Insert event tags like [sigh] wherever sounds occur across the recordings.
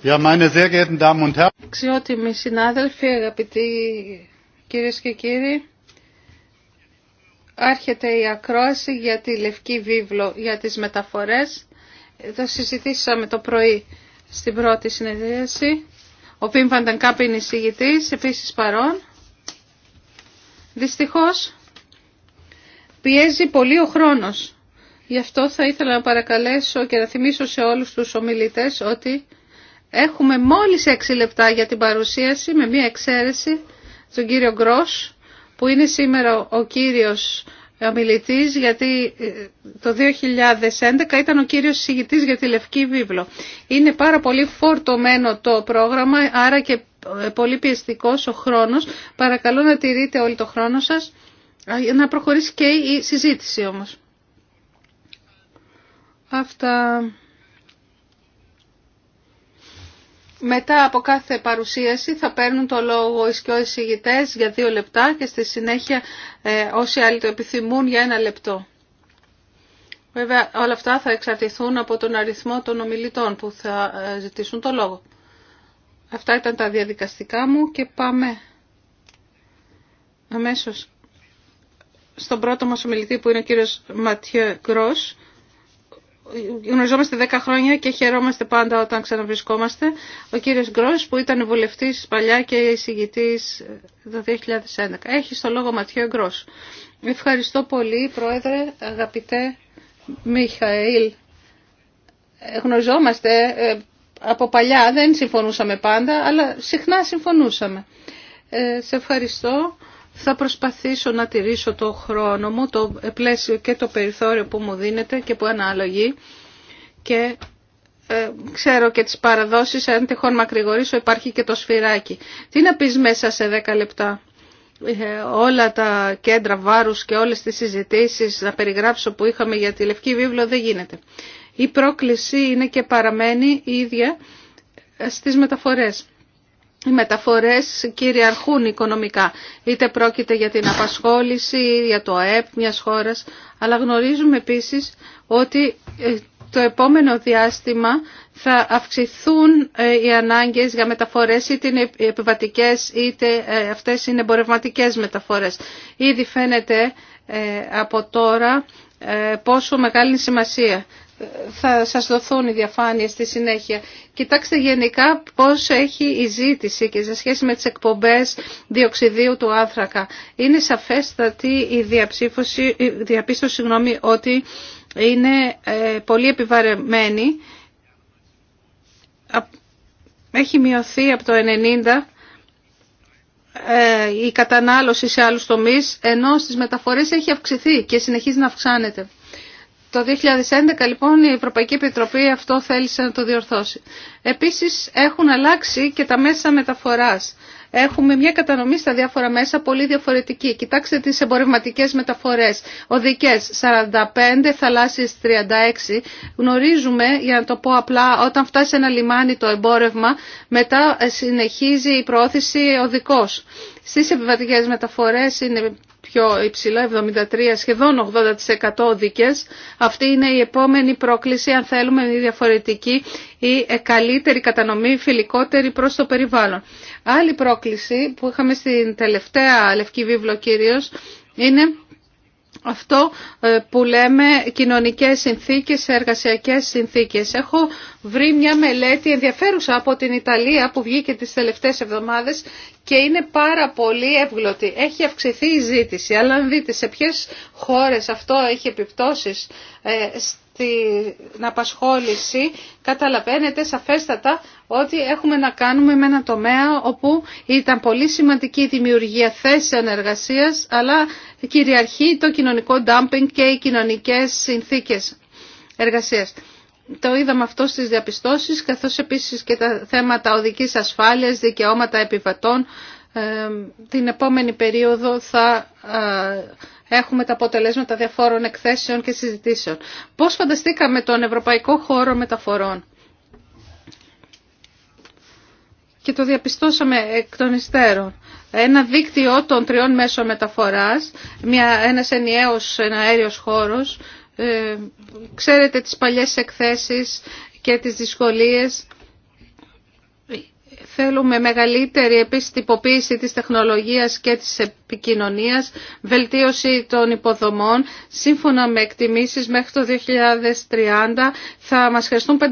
Ja, meine sehr geehrten Damen und Herren. Αξιότιμοι συνάδελφοι, αγαπητοί κυρίε και κύριοι, άρχεται η ακρόαση για τη Λευκή Βίβλο για τις μεταφορές. Το συζητήσαμε το πρωί στην πρώτη συνεδρίαση. Ο Πιμ Βαντανκάπ είναι εισηγητής, επίσης παρόν. Δυστυχώς πιέζει πολύ ο χρόνος. Γι' αυτό θα ήθελα να παρακαλέσω και να θυμίσω σε όλους τους ομιλητές ότι Έχουμε μόλις έξι λεπτά για την παρουσίαση με μία εξαίρεση τον κύριο Γκρός που είναι σήμερα ο κύριος ομιλητής γιατί ε, το 2011 ήταν ο κύριος συγητής για τη Λευκή Βίβλο. Είναι πάρα πολύ φορτωμένο το πρόγραμμα άρα και ε, πολύ πιεστικός ο χρόνος. Παρακαλώ να τηρείτε όλο το χρόνο σας να προχωρήσει και η συζήτηση όμως. Αυτά... Μετά από κάθε παρουσίαση θα παίρνουν το λόγο οι σκιώδεις για δύο λεπτά και στη συνέχεια ε, όσοι άλλοι το επιθυμούν για ένα λεπτό. Βέβαια όλα αυτά θα εξαρτηθούν από τον αριθμό των ομιλητών που θα ε, ζητήσουν το λόγο. Αυτά ήταν τα διαδικαστικά μου και πάμε αμέσως στον πρώτο μας ομιλητή που είναι ο κύριος Ματιέ Γκρός γνωριζόμαστε 10 χρόνια και χαιρόμαστε πάντα όταν ξαναβρισκόμαστε. Ο κύριος Γκρός που ήταν βουλευτής παλιά και εισηγητής το 2011. Έχει το λόγο Ματιό Γκρός. Ευχαριστώ πολύ Πρόεδρε, αγαπητέ Μιχαήλ. Γνωριζόμαστε ε, από παλιά, δεν συμφωνούσαμε πάντα, αλλά συχνά συμφωνούσαμε. Ε, σε ευχαριστώ θα προσπαθήσω να τηρήσω το χρόνο μου, το πλαίσιο και το περιθώριο που μου δίνεται και που αναλογεί και ε, ξέρω και τις παραδόσεις, αν τυχόν μακρηγορήσω υπάρχει και το σφυράκι. Τι να πεις μέσα σε 10 λεπτά. Ε, όλα τα κέντρα βάρους και όλες τις συζητήσεις να περιγράψω που είχαμε για τη Λευκή Βίβλο δεν γίνεται. Η πρόκληση είναι και παραμένει η ίδια ε, στις μεταφορές οι μεταφορές κυριαρχούν οικονομικά. Είτε πρόκειται για την απασχόληση, για το ΑΕΠ μιας χώρας, αλλά γνωρίζουμε επίσης ότι ε, το επόμενο διάστημα θα αυξηθούν ε, οι ανάγκες για μεταφορές είτε είναι επιβατικές είτε ε, αυτές είναι εμπορευματικέ μεταφορές. Ήδη φαίνεται από τώρα πόσο μεγάλη είναι η σημασία θα σας δοθούν οι διαφάνειες στη συνέχεια. Κοιτάξτε γενικά πώς έχει η ζήτηση και σε σχέση με τις εκπομπές διοξιδίου του άνθρακα. Είναι σαφέστατη η, διαψήφωση, η διαπίστωση συγγνώμη, ότι είναι ε, πολύ επιβαρεμένη. Έχει μειωθεί από το 90 ε, η κατανάλωση σε άλλους τομείς, ενώ στις μεταφορές έχει αυξηθεί και συνεχίζει να αυξάνεται. Το 2011 λοιπόν η Ευρωπαϊκή Επιτροπή αυτό θέλησε να το διορθώσει. Επίσης έχουν αλλάξει και τα μέσα μεταφοράς. Έχουμε μια κατανομή στα διάφορα μέσα πολύ διαφορετική. Κοιτάξτε τις εμπορευματικές μεταφορές. Οδικές 45, θαλάσσιες 36. Γνωρίζουμε, για να το πω απλά, όταν φτάσει ένα λιμάνι το εμπόρευμα, μετά ε, συνεχίζει η προώθηση οδικός. Στις επιβατικές μεταφορές είναι πιο υψηλά, 73, σχεδόν 80% δίκες. Αυτή είναι η επόμενη πρόκληση αν θέλουμε μια διαφορετική ή καλύτερη κατανομή, φιλικότερη προς το περιβάλλον. Άλλη πρόκληση που είχαμε στην τελευταία Λευκή Βίβλο κυρίως είναι αυτό ε, που λέμε κοινωνικές συνθήκες, εργασιακές συνθήκες. Έχω βρει μια μελέτη ενδιαφέρουσα από την Ιταλία που βγήκε τις τελευταίες εβδομάδες και είναι πάρα πολύ εύγλωτη. Έχει αυξηθεί η ζήτηση, αλλά αν δείτε σε ποιες χώρες αυτό έχει επιπτώσεις ε, στην απασχόληση, καταλαβαίνετε σαφέστατα ότι έχουμε να κάνουμε με ένα τομέα όπου ήταν πολύ σημαντική η δημιουργία θέσεων εργασίας, αλλά κυριαρχεί το κοινωνικό ντάμπινγκ και οι κοινωνικές συνθήκες εργασίας. Το είδαμε αυτό στις διαπιστώσεις, καθώς επίσης και τα θέματα οδικής ασφάλειας, δικαιώματα επιβατών. Ε, την επόμενη περίοδο θα ε, έχουμε τα αποτελέσματα διαφόρων εκθέσεων και συζητήσεων. Πώς φανταστήκαμε τον Ευρωπαϊκό Χώρο Μεταφορών. Και το διαπιστώσαμε εκ των υστέρων. Ένα δίκτυο των τριών μέσων μεταφοράς, μια, ένας ενιαίος ένα αέριος χώρος, ε, ξέρετε τις παλιές εκθέσεις και τις δυσκολίες Θέλουμε μεγαλύτερη επιστηποποίηση της τεχνολογίας και της επικοινωνίας, βελτίωση των υποδομών. Σύμφωνα με εκτιμήσεις μέχρι το 2030 θα μας χρειαστούν 500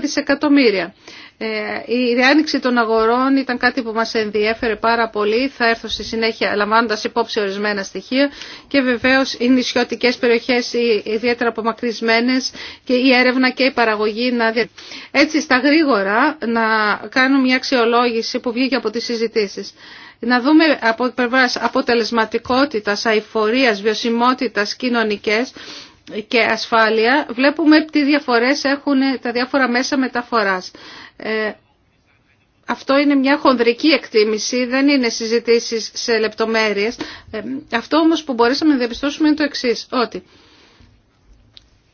δισεκατομμύρια. Ε, η διάνοιξη των αγορών ήταν κάτι που μας ενδιέφερε πάρα πολύ. Θα έρθω στη συνέχεια λαμβάνοντας υπόψη ορισμένα στοιχεία και βεβαίως οι νησιωτικές περιοχές οι ιδιαίτερα απομακρυσμένες και η έρευνα και η παραγωγή. Να δια... Έτσι στα γρήγορα να κάνουμε μια αξιολόγηση που βγήκε από τις συζητήσεις. Να δούμε από πλευράς αποτελεσματικότητας, αηφορίας, βιωσιμότητας, κοινωνικές και ασφάλεια. Βλέπουμε τι διαφορές έχουν τα διάφορα μέσα μεταφοράς. Ε, αυτό είναι μια χονδρική εκτίμηση, δεν είναι συζητήσεις σε λεπτομέρειες. Ε, αυτό όμως που μπορέσαμε να διαπιστώσουμε είναι το εξή, ότι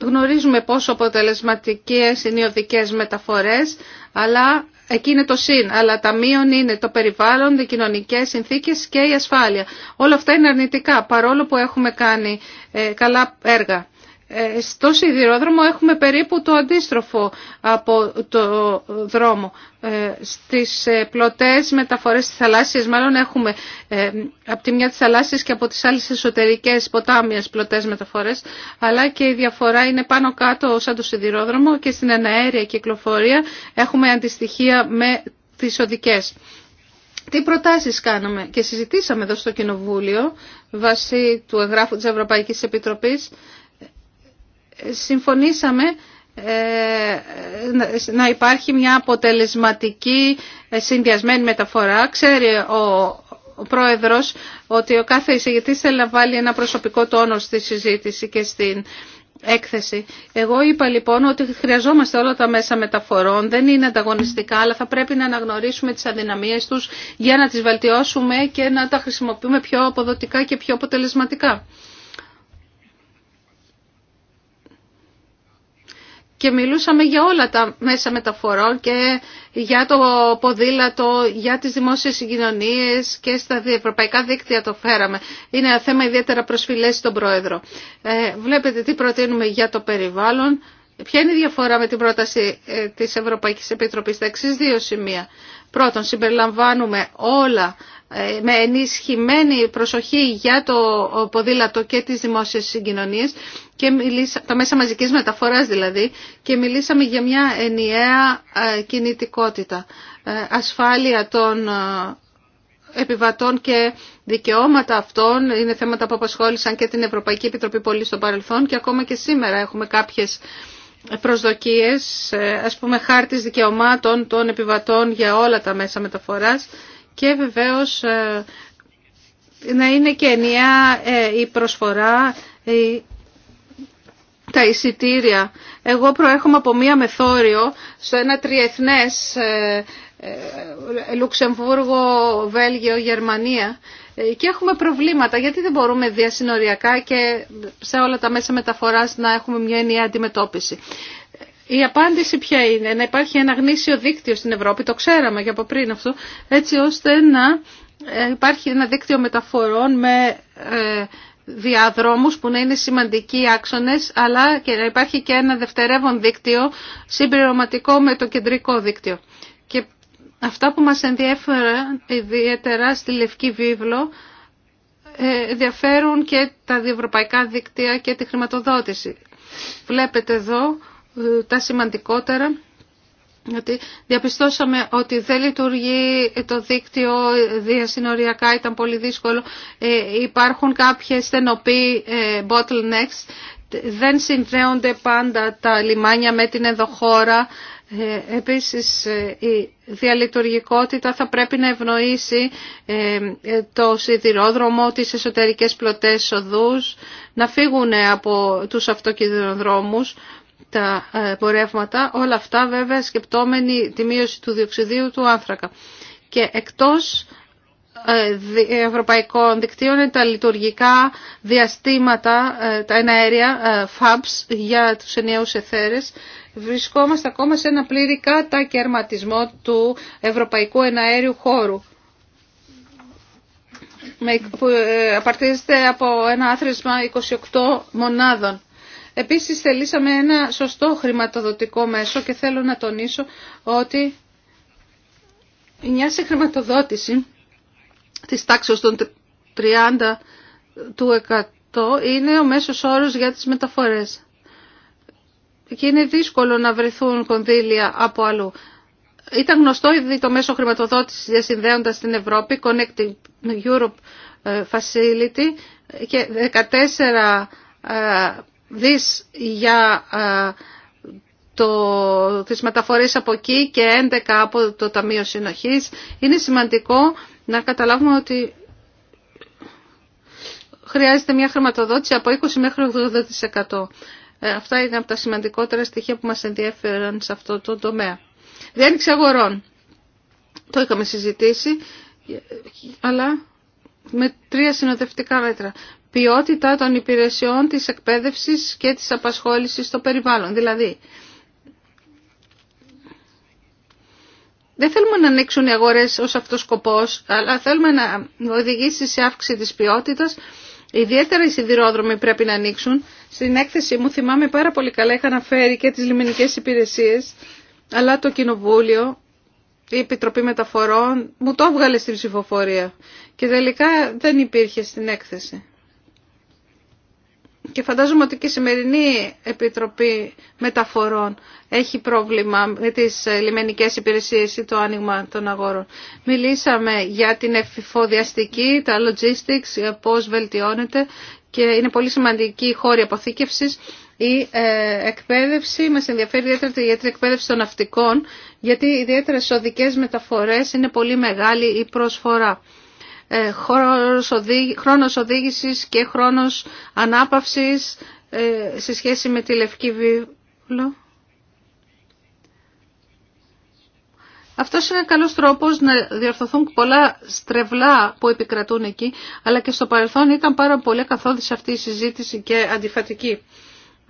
γνωρίζουμε πόσο αποτελεσματικές είναι οι οδικές μεταφορές, αλλά εκεί είναι το συν, αλλά τα μείον είναι το περιβάλλον, οι κοινωνικές συνθήκες και η ασφάλεια. Όλα αυτά είναι αρνητικά, παρόλο που έχουμε κάνει ε, καλά έργα. Ε, στο σιδηρόδρομο έχουμε περίπου το αντίστροφο από το δρόμο. Ε, στις ε, πλωτές μεταφορές της θαλάσσιας, μάλλον έχουμε από τη μια της θαλάσσιας και από τις άλλες εσωτερικές ποτάμιες πλωτές μεταφορές, αλλά και η διαφορά είναι πάνω κάτω σαν το σιδηρόδρομο και στην και κυκλοφορία έχουμε αντιστοιχεία με τις οδικές. Τι προτάσεις κάναμε και συζητήσαμε εδώ στο Κοινοβούλιο βάσει του εγγράφου της Ευρωπαϊκής Επιτροπής συμφωνήσαμε ε, να υπάρχει μια αποτελεσματική ε, συνδυασμένη μεταφορά. Ξέρει ο ο πρόεδρος ότι ο κάθε εισηγητής θέλει να βάλει ένα προσωπικό τόνο στη συζήτηση και στην έκθεση. Εγώ είπα λοιπόν ότι χρειαζόμαστε όλα τα μέσα μεταφορών, δεν είναι ανταγωνιστικά, αλλά θα πρέπει να αναγνωρίσουμε τις αδυναμίες τους για να τις βελτιώσουμε και να τα χρησιμοποιούμε πιο αποδοτικά και πιο αποτελεσματικά. και μιλούσαμε για όλα τα μέσα μεταφορών και για το ποδήλατο, για τις δημόσιες συγκοινωνίες και στα ευρωπαϊκά δίκτυα το φέραμε. Είναι ένα θέμα ιδιαίτερα προσφυλές στον Πρόεδρο. Ε, βλέπετε τι προτείνουμε για το περιβάλλον. Ποια είναι η διαφορά με την πρόταση ε, της Ευρωπαϊκής Επιτροπής, τα εξής δύο σημεία. Πρώτον, συμπεριλαμβάνουμε όλα ε, με ενισχυμένη προσοχή για το ποδήλατο και τις δημόσιες συγκοινωνίες και μιλήσα, τα μέσα μαζικής μεταφοράς δηλαδή και μιλήσαμε για μια ενιαία ε, κινητικότητα, ε, ασφάλεια των επιβατών και δικαιώματα αυτών είναι θέματα που απασχόλησαν και την Ευρωπαϊκή Επιτροπή πολύ στο παρελθόν και ακόμα και σήμερα έχουμε κάποιες προσδοκίες, ε, ας πούμε χάρτης δικαιωμάτων των επιβατών για όλα τα μέσα μεταφοράς και βεβαίως ε, να είναι και ενιαία ε, η προσφορά, τα εισιτήρια. Εγώ προέρχομαι από μία μεθόριο στο ένα τριεθνές Λουξεμβούργο, Βέλγιο, Γερμανία και έχουμε προβλήματα γιατί δεν μπορούμε διασυνοριακά και σε όλα τα μέσα μεταφοράς να έχουμε μια ενιαία αντιμετώπιση. Η απάντηση ποια είναι, να υπάρχει ένα γνήσιο δίκτυο στην Ευρώπη, το ξέραμε και από πριν αυτό, έτσι ώστε να ε, υπάρχει ένα δίκτυο μεταφορών με ε, διαδρόμους που να είναι σημαντικοί άξονες, αλλά και να υπάρχει και ένα δευτερεύον δίκτυο συμπληρωματικό με το κεντρικό δίκτυο. Αυτά που μας ενδιέφεραν ιδιαίτερα στη Λευκή Βίβλο ε, ενδιαφέρουν και τα διευρωπαϊκά δικτύα και τη χρηματοδότηση. Βλέπετε εδώ ε, τα σημαντικότερα γιατί διαπιστώσαμε ότι δεν λειτουργεί το δίκτυο διασυνοριακά, ήταν πολύ δύσκολο. Ε, υπάρχουν κάποιες στενοποί bottlenecks, δεν συνδέονται πάντα τα λιμάνια με την ενδοχώρα, ε, επίσης ε, η διαλειτουργικότητα θα πρέπει να ευνοήσει ε, το σιδηρόδρομο, τις εσωτερικές πλωτές οδούς, να φύγουν από τους αυτοκινδυνοδρόμους τα πορεύματα, όλα αυτά βέβαια σκεπτόμενοι τη μείωση του διοξιδίου του άνθρακα. Και εκτός ευρωπαϊκών δικτύων είναι τα λειτουργικά διαστήματα, τα εναέρια, FABs για τους ενιαίους εθέρες, βρισκόμαστε ακόμα σε ένα πλήρη κατακαιρματισμό του ευρωπαϊκού εναέριου χώρου που ε, απαρτίζεται από ένα άθροισμα 28 μονάδων. Επίσης θελήσαμε ένα σωστό χρηματοδοτικό μέσο και θέλω να τονίσω ότι μια χρηματοδότηση της τάξης των 30% του 100 είναι ο μέσος όρος για τις μεταφορές και είναι δύσκολο να βρεθούν κονδύλια από αλλού. Ήταν γνωστό ήδη το μέσο χρηματοδότησης διασυνδέοντας την Ευρώπη, Connecting Europe ε, Facility και 14 ε, δις για ε, το, τις μεταφορές από εκεί και 11 από το Ταμείο Συνοχής. Είναι σημαντικό να καταλάβουμε ότι χρειάζεται μια χρηματοδότηση από 20 μέχρι 80%. Ε, αυτά είναι από τα σημαντικότερα στοιχεία που μας ενδιέφεραν σε αυτό το τομέα. Διάνοιξη αγορών. Το είχαμε συζητήσει, αλλά με τρία συνοδευτικά μέτρα. Ποιότητα των υπηρεσιών της εκπαίδευσης και της απασχόλησης στο περιβάλλον. Δηλαδή, δεν θέλουμε να ανοίξουν οι αγορές ως αυτός σκοπός, αλλά θέλουμε να οδηγήσει σε αύξηση της ποιότητας. Ιδιαίτερα οι σιδηρόδρομοι πρέπει να ανοίξουν στην έκθεση μου θυμάμαι πάρα πολύ καλά είχα αναφέρει και τις λιμενικές υπηρεσίες, αλλά το Κοινοβούλιο, η Επιτροπή Μεταφορών, μου το έβγαλε στην ψηφοφορία και τελικά δεν υπήρχε στην έκθεση. Και φαντάζομαι ότι και η σημερινή Επιτροπή Μεταφορών έχει πρόβλημα με τις ε, λιμενικές υπηρεσίες ή το άνοιγμα των αγόρων. Μιλήσαμε για την εφηφοδιαστική, τα logistics, πώς βελτιώνεται και είναι πολύ σημαντική η χώρη αποθήκευση η ε, εκπαίδευση, μας ενδιαφέρει ιδιαίτερα η την εκπαίδευση των ναυτικών, γιατί ιδιαίτερα στι οδικε μεταφορές είναι πολύ μεγάλη η προσφορά. Ε, χρόνος οδήγησης και χρόνος ανάπαυσης ε, σε σχέση με τη λευκή βίβλο. Αυτό είναι καλός τρόπος να διορθωθούν πολλά στρεβλά που επικρατούν εκεί, αλλά και στο παρελθόν ήταν πάρα πολύ καθόδηση αυτή η συζήτηση και αντιφατική.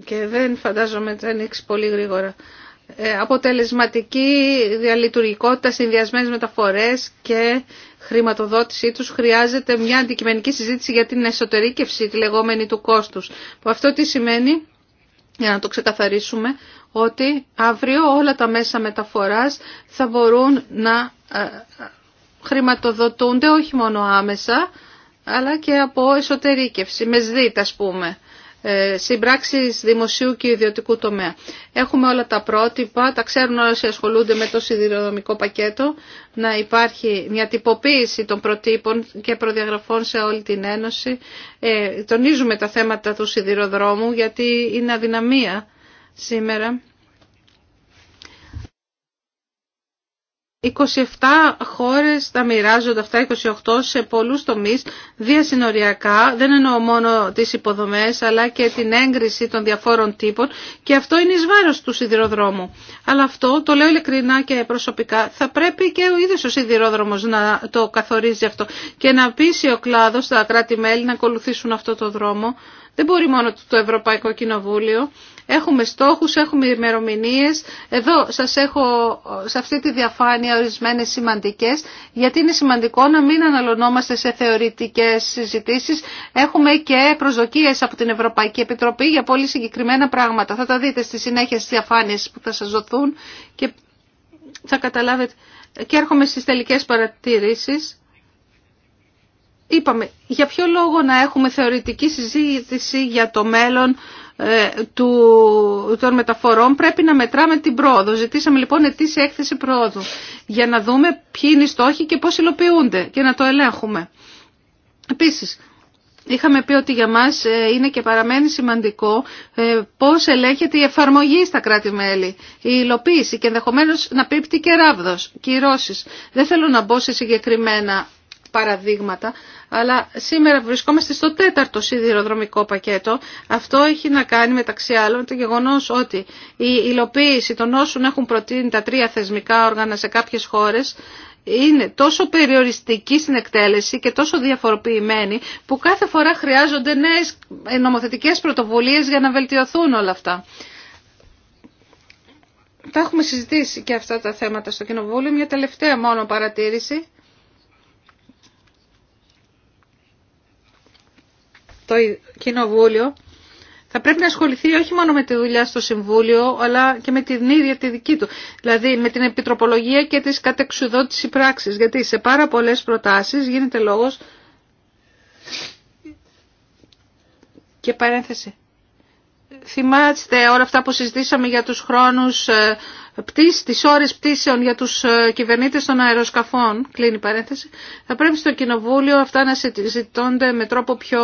Και δεν φαντάζομαι θα ανοίξει πολύ γρήγορα. Ε, αποτελεσματική διαλειτουργικότητα, συνδυασμένε μεταφορές και χρηματοδότησή του χρειάζεται μια αντικειμενική συζήτηση για την εσωτερήκευση, τη λεγόμενη του κόστου, Που αυτό τι σημαίνει, για να το ξεκαθαρίσουμε, ότι αύριο όλα τα μέσα μεταφοράς θα μπορούν να ε, χρηματοδοτούνται όχι μόνο άμεσα, αλλά και από εσωτερήκευση, με ΣΔΙΤ ας πούμε, ε, συμπράξεις δημοσίου και ιδιωτικού τομέα. Έχουμε όλα τα πρότυπα, τα ξέρουν όσοι ασχολούνται με το σιδηροδομικό πακέτο, να υπάρχει μια τυποποίηση των προτύπων και προδιαγραφών σε όλη την Ένωση. Ε, τονίζουμε τα θέματα του σιδηροδρόμου γιατί είναι αδυναμία σήμερα. 27 χώρες τα μοιράζονται αυτά, 28 σε πολλούς τομείς διασυνοριακά, δεν εννοώ μόνο τις υποδομές αλλά και την έγκριση των διαφόρων τύπων και αυτό είναι εις βάρος του σιδηροδρόμου. Αλλά αυτό το λέω ειλικρινά και προσωπικά θα πρέπει και ο ίδιος ο σιδηρόδρομος να το καθορίζει αυτό και να πείσει ο κλάδος τα κράτη-μέλη να ακολουθήσουν αυτό το δρόμο. Δεν μπορεί μόνο το Ευρωπαϊκό Κοινοβούλιο. Έχουμε στόχους, έχουμε ημερομηνίε. Εδώ σας έχω σε αυτή τη διαφάνεια ορισμένες σημαντικές, γιατί είναι σημαντικό να μην αναλωνόμαστε σε θεωρητικές συζητήσεις. Έχουμε και προσδοκίες από την Ευρωπαϊκή Επιτροπή για πολύ συγκεκριμένα πράγματα. Θα τα δείτε στη συνέχεια στις διαφάνειες που θα σας δοθούν και θα καταλάβετε. Και έρχομαι στις τελικές παρατηρήσεις. Είπαμε, για ποιο λόγο να έχουμε θεωρητική συζήτηση για το μέλλον ε, του, των μεταφορών πρέπει να μετράμε την πρόοδο. Ζητήσαμε λοιπόν ετήσια έκθεση πρόοδου για να δούμε ποιοι είναι οι στόχοι και πώς υλοποιούνται και να το ελέγχουμε. Επίσης, Είχαμε πει ότι για μας ε, είναι και παραμένει σημαντικό ε, πώς ελέγχεται η εφαρμογή στα κράτη-μέλη, η υλοποίηση και ενδεχομένως να πείπτει και ράβδος, κυρώσεις. Δεν θέλω να μπω σε συγκεκριμένα παραδείγματα, αλλά σήμερα βρισκόμαστε στο τέταρτο σιδηροδρομικό πακέτο. Αυτό έχει να κάνει μεταξύ άλλων το γεγονό ότι η υλοποίηση των όσων έχουν προτείνει τα τρία θεσμικά όργανα σε κάποιε χώρε είναι τόσο περιοριστική στην εκτέλεση και τόσο διαφοροποιημένη που κάθε φορά χρειάζονται νέες νομοθετικές πρωτοβουλίες για να βελτιωθούν όλα αυτά. Τα έχουμε συζητήσει και αυτά τα θέματα στο Κοινοβούλιο. Μια τελευταία μόνο παρατήρηση το Κοινοβούλιο θα πρέπει να ασχοληθεί όχι μόνο με τη δουλειά στο Συμβούλιο, αλλά και με την ίδια τη δική του. Δηλαδή με την επιτροπολογία και τις κατεξουδότηση πράξης. Γιατί σε πάρα πολλές προτάσεις γίνεται λόγος και παρένθεση. Θυμάστε όλα αυτά που συζητήσαμε για τους χρόνους ε, πτήσεις, τις ώρες πτήσεων για τους ε, κυβερνήτες των αεροσκαφών, κλείνει παρένθεση, θα πρέπει στο Κοινοβούλιο αυτά να συζητώνται με τρόπο πιο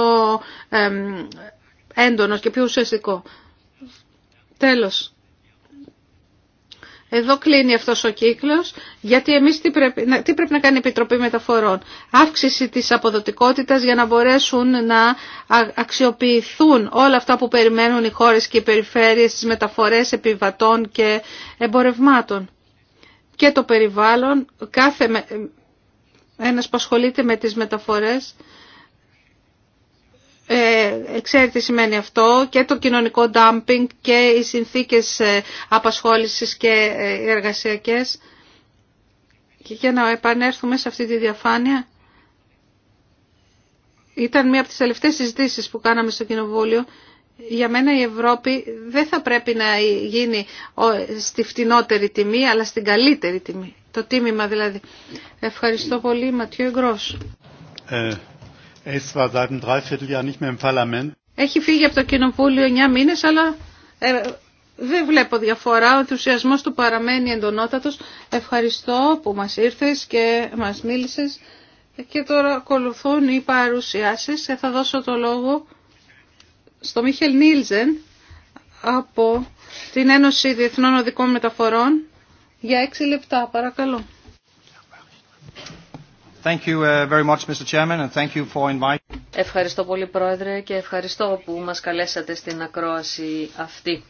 έντονο και πιο ουσιαστικό. Τέλος, εδώ κλείνει αυτός ο κύκλος, γιατί εμείς τι πρέπει, να κάνει η Επιτροπή Μεταφορών. Αύξηση της αποδοτικότητας για να μπορέσουν να αξιοποιηθούν όλα αυτά που περιμένουν οι χώρες και οι περιφέρειες στις μεταφορές επιβατών και εμπορευμάτων. Και το περιβάλλον, κάθε ε, ένα που ασχολείται με τις μεταφορές ε, τι σημαίνει αυτό και το κοινωνικό dumping και οι συνθήκες ε, απασχόλησης και ε, εργασιακές. Και για να επανέλθουμε σε αυτή τη διαφάνεια, ήταν μία από τις τελευταίες συζητήσεις που κάναμε στο Κοινοβούλιο. Για μένα η Ευρώπη δεν θα πρέπει να γίνει στη φτηνότερη τιμή, αλλά στην καλύτερη τιμή. Το τίμημα δηλαδή. Ευχαριστώ πολύ, Ματιό Εγκρός. Ε, έχει φύγει από το Κοινοβούλιο 9 μήνες, αλλά ε, δεν βλέπω διαφορά. Ο ενθουσιασμό του παραμένει εντονότατος. Ευχαριστώ που μας ήρθες και μας μίλησες. Και τώρα ακολουθούν οι παρουσιάσεις. Ε, θα δώσω το λόγο στο Μίχελ Νίλζεν από την Ένωση Διεθνών Οδικών Μεταφορών για 6 λεπτά. Παρακαλώ. Ευχαριστώ πολύ Πρόεδρε και ευχαριστώ που μας καλέσατε στην ακρόαση αυτή.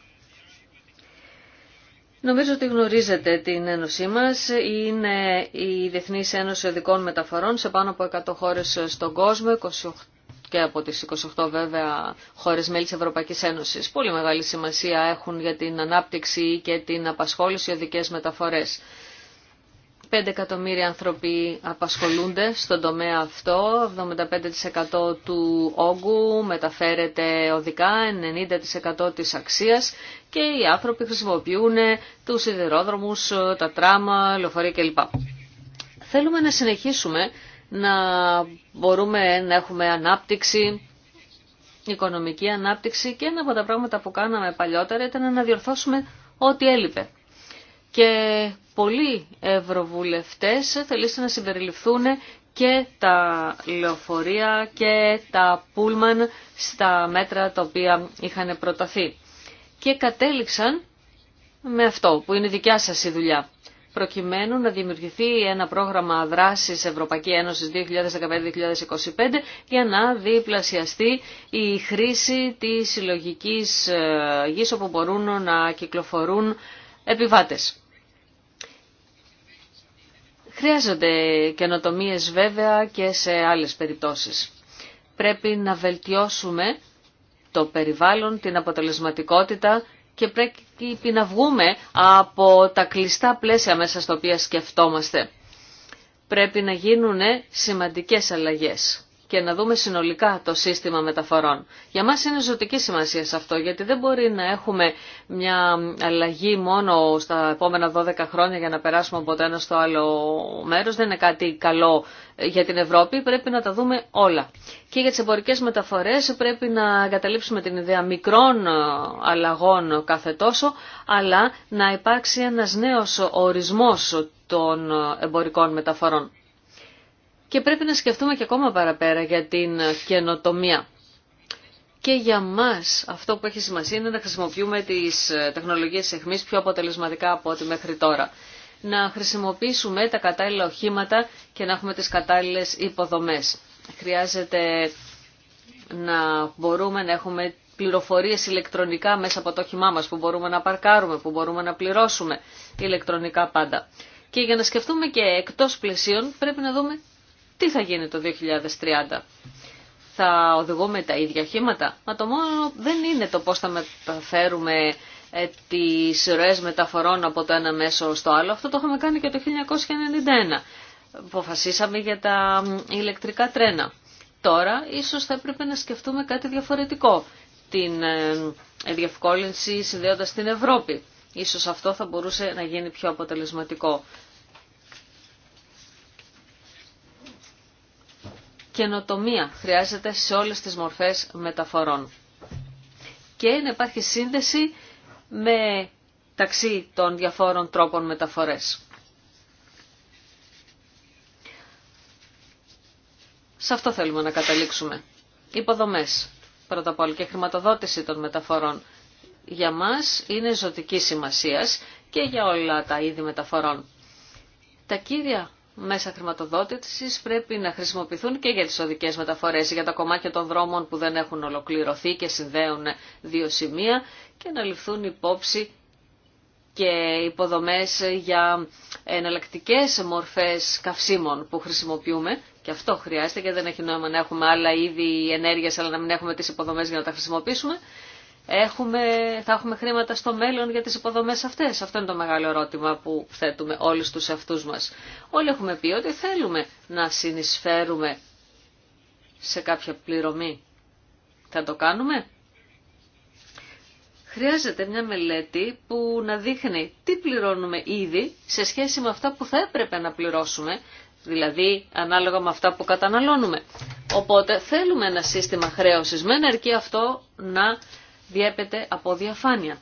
Νομίζω ότι γνωρίζετε την ένωσή μας. Είναι η Διεθνής Ένωση Οδικών Μεταφορών σε πάνω από 100 χώρες στον κόσμο, 28 και από τις 28 βέβαια χώρες μέλη της Ευρωπαϊκής Ένωσης. Πολύ μεγάλη σημασία έχουν για την ανάπτυξη και την απασχόληση οδικές μεταφορές. 5 εκατομμύρια άνθρωποι απασχολούνται στον τομέα αυτό, 75% του όγκου μεταφέρεται οδικά, 90% της αξίας και οι άνθρωποι χρησιμοποιούν τους σιδηρόδρομους, τα τράμα, λεωφορεία κλπ. Θέλουμε να συνεχίσουμε να μπορούμε να έχουμε ανάπτυξη, οικονομική ανάπτυξη και ένα από τα πράγματα που κάναμε παλιότερα ήταν να διορθώσουμε ό,τι έλειπε. Και πολλοί ευρωβουλευτές θελήσαν να συμπεριληφθούν και τα λεωφορεία και τα πούλμαν στα μέτρα τα οποία είχαν προταθεί. Και κατέληξαν με αυτό που είναι δικιά σας η δουλειά προκειμένου να δημιουργηθεί ένα πρόγραμμα δράσης Ένωση Ένωσης 2015-2025 για να διπλασιαστεί η χρήση της συλλογική ε, γης όπου μπορούν να κυκλοφορούν επιβάτες. Χρειάζονται καινοτομίες βέβαια και σε άλλες περιπτώσεις. Πρέπει να βελτιώσουμε το περιβάλλον, την αποτελεσματικότητα και πρέπει να βγούμε από τα κλειστά πλαίσια μέσα στα οποία σκεφτόμαστε. Πρέπει να γίνουν σημαντικές αλλαγές και να δούμε συνολικά το σύστημα μεταφορών. Για μας είναι ζωτική σημασία σε αυτό, γιατί δεν μπορεί να έχουμε μια αλλαγή μόνο στα επόμενα 12 χρόνια για να περάσουμε από το ένα στο άλλο μέρος. Δεν είναι κάτι καλό για την Ευρώπη, πρέπει να τα δούμε όλα. Και για τις εμπορικές μεταφορές πρέπει να εγκαταλείψουμε την ιδέα μικρών αλλαγών κάθε τόσο, αλλά να υπάρξει ένας νέος ορισμός των εμπορικών μεταφορών. Και πρέπει να σκεφτούμε και ακόμα παραπέρα για την καινοτομία. Και για μας αυτό που έχει σημασία είναι να χρησιμοποιούμε τις ε, τεχνολογίες εχμής πιο αποτελεσματικά από ό,τι μέχρι τώρα. Να χρησιμοποιήσουμε τα κατάλληλα οχήματα και να έχουμε τις κατάλληλες υποδομές. Χρειάζεται να μπορούμε να έχουμε πληροφορίες ηλεκτρονικά μέσα από το όχημά μας που μπορούμε να παρκάρουμε, που μπορούμε να πληρώσουμε ηλεκτρονικά πάντα. Και για να σκεφτούμε και εκτός πλαισίων πρέπει να δούμε τι θα γίνει το 2030. Θα οδηγούμε τα ίδια χήματα. Μα το μόνο δεν είναι το πώς θα μεταφέρουμε ε, τις ροές μεταφορών από το ένα μέσο στο άλλο. Αυτό το είχαμε κάνει και το 1991. Αποφασίσαμε για τα ηλεκτρικά τρένα. Τώρα ίσως θα έπρεπε να σκεφτούμε κάτι διαφορετικό. Την ε, ε, διευκόλυνση συνδέοντας την Ευρώπη. Ίσως αυτό θα μπορούσε να γίνει πιο αποτελεσματικό. καινοτομία χρειάζεται σε όλες τις μορφές μεταφορών. Και να υπάρχει σύνδεση με ταξί των διαφόρων τρόπων μεταφορές. Σε αυτό θέλουμε να καταλήξουμε. Υποδομές, πρώτα απ' όλα, και χρηματοδότηση των μεταφορών για μας είναι ζωτική σημασίας και για όλα τα είδη μεταφορών. Τα κύρια μέσα χρηματοδότηση πρέπει να χρησιμοποιηθούν και για τις οδικές μεταφορές, για τα κομμάτια των δρόμων που δεν έχουν ολοκληρωθεί και συνδέουν δύο σημεία και να ληφθούν υπόψη και υποδομές για εναλλακτικέ μορφές καυσίμων που χρησιμοποιούμε. Και αυτό χρειάζεται και δεν έχει νόημα να έχουμε άλλα είδη ενέργειας αλλά να μην έχουμε τις υποδομές για να τα χρησιμοποιήσουμε έχουμε, θα έχουμε χρήματα στο μέλλον για τις υποδομές αυτές. Αυτό είναι το μεγάλο ερώτημα που θέτουμε όλοι στους αυτούς μας. Όλοι έχουμε πει ότι θέλουμε να συνεισφέρουμε σε κάποια πληρωμή. Θα το κάνουμε. Χρειάζεται μια μελέτη που να δείχνει τι πληρώνουμε ήδη σε σχέση με αυτά που θα έπρεπε να πληρώσουμε, δηλαδή ανάλογα με αυτά που καταναλώνουμε. Οπότε θέλουμε ένα σύστημα χρέωσης με αυτό να διέπεται από διαφάνεια.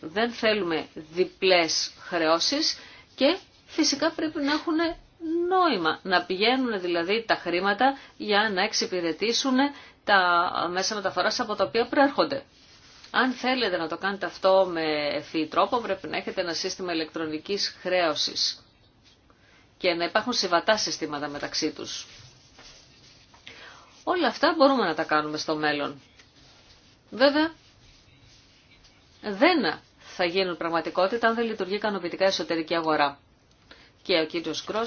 Δεν θέλουμε διπλές χρεώσεις και φυσικά πρέπει να έχουν νόημα. Να πηγαίνουν δηλαδή τα χρήματα για να εξυπηρετήσουν τα μέσα μεταφοράς από τα οποία προέρχονται. Αν θέλετε να το κάνετε αυτό με ευθύ τρόπο πρέπει να έχετε ένα σύστημα ηλεκτρονικής χρέωσης και να υπάρχουν συμβατά συστήματα μεταξύ τους. Όλα αυτά μπορούμε να τα κάνουμε στο μέλλον. Βέβαια, δεν θα γίνουν πραγματικότητα αν δεν λειτουργεί ικανοποιητικά εσωτερική αγορά. Και ο κύριο Κρό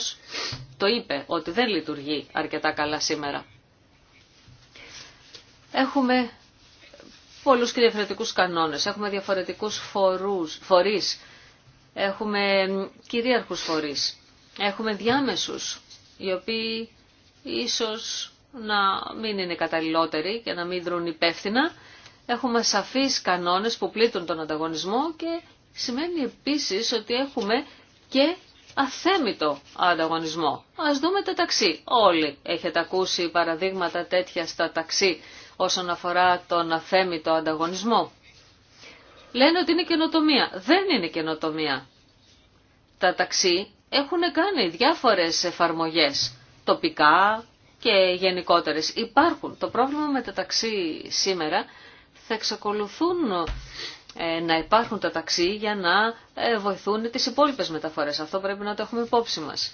το είπε ότι δεν λειτουργεί αρκετά καλά σήμερα. Έχουμε πολλούς και διαφορετικούς κανόνες, έχουμε διαφορετικούς φορούς, φορείς, έχουμε κυρίαρχους φορείς, έχουμε διάμεσους, οι οποίοι ίσως να μην είναι καταλληλότεροι και να μην δρουν υπεύθυνα Έχουμε σαφείς κανόνες που πλήττουν τον ανταγωνισμό και σημαίνει επίσης ότι έχουμε και αθέμητο ανταγωνισμό. Ας δούμε τα ταξί. Όλοι έχετε ακούσει παραδείγματα τέτοια στα ταξί όσον αφορά τον αθέμητο ανταγωνισμό. Λένε ότι είναι καινοτομία. Δεν είναι καινοτομία. Τα ταξί έχουν κάνει διάφορες εφαρμογές, τοπικά και γενικότερες. Υπάρχουν. Το πρόβλημα με τα ταξί σήμερα θα εξακολουθούν ε, να υπάρχουν τα ταξί για να ε, βοηθούν τις υπόλοιπες μεταφορές. Αυτό πρέπει να το έχουμε υπόψη μας.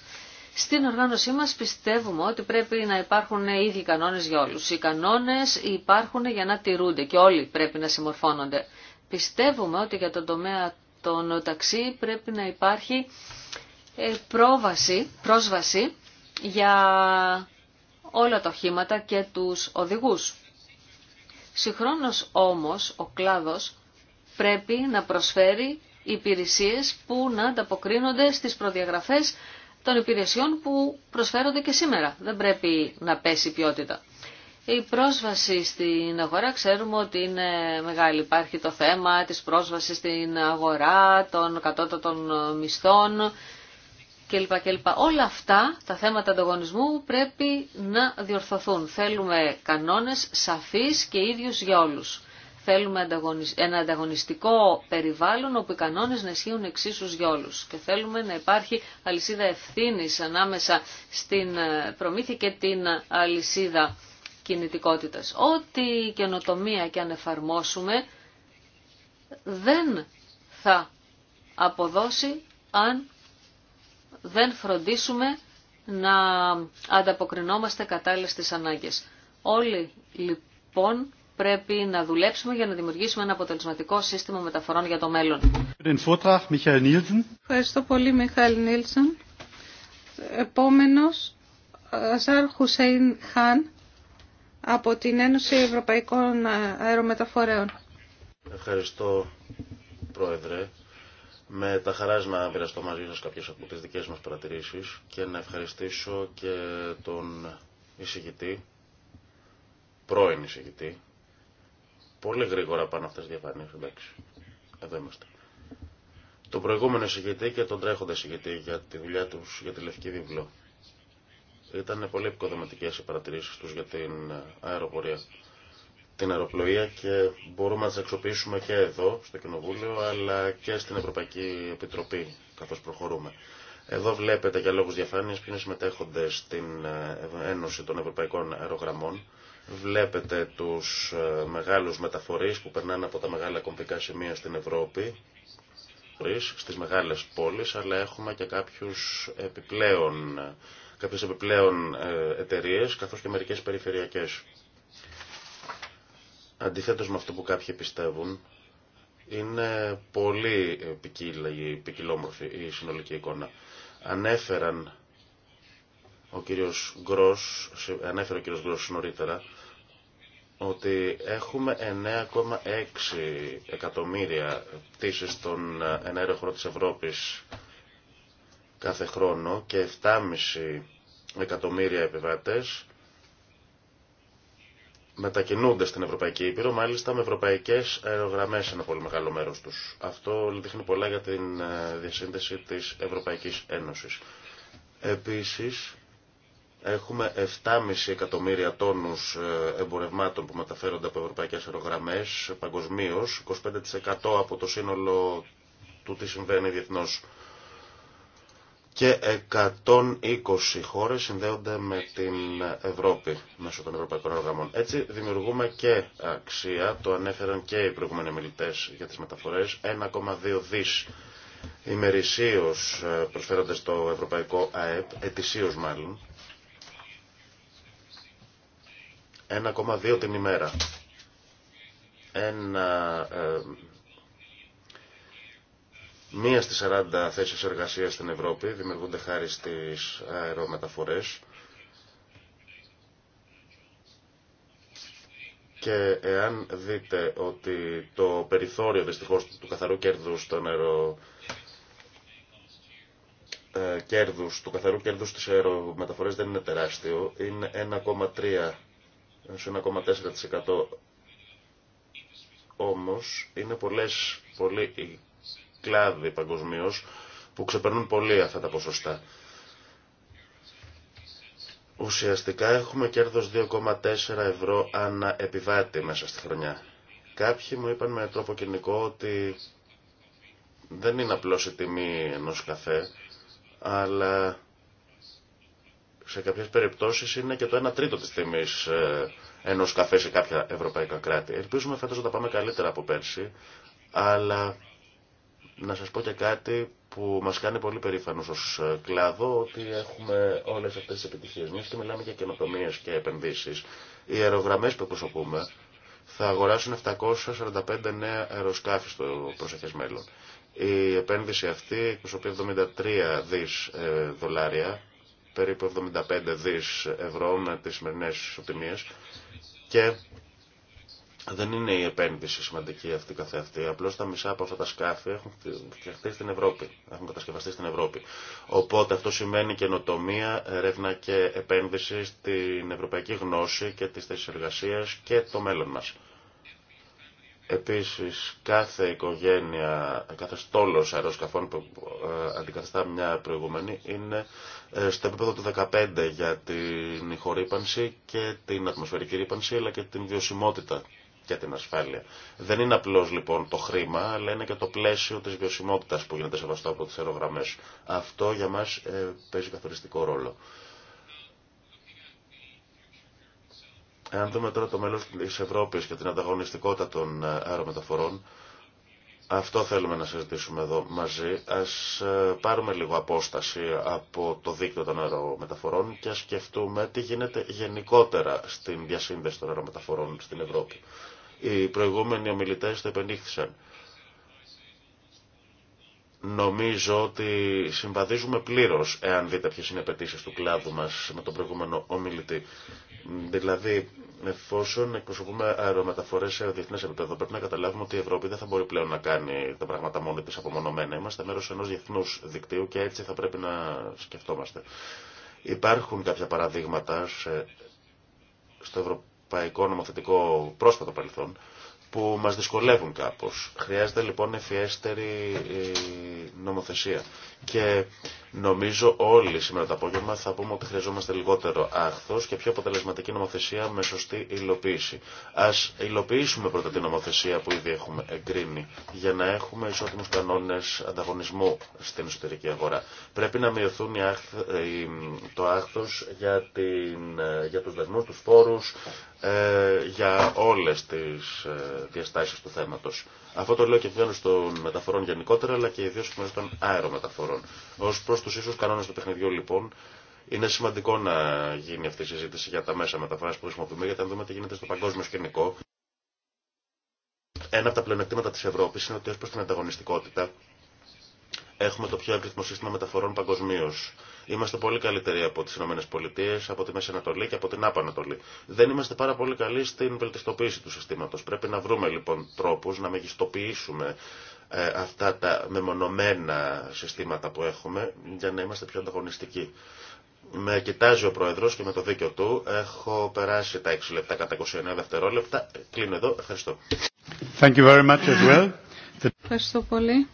Στην οργάνωσή μας πιστεύουμε ότι πρέπει να υπάρχουν οι ε, ίδιοι κανόνες για όλους. Οι κανόνες υπάρχουν για να τηρούνται και όλοι πρέπει να συμμορφώνονται. Πιστεύουμε ότι για τον τομέα των ταξί πρέπει να υπάρχει πρόσβαση για όλα τα οχήματα και τους οδηγούς. Συγχρόνως όμως ο κλάδος πρέπει να προσφέρει υπηρεσίες που να ανταποκρίνονται στις προδιαγραφές των υπηρεσιών που προσφέρονται και σήμερα. Δεν πρέπει να πέσει η ποιότητα. Η πρόσβαση στην αγορά ξέρουμε ότι είναι μεγάλη. Υπάρχει το θέμα της πρόσβασης στην αγορά, των κατώτατων μισθών, κλπ. κλπ. Όλα αυτά τα θέματα ανταγωνισμού πρέπει να διορθωθούν. Θέλουμε κανόνες σαφείς και ίδιους για όλους. Θέλουμε ένα ανταγωνιστικό περιβάλλον όπου οι κανόνες να ισχύουν εξίσου για όλους. Και θέλουμε να υπάρχει αλυσίδα ευθύνης ανάμεσα στην ε, προμήθεια και την αλυσίδα κινητικότητας. Ό,τι καινοτομία και αν εφαρμόσουμε δεν θα αποδώσει αν δεν φροντίσουμε να ανταποκρινόμαστε κατάλληλα στις ανάγκες. Όλοι λοιπόν πρέπει να δουλέψουμε για να δημιουργήσουμε ένα αποτελεσματικό σύστημα μεταφορών για το μέλλον. Ευχαριστώ πολύ Μιχάλη Νίλσον. Επόμενος, Ζαρ Χουσέιν Χάν από την Ένωση Ευρωπαϊκών Αερομεταφορέων. Ευχαριστώ Πρόεδρε. Με τα χαράς να μοιραστώ μαζί σας κάποιες από τις δικές μας παρατηρήσεις και να ευχαριστήσω και τον εισηγητή, πρώην εισηγητή. Πολύ γρήγορα πάνω αυτές τις διαφανείς, εντάξει. Εδώ είμαστε. Το προηγούμενο εισηγητή και τον τρέχοντα εισηγητή για τη δουλειά τους για τη Λευκή Βιβλό. Ήταν πολύ επικοδομητικέ οι παρατηρήσεις του για την αεροπορία την αεροπλοεία και μπορούμε να τι αξιοποιήσουμε και εδώ, στο Κοινοβούλιο, αλλά και στην Ευρωπαϊκή Επιτροπή, καθώ προχωρούμε. Εδώ βλέπετε για λόγου διαφάνεια ποιοι συμμετέχοντε στην ε, Ένωση των Ευρωπαϊκών Αερογραμμών. Βλέπετε του ε, μεγάλου μεταφορεί που περνάνε από τα μεγάλα κομπικά σημεία στην Ευρώπη στις μεγάλες πόλεις, αλλά έχουμε και κάποιους επιπλέον, ε, κάποιες επιπλέον εταιρείες, καθώς και μερικές περιφερειακές αντιθέτως με αυτό που κάποιοι πιστεύουν, είναι πολύ ποικιλόμορφη η συνολική εικόνα. Ανέφεραν ο κύριος Γκρός, ανέφερε ο κύριος Γκρός νωρίτερα, ότι έχουμε 9,6 εκατομμύρια πτήσεις στον ενέργο χώρο της Ευρώπης κάθε χρόνο και 7,5 εκατομμύρια επιβάτες μετακινούνται στην Ευρωπαϊκή Ήπειρο, μάλιστα με ευρωπαϊκές αερογραμμές ένα πολύ μεγάλο μέρος τους. Αυτό δείχνει πολλά για την ε, διασύνδεση της Ευρωπαϊκής Ένωσης. Επίσης, Έχουμε 7,5 εκατομμύρια τόνου ε, εμπορευμάτων που μεταφέρονται από ευρωπαϊκές αερογραμμές παγκοσμίω, 25% από το σύνολο του τι συμβαίνει διεθνώ και 120 χώρες συνδέονται με την Ευρώπη μέσω των ευρωπαϊκών οργανών. Έτσι δημιουργούμε και αξία, το ανέφεραν και οι προηγούμενοι μιλητές για τις μεταφορές, 1,2 δις ημερησίως ε, προσφέρονται στο ευρωπαϊκό ΑΕΠ, ετησίως μάλλον, 1,2 την ημέρα. Ένα ε, Μία στις 40 θέσεις εργασίας στην Ευρώπη δημιουργούνται χάρη στις αερομεταφορές. Και εάν δείτε ότι το περιθώριο δυστυχώς του καθαρού κέρδους των αερο... Ε, κέρδους, του καθαρού κέρδους της αερομεταφορές δεν είναι τεράστιο, είναι 1,3 σε 1,4% όμως είναι πολλές, πολλοί κλάδοι παγκοσμίω που ξεπερνούν πολύ αυτά τα ποσοστά. Ουσιαστικά έχουμε κέρδος 2,4 ευρώ ανά επιβάτη μέσα στη χρονιά. Κάποιοι μου είπαν με τρόπο κοινικό ότι δεν είναι απλώς η τιμή ενός καφέ, αλλά σε κάποιες περιπτώσεις είναι και το 1 τρίτο της τιμής ε, ενός καφέ σε κάποια ευρωπαϊκά κράτη. Ελπίζουμε φέτος να τα πάμε καλύτερα από πέρσι, αλλά να σας πω και κάτι που μας κάνει πολύ περήφανος ως ε, κλάδο ότι έχουμε όλες αυτές τις επιτυχίες. Μιας και μιλάμε για καινοτομίες και επενδύσεις. Οι αερογραμμές που εκπροσωπούμε θα αγοράσουν 745 νέα αεροσκάφη στο προσεχές μέλλον. Η επένδυση αυτή εκπροσωπεί 73 δις ε, δολάρια, περίπου 75 δις ευρώ με τις σημερινές οτιμίες, και δεν είναι η επένδυση σημαντική αυτή καθεαυτή. Απλώ τα μισά από αυτά τα σκάφη έχουν φτιαχτεί στην Ευρώπη. Έχουν κατασκευαστεί στην Ευρώπη. Οπότε αυτό σημαίνει καινοτομία, έρευνα και επένδυση στην ευρωπαϊκή γνώση και τι θέσει εργασία και το μέλλον μα. Επίση, κάθε οικογένεια, κάθε στόλο αεροσκαφών που ε, αντικαθιστά μια προηγούμενη είναι ε, στο επίπεδο του 15 για την ηχορύπανση και την ατμοσφαιρική ρύπανση αλλά και την βιωσιμότητα και την ασφάλεια. Δεν είναι απλώ λοιπόν το χρήμα, αλλά είναι και το πλαίσιο τη βιωσιμότητα που γίνεται σεβαστό από τι αερογραμμέ. Αυτό για μα ε, παίζει καθοριστικό ρόλο. Αν δούμε τώρα το μέλλον της Ευρώπης και την ανταγωνιστικότητα των ε, αερομεταφορών, αυτό θέλουμε να συζητήσουμε εδώ μαζί. Ας ε, πάρουμε λίγο απόσταση από το δίκτυο των αερομεταφορών και ας σκεφτούμε τι γίνεται γενικότερα στην διασύνδεση των αερομεταφορών στην Ευρώπη. Οι προηγούμενοι ομιλητές το επενήχθησαν. Νομίζω ότι συμβαδίζουμε πλήρως, εάν δείτε ποιες είναι απαιτήσει του κλάδου μας με τον προηγούμενο ομιλητή. Δηλαδή, εφόσον εκπροσωπούμε αερομεταφορέ σε διεθνέ επίπεδο, πρέπει να καταλάβουμε ότι η Ευρώπη δεν θα μπορεί πλέον να κάνει τα πράγματα μόνη τη απομονωμένα. Είμαστε μέρο ενό διεθνού δικτύου και έτσι θα πρέπει να σκεφτόμαστε. Υπάρχουν κάποια παραδείγματα στο Ευρωπαϊκό ευρωπαϊκό νομοθετικό πρόσφατο παρελθόν που μας δυσκολεύουν κάπως. Χρειάζεται λοιπόν ευφιέστερη ε, νομοθεσία. Και νομίζω όλοι σήμερα το απόγευμα θα πούμε ότι χρειαζόμαστε λιγότερο άχθος και πιο αποτελεσματική νομοθεσία με σωστή υλοποίηση. Ας υλοποιήσουμε πρώτα την νομοθεσία που ήδη έχουμε εγκρίνει για να έχουμε ισότιμους κανόνες ανταγωνισμού στην εσωτερική αγορά. Πρέπει να μειωθούν ε, το άχθος για, την, ε, για τους φόρου τους φόρους, για όλες τις Διαστάσει του θέματο. Αυτό το λέω και βγαίνω των μεταφορών γενικότερα, αλλά και ιδίω εκ των αερομεταφορών. Ω προ του ίσους κανόνε του παιχνιδιού, λοιπόν, είναι σημαντικό να γίνει αυτή η συζήτηση για τα μέσα μεταφοράς που χρησιμοποιούμε, γιατί αν δούμε τι γίνεται στο παγκόσμιο σκηνικό, ένα από τα πλεονεκτήματα τη Ευρώπη είναι ότι ω προ την ανταγωνιστικότητα Έχουμε το πιο έγκριθμο σύστημα μεταφορών παγκοσμίω. Είμαστε πολύ καλύτεροι από τι ΗΠΑ, από τη Μέση Ανατολή και από την Απανατολή. Δεν είμαστε πάρα πολύ καλοί στην βελτιστοποίηση του συστήματο. Πρέπει να βρούμε λοιπόν τρόπου να μεγιστοποιήσουμε ε, αυτά τα μεμονωμένα συστήματα που έχουμε για να είμαστε πιο ανταγωνιστικοί. Με κοιτάζει ο Προεδρο και με το δίκιο του. Έχω περάσει τα 6 λεπτά κατά 29 δευτερόλεπτα. Κλείνω εδώ. Ευχαριστώ. Thank you very much as well. Ευχαριστώ πολύ.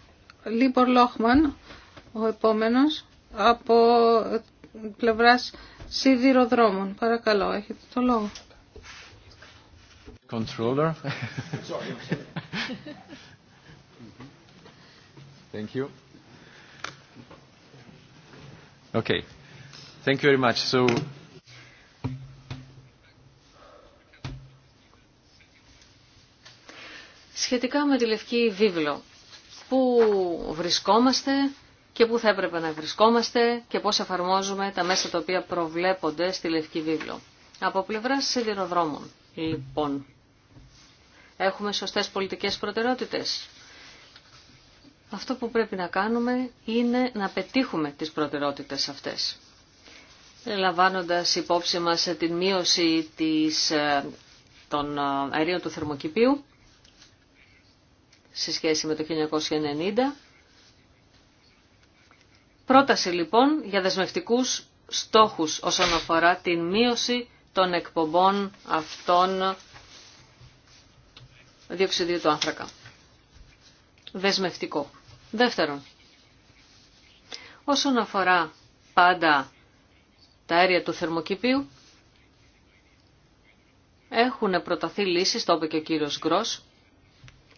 Λίμπορ Λόχμαν, ο επόμενος, από πλευράς σιδηροδρόμων. Παρακαλώ, έχετε το λόγο. Controller. Thank you. Okay. Thank you very much. So... Σχετικά με τη Λευκή Βίβλο, πού βρισκόμαστε και πού θα έπρεπε να βρισκόμαστε και πώς εφαρμόζουμε τα μέσα τα οποία προβλέπονται στη Λευκή Βίβλο. Από πλευρά σιδηροδρόμων, λοιπόν, έχουμε σωστές πολιτικές προτεραιότητες. Αυτό που πρέπει να κάνουμε είναι να πετύχουμε τις προτεραιότητες αυτές. Λαμβάνοντας υπόψη μας την μείωση ε, των ε, αερίων του θερμοκηπίου, σε σχέση με το 1990. Πρόταση λοιπόν για δεσμευτικούς στόχους όσον αφορά την μείωση των εκπομπών αυτών διοξιδίου του άνθρακα. Δεσμευτικό. Δεύτερον, όσον αφορά πάντα τα αέρια του θερμοκηπίου, έχουν προταθεί λύσεις, το είπε και ο κύριος Γκρός.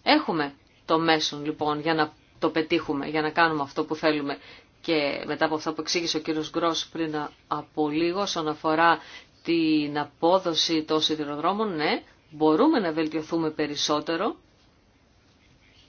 Έχουμε το μέσον λοιπόν για να το πετύχουμε, για να κάνουμε αυτό που θέλουμε. Και μετά από αυτό που εξήγησε ο κύριος Γκρός πριν από λίγο, όσον αφορά την απόδοση των σιδηροδρόμων, ναι, μπορούμε να βελτιωθούμε περισσότερο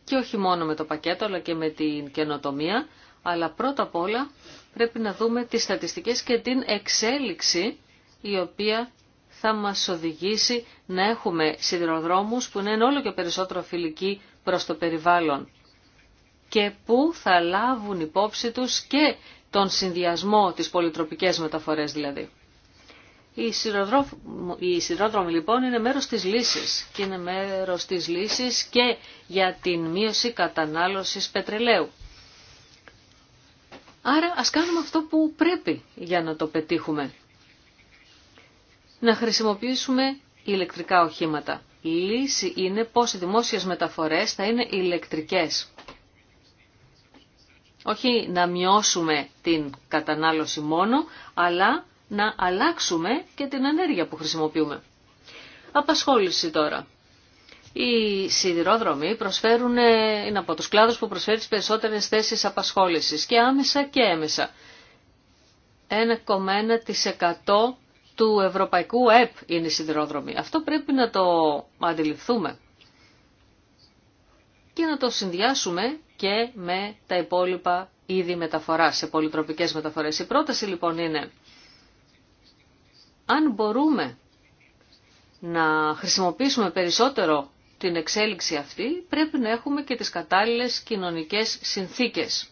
και όχι μόνο με το πακέτο αλλά και με την καινοτομία, αλλά πρώτα απ' όλα πρέπει να δούμε τις στατιστικές και την εξέλιξη η οποία θα μας οδηγήσει να έχουμε σιδηροδρόμους που είναι όλο και περισσότερο φιλικοί προς το περιβάλλον και που θα λάβουν υπόψη τους και τον συνδυασμό της πολυτροπικές μεταφορές δηλαδή. Η σειρόδρομοι λοιπόν είναι μέρος της λύσης και είναι μέρος της λύσης και για την μείωση κατανάλωσης πετρελαίου. Άρα ας κάνουμε αυτό που πρέπει για να το πετύχουμε. Να χρησιμοποιήσουμε ηλεκτρικά οχήματα. Η λύση είναι πως οι δημόσιες μεταφορές θα είναι ηλεκτρικές. Όχι να μειώσουμε την κατανάλωση μόνο, αλλά να αλλάξουμε και την ενέργεια που χρησιμοποιούμε. Απασχόληση τώρα. Οι σιδηρόδρομοι προσφέρουν, ε, είναι από τους κλάδους που προσφέρει τις περισσότερες θέσεις απασχόλησης και άμεσα και έμεσα. 1,1% του Ευρωπαϊκού ΕΠ είναι η σιδηρόδρομοι. Αυτό πρέπει να το αντιληφθούμε και να το συνδυάσουμε και με τα υπόλοιπα είδη μεταφοράς, σε πολυτροπικές μεταφορές. Η πρόταση λοιπόν είναι, αν μπορούμε να χρησιμοποιήσουμε περισσότερο την εξέλιξη αυτή, πρέπει να έχουμε και τις κατάλληλες κοινωνικές συνθήκες.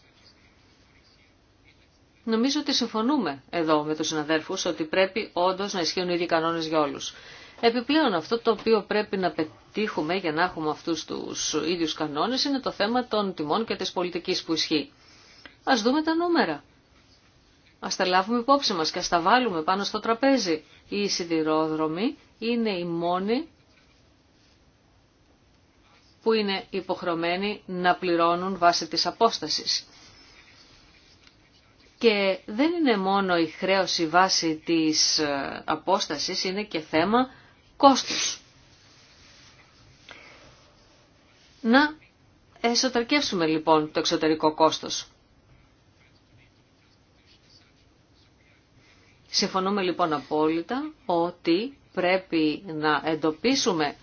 Νομίζω ότι συμφωνούμε εδώ με τους συναδέλφους ότι πρέπει όντως να ισχύουν οι ίδιοι κανόνες για όλους. Επιπλέον αυτό το οποίο πρέπει να πετύχουμε για να έχουμε αυτούς τους ίδιους κανόνες είναι το θέμα των τιμών και της πολιτικής που ισχύει. Ας δούμε τα νούμερα. Ας τα λάβουμε υπόψη μας και ας τα βάλουμε πάνω στο τραπέζι. Οι σιδηρόδρομοι είναι οι μόνοι που είναι υποχρεωμένοι να πληρώνουν βάσει της απόστασης. Και δεν είναι μόνο η χρέωση βάση της ε, απόστασης, είναι και θέμα κόστους. Να εσωτερικεύσουμε λοιπόν το εξωτερικό κόστος. Συμφωνούμε λοιπόν απόλυτα ότι πρέπει να εντοπίσουμε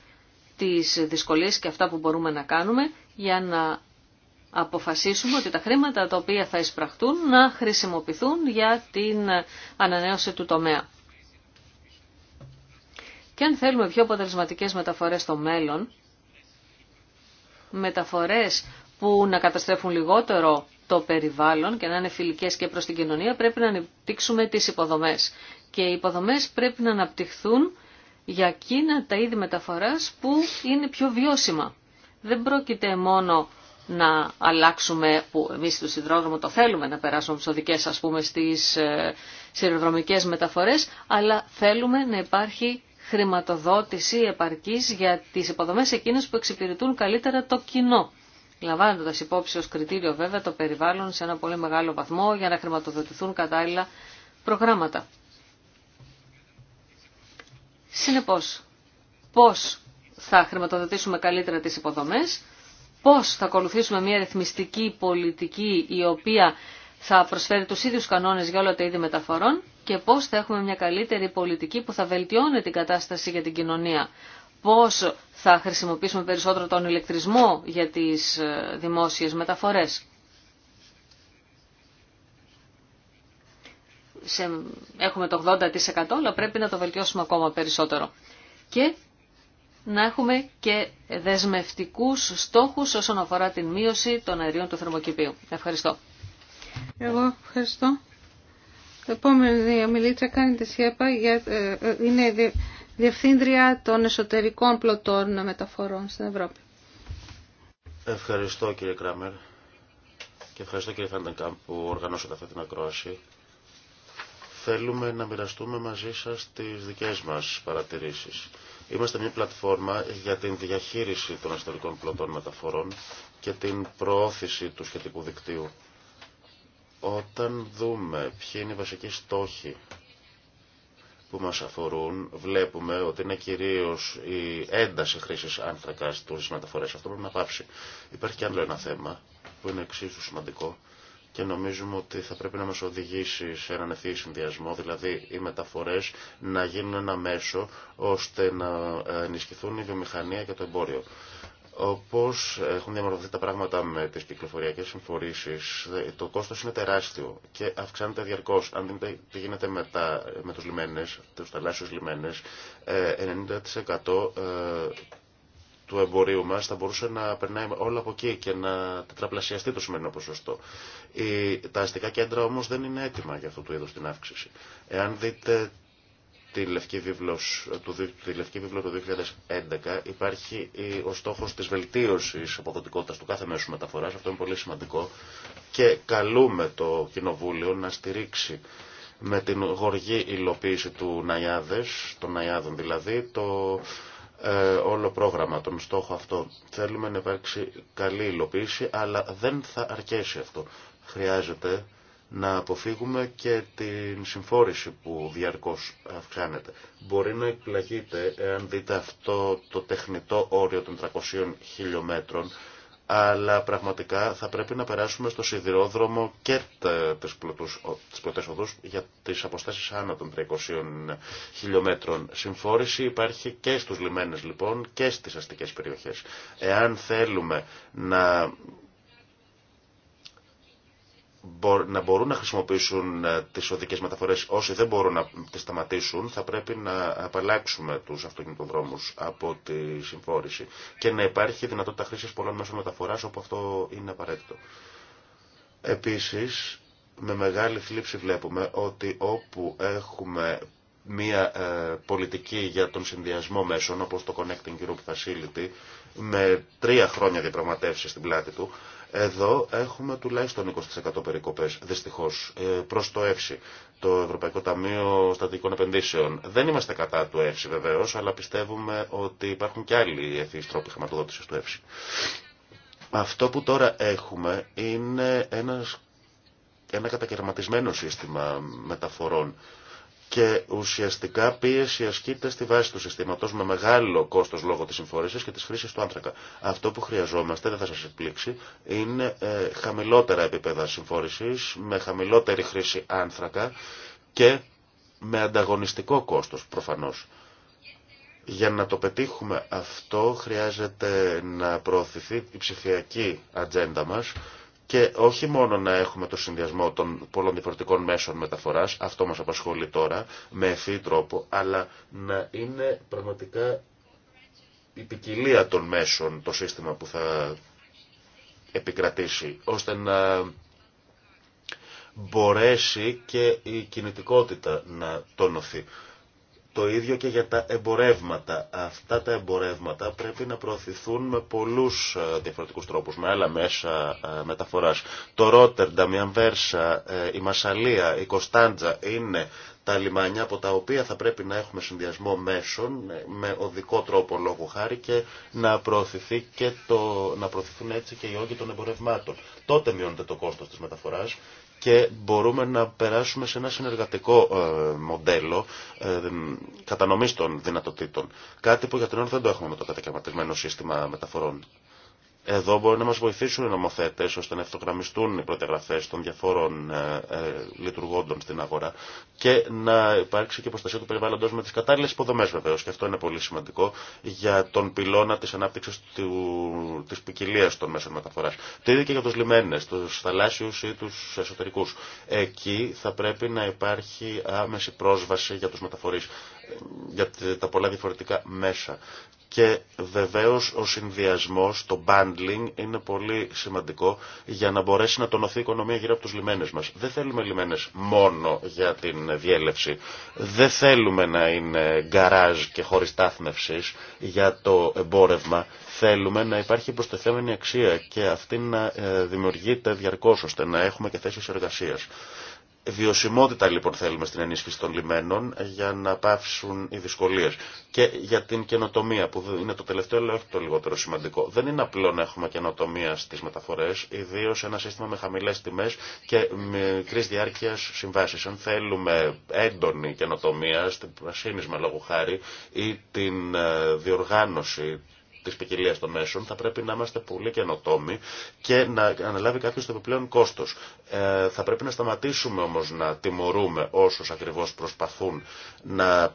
τις δυσκολίες και αυτά που μπορούμε να κάνουμε για να αποφασίσουμε ότι τα χρήματα τα οποία θα εισπραχτούν να χρησιμοποιηθούν για την ανανέωση του τομέα. Και αν θέλουμε πιο αποτελεσματικές μεταφορές στο μέλλον, μεταφορές που να καταστρέφουν λιγότερο το περιβάλλον και να είναι φιλικές και προς την κοινωνία, πρέπει να αναπτύξουμε τις υποδομές. Και οι υποδομές πρέπει να αναπτυχθούν για εκείνα τα είδη μεταφοράς που είναι πιο βιώσιμα. Δεν πρόκειται μόνο να αλλάξουμε, που εμείς του σιδηρόδρομο το θέλουμε να περάσουμε τις οδικέ ας πούμε στις ε, σιδηροδρομικές μεταφορές, αλλά θέλουμε να υπάρχει χρηματοδότηση επαρκής για τις υποδομές εκείνες που εξυπηρετούν καλύτερα το κοινό. Λαμβάνοντα υπόψη ω κριτήριο βέβαια το περιβάλλον σε ένα πολύ μεγάλο βαθμό για να χρηματοδοτηθούν κατάλληλα προγράμματα. Συνεπώς, πώς θα χρηματοδοτήσουμε καλύτερα τις υποδομές, πώς θα ακολουθήσουμε μια ρυθμιστική πολιτική η οποία θα προσφέρει τους ίδιους κανόνες για όλα τα είδη μεταφορών και πώς θα έχουμε μια καλύτερη πολιτική που θα βελτιώνει την κατάσταση για την κοινωνία. Πώς θα χρησιμοποιήσουμε περισσότερο τον ηλεκτρισμό για τις ε, δημόσιες μεταφορές. Έχουμε το 80% αλλά πρέπει να το βελτιώσουμε ακόμα περισσότερο. Και να έχουμε και δεσμευτικούς στόχους όσον αφορά την μείωση των αερίων του θερμοκηπίου. Ευχαριστώ. Εγώ ευχαριστώ. Το επόμενο διαμιλήτρια κάνει τη ΣΥΕΠΑ, για, ε, ε, είναι Διευθύντρια των Εσωτερικών Πλωτών Μεταφορών στην Ευρώπη. Ευχαριστώ κύριε Κράμερ και ευχαριστώ κύριε Φαντεγκάμπ που οργανώσατε αυτή την ακρόαση. Θέλουμε να μοιραστούμε μαζί σας τις δικές μας παρατηρήσεις. Είμαστε μια πλατφόρμα για την διαχείριση των ιστορικών πλωτών μεταφορών και την προώθηση του σχετικού δικτύου. Όταν δούμε ποιοι είναι οι βασικοί στόχοι που μας αφορούν, βλέπουμε ότι είναι κυρίως η ένταση χρήσης άνθρακα του μεταφορές. Αυτό πρέπει να πάψει. Υπάρχει και άλλο ένα θέμα που είναι εξίσου σημαντικό και νομίζουμε ότι θα πρέπει να μας οδηγήσει σε έναν ευθύ συνδυασμό, δηλαδή οι μεταφορές να γίνουν ένα μέσο ώστε να ενισχυθούν η βιομηχανία και το εμπόριο. Όπως έχουν διαμορφωθεί τα πράγματα με τις κυκλοφοριακές συμφορήσεις, το κόστος είναι τεράστιο και αυξάνεται διαρκώς. Αν δείτε τι γίνεται με, τα, με τους λιμένες, τους θαλάσσιους λιμένες, 90% ε, του εμπορίου μας θα μπορούσε να περνάει όλα από εκεί και να τετραπλασιαστεί το σημερινό ποσοστό. τα αστικά κέντρα όμως δεν είναι έτοιμα για αυτού του είδους την αύξηση. Εάν δείτε τη Λευκή, Βίβλος, τη Λευκή Βίβλο του 2011 υπάρχει ο στόχος της βελτίωσης αποδοτικότητας του κάθε μέσου μεταφοράς, αυτό είναι πολύ σημαντικό και καλούμε το Κοινοβούλιο να στηρίξει με την γοργή υλοποίηση του Ναϊάδες, των Ναϊάδων δηλαδή, το ε, όλο πρόγραμμα, τον στόχο αυτό. Θέλουμε να υπάρξει καλή υλοποίηση, αλλά δεν θα αρκέσει αυτό. Χρειάζεται να αποφύγουμε και την συμφόρηση που διαρκώς αυξάνεται. Μπορεί να εκπλαγείτε εάν δείτε αυτό το τεχνητό όριο των 300 χιλιόμετρων αλλά πραγματικά θα πρέπει να περάσουμε στο σιδηρόδρομο και τις πλωτές οδούς για τις αποστάσεις άνω των 300 χιλιόμετρων. Συμφόρηση υπάρχει και στους λιμένες λοιπόν και στις αστικές περιοχές. Εάν θέλουμε να να μπορούν να χρησιμοποιήσουν ε, τις οδικές μεταφορές όσοι δεν μπορούν να τις σταματήσουν θα πρέπει να απαλλάξουμε τους αυτοκινητοδρόμους από τη συμφόρηση και να υπάρχει δυνατότητα χρήσης πολλών μέσων μεταφοράς όπου αυτό είναι απαραίτητο. Επίσης, με μεγάλη θλίψη βλέπουμε ότι όπου έχουμε μια ε, πολιτική για τον συνδυασμό μέσων, όπως το Connecting Group Facility, με τρία χρόνια διαπραγματεύσεις στην πλάτη του, εδώ έχουμε τουλάχιστον 20% περικοπές, δυστυχώς, ε, προς το ΕΦΣΥ, το Ευρωπαϊκό Ταμείο Στατικών Επενδύσεων. Δεν είμαστε κατά του ΕΦΣΥ βεβαίως, αλλά πιστεύουμε ότι υπάρχουν και άλλοι ευθύς τρόποι χρηματοδότηση του ΕΦΣΥ. Αυτό που τώρα έχουμε είναι ένας, ένα κατακαιρματισμένο σύστημα μεταφορών και ουσιαστικά πίεση ασκείται στη βάση του συστήματος με μεγάλο κόστος λόγω της συμφόρησης και της χρήσης του άνθρακα. Αυτό που χρειαζόμαστε, δεν θα σας εκπλήξει, είναι ε, χαμηλότερα επίπεδα συμφόρησης, με χαμηλότερη χρήση άνθρακα και με ανταγωνιστικό κόστος προφανώς. Για να το πετύχουμε αυτό χρειάζεται να προωθηθεί η ψηφιακή ατζέντα μας, και όχι μόνο να έχουμε το συνδυασμό των πολλών διαφορετικών μέσων μεταφοράς, αυτό μας απασχολεί τώρα, με ευθύ τρόπο, αλλά να είναι πραγματικά η ποικιλία των μέσων το σύστημα που θα επικρατήσει, ώστε να μπορέσει και η κινητικότητα να τονωθεί. Το ίδιο και για τα εμπορεύματα. Αυτά τα εμπορεύματα πρέπει να προωθηθούν με πολλούς ε, διαφορετικούς τρόπους, με άλλα μέσα ε, μεταφοράς. Το Ρότερνταμ, η Αμβέρσα, ε, η Μασαλία, η Κωνσταντζα είναι τα λιμάνια από τα οποία θα πρέπει να έχουμε συνδυασμό μέσων με οδικό τρόπο λόγου χάρη και να, προωθηθεί και το, να προωθηθούν έτσι και οι όγκοι των εμπορευμάτων. Τότε μειώνεται το κόστος της μεταφοράς και μπορούμε να περάσουμε σε ένα συνεργατικό ε, μοντέλο ε, κατανομής των δυνατοτήτων. Κάτι που για την ώρα δεν το έχουμε με το κατακαιρματισμένο σύστημα μεταφορών. Εδώ μπορεί να μας βοηθήσουν οι νομοθέτες ώστε να ευθογραμμιστούν οι προτεγραφές των διαφόρων ε, ε, λειτουργόντων στην αγορά και να υπάρξει και προστασία του περιβάλλοντος με τις κατάλληλες υποδομές βεβαίως και αυτό είναι πολύ σημαντικό για τον πυλώνα της ανάπτυξης του, της ποικιλία των μέσων μεταφοράς. Το ίδιο και για τους λιμένες, τους θαλάσσιους ή τους εσωτερικούς. Εκεί θα πρέπει να υπάρχει άμεση πρόσβαση για τους μεταφορείς, ε, για τα πολλά διαφορετικά μέσα και βεβαίως ο συνδυασμός, το bundling είναι πολύ σημαντικό για να μπορέσει να τονωθεί η οικονομία γύρω από τους λιμένες μας. Δεν θέλουμε λιμένες μόνο για την διέλευση. Δεν θέλουμε να είναι γκαράζ και χωρίς τάθμευσης για το εμπόρευμα. Θέλουμε να υπάρχει προστεθέμενη αξία και αυτή να ε, δημιουργείται διαρκώς ώστε να έχουμε και θέσεις εργασίας. Βιωσιμότητα λοιπόν θέλουμε στην ενίσχυση των λιμένων για να πάυσουν οι δυσκολίε. Και για την καινοτομία που είναι το τελευταίο αλλά όχι το λιγότερο σημαντικό. Δεν είναι απλό να έχουμε καινοτομία στι μεταφορέ, ιδίω ένα σύστημα με χαμηλέ τιμέ και μικρή διάρκεια συμβάσει. Αν θέλουμε έντονη καινοτομία, στην πρασίνισμα λόγου χάρη ή την ε, διοργάνωση της ποικιλία των μέσων, θα πρέπει να είμαστε πολύ καινοτόμοι και να αναλάβει κάποιο το επιπλέον κόστος. Ε, θα πρέπει να σταματήσουμε όμως να τιμωρούμε όσους ακριβώς προσπαθούν να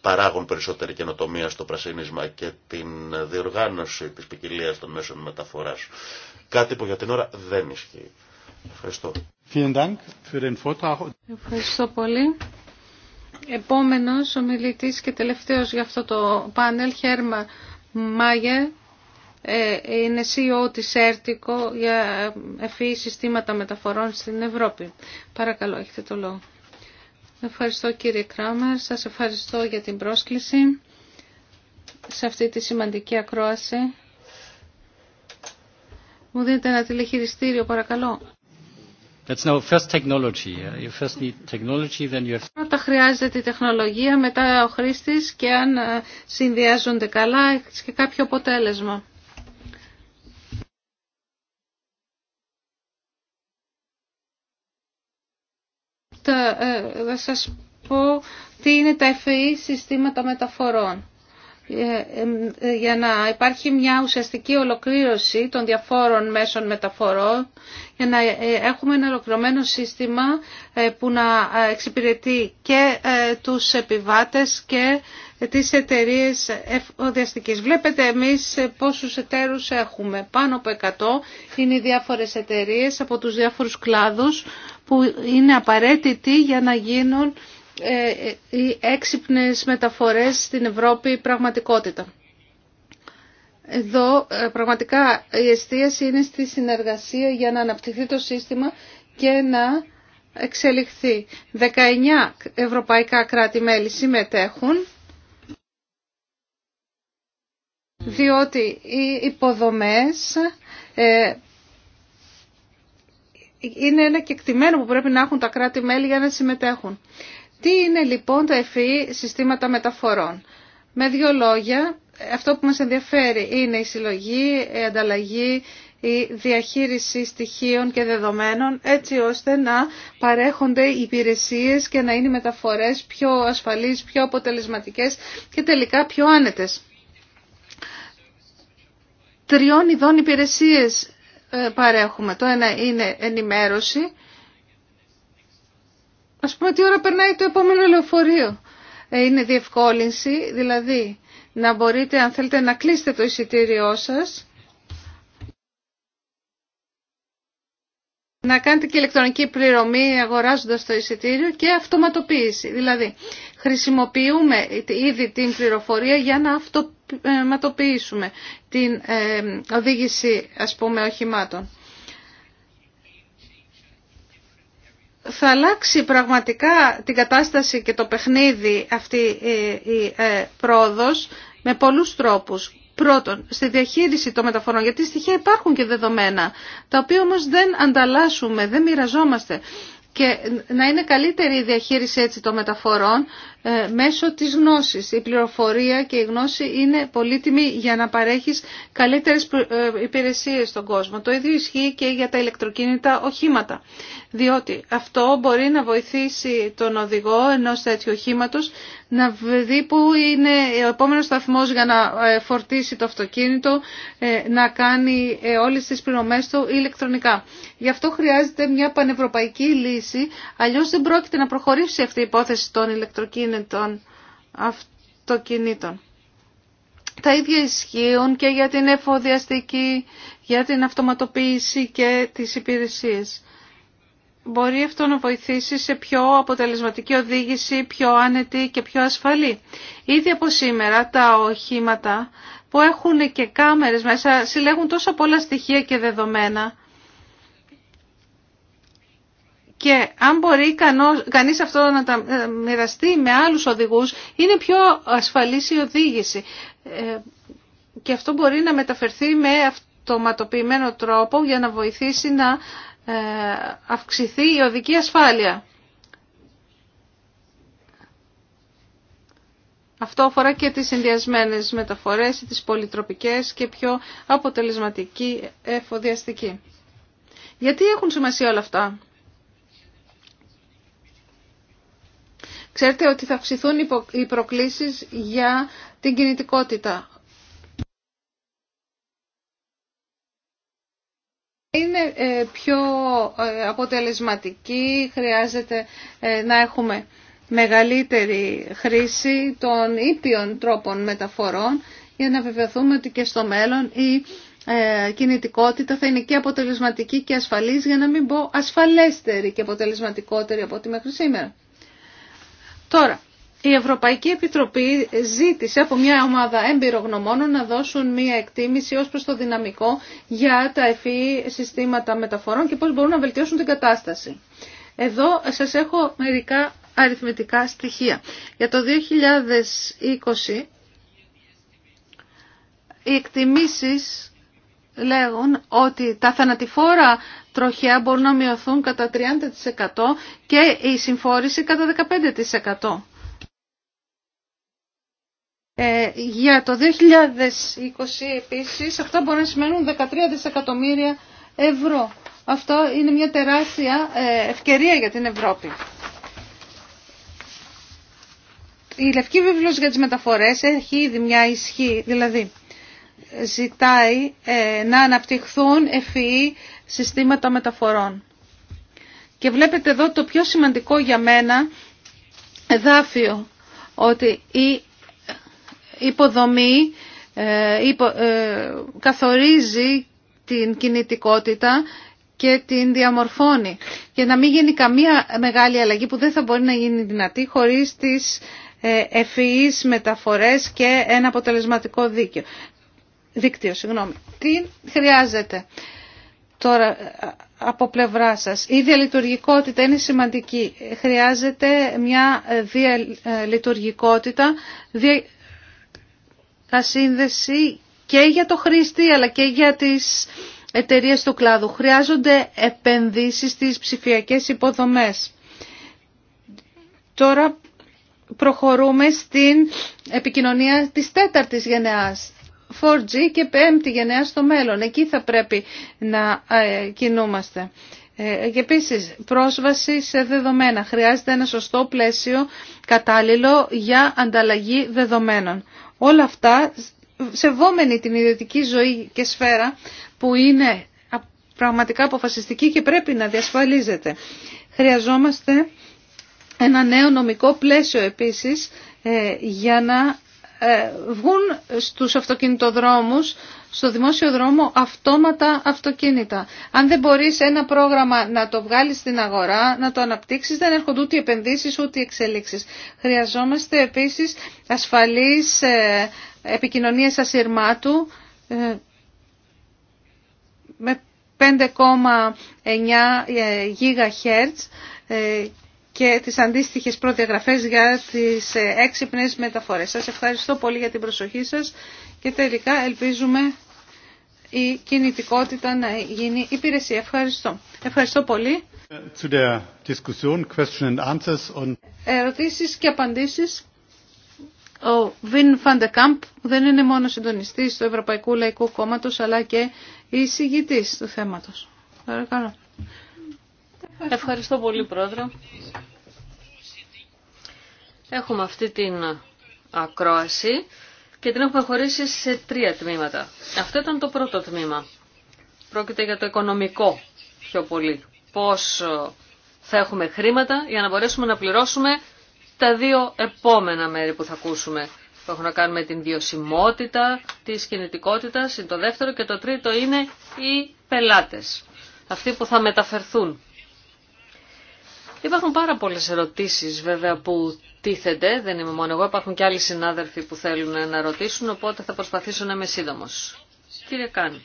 παράγουν περισσότερη καινοτομία στο πρασίνισμα και την διοργάνωση της ποικιλία των μέσων μεταφοράς. Κάτι που για την ώρα δεν ισχύει. Ευχαριστώ. Ευχαριστώ πολύ. Επόμενος ομιλητής και τελευταίος για αυτό το πάνελ, Χέρμα Μάγε ε, είναι CEO της ΕΡΤΙΚΟ για ευφυή e συστήματα μεταφορών στην Ευρώπη. Παρακαλώ, έχετε το λόγο. Ευχαριστώ κύριε Κράμερ, σας ευχαριστώ για την πρόσκληση σε αυτή τη σημαντική ακρόαση. Μου δίνετε ένα τηλεχειριστήριο παρακαλώ. That's Πρώτα χρειάζεται τη τεχνολογία, μετά ο χρήστης και αν ε, συνδυάζονται καλά και κάποιο αποτέλεσμα. Ε, θα σας πω τι είναι τα FEE συστήματα μεταφορών. Ε, ε, για να υπάρχει μια ουσιαστική ολοκλήρωση των διαφόρων μέσων μεταφορών για να ε, έχουμε ένα ολοκληρωμένο σύστημα που να εξυπηρετεί και τους επιβάτες και τις εταιρείες οδιαστικής. Βλέπετε εμείς πόσους εταίρους έχουμε. Πάνω από 100 είναι οι διάφορες εταιρείες από τους διάφορους κλάδους που είναι απαραίτητοι για να γίνουν ε, οι έξυπνες μεταφορές στην Ευρώπη πραγματικότητα. Εδώ ε, πραγματικά η εστίαση είναι στη συνεργασία για να αναπτυχθεί το σύστημα και να εξελιχθεί. 19 ευρωπαϊκά κράτη-μέλη συμμετέχουν διότι οι υποδομές ε, είναι ένα κεκτημένο που πρέπει να έχουν τα κράτη-μέλη για να συμμετέχουν. Τι είναι λοιπόν τα ΕΦΗ συστήματα μεταφορών. Με δύο λόγια, αυτό που μας ενδιαφέρει είναι η συλλογή, η ανταλλαγή, η διαχείριση στοιχείων και δεδομένων έτσι ώστε να παρέχονται υπηρεσίες και να είναι μεταφορές πιο ασφαλείς, πιο αποτελεσματικές και τελικά πιο άνετες. Τριών ειδών υπηρεσίες ε, παρέχουμε. Το ένα είναι ενημέρωση, ας πούμε τι ώρα περνάει το επόμενο λεωφορείο. Ε, είναι διευκόλυνση, δηλαδή να μπορείτε αν θέλετε να κλείσετε το εισιτήριό σας, να κάνετε και ηλεκτρονική πληρωμή αγοράζοντας το εισιτήριο και αυτοματοποίηση. Δηλαδή χρησιμοποιούμε ήδη την πληροφορία για να αυτοματοποιήσουμε την ε, οδήγηση ας πούμε οχημάτων. θα αλλάξει πραγματικά την κατάσταση και το παιχνίδι αυτή ε, η ε, πρόοδος με πολλούς τρόπους. Πρώτον, στη διαχείριση των μεταφορών, γιατί στοιχεία υπάρχουν και δεδομένα, τα οποία όμως δεν ανταλλάσσουμε, δεν μοιραζόμαστε και να είναι καλύτερη η διαχείριση έτσι των μεταφορών ε, μέσω της γνώσης. Η πληροφορία και η γνώση είναι πολύτιμη για να παρέχεις καλύτερες ε, υπηρεσίες στον κόσμο. Το ίδιο ισχύει και για τα ηλεκτροκίνητα οχήματα, διότι αυτό μπορεί να βοηθήσει τον οδηγό ενός τέτοιου οχήματος να δει πού είναι ο επόμενος σταθμός για να ε, φορτίσει το αυτοκίνητο, ε, να κάνει ε, όλες τις πληρωμές του ηλεκτρονικά. Γι' αυτό χρειάζεται μια πανευρωπαϊκή λύση, αλλιώς δεν πρόκειται να προχωρήσει αυτή η υπόθεση των ηλεκτροκίνητων αυτοκινήτων. Τα ίδια ισχύουν και για την εφοδιαστική, για την αυτοματοποίηση και τις υπηρεσίες μπορεί αυτό να βοηθήσει σε πιο αποτελεσματική οδήγηση, πιο άνετη και πιο ασφαλή. Ήδη από σήμερα τα οχήματα που έχουν και κάμερες μέσα συλλέγουν τόσο πολλά στοιχεία και δεδομένα και αν μπορεί κανείς αυτό να τα ε, μοιραστεί με άλλους οδηγούς είναι πιο ασφαλής η οδήγηση ε, και αυτό μπορεί να μεταφερθεί με αυτοματοποιημένο τρόπο για να βοηθήσει να ε, αυξηθεί η οδική ασφάλεια. Αυτό αφορά και τις συνδυασμένε μεταφορές, τις πολυτροπικές και πιο αποτελεσματική εφοδιαστική. Γιατί έχουν σημασία όλα αυτά. Ξέρετε ότι θα αυξηθούν οι προκλήσεις για την κινητικότητα. είναι ε, πιο ε, αποτελεσματική, χρειάζεται ε, να έχουμε μεγαλύτερη χρήση των ήπιων τρόπων μεταφορών για να βεβαιωθούμε ότι και στο μέλλον η κινητικότητα θα είναι και αποτελεσματική και ασφαλής για να μην πω ασφαλέστερη και αποτελεσματικότερη από ό,τι μέχρι σήμερα. Τώρα, η Ευρωπαϊκή Επιτροπή ζήτησε από μια ομάδα εμπειρογνωμόνων να δώσουν μια εκτίμηση ως προς το δυναμικό για τα εφή συστήματα μεταφορών και πώς μπορούν να βελτιώσουν την κατάσταση. Εδώ σας έχω μερικά αριθμητικά στοιχεία. Για το 2020 οι εκτιμήσεις λέγουν ότι τα θανατηφόρα τροχιά μπορούν να μειωθούν κατά 30% και η συμφόρηση κατά 15%. Ε, για το 2020 επίσης αυτά μπορεί να σημαίνουν 13 δισεκατομμύρια ευρώ. Αυτό είναι μια τεράστια ε, ευκαιρία για την Ευρώπη. Η Λευκή Βίβλος για τις μεταφορές έχει ήδη μια ισχύ, δηλαδή ζητάει ε, να αναπτυχθούν ευφυή συστήματα μεταφορών. Και βλέπετε εδώ το πιο σημαντικό για μένα εδάφιο, ότι η υποδομή ε, ε, καθορίζει την κινητικότητα και την διαμορφώνει. για να μην γίνει καμία μεγάλη αλλαγή που δεν θα μπορεί να γίνει δυνατή χωρίς τις ε, ευφυείς μεταφορές και ένα αποτελεσματικό δίκαιο. δίκτυο. Συγγνώμη. Τι χρειάζεται τώρα από πλευρά σας. Η διαλειτουργικότητα είναι σημαντική. Χρειάζεται μια διαλειτουργικότητα ασύνδεση και για το χρήστη αλλά και για τις εταιρείε του κλάδου. Χρειάζονται επενδύσεις στις ψηφιακές υποδομές. Τώρα προχωρούμε στην επικοινωνία της τέταρτης γενεάς. 4G και πέμπτη η γενεά στο μέλλον. Εκεί θα πρέπει να ε, κινούμαστε. Ε, και επίση, πρόσβαση σε δεδομένα. Χρειάζεται ένα σωστό πλαίσιο κατάλληλο για ανταλλαγή δεδομένων. Όλα αυτά σεβόμενοι την ιδιωτική ζωή και σφαίρα που είναι πραγματικά αποφασιστική και πρέπει να διασφαλίζεται. Χρειαζόμαστε ένα νέο νομικό πλαίσιο επίσης ε, για να ε, βγουν στους αυτοκινητοδρόμους στο δημόσιο δρόμο αυτόματα αυτοκίνητα. Αν δεν μπορείς ένα πρόγραμμα να το βγάλεις στην αγορά, να το αναπτύξεις, δεν έρχονται ούτε επενδύσεις ούτε εξελίξεις. Χρειαζόμαστε επίσης ασφαλείς ε, επικοινωνίες ασυρμάτου ε, με 5,9 GHz και τις αντίστοιχες προδιαγραφές για τις ε, έξυπνες μεταφορές. Σας ευχαριστώ πολύ για την προσοχή σας και τελικά ελπίζουμε η κινητικότητα να γίνει υπηρεσία. Ευχαριστώ. Ευχαριστώ πολύ. Ερωτήσεις και απαντήσεις. Ο Βιν Φαντεκάμπ δεν είναι μόνο συντονιστής του Ευρωπαϊκού Λαϊκού Κόμματος αλλά και εισηγητής του θέματος. Παρακαλώ. Ευχαριστώ πολύ, Πρόεδρε. Έχουμε αυτή την ακρόαση και την έχουμε χωρίσει σε τρία τμήματα. Αυτό ήταν το πρώτο τμήμα. Πρόκειται για το οικονομικό πιο πολύ. Πώς θα έχουμε χρήματα για να μπορέσουμε να πληρώσουμε τα δύο επόμενα μέρη που θα ακούσουμε. Που έχουν να κάνουν με την βιωσιμότητα τη κινητικότητας, είναι το δεύτερο και το τρίτο είναι οι πελάτες. Αυτοί που θα μεταφερθούν Υπάρχουν πάρα πολλές ερωτήσεις βέβαια που τίθενται, δεν είμαι μόνο εγώ, υπάρχουν και άλλοι συνάδελφοι που θέλουν να ρωτήσουν, οπότε θα προσπαθήσω να είμαι σύντομο. Κύριε Κάν,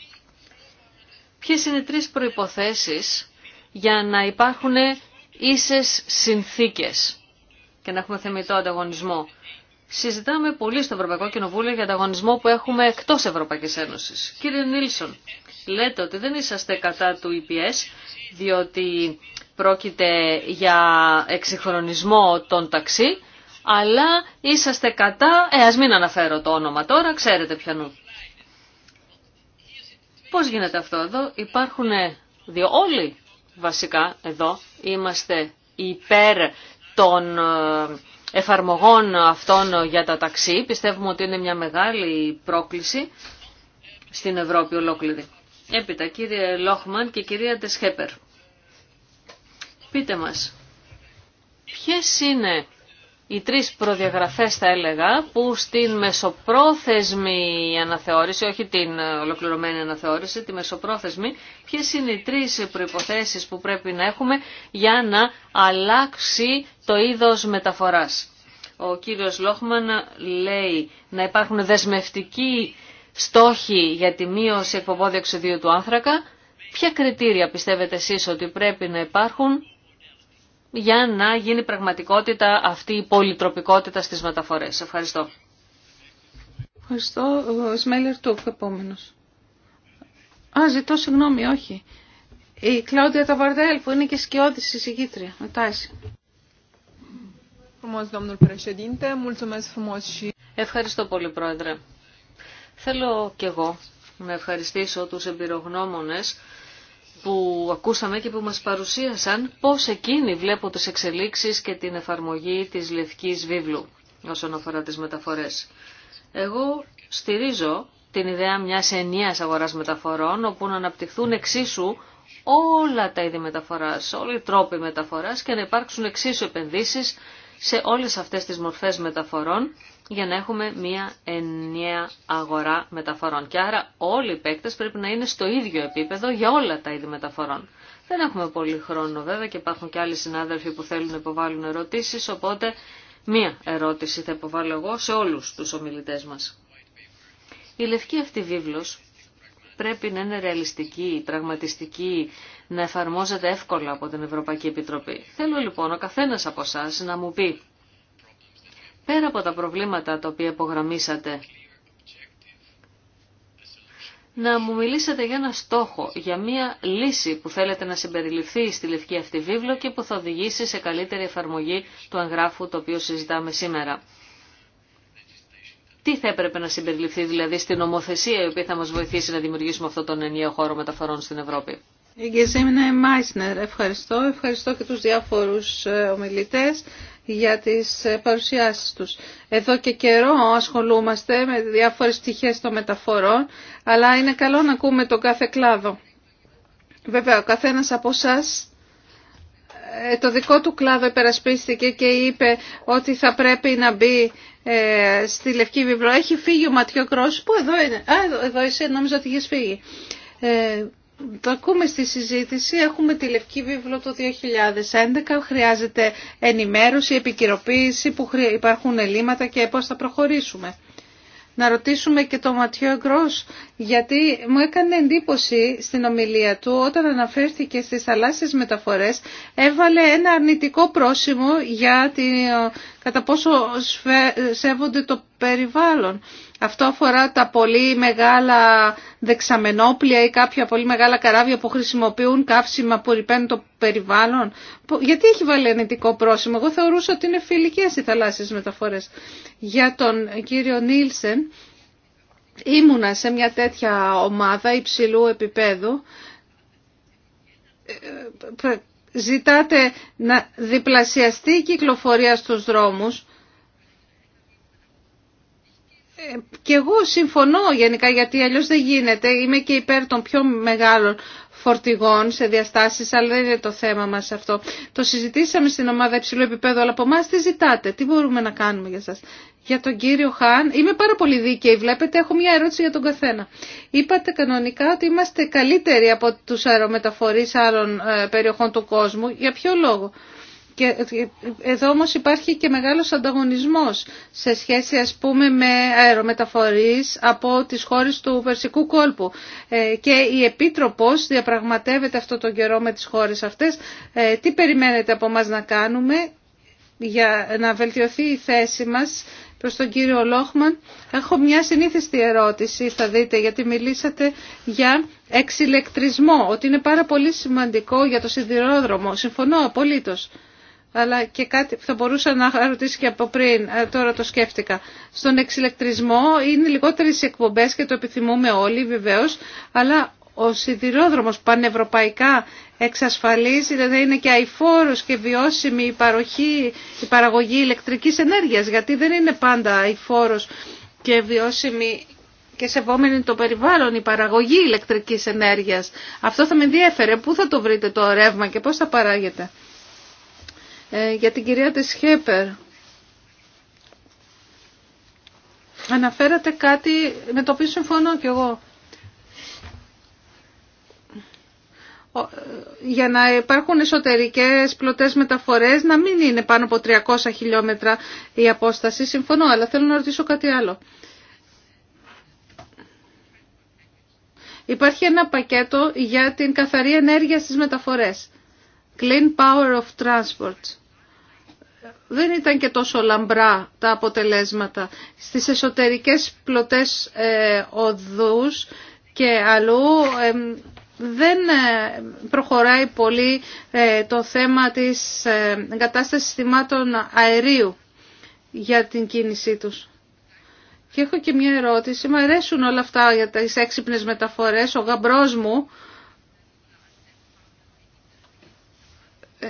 ποιες είναι οι τρεις προϋποθέσεις για να υπάρχουν ίσες συνθήκες και να έχουμε θεμητό ανταγωνισμό. Συζητάμε πολύ στο Ευρωπαϊκό Κοινοβούλιο για ανταγωνισμό που έχουμε εκτός Ευρωπαϊκής Ένωσης. Κύριε Νίλσον, λέτε ότι δεν είσαστε κατά του EPS, διότι πρόκειται για εξυγχρονισμό των ταξί, αλλά είσαστε κατά, ε, ας μην αναφέρω το όνομα τώρα, ξέρετε ποιανού. Πώς γίνεται αυτό εδώ, υπάρχουν δύο, όλοι βασικά εδώ είμαστε υπέρ των ε, εφαρμογών αυτών για τα ταξί. Πιστεύουμε ότι είναι μια μεγάλη πρόκληση στην Ευρώπη ολόκληρη. Έπειτα κύριε Λόχμαν και κυρία Τεσχέπερ πείτε μας, ποιες είναι οι τρεις προδιαγραφές θα έλεγα που στην μεσοπρόθεσμη αναθεώρηση, όχι την ολοκληρωμένη αναθεώρηση, τη μεσοπρόθεσμη, ποιες είναι οι τρεις προϋποθέσεις που πρέπει να έχουμε για να αλλάξει το είδος μεταφοράς. Ο κύριος Λόχμαν λέει να υπάρχουν δεσμευτικοί στόχοι για τη μείωση εκπομπών εξουδίου του άνθρακα. Ποια κριτήρια πιστεύετε εσείς ότι πρέπει να υπάρχουν για να γίνει πραγματικότητα αυτή η πολυτροπικότητα στις μεταφορές. Ευχαριστώ. Ευχαριστώ. Σμέλερ του επόμενος. Α, ζητώ συγγνώμη, όχι. Η Κλάουδια Ταβαρδέλ που είναι και σκιώδης συζητήτρια. Μετά εσύ. Ευχαριστώ πολύ, Πρόεδρε. Θέλω κι εγώ να ευχαριστήσω τους εμπειρογνώμονες που ακούσαμε και που μας παρουσίασαν πώς εκείνοι βλέπουν τις εξελίξεις και την εφαρμογή της Λευκής Βίβλου όσον αφορά τις μεταφορές. Εγώ στηρίζω την ιδέα μιας ενιαίας αγοράς μεταφορών όπου να αναπτυχθούν εξίσου όλα τα είδη μεταφοράς, όλοι οι τρόποι μεταφοράς και να υπάρξουν εξίσου επενδύσεις σε όλες αυτές τις μορφές μεταφορών για να έχουμε μία ενιαία αγορά μεταφορών. Και άρα όλοι οι παίκτες πρέπει να είναι στο ίδιο επίπεδο για όλα τα είδη μεταφορών. Δεν έχουμε πολύ χρόνο βέβαια και υπάρχουν και άλλοι συνάδελφοι που θέλουν να υποβάλουν ερωτήσεις, οπότε μία ερώτηση θα υποβάλω εγώ σε όλους τους ομιλητές μας. Η λευκή αυτή βίβλος πρέπει να είναι ρεαλιστική, πραγματιστική, να εφαρμόζεται εύκολα από την Ευρωπαϊκή Επιτροπή. Θέλω λοιπόν ο καθένας από εσά να μου πει Πέρα από τα προβλήματα τα οποία υπογραμμίσατε, να μου μιλήσετε για ένα στόχο, για μία λύση που θέλετε να συμπεριληφθεί στη λευκή αυτή βίβλο και που θα οδηγήσει σε καλύτερη εφαρμογή του εγγράφου το οποίο συζητάμε σήμερα. Τι θα έπρεπε να συμπεριληφθεί δηλαδή στην νομοθεσία η οποία θα μας βοηθήσει να δημιουργήσουμε αυτόν τον ενιαίο χώρο μεταφορών στην Ευρώπη ευχαριστώ. Ευχαριστώ και τους διάφορους ε, ομιλητές για τις ε, παρουσιάσεις τους. Εδώ και καιρό ασχολούμαστε με διάφορες πτυχές των μεταφορών, αλλά είναι καλό να ακούμε τον κάθε κλάδο. Βέβαια, ο καθένας από εσά το δικό του κλάδο υπερασπίστηκε και είπε ότι θα πρέπει να μπει ε, στη Λευκή Βιβλό. Έχει φύγει ο Ματιό Κρόσπου, εδώ είναι. Α, εδώ είσαι, νόμιζα ότι είχες φύγει το ακούμε στη συζήτηση, έχουμε τη Λευκή Βίβλο το 2011, χρειάζεται ενημέρωση, επικυροποίηση που υπάρχουν ελλείμματα και πώς θα προχωρήσουμε. Να ρωτήσουμε και τον Ματιό Γκρός, γιατί μου έκανε εντύπωση στην ομιλία του όταν αναφέρθηκε στις θαλάσσιες μεταφορές, έβαλε ένα αρνητικό πρόσημο για τη κατά πόσο σέβονται το περιβάλλον. Αυτό αφορά τα πολύ μεγάλα δεξαμενόπλια ή κάποια πολύ μεγάλα καράβια που χρησιμοποιούν καύσιμα που ρηπαίνουν το περιβάλλον. Γιατί έχει βάλει αρνητικό πρόσημο. Εγώ θεωρούσα ότι είναι φιλικές οι θαλάσσιες μεταφορές. Για τον κύριο Νίλσεν ήμουνα σε μια τέτοια ομάδα υψηλού επίπεδου ε, ζητάτε να διπλασιαστεί η κυκλοφορία στους δρόμους. Ε, και εγώ συμφωνώ γενικά γιατί αλλιώς δεν γίνεται. Είμαι και υπέρ των πιο μεγάλων φορτηγών σε διαστάσεις, αλλά δεν είναι το θέμα μας αυτό. Το συζητήσαμε στην ομάδα υψηλού επίπεδου, αλλά από εμά τι ζητάτε, τι μπορούμε να κάνουμε για σας. Για τον κύριο Χάν, είμαι πάρα πολύ δίκαιη, βλέπετε, έχω μια ερώτηση για τον καθένα. Είπατε κανονικά ότι είμαστε καλύτεροι από τους αερομεταφορείς άλλων ε, περιοχών του κόσμου. Για ποιο λόγο. Και ε, εδώ όμως υπάρχει και μεγάλος ανταγωνισμός σε σχέση ας πούμε με αερομεταφορείς από τις χώρες του Περσικού κόλπου. Ε, και η Επίτροπος διαπραγματεύεται αυτό το καιρό με τις χώρες αυτές. Ε, τι περιμένετε από μας να κάνουμε για να βελτιωθεί η θέση μας προς τον κύριο Λόχμαν. Έχω μια συνήθιστη ερώτηση, θα δείτε, γιατί μιλήσατε για εξηλεκτρισμό, ότι είναι πάρα πολύ σημαντικό για το σιδηρόδρομο. Συμφωνώ απολύτως αλλά και κάτι που θα μπορούσα να ρωτήσει και από πριν, ε, τώρα το σκέφτηκα. Στον εξηλεκτρισμό είναι λιγότερες εκπομπές και το επιθυμούμε όλοι βεβαίως, αλλά ο σιδηρόδρομος πανευρωπαϊκά εξασφαλίζει, δηλαδή είναι και αηφόρος και βιώσιμη η, παροχή, η παραγωγή ηλεκτρικής ενέργειας, γιατί δεν είναι πάντα αηφόρος και βιώσιμη και σεβόμενη το περιβάλλον η παραγωγή ηλεκτρικής ενέργειας. Αυτό θα με ενδιέφερε. Πού θα το βρείτε το ρεύμα και πώς θα παράγεται. Ε, για την κυρία Τεσχέπερ. Αναφέρατε κάτι με το οποίο συμφωνώ κι εγώ. Ε, για να υπάρχουν εσωτερικές πλωτές μεταφορές, να μην είναι πάνω από 300 χιλιόμετρα η απόσταση. Συμφωνώ, αλλά θέλω να ρωτήσω κάτι άλλο. Υπάρχει ένα πακέτο για την καθαρή ενέργεια στις μεταφορές. Clean Power of Transport. Δεν ήταν και τόσο λαμπρά τα αποτελέσματα. Στις εσωτερικές πλωτές ε, οδούς και αλλού ε, δεν ε, προχωράει πολύ το θέμα της εγκατάστασης θυμάτων αερίου για την κίνησή τους. Και έχω και μια ερώτηση. Μ' αρέσουν όλα αυτά για τις έξυπνες μεταφορές. Ο γαμπρός μου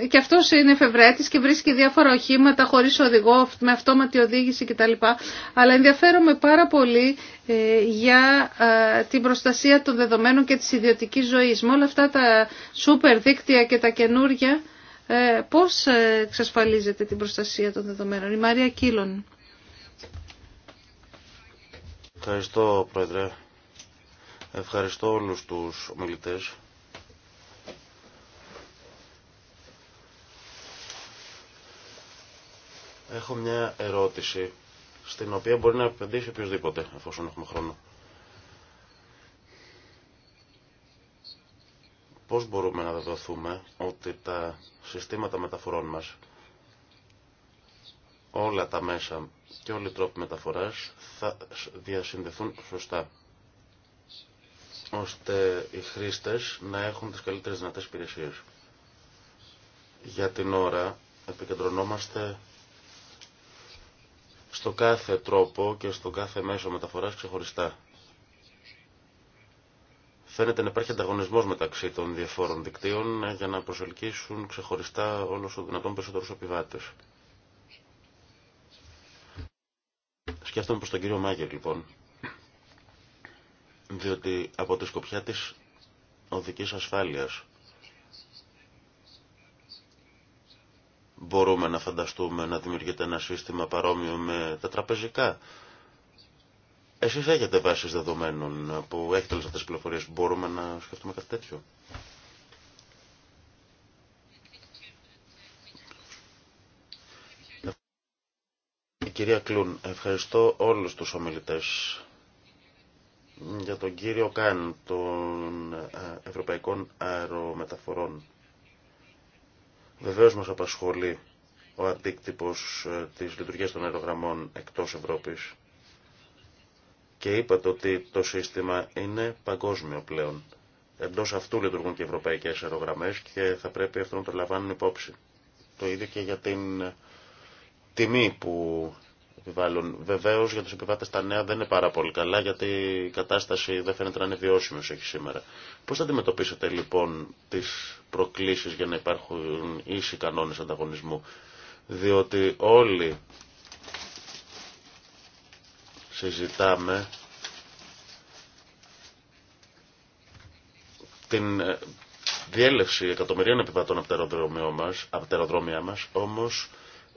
και αυτός είναι εφευρέτης και βρίσκει διάφορα οχήματα χωρίς οδηγό, με αυτόματη οδήγηση κτλ. Αλλά ενδιαφέρομαι πάρα πολύ ε, για ε, την προστασία των δεδομένων και της ιδιωτικής ζωής. Με όλα αυτά τα σούπερ δίκτυα και τα καινούργια, ε, πώς εξασφαλίζετε την προστασία των δεδομένων. Η Μαρία Κίλων. Ευχαριστώ, Πρόεδρε. Ευχαριστώ όλους τους ομιλητές. Έχω μια ερώτηση στην οποία μπορεί να απαντήσει οποιοδήποτε εφόσον έχουμε χρόνο. Πώς μπορούμε να δεδοθούμε ότι τα συστήματα μεταφορών μας, όλα τα μέσα και όλοι οι τρόποι μεταφοράς θα διασυνδεθούν σωστά ώστε οι χρήστες να έχουν τις καλύτερες δυνατές υπηρεσίες. Για την ώρα επικεντρωνόμαστε στο κάθε τρόπο και στο κάθε μέσο μεταφοράς ξεχωριστά. Φαίνεται να υπάρχει ανταγωνισμός μεταξύ των διαφόρων δικτύων για να προσελκύσουν ξεχωριστά όλο ο δυνατόν περισσότερους επιβάτες. Σκέφτομαι προς τον κύριο Μάγερ λοιπόν, διότι από τη σκοπιά της οδικής ασφάλειας μπορούμε να φανταστούμε να δημιουργείται ένα σύστημα παρόμοιο με τα τραπεζικά. Εσείς έχετε βάσεις δεδομένων που έχετε όλες αυτές τις πληροφορίες. Μπορούμε να σκεφτούμε κάτι τέτοιο. Κυρία Κλούν, ευχαριστώ όλους τους ομιλητές για τον κύριο Καν των Ευρωπαϊκών Αερομεταφορών. Βεβαίως μας απασχολεί ο αντίκτυπος ε, της λειτουργίας των αερογραμμών εκτός Ευρώπης και είπατε ότι το σύστημα είναι παγκόσμιο πλέον. Εντός αυτού λειτουργούν και οι ευρωπαϊκές αερογραμμές και θα πρέπει αυτό να το λαμβάνουν υπόψη. Το ίδιο και για την τιμή που επιβάλλουν. Βεβαίω για του επιβάτε τα νέα δεν είναι πάρα πολύ καλά γιατί η κατάσταση δεν φαίνεται να είναι βιώσιμη όσο έχει σήμερα. Πώ θα αντιμετωπίσετε λοιπόν τι προκλήσει για να υπάρχουν ίσοι κανόνε ανταγωνισμού, διότι όλοι συζητάμε την ε, διέλευση εκατομμυρίων επιβατών από τα αεροδρόμια μας, όμως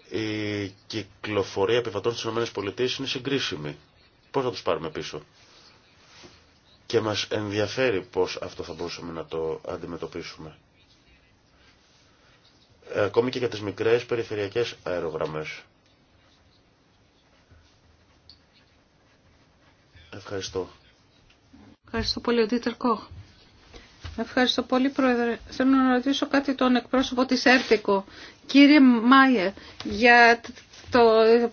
η κυκλοφορία επιβατών στις ΗΠΑ είναι συγκρίσιμη. Πώς θα τους πάρουμε πίσω. Και μας ενδιαφέρει πώς αυτό θα μπορούσαμε να το αντιμετωπίσουμε. Ακόμη και για τις μικρές περιφερειακές αερογραμμές. Ευχαριστώ. Ευχαριστώ πολύ ο Δίτερ Κόχ. Ευχαριστώ πολύ, Πρόεδρε. Θέλω να ρωτήσω κάτι τον εκπρόσωπο της Έρτικο. Κύριε Μάιε, για το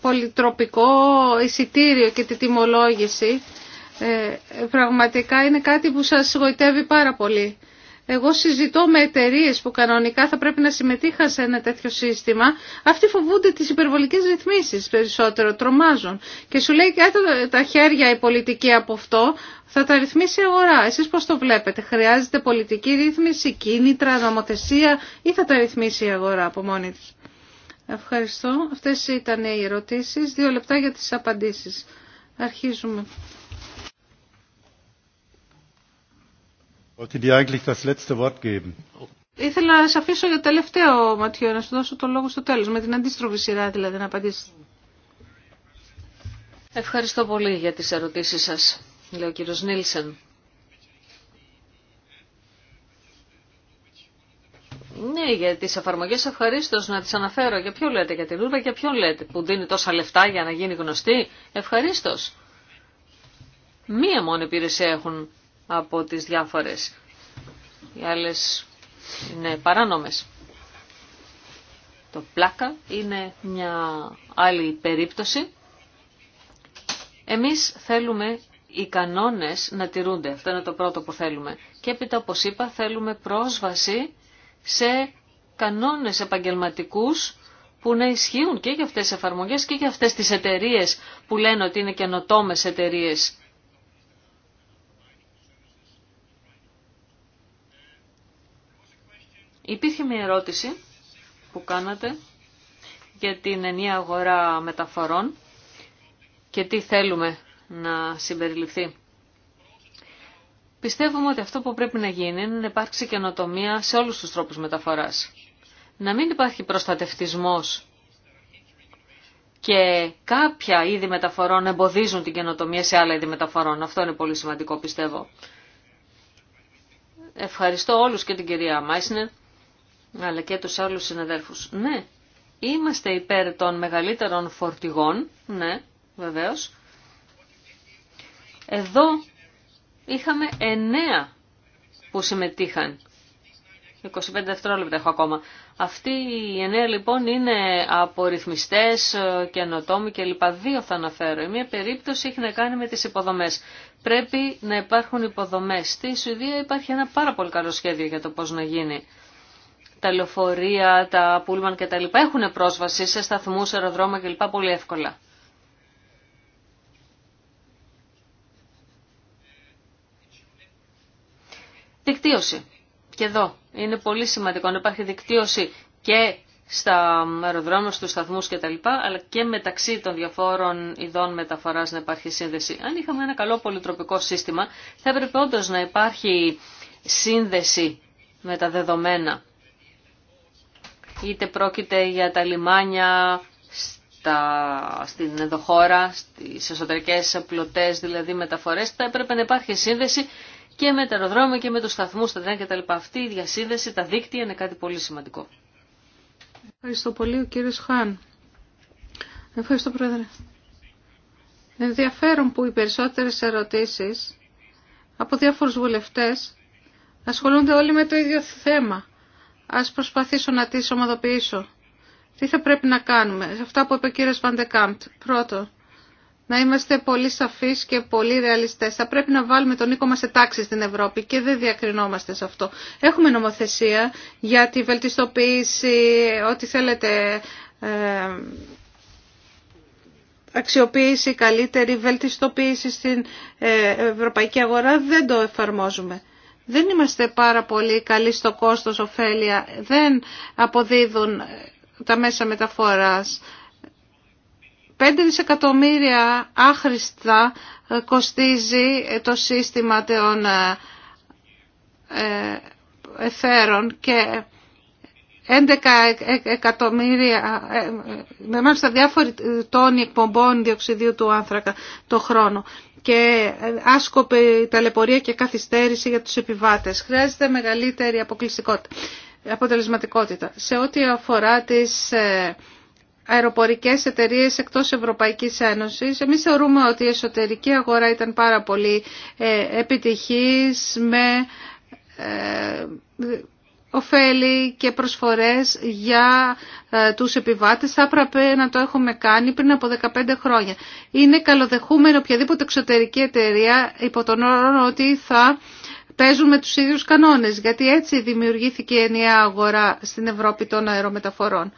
πολυτροπικό εισιτήριο και τη τιμολόγηση, ε, πραγματικά είναι κάτι που σας γοητεύει πάρα πολύ. Εγώ συζητώ με εταιρείε που κανονικά θα πρέπει να συμμετείχαν σε ένα τέτοιο σύστημα. Αυτοί φοβούνται τι υπερβολικέ ρυθμίσει περισσότερο, τρομάζουν. Και σου λέει, κάτω τα χέρια η πολιτική από αυτό, θα τα ρυθμίσει η αγορά. Εσεί πώ το βλέπετε, χρειάζεται πολιτική ρύθμιση, κίνητρα, νομοθεσία ή θα τα ρυθμίσει η αγορά από μόνη τη. Ευχαριστώ. Αυτέ ήταν οι ερωτήσει. Δύο λεπτά για τι απαντήσει. Αρχίζουμε. Ήθελα να σα αφήσω για τελευταίο, Ματιό, να σου δώσω το λόγο στο τέλος, με την αντίστροφη σειρά δηλαδή, να απαντήσεις. Ευχαριστώ πολύ για τις ερωτήσεις σας, λέει ο κύριος Νίλσεν. Ναι, για τις εφαρμογές ευχαριστώ, να τις αναφέρω. Για ποιον λέτε, για την Ούρβα, για ποιον λέτε, που δίνει τόσα λεφτά για να γίνει γνωστή. Ευχαριστώ. Μία μόνη υπηρεσία έχουν από τις διάφορες. Οι άλλες είναι παράνομες. Το πλάκα είναι μια άλλη περίπτωση. Εμείς θέλουμε οι κανόνες να τηρούνται. Αυτό είναι το πρώτο που θέλουμε. Και έπειτα, όπως είπα, θέλουμε πρόσβαση σε κανόνες επαγγελματικούς που να ισχύουν και για αυτές τις εφαρμογές και για αυτές τις εταιρείες που λένε ότι είναι καινοτόμες εταιρείες Υπήρχε μια ερώτηση που κάνατε για την ενιαία αγορά μεταφορών και τι θέλουμε να συμπεριληφθεί. Πιστεύουμε ότι αυτό που πρέπει να γίνει είναι να υπάρξει καινοτομία σε όλους τους τρόπους μεταφοράς. Να μην υπάρχει προστατευτισμός και κάποια είδη μεταφορών εμποδίζουν την καινοτομία σε άλλα είδη μεταφορών. Αυτό είναι πολύ σημαντικό πιστεύω. Ευχαριστώ όλους και την κυρία Μάισνερ αλλά και τους άλλους συναδέλφους. Ναι, είμαστε υπέρ των μεγαλύτερων φορτηγών, ναι, βεβαίως. Εδώ είχαμε εννέα που συμμετείχαν. 25 δευτερόλεπτα έχω ακόμα. Αυτοί οι εννέα λοιπόν είναι από ρυθμιστές, καινοτόμοι κλπ. Δύο θα αναφέρω. Η μία περίπτωση έχει να κάνει με τις υποδομές. Πρέπει να υπάρχουν υποδομές. Στη Σουηδία υπάρχει ένα πάρα πολύ καλό σχέδιο για το πώς να γίνει τα λεωφορεία, τα πούλμαν λοιπά έχουν πρόσβαση σε σταθμούς, αεροδρόμια κλπ. πολύ εύκολα. Δικτύωση. Και εδώ είναι πολύ σημαντικό να υπάρχει δικτύωση και στα αεροδρόμια, στους σταθμούς κτλ. αλλά και μεταξύ των διαφόρων ειδών μεταφοράς να υπάρχει σύνδεση. Αν είχαμε ένα καλό πολυτροπικό σύστημα θα έπρεπε όντω να υπάρχει σύνδεση με τα δεδομένα είτε πρόκειται για τα λιμάνια στα, στην εδωχώρα, στις εσωτερικές πλωτές δηλαδή μεταφορές, θα έπρεπε να υπάρχει σύνδεση και με τα αεροδρόμια και με τους σταθμούς, τα τρένα κτλ. Αυτή η διασύνδεση, τα δίκτυα είναι κάτι πολύ σημαντικό. Ευχαριστώ πολύ ο κύριος Χάν. Ευχαριστώ πρόεδρε. Ενδιαφέρον που οι περισσότερες ερωτήσεις από διάφορους βουλευτές ασχολούνται όλοι με το ίδιο θέμα. Ας προσπαθήσω να τις ομαδοποιήσω. Τι θα πρέπει να κάνουμε. Σε αυτά που είπε ο κύριος Βαντεκάμπτ. Πρώτο, να είμαστε πολύ σαφείς και πολύ ρεαλιστές. Θα πρέπει να βάλουμε τον οίκο μας σε τάξη στην Ευρώπη και δεν διακρινόμαστε σε αυτό. Έχουμε νομοθεσία για τη βελτιστοποίηση, ό,τι θέλετε, ε, αξιοποίηση, καλύτερη βελτιστοποίηση στην ε, ευρωπαϊκή αγορά. Δεν το εφαρμόζουμε δεν είμαστε πάρα πολύ καλοί στο κόστος ωφέλεια, δεν αποδίδουν τα μέσα μεταφοράς. 5 δισεκατομμύρια άχρηστα ε, κοστίζει ε, το σύστημα των ε, εθέρων και 11 εκατομμύρια, ε, ε, με μάλιστα διάφοροι τόνοι εκπομπών διοξιδίου του άνθρακα το χρόνο και ε, άσκοπη ταλαιπωρία και καθυστέρηση για τους επιβάτες. Χρειάζεται μεγαλύτερη αποκλειστικότητα, αποτελεσματικότητα. Σε ό,τι αφορά τις αεροπορικές εταιρείες εκτός Ευρωπαϊκής Ένωσης. Εμείς θεωρούμε ότι η εσωτερική αγορά ήταν πάρα πολύ επιτυχής με Οφέλη και προσφορές για ε, τους επιβάτες θα έπρεπε να το έχουμε κάνει πριν από 15 χρόνια. Είναι καλοδεχούμενο οποιαδήποτε εξωτερική εταιρεία υπό τον όρο ότι θα παίζουν με τους ίδιους κανόνες, γιατί έτσι δημιουργήθηκε η ενιαία αγορά στην Ευρώπη των αερομεταφορών.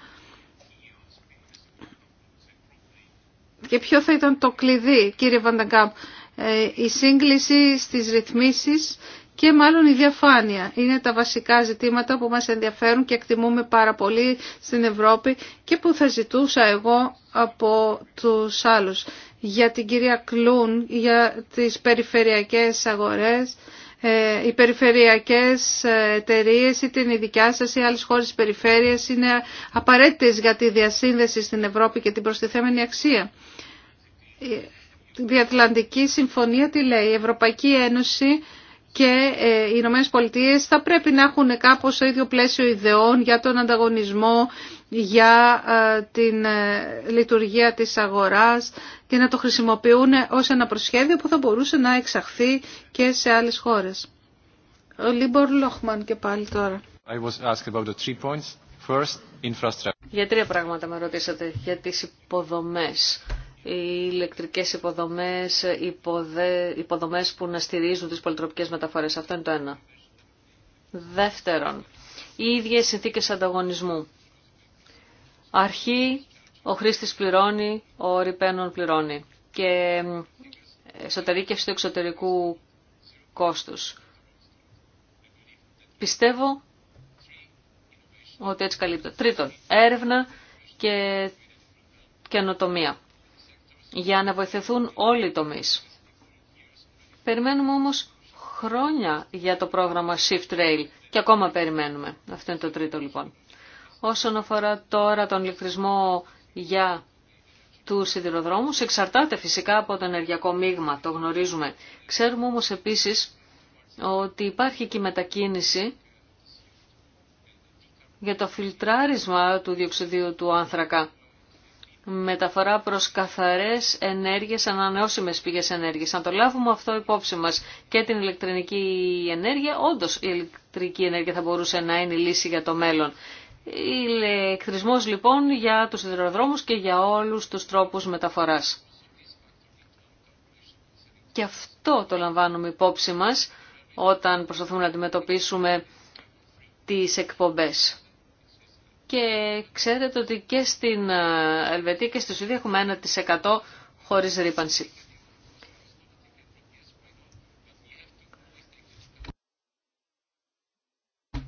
Και ποιο θα ήταν το κλειδί, κύριε Βανταγκάμπ, ε, η σύγκληση στις ρυθμίσεις και μάλλον η διαφάνεια. Είναι τα βασικά ζητήματα που μας ενδιαφέρουν και εκτιμούμε πάρα πολύ στην Ευρώπη και που θα ζητούσα εγώ από τους άλλους. Για την κυρία Κλούν, για τις περιφερειακές αγορές, ε, οι περιφερειακές εταιρείε ή την ειδικιά σας ή άλλες χώρες περιφέρειας είναι απαραίτητες για τη διασύνδεση στην Ευρώπη και την προστιθέμενη αξία. Η Διατλαντική Συμφωνία τι λέει, η Ευρωπαϊκή Ένωση και ε, οι Ηνωμένε Πολιτείε θα πρέπει να έχουν κάπως το ίδιο πλαίσιο ιδεών για τον ανταγωνισμό, για ε, την ε, λειτουργία της αγοράς και να το χρησιμοποιούν ως ένα προσχέδιο που θα μπορούσε να εξαχθεί και σε άλλες χώρες. Ο Λίμπορ Λόχμαν και πάλι τώρα. I was asked Για τρία πράγματα με ρωτήσατε για τις υποδομές οι ηλεκτρικές υποδομές, υποδε... υποδομές που να στηρίζουν τις πολυτροπικές μεταφορές. Αυτό είναι το ένα. Δεύτερον, οι ίδιες συνθήκες ανταγωνισμού. Αρχή, ο χρήστης πληρώνει, ο ρηπαίνων πληρώνει. Και εσωτερήκευση του εξωτερικού κόστους. Πιστεύω ότι έτσι καλύπτω. Τρίτον, έρευνα και καινοτομία για να βοηθηθούν όλοι οι τομείς. Περιμένουμε όμως χρόνια για το πρόγραμμα Shift Rail και ακόμα περιμένουμε. Αυτό είναι το τρίτο λοιπόν. Όσον αφορά τώρα τον ηλεκτρισμό για του σιδηροδρόμου εξαρτάται φυσικά από το ενεργειακό μείγμα, το γνωρίζουμε. Ξέρουμε όμως επίσης ότι υπάρχει και μετακίνηση για το φιλτράρισμα του διοξιδίου του άνθρακα μεταφορά προς καθαρές ενέργειες, ανανεώσιμες πηγές ενέργειας. Αν το λάβουμε αυτό υπόψη μας και την ηλεκτρική ενέργεια, όντως η ηλεκτρική ενέργεια θα μπορούσε να είναι η λύση για το μέλλον. Ηλεκτρισμός λοιπόν για τους υδροδρόμους και για όλους τους τρόπους μεταφοράς. Και αυτό το λαμβάνουμε υπόψη μας όταν προσπαθούμε να αντιμετωπίσουμε τις εκπομπές και ξέρετε ότι και στην ε, Ελβετία και στη Σουηδία έχουμε 1% χωρίς ρήπανση.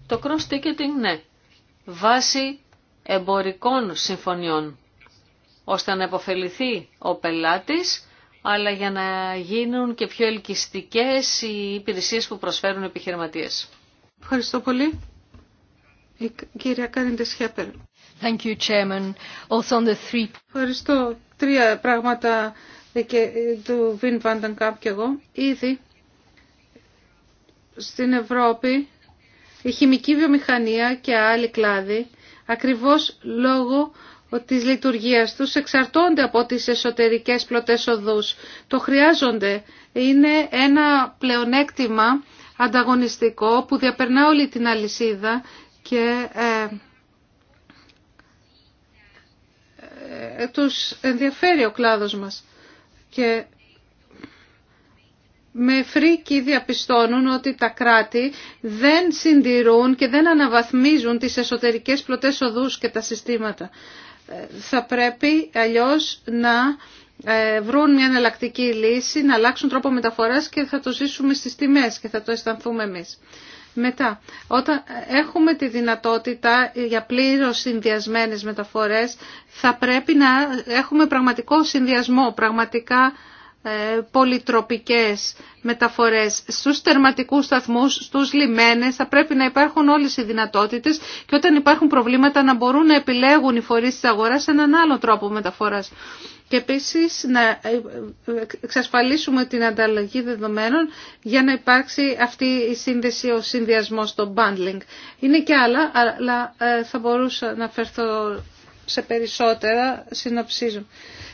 Το cross ticketing, ναι, βάσει εμπορικών συμφωνιών, ώστε να επωφεληθεί ο πελάτης, αλλά για να γίνουν και πιο ελκυστικές οι υπηρεσίες που προσφέρουν επιχειρηματίες. Ευχαριστώ πολύ. Η κυρία Thank you, Chairman. Ευχαριστώ. Τρία πράγματα ε, ε, του Βιν Καμπ και εγώ. Ήδη στην Ευρώπη η χημική βιομηχανία και άλλοι κλάδοι ακριβώς λόγω της λειτουργίας τους εξαρτώνται από τις εσωτερικές πλωτές οδούς. Το χρειάζονται. Είναι ένα πλεονέκτημα ανταγωνιστικό που διαπερνά όλη την αλυσίδα και ε, ε, τους ενδιαφέρει ο κλάδος μας. Και με φρίκη διαπιστώνουν ότι τα κράτη δεν συντηρούν και δεν αναβαθμίζουν τις εσωτερικές πλωτές οδούς και τα συστήματα. Ε, θα πρέπει αλλιώς να βρουν μια εναλλακτική λύση, να αλλάξουν τρόπο μεταφοράς και θα το ζήσουμε στις τιμές και θα το αισθανθούμε εμείς. Μετά, όταν έχουμε τη δυνατότητα για πλήρως συνδυασμένες μεταφορές, θα πρέπει να έχουμε πραγματικό συνδυασμό, πραγματικά ε, πολυτροπικές μεταφορές στους τερματικούς σταθμούς, στους λιμένες, θα πρέπει να υπάρχουν όλες οι δυνατότητες και όταν υπάρχουν προβλήματα να μπορούν να επιλέγουν οι φορείς της αγοράς έναν άλλο τρόπο μεταφοράς και επίσης να εξασφαλίσουμε την ανταλλαγή δεδομένων για να υπάρξει αυτή η σύνδεση, ο συνδυασμός, το bundling. Είναι και άλλα, αλλά ε, θα μπορούσα να φερθώ σε περισσότερα, συνοψίζω.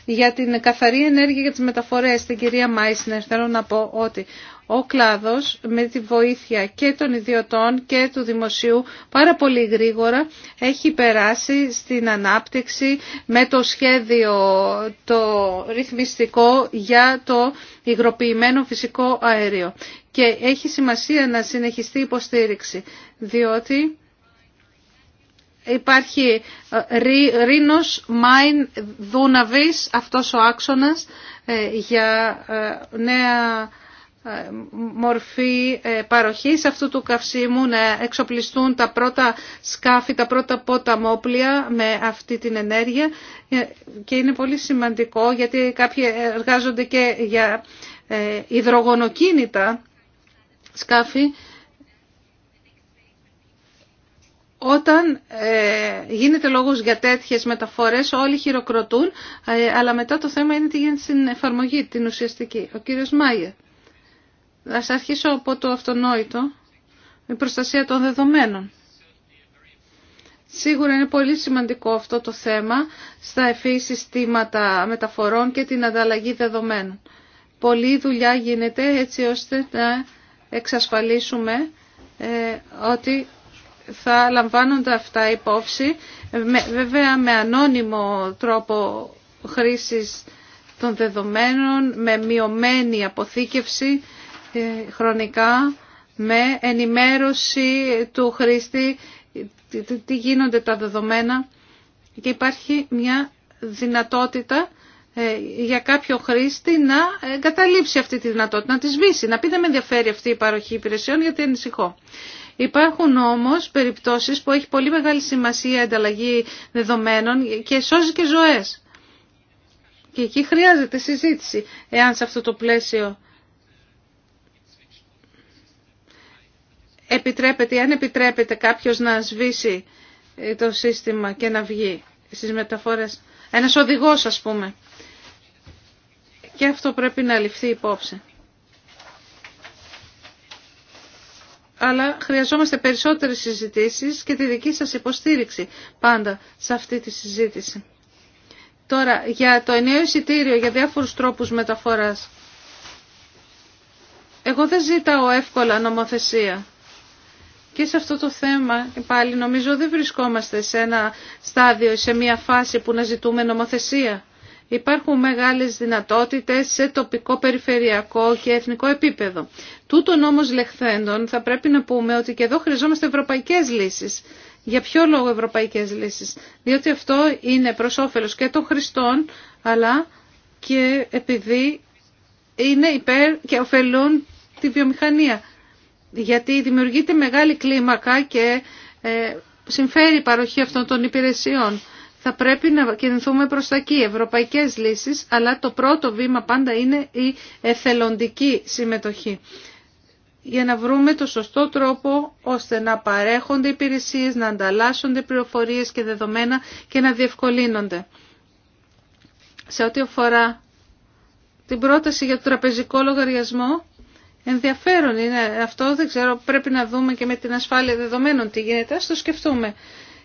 Για την καθαρή ενέργεια για τις μεταφορές, την κυρία Μάισνερ, θέλω να πω ότι ο κλάδος με τη βοήθεια και των ιδιωτών και του δημοσίου πάρα πολύ γρήγορα έχει περάσει στην ανάπτυξη με το σχέδιο το ρυθμιστικό για το υγροποιημένο φυσικό αέριο. Και έχει σημασία να συνεχιστεί η υποστήριξη, διότι υπάρχει ε, Ρήνος, Μάιν, Δούναβης, αυτός ο άξονας ε, για ε, νέα ε, μορφή ε, παροχής αυτού του καυσίμου να εξοπλιστούν τα πρώτα σκάφη, τα πρώτα ποταμόπλια με αυτή την ενέργεια ε, και είναι πολύ σημαντικό γιατί κάποιοι εργάζονται και για υδρογονοκίνητα σκάφη όταν γίνεται λόγος για τέτοιες μεταφορές όλοι χειροκροτούν, αλλά μετά το θέμα είναι τι γίνεται στην εφαρμογή, την ουσιαστική. Ο κύριος Μάιερ θα αρχίσω από το αυτονόητο, η προστασία των δεδομένων. Σίγουρα είναι πολύ σημαντικό αυτό το θέμα στα ευφύ συστήματα μεταφορών και την ανταλλαγή δεδομένων. Πολλή δουλειά γίνεται έτσι ώστε να εξασφαλίσουμε ε, ότι θα λαμβάνονται αυτά υπόψη, βέβαια με ανώνυμο τρόπο χρήσης των δεδομένων, με μειωμένη αποθήκευση χρονικά με ενημέρωση του χρήστη, τι γίνονται τα δεδομένα και υπάρχει μια δυνατότητα ε, για κάποιο χρήστη να καταλήψει αυτή τη δυνατότητα, να τη σβήσει, να πει δεν με ενδιαφέρει αυτή η παροχή υπηρεσιών γιατί ανησυχώ. Υπάρχουν όμως περιπτώσεις που έχει πολύ μεγάλη σημασία η ανταλλαγή δεδομένων και σώζει και ζωές. Και εκεί χρειάζεται συζήτηση, εάν σε αυτό το πλαίσιο επιτρέπεται ή αν επιτρέπεται κάποιος να σβήσει ε, το σύστημα και να βγει στις μεταφορές. Ένας οδηγός ας πούμε. Και αυτό πρέπει να ληφθεί υπόψη. Αλλά χρειαζόμαστε περισσότερες συζητήσεις και τη δική σας υποστήριξη πάντα σε αυτή τη συζήτηση. Τώρα, για το ενιαίο εισιτήριο, για διάφορους τρόπους μεταφοράς. Εγώ δεν ζητάω εύκολα νομοθεσία. Και σε αυτό το θέμα πάλι νομίζω δεν βρισκόμαστε σε ένα στάδιο ή σε μια φάση που να ζητούμε νομοθεσία. Υπάρχουν μεγάλες δυνατότητες σε τοπικό, περιφερειακό και εθνικό επίπεδο. Τούτων όμως λεχθέντων θα πρέπει να πούμε ότι και εδώ χρειαζόμαστε ευρωπαϊκές λύσεις. Για ποιο λόγο ευρωπαϊκές λύσεις. Διότι αυτό είναι προς όφελος και των χρηστών αλλά και επειδή είναι υπέρ και ωφελούν τη βιομηχανία γιατί δημιουργείται μεγάλη κλίμακα και ε, συμφέρει η παροχή αυτών των υπηρεσιών. Θα πρέπει να κινηθούμε προς τα εκεί, ευρωπαϊκές λύσεις, αλλά το πρώτο βήμα πάντα είναι η εθελοντική συμμετοχή. Για να βρούμε το σωστό τρόπο ώστε να παρέχονται υπηρεσίες, να ανταλλάσσονται πληροφορίες και δεδομένα και να διευκολύνονται. Σε ό,τι αφορά την πρόταση για το τραπεζικό λογαριασμό, Ενδιαφέρον είναι αυτό, δεν ξέρω, πρέπει να δούμε και με την ασφάλεια δεδομένων τι γίνεται, ας το σκεφτούμε.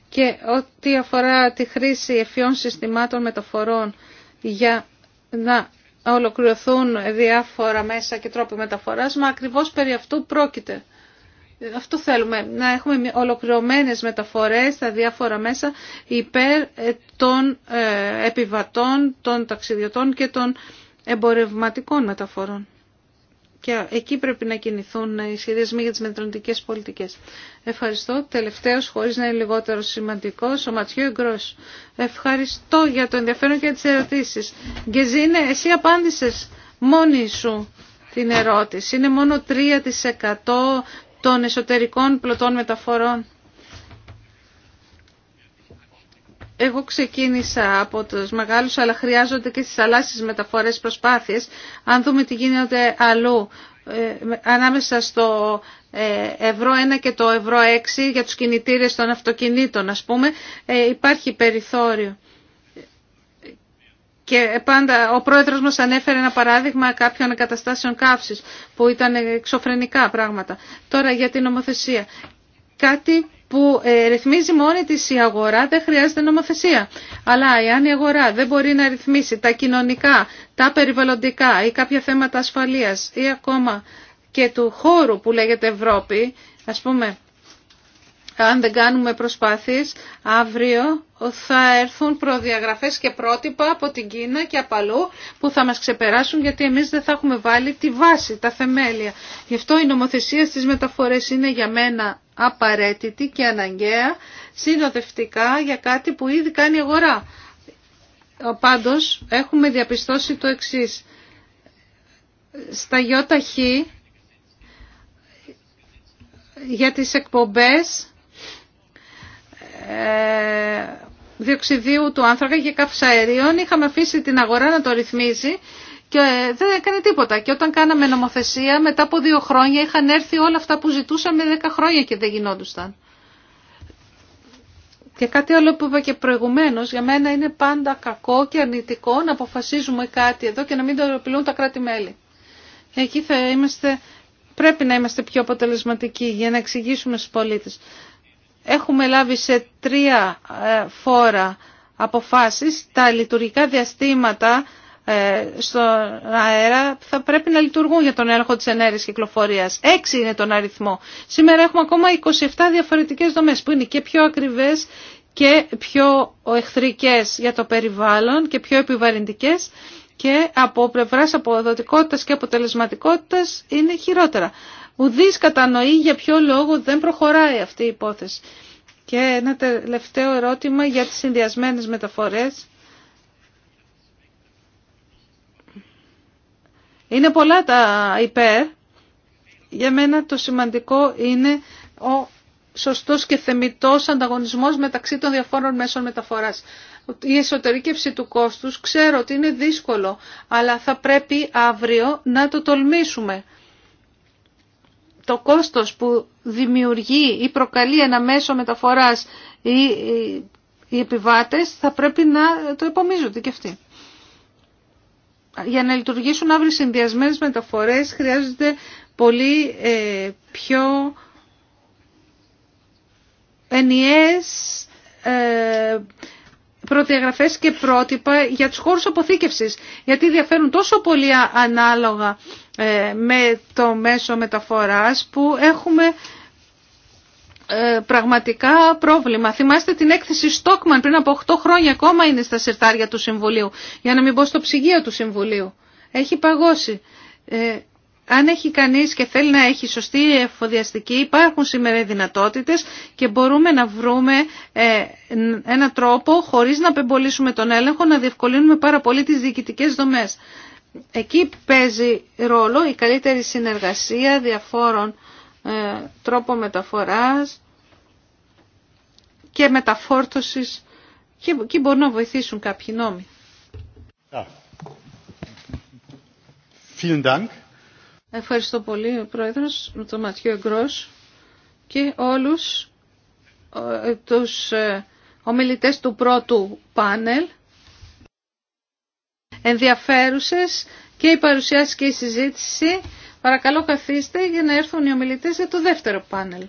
Και ό,τι αφορά τη χρήση ευφυών συστημάτων μεταφορών για να ολοκληρωθούν διάφορα μέσα και τρόποι μεταφοράς, μα ακριβώς περί αυτού πρόκειται. Αυτό θέλουμε, να έχουμε ολοκληρωμένες μεταφορές στα διάφορα μέσα υπέρ ε, των ε, επιβατών, των ταξιδιωτών και των εμπορευματικών μεταφορών. Και εκεί πρέπει να κινηθούν οι σχεδιασμοί για τις μετρονητικές πολιτικές. Ευχαριστώ. Τελευταίος, χωρίς να είναι λιγότερο σημαντικός, ο Ματιό Εγκρός. Ευχαριστώ για το ενδιαφέρον και για τις ερωτήσεις. Γκεζίνε, εσύ απάντησες μόνη σου την ερώτηση. Είναι μόνο 3% των εσωτερικών πλωτών μεταφορών. Εγώ ξεκίνησα από τους μεγάλους, αλλά χρειάζονται και στις αλλάσεις μεταφορές προσπάθειες. Αν δούμε τι γίνεται αλλού, ε, ανάμεσα στο ε, ευρώ 1 και το ευρώ 6 για τους κινητήρες των αυτοκινήτων, ας πούμε, ε, υπάρχει περιθώριο. Και πάντα ο πρόεδρος μας ανέφερε ένα παράδειγμα κάποιων εγκαταστάσεων καύσης που ήταν εξωφρενικά πράγματα. Τώρα για την νομοθεσία. Κάτι που ε, ρυθμίζει μόνη της η αγορά, δεν χρειάζεται νομοθεσία. Αλλά εάν η αγορά δεν μπορεί να ρυθμίσει τα κοινωνικά, τα περιβαλλοντικά ή κάποια θέματα ασφαλείας ή ακόμα και του χώρου που λέγεται Ευρώπη, ας πούμε αν δεν κάνουμε προσπάθειες, αύριο θα έρθουν προδιαγραφές και πρότυπα από την Κίνα και από αλλού που θα μας ξεπεράσουν γιατί εμείς δεν θα έχουμε βάλει τη βάση, τα θεμέλια. Γι' αυτό η νομοθεσία στις μεταφορές είναι για μένα απαραίτητη και αναγκαία, συνοδευτικά για κάτι που ήδη κάνει αγορά. Πάντως έχουμε διαπιστώσει το εξής. Στα ΙΧ για τις εκπομπές ε, διοξιδίου του άνθρακα και αερίων Είχαμε αφήσει την αγορά να το ρυθμίζει και ε, δεν έκανε τίποτα. Και όταν κάναμε νομοθεσία, μετά από δύο χρόνια είχαν έρθει όλα αυτά που ζητούσαμε δέκα χρόνια και δεν γινόντουσαν. Και κάτι άλλο που είπα και προηγουμένως, για μένα είναι πάντα κακό και αρνητικό να αποφασίζουμε κάτι εδώ και να μην το επιλούν τα κράτη-μέλη. Εκεί είμαστε, πρέπει να είμαστε πιο αποτελεσματικοί για να εξηγήσουμε στους πολίτες. Έχουμε λάβει σε τρία ε, φόρα αποφάσεις τα λειτουργικά διαστήματα ε, στον αέρα θα πρέπει να λειτουργούν για τον έλεγχο της ενέργειας κυκλοφορίας. Έξι είναι τον αριθμό. Σήμερα έχουμε ακόμα 27 διαφορετικές δομές που είναι και πιο ακριβές και πιο εχθρικές για το περιβάλλον και πιο επιβαρυντικές και από πλευράς αποδοτικότητας και αποτελεσματικότητας είναι χειρότερα ουδής κατανοεί για ποιο λόγο δεν προχωράει αυτή η υπόθεση. Και ένα τελευταίο ερώτημα για τις συνδυασμένες μεταφορές. Είναι πολλά τα υπέρ. Για μένα το σημαντικό είναι ο σωστός και θεμητός ανταγωνισμός μεταξύ των διαφόρων μέσων μεταφοράς. Η εσωτερήκευση του κόστους ξέρω ότι είναι δύσκολο, αλλά θα πρέπει αύριο να το τολμήσουμε το κόστος που δημιουργεί ή προκαλεί ένα μέσο μεταφοράς ή οι επιβάτες θα πρέπει να το επομίζονται και αυτοί. Για να λειτουργήσουν αύριο συνδυασμένες μεταφορές χρειάζονται πολύ ε, πιο ενιαίες ε, προδιαγραφέ και πρότυπα για του χώρους αποθήκευση, γιατί διαφέρουν τόσο πολύ ανάλογα ε, με το μέσο μεταφοράς που έχουμε ε, πραγματικά πρόβλημα. Θυμάστε την έκθεση Στόκμαν πριν από 8 χρόνια ακόμα είναι στα σερτάρια του Συμβουλίου, για να μην πω στο ψυγείο του Συμβουλίου. Έχει παγώσει. Ε, αν έχει κανείς και θέλει να έχει σωστή εφοδιαστική, υπάρχουν σήμερα οι δυνατότητες και μπορούμε να βρούμε ε, ένα τρόπο, χωρίς να απεμπολίσουμε τον έλεγχο, να διευκολύνουμε πάρα πολύ τις διοικητικές δομές. Εκεί παίζει ρόλο η καλύτερη συνεργασία διαφόρων ε, τρόπων μεταφοράς και μεταφόρτωσης και εκεί μπορούν να βοηθήσουν κάποιοι νόμοι. Ευχαριστώ πολύ ο Πρόεδρος, τον Ματιό Εγκρός και όλους ε, τους ε, ομιλητές του πρώτου πάνελ. Ενδιαφέρουσες και η παρουσιάση και η συζήτηση. Παρακαλώ καθίστε για να έρθουν οι ομιλητές για το δεύτερο πάνελ.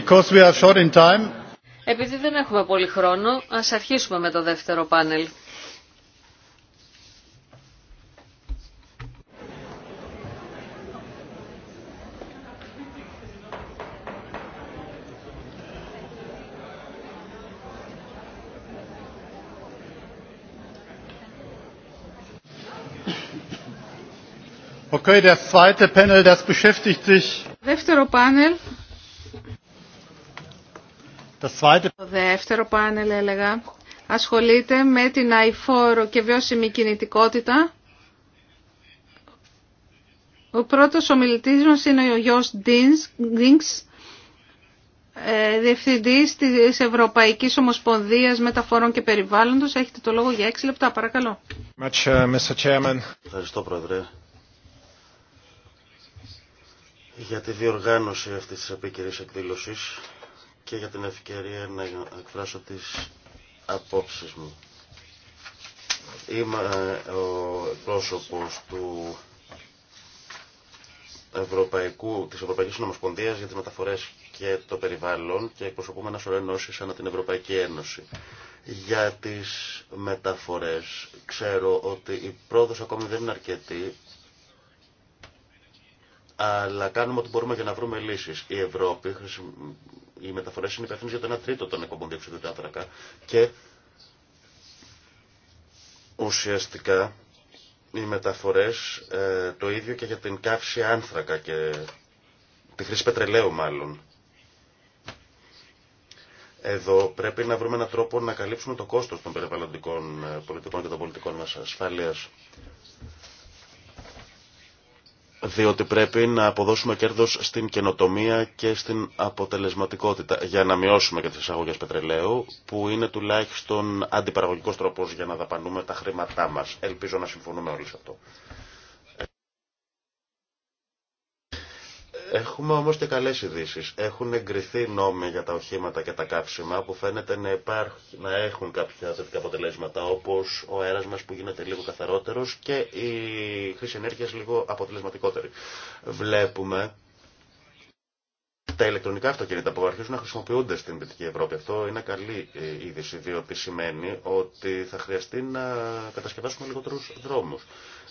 Because we are short in time. Επειδή δεν έχουμε πολύ χρόνο, ας αρχίσουμε με το δεύτερο πάνελ. Okay, das zweite Panel, das beschäftigt sich. Δεύτερο πάνελ το δεύτερο πάνελ έλεγα ασχολείται με την αηφόρο και βιώσιμη κινητικότητα. Ο πρώτος ομιλητής μας είναι ο Γιος Ντίνξ, ε, Διευθυντής της Ευρωπαϊκής Ομοσπονδίας Μεταφορών και Περιβάλλοντος. Έχετε το λόγο για έξι λεπτά, παρακαλώ. Uh, Ευχαριστώ, Πρόεδρε. Για τη διοργάνωση αυτής της επίκαιρης εκδήλωσης και για την ευκαιρία να εκφράσω τις απόψεις μου. Είμαι ε, ο πρόσωπος του Ευρωπαϊκού, της Ευρωπαϊκής Νομοσπονδίας για τις μεταφορές και το περιβάλλον και εκπροσωπούμε ένα σωρό ενώσει σαν την Ευρωπαϊκή Ένωση. Για τις μεταφορές ξέρω ότι η πρόοδος ακόμη δεν είναι αρκετή, αλλά κάνουμε ό,τι μπορούμε για να βρούμε λύσεις. Η Ευρώπη οι μεταφορέ είναι υπεύθυνε για το 1 τρίτο των εκπομπών διοξιδίου του άνθρακα και ουσιαστικά οι μεταφορές ε, το ίδιο και για την καύση άνθρακα και τη χρήση πετρελαίου μάλλον. Εδώ πρέπει να βρούμε έναν τρόπο να καλύψουμε το κόστος των περιβαλλοντικών ε, πολιτικών και των πολιτικών μας ασφάλειας διότι πρέπει να αποδώσουμε κέρδος στην καινοτομία και στην αποτελεσματικότητα για να μειώσουμε και τις εισαγωγές πετρελαίου που είναι τουλάχιστον αντιπαραγωγικός τρόπος για να δαπανούμε τα χρήματά μας. Ελπίζω να συμφωνούμε όλοι σε αυτό. Έχουμε όμως και καλές ειδήσει. Έχουν εγκριθεί νόμοι για τα οχήματα και τα κάψιμα που φαίνεται να, να έχουν κάποια θετικά αποτελέσματα όπως ο αέρας μας που γίνεται λίγο καθαρότερος και η χρήση ενέργειας λίγο αποτελεσματικότερη. Βλέπουμε τα ηλεκτρονικά αυτοκίνητα που αρχίζουν να χρησιμοποιούνται στην Δυτική Ευρώπη. Αυτό είναι καλή ε, είδηση, διότι σημαίνει ότι θα χρειαστεί να κατασκευάσουμε λιγότερου δρόμους.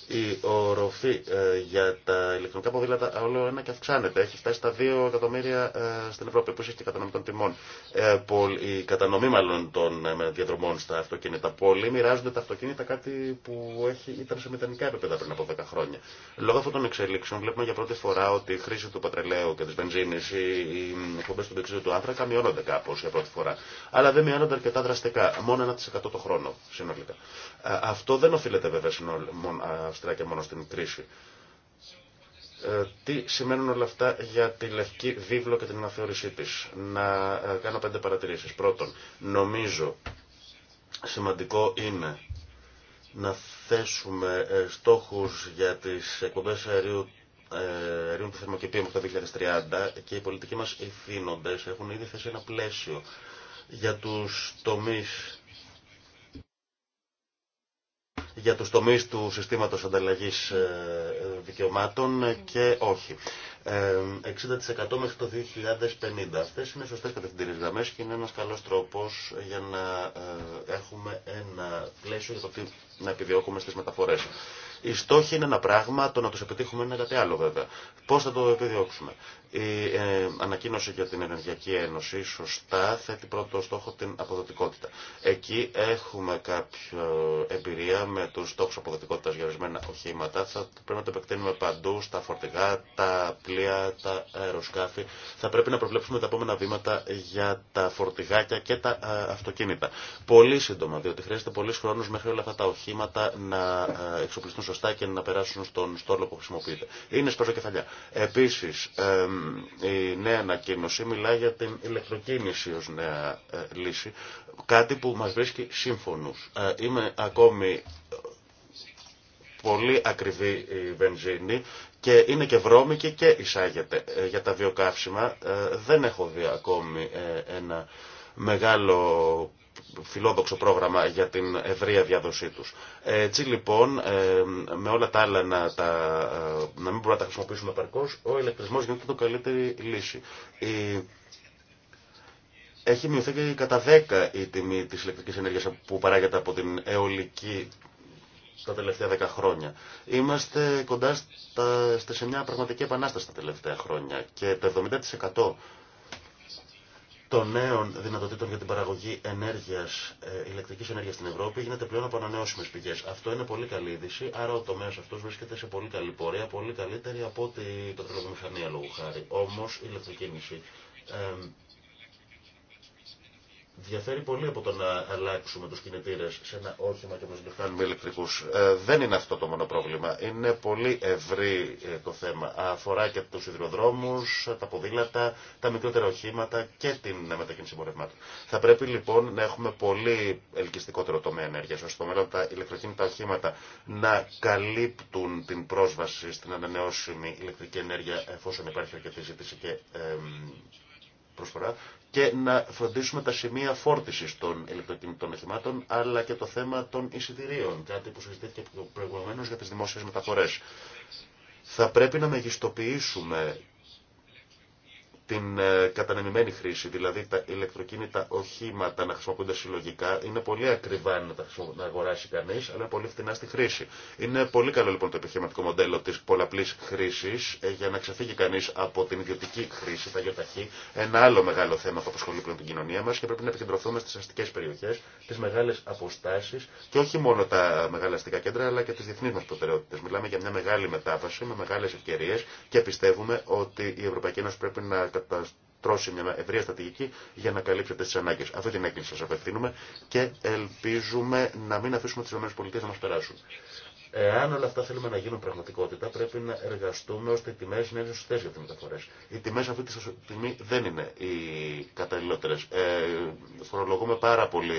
Η οροφή ε, για τα ηλεκτρονικά ποδήλατα όλο ένα και αυξάνεται. Έχει φτάσει στα 2 εκατομμύρια ε, στην Ευρώπη, που έχει και κατανομή των τιμών. Ε, η κατανομή μάλλον των διαδρομών στα αυτοκίνητα. Πολλοί μοιράζονται τα αυτοκίνητα κάτι που έχει, ήταν σε μηδενικά επίπεδα πριν από 10 χρόνια. Λόγω αυτών των εξελίξεων βλέπουμε για πρώτη φορά ότι η χρήση του πατρελαίου και τη βενζίνη, οι εκπομπέ του δεξιού του άνθρακα μειώνονται κάπω για πρώτη φορά. Αλλά δεν μειώνονται αρκετά δραστικά. Μόνο 1% το χρόνο συνολικά. Ε, αυτό δεν οφείλεται βέβαια Αυστρία και μόνο στην κρίση. Ε, τι σημαίνουν όλα αυτά για τη Λευκή Βίβλο και την αναθεώρησή της. Να ε, κάνω πέντε παρατηρήσεις. Πρώτον, νομίζω σημαντικό είναι να θέσουμε στόχους για τις εκπομπές αερίου αερίων του θερμοκηπίου μέχρι το 2030 και οι πολιτικοί μας ευθύνοντες έχουν ήδη θέσει ένα πλαίσιο για τους τομείς για τους τομείς του συστήματος ανταλλαγής ε, δικαιωμάτων και όχι. 60% ε, μέχρι το 2050. Αυτές είναι σωστές κατευθυντήριες γραμμές και είναι ένας καλός τρόπος για να ε, έχουμε ένα πλαίσιο για το τι να επιδιώκουμε στις μεταφορές. Η στόχη είναι ένα πράγμα, το να του επιτύχουμε είναι κάτι άλλο βέβαια. Πώς θα το επιδιώξουμε. Η ε, ανακοίνωση για την Ενεργειακή Ένωση σωστά θέτει πρώτο στόχο την αποδοτικότητα. Εκεί έχουμε κάποια εμπειρία με του στόχου αποδοτικότητα για ορισμένα οχήματα. Θα πρέπει να το επεκτείνουμε παντού, στα φορτηγά, τα πλοία, τα αεροσκάφη. Θα πρέπει να προβλέψουμε τα επόμενα βήματα για τα φορτηγάκια και τα ε, αυτοκίνητα. Πολύ σύντομα, διότι χρειάζεται πολλή χρόνο μέχρι όλα αυτά τα οχήματα να ε, εξοπλιστούν σωστά και να περάσουν στον στόλο που χρησιμοποιείται. Είναι σπαζοκεφαλιά. Επίση, ε, η νέα ανακοίνωση μιλά για την ηλεκτροκίνηση ως νέα ε, λύση, κάτι που μας βρίσκει σύμφωνους. Ε, είμαι ακόμη πολύ ακριβή η βενζίνη και είναι και βρώμικη και εισάγεται. Ε, για τα βιοκαύσιμα δεν έχω δει ακόμη ένα μεγάλο φιλόδοξο πρόγραμμα για την ευρεία διάδοσή τους. Έτσι λοιπόν, ε, με όλα τα άλλα να, τα, ε, να μην μπορούμε να τα χρησιμοποιήσουμε παρκώς, ο ηλεκτρισμός γίνεται το καλύτερη λύση. Η... Έχει μειωθεί και κατά 10 η τιμή της ηλεκτρικής ενέργειας που παράγεται από την αιωλική τα τελευταία 10 χρόνια. Είμαστε κοντά στα, σε μια πραγματική επανάσταση τα τελευταία χρόνια και το 70% των νέων δυνατοτήτων για την παραγωγή ενέργειας, ε, ηλεκτρικής ενέργειας στην Ευρώπη γίνεται πλέον από ανανεώσιμες πηγές. Αυτό είναι πολύ καλή είδηση, άρα ο τομέας αυτός βρίσκεται σε πολύ καλή πορεία, πολύ καλύτερη από την μηχανία λόγου χάρη. Όμως η ηλεκτρική ε, Διαφέρει πολύ από το να αλλάξουμε τους κινητήρες σε ένα όχημα και να κάνουμε ηλεκτρικούς. Ε, δεν είναι αυτό το μόνο πρόβλημα. Είναι πολύ ευρύ ε, το θέμα. Αφορά και τους υδροδρόμους, τα ποδήλατα, τα μικρότερα οχήματα και την μετακίνηση εμπορευμάτων. Θα πρέπει λοιπόν να έχουμε πολύ ελκυστικότερο τομέα ενέργεια ώστε το μέλλον τα ηλεκτροκίνητα οχήματα να καλύπτουν την πρόσβαση στην ανανεώσιμη ηλεκτρική ενέργεια εφόσον υπάρχει αρκετή ζήτηση και ε, προσφορά, και να φροντίσουμε τα σημεία φόρτιση των ηλεκτροκινητών οχημάτων, αλλά και το θέμα των εισιτηρίων, κάτι που συζητήθηκε προηγουμένω για τι δημόσιε μεταφορέ. Θα πρέπει να μεγιστοποιήσουμε την ε, κατανεμημένη χρήση, δηλαδή τα ηλεκτροκίνητα οχήματα να χρησιμοποιούνται συλλογικά, είναι πολύ ακριβά να να αγοράσει κανεί, αλλά πολύ φτηνά στη χρήση. Είναι πολύ καλό λοιπόν το επιχειρηματικό μοντέλο τη πολλαπλή χρήση ε, για να ξεφύγει κανεί από την ιδιωτική χρήση, τα γεωταχή, ένα άλλο μεγάλο θέμα που απασχολεί πλέον την κοινωνία μα και πρέπει να επικεντρωθούμε στι αστικέ περιοχέ, τι μεγάλε αποστάσει και όχι μόνο τα μεγάλα αστικά κέντρα, αλλά και τι διεθνεί μα προτεραιότητε. Μιλάμε για μια μεγάλη μετάβαση με μεγάλε ευκαιρίε και πιστεύουμε ότι η Ευρωπαϊκή Ένωση πρέπει να καταστρώσει μια ευρεία στρατηγική για να καλύψετε τι ανάγκε. Αυτή την έκκληση σα απευθύνουμε και ελπίζουμε να μην αφήσουμε τι ΗΠΑ να μα περάσουν. Εάν όλα αυτά θέλουμε να γίνουν πραγματικότητα, πρέπει να εργαστούμε ώστε οι τιμέ να είναι σωστέ για τι μεταφορέ. Οι τιμέ αυτή τη στιγμή δεν είναι οι καταλληλότερε. Ε, φορολογούμε πάρα πολύ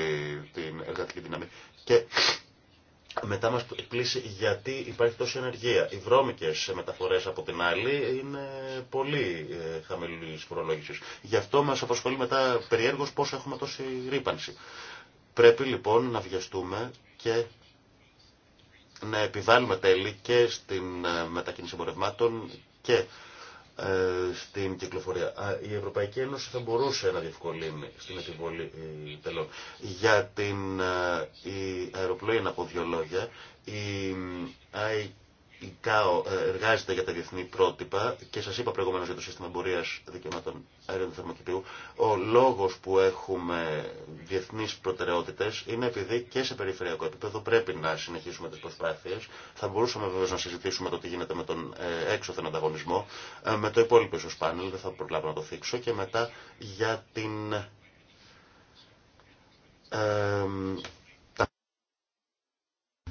την εργατική δύναμη και μετά μας εκπλήσει γιατί υπάρχει τόση ενεργεία. Οι βρώμικες μεταφορές από την άλλη είναι πολύ ε, χαμηλής φορολόγησης. Γι' αυτό μας απασχολεί μετά περιέργως πώς έχουμε τόση ρήπανση. Πρέπει λοιπόν να βιαστούμε και να επιβάλλουμε τέλη και στην ε, μετακίνηση εμπορευμάτων και ε, στην κυκλοφορία. Η Ευρωπαϊκή Ένωση θα μπορούσε να διευκολύνει στην επιβολή ε, τελών. Για την ε, η να πω δύο λόγια, η η ΚΑΟ ε, εργάζεται για τα διεθνή πρότυπα και σας είπα προηγουμένως για το σύστημα εμπορία δικαιωμάτων αέριων θερμοκηπίου. Ο λόγος που έχουμε διεθνείς προτεραιότητες είναι επειδή και σε περιφερειακό επίπεδο πρέπει να συνεχίσουμε τις προσπάθειες. Θα μπορούσαμε βέβαια να συζητήσουμε το τι γίνεται με τον ε, έξωθεν ανταγωνισμό. Ε, με το υπόλοιπο ίσως πάνελ, δεν θα προλάβω να το θίξω. Και μετά για την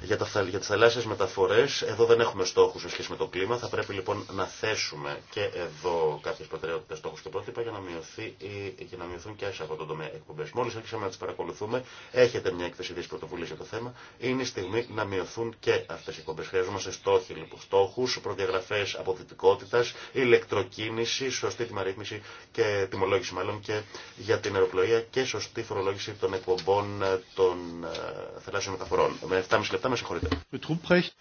για, τα, για τις θαλάσσιες μεταφορές, εδώ δεν έχουμε στόχους σε σχέση με το κλίμα, θα πρέπει λοιπόν να θέσουμε και εδώ κάποιες προτεραιότητες στόχους και πρότυπα για να, μειωθεί, για να μειωθούν και σε αυτό το τομέα εκπομπές. Μόλις άρχισαμε να τις παρακολουθούμε, έχετε μια έκθεση της πρωτοβουλίας για το θέμα, είναι η στιγμή να μειωθούν και αυτές οι εκπομπές. Χρειαζόμαστε στόχοι λοιπόν, στόχους, προδιαγραφές αποδυτικότητας, ηλεκτροκίνηση, σωστή τιμαρρύθμιση και τιμολόγηση μάλλον και για την αεροπλοεία και σωστή φορολόγηση των εκπομπών ε, των ε, θαλάσσιων μεταφορών. Με 7,5 λεπτά συγχωρείτε.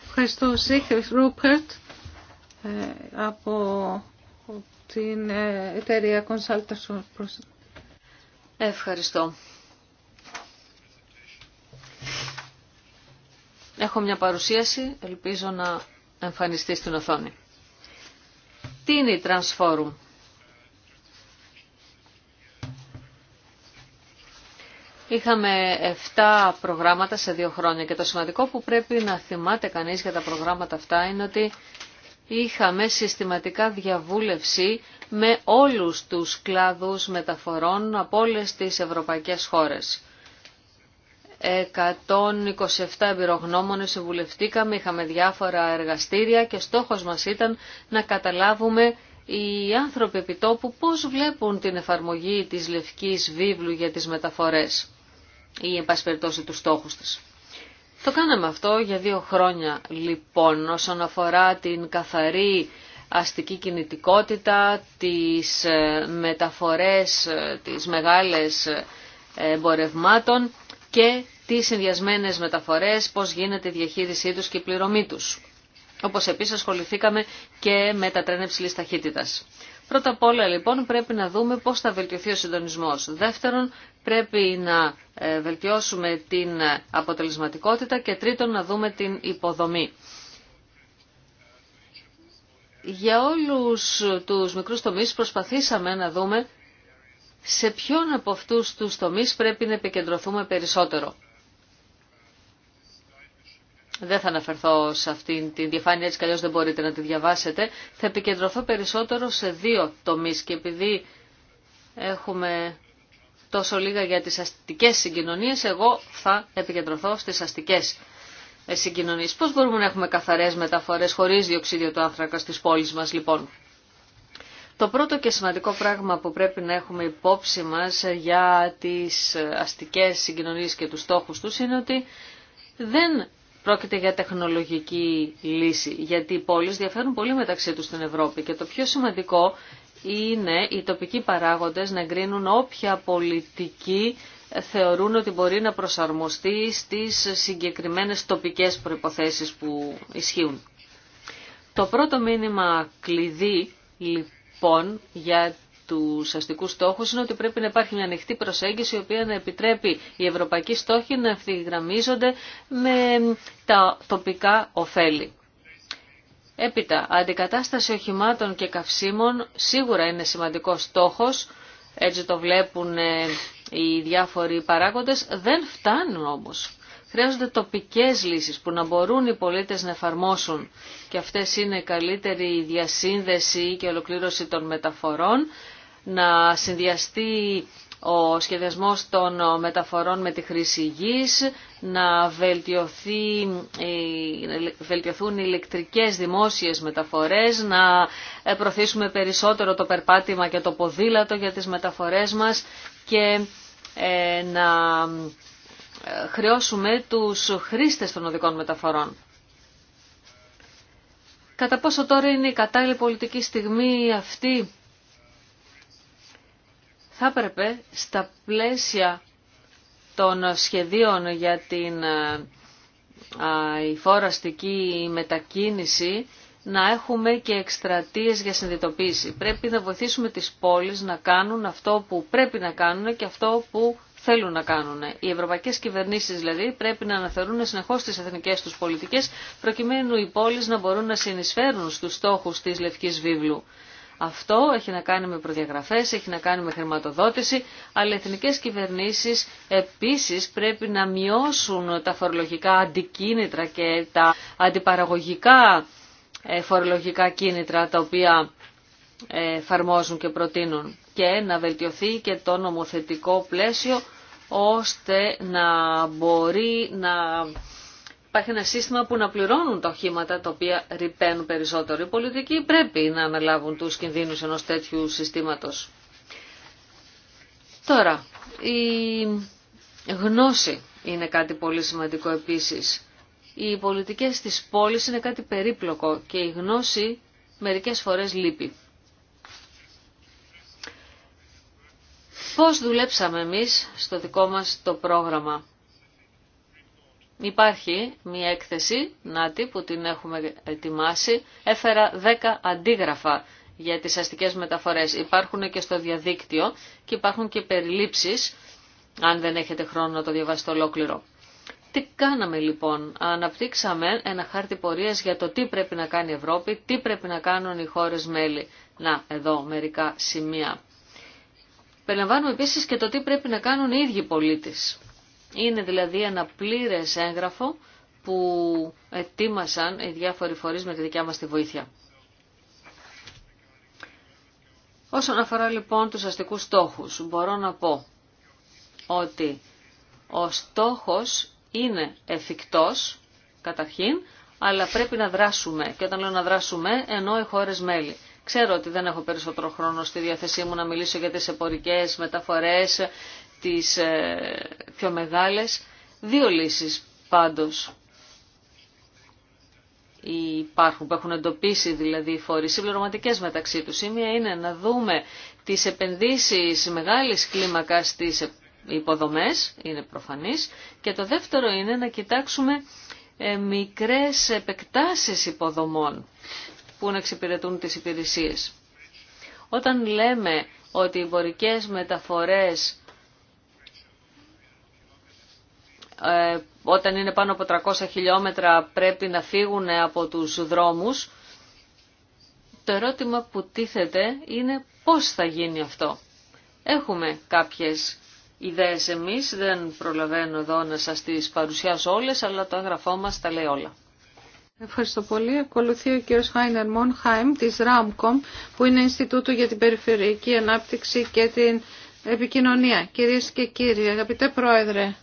Ευχαριστώ, Σίχ Ρούπερτ ε, από την ε, εταιρεία Consultants. Ευχαριστώ. Έχω μια παρουσίαση, ελπίζω να εμφανιστεί στην οθόνη. Τι είναι η Transforum. Είχαμε 7 προγράμματα σε δύο χρόνια και το σημαντικό που πρέπει να θυμάται κανείς για τα προγράμματα αυτά είναι ότι είχαμε συστηματικά διαβούλευση με όλους τους κλάδους μεταφορών από όλες τις ευρωπαϊκές χώρες. 127 εμπειρογνώμονες συμβουλευτήκαμε, είχαμε διάφορα εργαστήρια και στόχος μας ήταν να καταλάβουμε οι άνθρωποι επιτόπου πώς βλέπουν την εφαρμογή της Λευκής Βίβλου για τις μεταφορές ή εν πάση περιπτώσει τους στόχους της. Το κάναμε αυτό για δύο χρόνια λοιπόν όσον αφορά την καθαρή αστική κινητικότητα, τις ε, μεταφορές, ε, τις μεγάλες ε, εμπορευμάτων και τις συνδυασμένε μεταφορές, πώς γίνεται η διαχείρισή τους και η πληρωμή τους. Όπως επίσης ασχοληθήκαμε και με τα τρένα υψηλής ταχύτητας. Πρώτα απ' όλα λοιπόν πρέπει να δούμε πώς θα βελτιωθεί ο συντονισμός. Δεύτερον πρέπει να ε, βελτιώσουμε την αποτελεσματικότητα και τρίτον να δούμε την υποδομή. Για όλους τους μικρούς τομείς προσπαθήσαμε να δούμε σε ποιον από αυτούς τους τομείς πρέπει να επικεντρωθούμε περισσότερο. Δεν θα αναφερθώ σε αυτήν την διαφάνεια, έτσι καλώς δεν μπορείτε να τη διαβάσετε. Θα επικεντρωθώ περισσότερο σε δύο τομείς και επειδή έχουμε τόσο λίγα για τις αστικές συγκοινωνίες, εγώ θα επικεντρωθώ στις αστικές ε, συγκοινωνίες. Πώς μπορούμε να έχουμε καθαρές μεταφορές χωρίς διοξίδιο του άνθρακα στις πόλεις μας λοιπόν. Το πρώτο και σημαντικό πράγμα που πρέπει να έχουμε υπόψη μας ε, για τις ε, αστικές συγκοινωνίες και τους στόχους τους είναι ότι δεν Πρόκειται για τεχνολογική λύση, γιατί οι πόλεις διαφέρουν πολύ μεταξύ τους στην Ευρώπη και το πιο σημαντικό είναι οι τοπικοί παράγοντες να εγκρίνουν όποια πολιτική θεωρούν ότι μπορεί να προσαρμοστεί στις συγκεκριμένες τοπικές προϋποθέσεις που ισχύουν. Το πρώτο μήνυμα κλειδί λοιπόν για του αστικούς στόχου είναι ότι πρέπει να υπάρχει μια ανοιχτή προσέγγιση η οποία να επιτρέπει οι ευρωπαϊκοί στόχοι να ευθυγραμμίζονται με τα τοπικά ωφέλη. Έπειτα, αντικατάσταση οχημάτων και καυσίμων σίγουρα είναι σημαντικός στόχος, έτσι το βλέπουν ε, οι διάφοροι παράγοντες, δεν φτάνουν όμως. Χρειάζονται τοπικές λύσεις που να μπορούν οι πολίτες να εφαρμόσουν και αυτές είναι καλύτερη διασύνδεση και ολοκλήρωση των μεταφορών, να συνδυαστεί ο σχεδιασμός των μεταφορών με τη χρήση γης, να βελτιωθεί, ε, βελτιωθούν οι ηλεκτρικές δημόσιες μεταφορές, να προωθήσουμε περισσότερο το περπάτημα και το ποδήλατο για τις μεταφορές μας και ε, να ε, χρεώσουμε τους χρήστες των οδικών μεταφορών. Κατά πόσο τώρα είναι η κατάλληλη πολιτική στιγμή αυτή θα έπρεπε στα πλαίσια των σχεδίων για την ε, φοραστική μετακίνηση να έχουμε και εκστρατείες για συνειδητοποίηση. Πρέπει να βοηθήσουμε τις πόλεις να κάνουν αυτό που πρέπει να κάνουν και αυτό που θέλουν να κάνουν. Οι ευρωπαϊκές κυβερνήσεις δηλαδή πρέπει να αναθερούν συνεχώς τις εθνικές τους πολιτικές προκειμένου οι πόλεις να μπορούν να συνεισφέρουν στους στόχους της Λευκής Βίβλου. Αυτό έχει να κάνει με προδιαγραφές, έχει να κάνει με χρηματοδότηση, αλλά οι εθνικές κυβερνήσεις επίσης πρέπει να μειώσουν τα φορολογικά αντικίνητρα και τα αντιπαραγωγικά ε, φορολογικά κίνητρα τα οποία ε, εφαρμόζουν και προτείνουν και να βελτιωθεί και το νομοθετικό πλαίσιο ώστε να μπορεί να υπάρχει ένα σύστημα που να πληρώνουν τα οχήματα τα οποία ρηπαίνουν περισσότερο. Οι πολιτικοί πρέπει να αναλάβουν τους κινδύνους ενός τέτοιου συστήματος. Τώρα, η γνώση είναι κάτι πολύ σημαντικό επίσης. Οι πολιτικές της πόλης είναι κάτι περίπλοκο και η γνώση μερικές φορές λείπει. Πώς δουλέψαμε εμείς στο δικό μας το πρόγραμμα Υπάρχει μια έκθεση, να Νάτι, που την έχουμε ετοιμάσει. Έφερα 10 αντίγραφα για τις αστικές μεταφορές. Υπάρχουν και στο διαδίκτυο και υπάρχουν και περιλήψεις, αν δεν έχετε χρόνο να το διαβάσετε ολόκληρο. Τι κάναμε λοιπόν. Αναπτύξαμε ένα χάρτη πορείας για το τι πρέπει να κάνει η Ευρώπη, τι πρέπει να κάνουν οι χώρες μέλη. Να, εδώ μερικά σημεία. Περιλαμβάνουμε επίσης και το τι πρέπει να κάνουν οι ίδιοι πολίτες. Είναι δηλαδή ένα πλήρες έγγραφο που ετοίμασαν οι διάφοροι φορείς με τη δικιά μας τη βοήθεια. Όσον αφορά λοιπόν τους αστικούς στόχους, μπορώ να πω ότι ο στόχος είναι εφικτός, καταρχήν, αλλά πρέπει να δράσουμε. Και όταν λέω να δράσουμε, ενώ οι χώρε μέλη. Ξέρω ότι δεν έχω περισσότερο χρόνο στη διάθεσή μου να μιλήσω για τις επορικές μεταφορές, τις ε, πιο μεγάλες. Δύο λύσεις πάντως υπάρχουν, που έχουν εντοπίσει δηλαδή οι φορείς συμπληρωματικές μεταξύ τους. Η μία είναι να δούμε τις επενδύσεις μεγάλης κλίμακας στις υποδομές, είναι προφανής, και το δεύτερο είναι να κοιτάξουμε ε, μικρές επεκτάσεις υποδομών που να εξυπηρετούν τις υπηρεσίες. Όταν λέμε ότι οι εμπορικές μεταφορές Ε, όταν είναι πάνω από 300 χιλιόμετρα πρέπει να φύγουν από τους δρόμους. Το ερώτημα που τίθεται είναι πώς θα γίνει αυτό. Έχουμε κάποιες ιδέες εμείς, δεν προλαβαίνω εδώ να σας τις παρουσιάσω όλες, αλλά το έγγραφό μας τα λέει όλα. Ευχαριστώ πολύ. Ακολουθεί ο κ. Χάινερ Μονχάιμ της ΡΑΜΚΟΜ, που είναι Ινστιτούτο για την Περιφερειακή Ανάπτυξη και την Επικοινωνία. Κυρίες και κύριοι, αγαπητέ Πρόεδρε,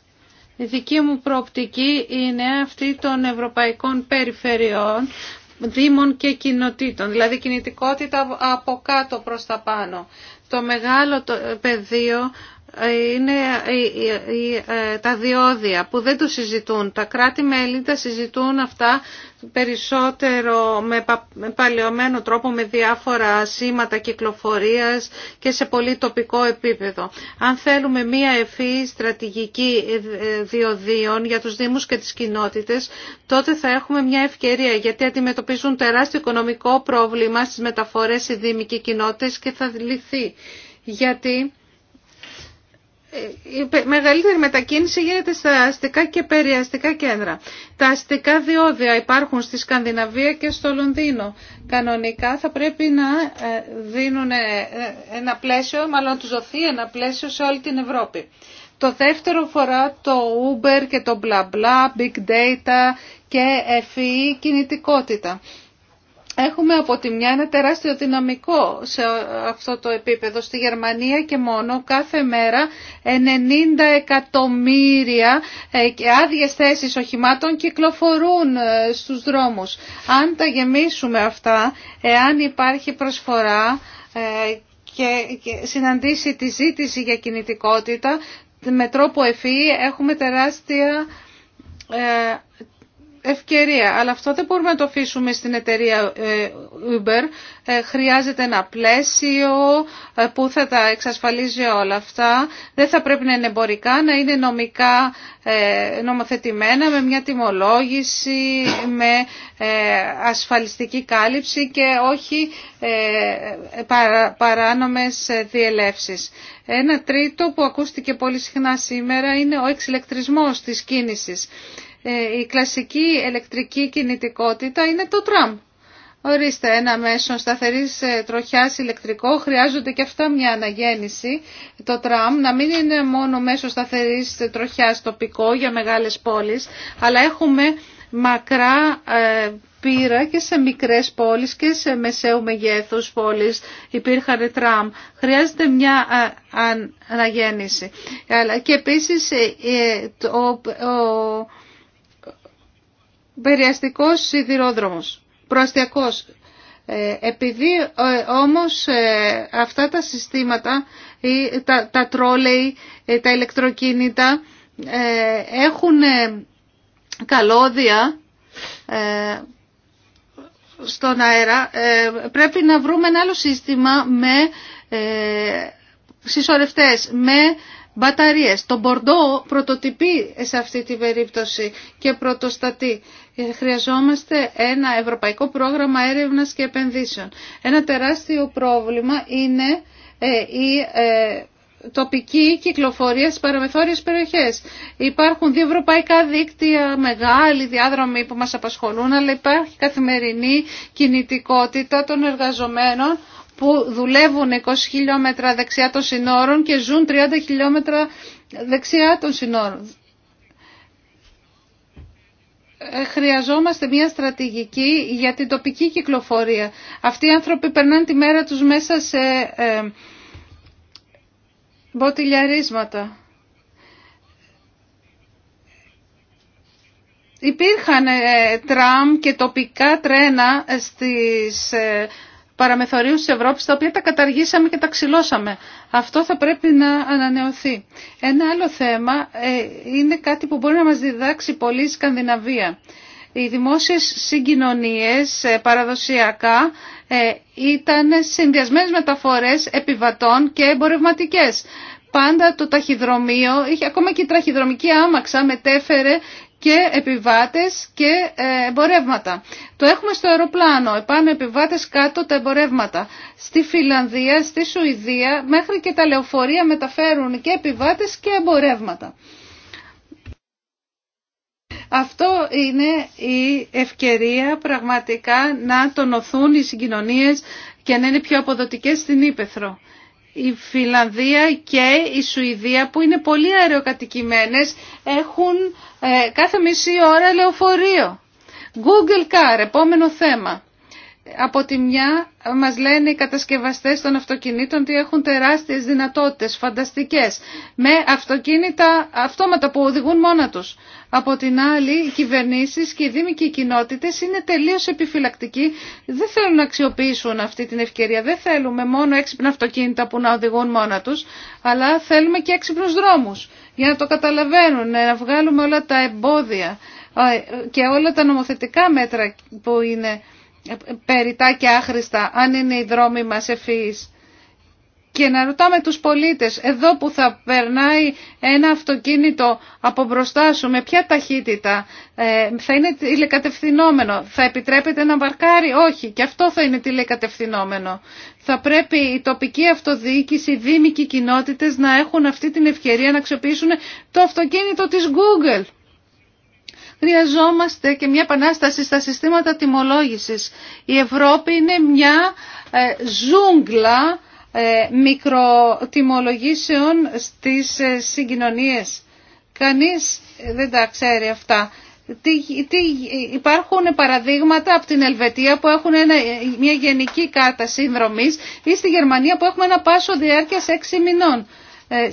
η δική μου προοπτική είναι αυτή των ευρωπαϊκών περιφερειών, δήμων και κοινοτήτων, δηλαδή κινητικότητα από κάτω προς τα πάνω. Το μεγάλο πεδίο είναι ε, τα διόδια που δεν το συζητούν. Τα κράτη-μέλη τα συζητούν αυτά περισσότερο με παλαιωμένο τρόπο με διάφορα σήματα κυκλοφορίας και σε πολύ τοπικό επίπεδο. Αν θέλουμε μία ευφύ στρατηγική ε, ε, διοδίων για τους Δήμους και τις κοινότητες, τότε θα έχουμε μια ευκαιρία γιατί αντιμετωπίζουν τεράστιο οικονομικό πρόβλημα στις μεταφορές οι Δήμοι και οι κοινότητες και θα λυθεί. Γιατί ε, η μεγαλύτερη μετακίνηση γίνεται στα αστικά και περιαστικά κέντρα. Τα αστικά διόδια υπάρχουν στη Σκανδιναβία και στο Λονδίνο. Κανονικά θα πρέπει να ε, δίνουν ε, ένα πλαίσιο, μάλλον να τους δοθεί ένα πλαίσιο σε όλη την Ευρώπη. Το δεύτερο φορά το Uber και το μπλα big data και FEE e κινητικότητα. Έχουμε από τη μια ένα τεράστιο δυναμικό σε αυτό το επίπεδο. Στη Γερμανία και μόνο κάθε μέρα 90 εκατομμύρια ε, και άδειες θέσεις οχημάτων κυκλοφορούν ε, στους δρόμους. Αν τα γεμίσουμε αυτά, εάν υπάρχει προσφορά ε, και συναντήσει τη ζήτηση για κινητικότητα, με τρόπο ευφύ έχουμε τεράστια ευκαιρία. Αλλά αυτό δεν μπορούμε να το αφήσουμε στην εταιρεία ε, Uber. Ε, χρειάζεται ένα πλαίσιο ε, που θα τα εξασφαλίζει όλα αυτά. Δεν θα πρέπει να είναι εμπορικά, να είναι νομικά νομοθετημένα με μια τιμολόγηση, με ασφαλιστική κάλυψη και όχι παράνομες διελεύσεις. Ένα τρίτο που ακούστηκε πολύ συχνά σήμερα είναι ο εξηλεκτρισμός της κίνησης. Ε, η κλασική ηλεκτρική κινητικότητα είναι το τραμ. Ορίστε ένα μέσο σταθερή ε, τροχιά ηλεκτρικό, χρειάζονται και αυτά μια αναγέννηση. Το τραμ να μην είναι μόνο μέσο σταθερή ε, τροχιά τοπικό για μεγάλε πόλει, αλλά έχουμε μακρά πύρα και σε μικρές πόλεις και σε μεσαίου μεγέθους πόλεις υπήρχαν τραμ. Χρειάζεται μια αναγέννηση. Και επίσης ο περιαστικός σιδηρόδρομος, προαστιακός. Ε, επειδή ε, όμως ε, αυτά τα συστήματα, τα τρόλεϊ, τα ηλεκτροκίνητα έχουν καλώδια στον αέρα, πρέπει να βρούμε ένα άλλο σύστημα με συσσωρευτές, με μπαταρίες. Το Μπορντό πρωτοτυπεί σε αυτή τη περίπτωση και πρωτοστατεί. Χρειαζόμαστε ένα ευρωπαϊκό πρόγραμμα έρευνας και επενδύσεων. Ένα τεράστιο πρόβλημα είναι ε, η ε, τοπική κυκλοφορία στις παραμεθόριες περιοχές. Υπάρχουν δύο ευρωπαϊκά δίκτυα, μεγάλοι διάδρομοι που μας απασχολούν, αλλά υπάρχει καθημερινή κινητικότητα των εργαζομένων που δουλεύουν 20 χιλιόμετρα δεξιά των συνόρων και ζουν 30 χιλιόμετρα δεξιά των συνόρων. Ε, χρειαζόμαστε μια στρατηγική για την τοπική κυκλοφορία. Αυτοί οι άνθρωποι περνάνε τη μέρα τους μέσα σε ε, μποτιλιαρίσματα. Υπήρχαν ε, τραμ και τοπικά τρένα ε, στις παραμεθορίους της Ευρώπης, τα οποία τα καταργήσαμε και τα ξυλώσαμε. Αυτό θα πρέπει να ανανεωθεί. Ένα άλλο θέμα ε, είναι κάτι που μπορεί να μας διδάξει πολύ η Σκανδιναβία. Οι δημόσιες συγκοινωνίες ε, παραδοσιακά ε, ήταν συνδυασμένες μεταφορές επιβατών και εμπορευματικές. Πάντα το ταχυδρομείο, είχε, ακόμα και η τραχυδρομική άμαξα μετέφερε και επιβάτες και ε, εμπορεύματα. Το έχουμε στο αεροπλάνο, επάνω επιβάτες κάτω τα εμπορεύματα. Στη Φιλανδία, στη Σουηδία, μέχρι και τα λεωφορεία μεταφέρουν και επιβάτες και εμπορεύματα. Αυτό είναι η ευκαιρία πραγματικά να τονωθούν οι συγκοινωνίες και να είναι πιο αποδοτικές στην Ήπεθρο η Φιλανδία και η Σουηδία που είναι πολύ αεροκατοικημένες έχουν ε, κάθε μισή ώρα λεωφορείο. Google Car, επόμενο θέμα από τη μια μας λένε οι κατασκευαστές των αυτοκινήτων ότι έχουν τεράστιες δυνατότητες, φανταστικές, με αυτοκίνητα αυτόματα που οδηγούν μόνα τους. Από την άλλη, οι κυβερνήσεις και οι δήμοι και οι κοινότητες είναι τελείως επιφυλακτικοί, δεν θέλουν να αξιοποιήσουν αυτή την ευκαιρία. Δεν θέλουμε μόνο έξυπνα αυτοκίνητα που να οδηγούν μόνα τους, αλλά θέλουμε και έξυπνους δρόμους για να το καταλαβαίνουν, να βγάλουμε όλα τα εμπόδια ε, και όλα τα νομοθετικά μέτρα που είναι περιτά και άχρηστα, αν είναι οι δρόμοι μας ευφυείς. Και να ρωτάμε τους πολίτες, εδώ που θα περνάει ένα αυτοκίνητο από μπροστά σου, με ποια ταχύτητα, ε, θα είναι τηλεκατευθυνόμενο, θα επιτρέπεται να βαρκάρει, όχι, και αυτό θα είναι τηλεκατευθυνόμενο. Θα πρέπει η τοπική αυτοδιοίκηση, οι δήμοι και οι κοινότητες να έχουν αυτή την ευκαιρία να αξιοποιήσουν το αυτοκίνητο της Google χρειαζόμαστε και μια επανάσταση στα συστήματα τιμολόγησης. Η Ευρώπη είναι μια ε, ζούγκλα ε, μικροτιμολογήσεων στις ε, συγκοινωνίες. Κανείς δεν τα ξέρει αυτά. Τι, υπάρχουν παραδείγματα από την Ελβετία που έχουν ένα, μια γενική κάρτα σύνδρομης ή στη Γερμανία που έχουμε ένα πάσο διάρκειας 6 μηνών.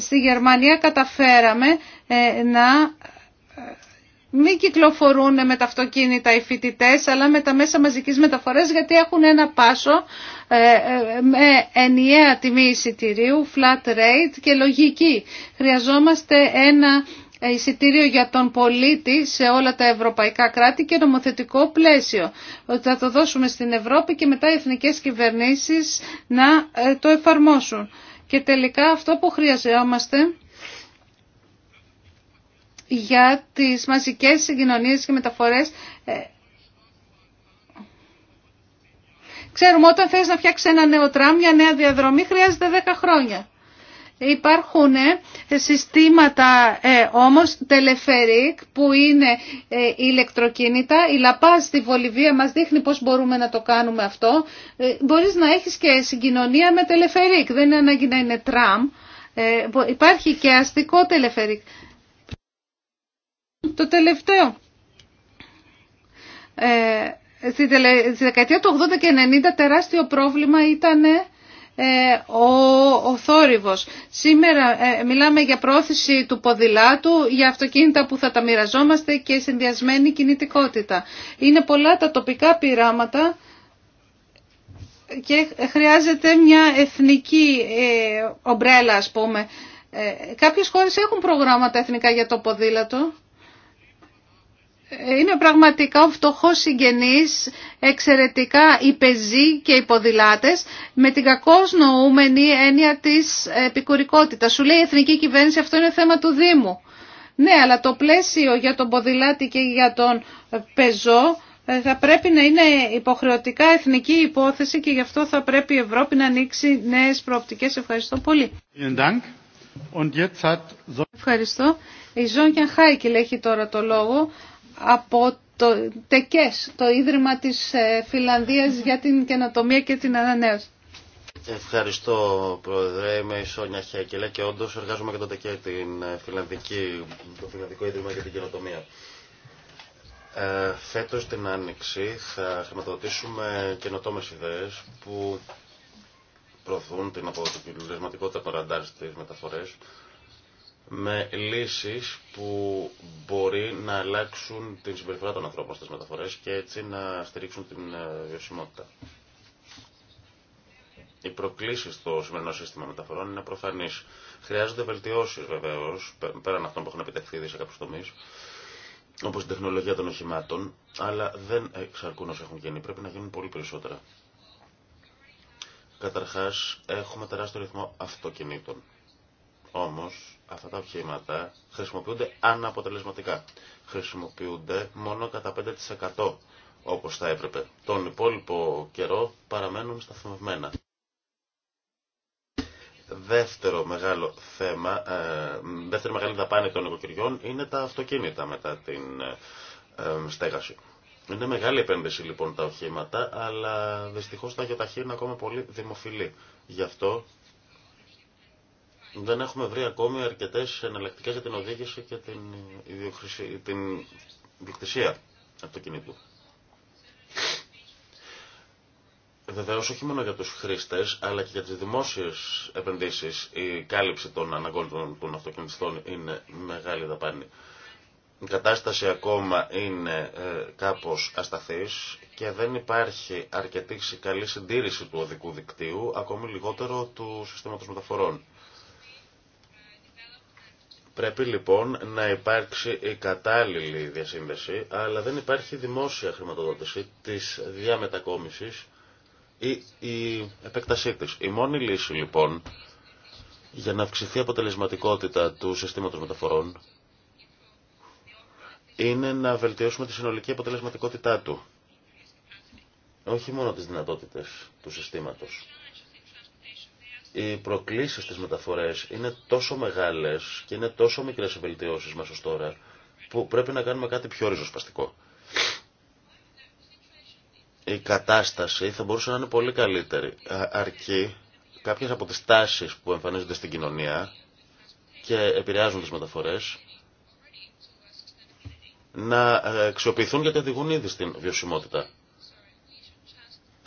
στη Γερμανία καταφέραμε να μην κυκλοφορούν με τα αυτοκίνητα οι φοιτητέ, αλλά με τα μέσα μαζικής μεταφορές γιατί έχουν ένα πάσο ε, ε, με ενιαία τιμή εισιτηρίου, flat rate και λογική. Χρειαζόμαστε ένα εισιτήριο για τον πολίτη σε όλα τα ευρωπαϊκά κράτη και νομοθετικό πλαίσιο. Θα το δώσουμε στην Ευρώπη και μετά οι εθνικές κυβερνήσεις να ε, το εφαρμόσουν. Και τελικά αυτό που χρειαζόμαστε για τις μαζικές συγκοινωνίες και μεταφορές. Ε, ξέρουμε όταν θες να φτιάξει ένα νέο τραμ, μια νέα διαδρομή χρειάζεται 10 χρόνια. Υπάρχουν ε, συστήματα ε, όμως τελεφερικ που είναι ε, ηλεκτροκίνητα. Η Λαπά στη Βολιβία μας δείχνει πώς μπορούμε να το κάνουμε αυτό. Ε, μπορείς να έχεις και συγκοινωνία με τελεφερικ. Δεν είναι ανάγκη να είναι τραμ. Ε, υπάρχει και αστικό τελεφερικ το τελευταίο. Ε, στη δεκαετία του 80 και 90 τεράστιο πρόβλημα ήταν ε, ο, ο θόρυβος. Σήμερα ε, μιλάμε για πρόθεση του ποδηλάτου, για αυτοκίνητα που θα τα μοιραζόμαστε και συνδυασμένη κινητικότητα. Είναι πολλά τα τοπικά πειράματα και χρειάζεται μια εθνική ε, ομπρέλα ας πούμε. κάποιες χώρες έχουν προγράμματα εθνικά για το ποδήλατο είναι πραγματικά ο φτωχό συγγενή, εξαιρετικά οι πεζοί και οι με την κακώ νοούμενη έννοια τη επικουρικότητα. Σου λέει η εθνική κυβέρνηση αυτό είναι θέμα του Δήμου. Ναι, αλλά το πλαίσιο για τον ποδηλάτη και για τον πεζό ε, θα πρέπει να είναι υποχρεωτικά εθνική υπόθεση και γι' αυτό θα πρέπει η Ευρώπη να ανοίξει νέες προοπτικές. Ευχαριστώ πολύ. Ευχαριστώ. Η Ζόνκια Χάικελ έχει τώρα το λόγο από το ΤΕΚΕΣ, το Ίδρυμα της ε, Φιλανδίας για την Καινοτομία και την Ανανέωση. Ευχαριστώ Πρόεδρε, είμαι η Σόνια Χέκελε και όντω εργάζομαι και το ΤΕΚΕ, την ε, Φιλανδική, το Φιλανδικό Ίδρυμα για την Καινοτομία. Ε, φέτος την Άνοιξη θα χρηματοδοτήσουμε καινοτόμες ιδέες που προωθούν την αποτελεσματικότητα ραντάρ στις μεταφορές με λύσεις που μπορεί να αλλάξουν την συμπεριφορά των ανθρώπων στις μεταφορές και έτσι να στηρίξουν την ε, βιωσιμότητα. Οι προκλήσεις στο σημερινό σύστημα μεταφορών είναι προφανείς. Χρειάζονται βελτιώσεις βεβαίως, πέραν αυτών που έχουν επιτευχθεί ήδη σε κάποιους τομείς, όπως η τεχνολογία των οχημάτων, αλλά δεν εξαρκούν όσο έχουν γίνει. Πρέπει να γίνουν πολύ περισσότερα. Καταρχάς, έχουμε τεράστιο ρυθμό αυτοκινήτων. Όμω αυτά τα οχήματα χρησιμοποιούνται αναποτελεσματικά. Χρησιμοποιούνται μόνο κατά 5% όπως θα έπρεπε. Τον υπόλοιπο καιρό παραμένουν σταθμευμένα. Δεύτερο μεγάλο θέμα, ε, δεύτερη μεγάλη δαπάνη των οικοκυριών είναι τα αυτοκίνητα μετά την ε, στέγαση. Είναι μεγάλη επένδυση λοιπόν τα οχήματα, αλλά δυστυχώς τα γιοταχή είναι ακόμα πολύ δημοφιλή. Γι' αυτό δεν έχουμε βρει ακόμη αρκετές εναλλακτικέ για την οδήγηση και την, την αυτοκινήτου. Βεβαίω όχι μόνο για τους χρήστες, αλλά και για τι δημόσιες επενδύσεις η κάλυψη των αναγκών των, των είναι μεγάλη δαπάνη. Η κατάσταση ακόμα είναι ε, κάπως ασταθής και δεν υπάρχει αρκετή καλή συντήρηση του οδικού δικτύου, ακόμη λιγότερο του συστήματος μεταφορών. Πρέπει λοιπόν να υπάρξει η κατάλληλη διασύνδεση, αλλά δεν υπάρχει δημόσια χρηματοδότηση της διαμετακόμισης ή η επέκτασή της. Η μόνη λύση λοιπόν για να αυξηθεί η αποτελεσματικότητα του συστήματος μεταφορών είναι να βελτιώσουμε τη συνολική αποτελεσματικότητά του. Όχι μόνο τις δυνατότητες του συστήματος οι προκλήσεις στις μεταφορές είναι τόσο μεγάλες και είναι τόσο μικρές οι βελτιώσεις μας ως τώρα που πρέπει να κάνουμε κάτι πιο ριζοσπαστικό. Η κατάσταση θα μπορούσε να είναι πολύ καλύτερη αρκεί κάποιες από τις τάσεις που εμφανίζονται στην κοινωνία και επηρεάζουν τις μεταφορές να ε, αξιοποιηθούν γιατί οδηγούν ήδη στην βιωσιμότητα.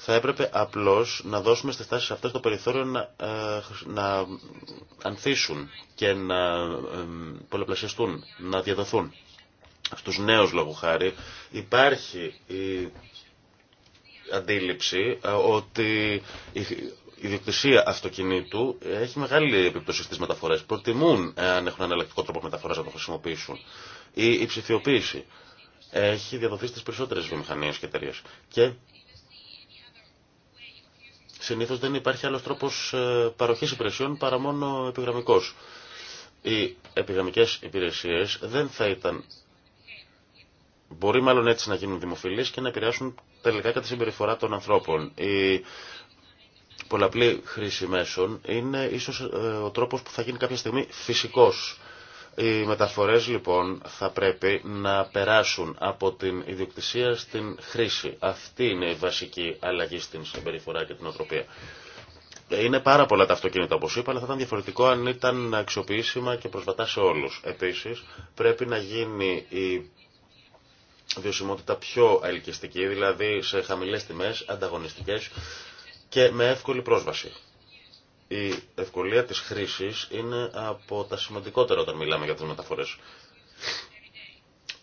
Θα έπρεπε απλώς να δώσουμε στις τάσεις αυτές το περιθώριο να, ε, να ανθίσουν και να ε, πολλαπλασιαστούν, να διαδοθούν. Στους νέους λόγου χάρη υπάρχει η αντίληψη ε, ότι η διοκτησία αυτοκινήτου έχει μεγάλη επίπτωση στις μεταφορές. Προτιμούν αν έχουν εναλλακτικό τρόπο μεταφοράς να το χρησιμοποιήσουν. Η, ψηφιοποίηση έχει διαδοθεί στις περισσότερες βιομηχανίες και εταιρείε. Και συνήθως δεν υπάρχει άλλος τρόπος ε, παροχής υπηρεσιών παρά μόνο επιγραμμικός. Οι επιγραμμικές υπηρεσίες δεν θα ήταν... Μπορεί μάλλον έτσι να γίνουν δημοφιλείς και να επηρεάσουν τελικά κατά τη συμπεριφορά των ανθρώπων. Η πολλαπλή χρήση μέσων είναι ίσως ε, ο τρόπος που θα γίνει κάποια στιγμή φυσικός οι μεταφορές λοιπόν θα πρέπει να περάσουν από την ιδιοκτησία στην χρήση. Αυτή είναι η βασική αλλαγή στην συμπεριφορά και την οτροπία. Είναι πάρα πολλά τα αυτοκίνητα όπως είπα, αλλά θα ήταν διαφορετικό αν ήταν αξιοποιήσιμα και προσβατά σε όλους. Επίσης πρέπει να γίνει η βιωσιμότητα πιο ελκυστική, δηλαδή σε χαμηλές τιμές, ανταγωνιστικές και με εύκολη πρόσβαση η ευκολία της χρήσης είναι από τα σημαντικότερα όταν μιλάμε για τις μεταφορές.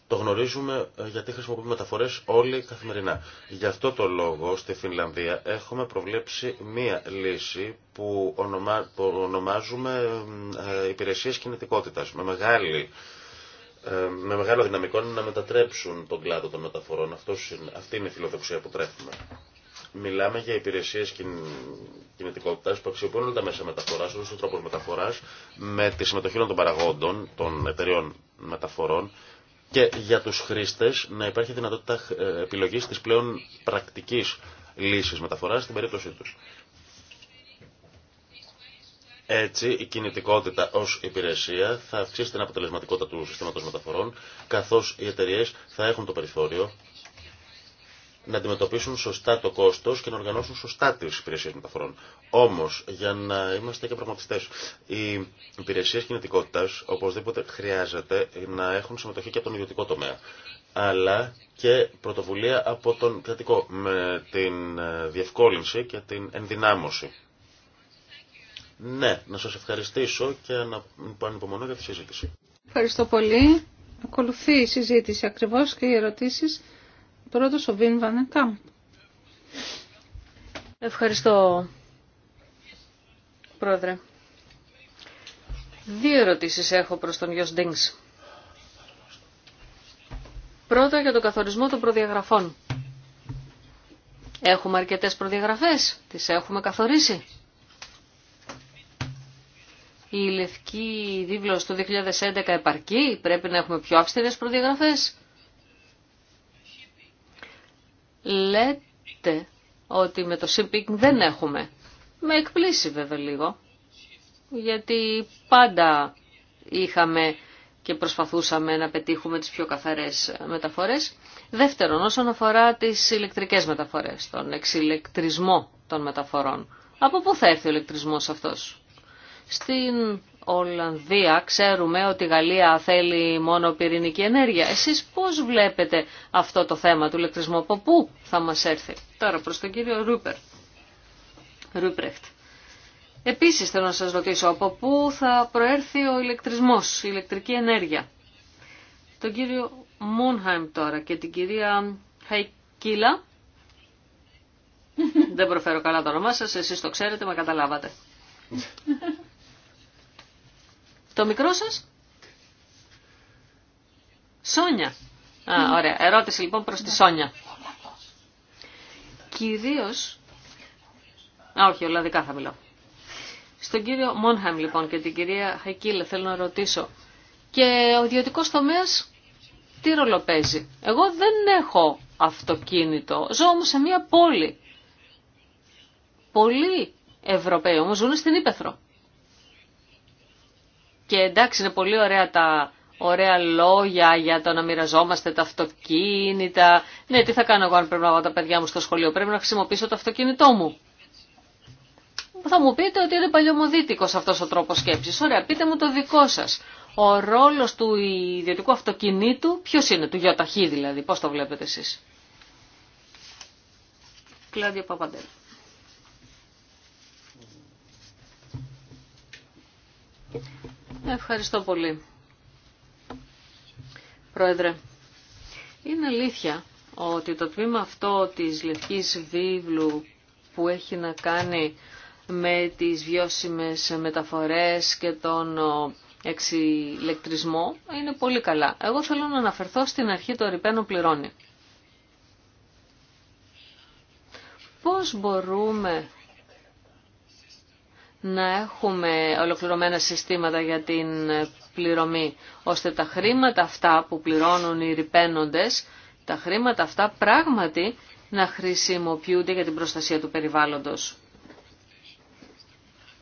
Το γνωρίζουμε ε, γιατί χρησιμοποιούμε μεταφορές όλοι καθημερινά. Γι' αυτό το λόγο στη Φινλανδία έχουμε προβλέψει μία λύση που, ονομάζουμε ε, ε, υπηρεσίες κινητικότητας με μεγάλη με μεγάλο δυναμικό να μετατρέψουν τον κλάδο των μεταφορών. Αυτός αυτή είναι η φιλοδοξία που τρέφουμε. Μιλάμε για υπηρεσίε κινητικότητα που αξιοποιούν όλα τα μέσα μεταφορά, όλου του τρόπου μεταφορά, με τη συμμετοχή των παραγόντων, των εταιριών μεταφορών και για του χρήστε να υπάρχει δυνατότητα ε, επιλογή τη πλέον πρακτική λύση μεταφορά στην περίπτωσή του. Έτσι, η κινητικότητα ω υπηρεσία θα αυξήσει την αποτελεσματικότητα του συστήματο μεταφορών, καθώ οι εταιρείε θα έχουν το περιθώριο να αντιμετωπίσουν σωστά το κόστος και να οργανώσουν σωστά τις υπηρεσίες μεταφορών. Όμως, για να είμαστε και πραγματιστές, οι υπηρεσίες κινητικότητας οπωσδήποτε χρειάζεται να έχουν συμμετοχή και από τον ιδιωτικό τομέα αλλά και πρωτοβουλία από τον κρατικό με την ε, διευκόλυνση και την ενδυνάμωση. Ναι, να σας ευχαριστήσω και να ανυπομονώ για τη συζήτηση. Ευχαριστώ πολύ. Ακολουθεί η συζήτηση ακριβώς και οι ερωτήσει. Πρώτος ο Βιν Βανεκάμπ. Ευχαριστώ, Πρόεδρε. Δύο ερωτήσεις έχω προς τον Γιος Ντίνγκς. Πρώτα για τον καθορισμό των προδιαγραφών. Έχουμε αρκετές προδιαγραφές, τις έχουμε καθορίσει. Η λευκή δίβλος του 2011 επαρκεί, πρέπει να έχουμε πιο αυστηρές προδιαγραφές. Λέτε ότι με το ΣΥΠΙΚ δεν έχουμε. Με εκπλήσει βέβαια λίγο, γιατί πάντα είχαμε και προσπαθούσαμε να πετύχουμε τις πιο καθαρές μεταφορές. Δεύτερον, όσον αφορά τις ηλεκτρικές μεταφορές, τον εξηλεκτρισμό των μεταφορών. Από πού θα έρθει ο ηλεκτρισμός αυτός. Στην Ολλανδία ξέρουμε ότι η Γαλλία θέλει μόνο πυρηνική ενέργεια. Εσείς πώς βλέπετε αυτό το θέμα του ηλεκτρισμού, από πού θα μας έρθει. Τώρα προς τον κύριο Ρούπερ. Ρούπρεχτ. Επίσης θέλω να σας ρωτήσω από πού θα προέρθει ο ηλεκτρισμός, η ηλεκτρική ενέργεια. Τον κύριο Μούνχαιμ τώρα και την κυρία Χαϊκίλα. [laughs] Δεν προφέρω καλά το όνομά σας, εσείς το ξέρετε, με καταλάβατε. [laughs] Το μικρό σας. Σόνια. Α, ωραία. Ερώτηση λοιπόν προς τη ναι. Σόνια. Κυρίως... Α, όχι, ολλανδικά θα μιλάω. Στον κύριο Μόνχαμ λοιπόν και την κυρία Χακίλε θέλω να ρωτήσω. Και ο ιδιωτικό τομέα τι ρόλο Εγώ δεν έχω αυτοκίνητο. Ζω όμως σε μια πόλη. Πολλοί Ευρωπαίοι όμως ζουν στην Ήπεθρο. Και εντάξει, είναι πολύ ωραία τα ωραία λόγια για το να μοιραζόμαστε τα αυτοκίνητα. Ναι, τι θα κάνω εγώ αν πρέπει να βάλω τα παιδιά μου στο σχολείο. Πρέπει να χρησιμοποιήσω το αυτοκίνητό μου. Θα μου πείτε ότι είναι παλιωμοδίτικος αυτός ο τρόπος σκέψης. Ωραία, πείτε μου το δικό σας. Ο ρόλος του ιδιωτικού αυτοκινήτου, ποιος είναι, του γιοταχή δηλαδή, πώς το βλέπετε εσείς. Κλάδια Παπαντέλ. Ευχαριστώ πολύ. Πρόεδρε, είναι αλήθεια ότι το τμήμα αυτό της Λευκής Βίβλου που έχει να κάνει με τις βιώσιμες μεταφορές και τον ε, εξηλεκτρισμό είναι πολύ καλά. Εγώ θέλω να αναφερθώ στην αρχή το ρηπαίνο πληρώνει. Πώς μπορούμε να έχουμε ολοκληρωμένα συστήματα για την πληρωμή, ώστε τα χρήματα αυτά που πληρώνουν οι ρηπαίνοντες, τα χρήματα αυτά πράγματι να χρησιμοποιούνται για την προστασία του περιβάλλοντος.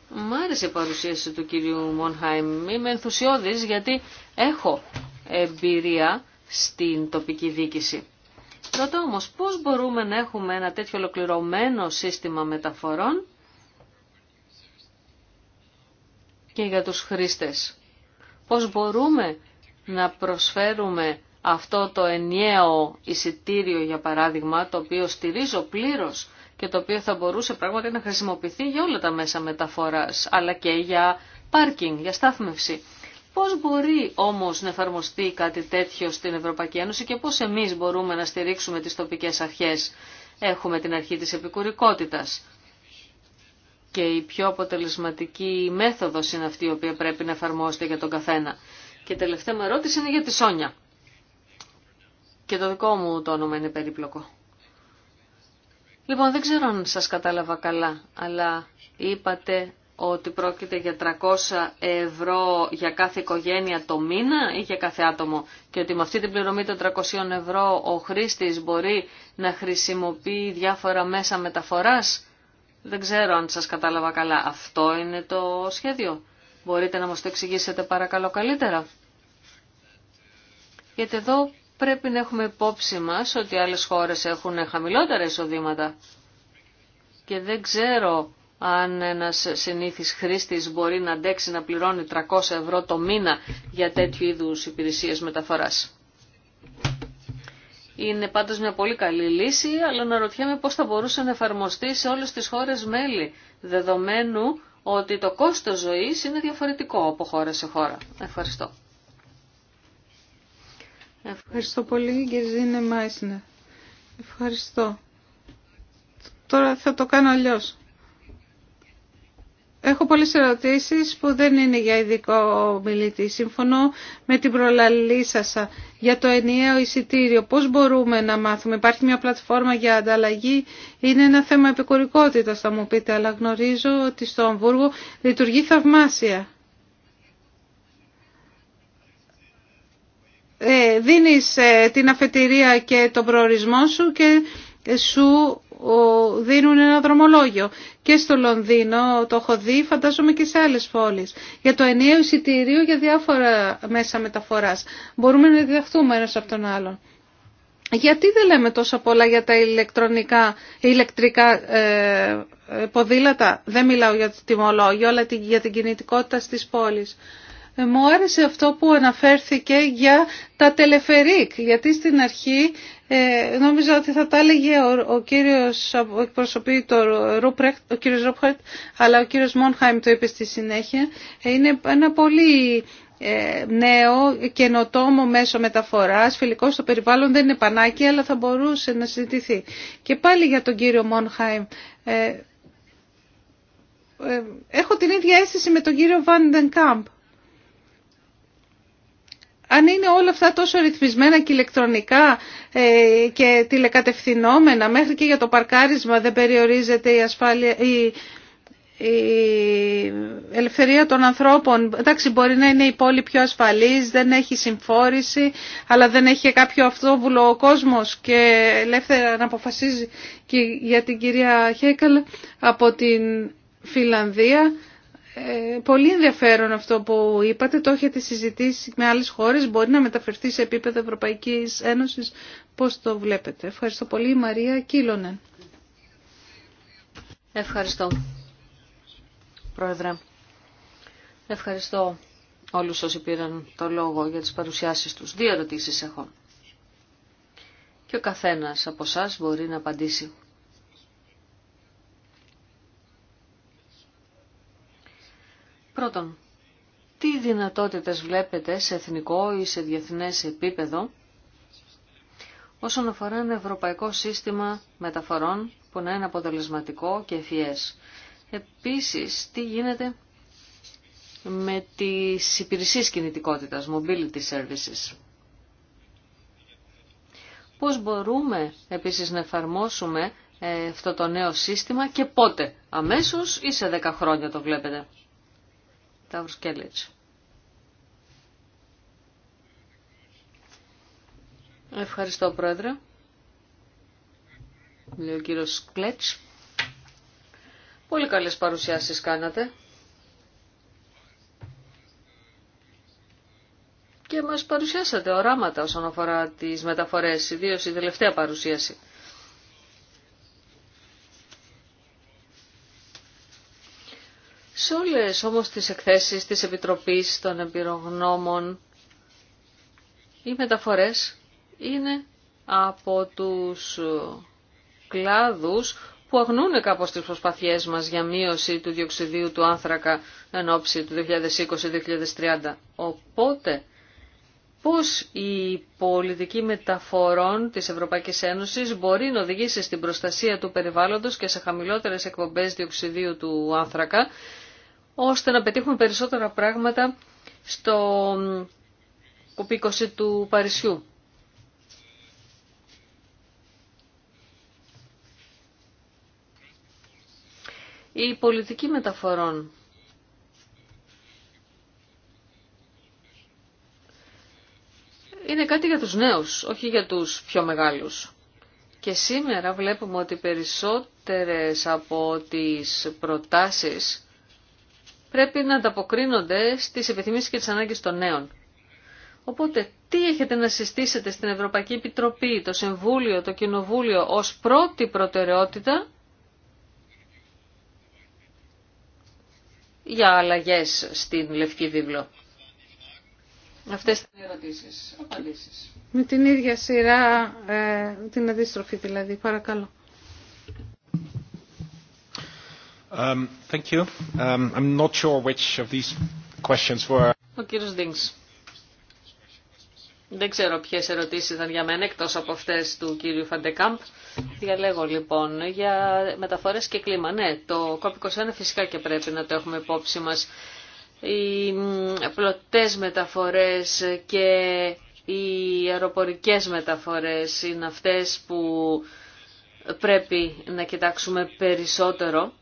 Μ' άρεσε η παρουσίαση του κυρίου Μονχάιμ. Είμαι ενθουσιώδης γιατί έχω εμπειρία στην τοπική δίκηση. Ρωτώ όμως πώς μπορούμε να έχουμε ένα τέτοιο ολοκληρωμένο σύστημα μεταφορών και για τους χρήστες. Πώς μπορούμε να προσφέρουμε αυτό το ενιαίο εισιτήριο, για παράδειγμα, το οποίο στηρίζω πλήρως και το οποίο θα μπορούσε πράγματι να χρησιμοποιηθεί για όλα τα μέσα μεταφοράς, αλλά και για πάρκινγκ, για στάθμευση. Πώς μπορεί όμως να εφαρμοστεί κάτι τέτοιο στην Ευρωπαϊκή Ένωση και πώς εμείς μπορούμε να στηρίξουμε τις τοπικές αρχές. Έχουμε την αρχή της επικουρικότητας και η πιο αποτελεσματική μέθοδος είναι αυτή η οποία πρέπει να εφαρμόσετε για τον καθένα. Και τελευταία μου ερώτηση είναι για τη Σόνια. Και το δικό μου το όνομα είναι περίπλοκο. Λοιπόν, δεν ξέρω αν σας κατάλαβα καλά, αλλά είπατε ότι πρόκειται για 300 ευρώ για κάθε οικογένεια το μήνα ή για κάθε άτομο και ότι με αυτή την πληρωμή των 300 ευρώ ο χρήστης μπορεί να χρησιμοποιεί διάφορα μέσα μεταφοράς δεν ξέρω αν σας κατάλαβα καλά. Αυτό είναι το σχέδιο. Μπορείτε να μας το εξηγήσετε παρακαλώ καλύτερα. Γιατί εδώ πρέπει να έχουμε υπόψη μας ότι άλλες χώρες έχουν χαμηλότερα εισοδήματα. Και δεν ξέρω αν ένας συνήθις χρήστης μπορεί να αντέξει να πληρώνει 300 ευρώ το μήνα για τέτοιου είδους υπηρεσίες μεταφοράς. Είναι πάντως μια πολύ καλή λύση, αλλά να ρωτιέμαι πώς θα μπορούσε να εφαρμοστεί σε όλες τις χώρες μέλη, δεδομένου ότι το κόστος ζωής είναι διαφορετικό από χώρα σε χώρα. Ευχαριστώ. Ευχαριστώ πολύ, Ζήνε Μάισνερ. Ευχαριστώ. Τώρα θα το κάνω αλλιώς. Έχω πολλές ερωτήσεις που δεν είναι για ειδικό μιλήτη. Σύμφωνο με την προλαλή σας για το ενιαίο εισιτήριο. Πώς μπορούμε να μάθουμε. Υπάρχει μια πλατφόρμα για ανταλλαγή. Είναι ένα θέμα επικουρικότητας θα μου πείτε, αλλά γνωρίζω ότι στο Αμβούργο λειτουργεί θαυμάσια. Ε, δίνεις ε, την αφετηρία και τον προορισμό σου και σου δίνουν ένα δρομολόγιο. Και στο Λονδίνο το έχω δει, φαντάζομαι και σε άλλες πόλεις. Για το ενιαίο εισιτήριο για διάφορα μέσα μεταφοράς. Μπορούμε να διδαχθούμε ένας από τον άλλον. Γιατί δεν λέμε τόσα πολλά για τα ηλεκτρονικά, ηλεκτρικά ε, ποδήλατα. Δεν μιλάω για το τιμολόγιο, αλλά για την κινητικότητα στις πόλεις. Ε, μου άρεσε αυτό που αναφέρθηκε για τα τελεφερίκ, γιατί στην αρχή ε, νόμιζα ότι θα τα έλεγε ο, ο κύριος εκπροσωπεί το Ρούπρεχτ, ο κύριος Ρούπρεχτ, αλλά ο κύριος Μόνχαιμ το είπε στη συνέχεια. Ε, είναι ένα πολύ ε, νέο καινοτόμο μέσο μεταφοράς, φιλικό στο περιβάλλον, δεν είναι πανάκι, αλλά θα μπορούσε να συζητηθεί. Και πάλι για τον κύριο Μόνχαιμ, ε, έχω την ίδια αίσθηση με τον κύριο Βάντεν Κάμπ. Αν είναι όλα αυτά τόσο ρυθμισμένα και ηλεκτρονικά ε, και τηλεκατευθυνόμενα, μέχρι και για το παρκάρισμα δεν περιορίζεται η ασφάλεια, η, ελευθερία των ανθρώπων. Εντάξει, μπορεί να είναι η πόλη πιο ασφαλής, δεν έχει συμφόρηση, αλλά δεν έχει κάποιο αυτόβουλο ο κόσμος και ελεύθερα να αποφασίζει και για την κυρία Χέκαλ από την Φιλανδία. Ε, πολύ ενδιαφέρον αυτό που είπατε, το έχετε συζητήσει με άλλες χώρες, μπορεί να μεταφερθεί σε επίπεδο Ευρωπαϊκής Ένωσης. Πώς το βλέπετε. Ευχαριστώ πολύ. Μαρία Κίλωνεν. Ευχαριστώ. Πρόεδρε, ευχαριστώ όλους όσοι πήραν το λόγο για τις παρουσιάσεις τους. Δύο ερωτήσεις έχω. Και ο καθένας από εσά μπορεί να απαντήσει. Πρώτον, τι δυνατότητες βλέπετε σε εθνικό ή σε διεθνές επίπεδο όσον αφορά ένα ευρωπαϊκό σύστημα μεταφορών που να είναι αποτελεσματικό και ευφυές. Επίσης, τι γίνεται με τις υπηρεσίες κινητικότητας, mobility services. Πώς μπορούμε επίσης να εφαρμόσουμε ε, αυτό το νέο σύστημα και πότε, αμέσως ή σε 10 χρόνια το βλέπετε. Ευχαριστώ, Πρόεδρε. Λέει ο κύριος Κλέτς. Πολύ καλές παρουσιάσεις κάνατε. Και μας παρουσιάσατε οράματα όσον αφορά τις μεταφορές, ιδίως η τελευταία παρουσίαση. σε όλες όμως τις εκθέσεις της Επιτροπής των Εμπειρογνώμων οι μεταφορές είναι από τους κλάδους που αγνούν κάπως τις προσπαθειές μας για μείωση του διοξιδίου του άνθρακα εν ώψη του 2020-2030. Οπότε, πώς η πολιτική μεταφορών της Ευρωπαϊκής Ένωσης μπορεί να οδηγήσει στην προστασία του περιβάλλοντος και σε χαμηλότερες εκπομπές διοξιδίου του άνθρακα ώστε να πετύχουμε περισσότερα πράγματα στο κοπήκωση του Παρισιού. Η πολιτική μεταφορών είναι κάτι για τους νέους, όχι για τους πιο μεγάλους. Και σήμερα βλέπουμε ότι περισσότερες από τις προτάσεις πρέπει να ανταποκρίνονται στις επιθυμίες και τις ανάγκες των νέων. Οπότε, τι έχετε να συστήσετε στην Ευρωπαϊκή Επιτροπή, το Συμβούλιο, το Κοινοβούλιο ως πρώτη προτεραιότητα για αλλαγές στην Λευκή Βίβλο. Αυτές ήταν οι ερωτήσεις, απαντήσεις. Με την ίδια σειρά, ε, την αντίστροφη δηλαδή, παρακαλώ. Ο κύριος Δίνξ. Δεν ξέρω ποιες ερωτήσεις ήταν για μένα εκτός από αυτές του κύριου Φαντεκάμπ. Διαλέγω λοιπόν για μεταφορές και κλίμα. Ναι, το COP21 φυσικά και πρέπει να το έχουμε υπόψη μας. Οι πλωτέ μεταφορές και οι αεροπορικές μεταφορές είναι αυτές που πρέπει να κοιτάξουμε περισσότερο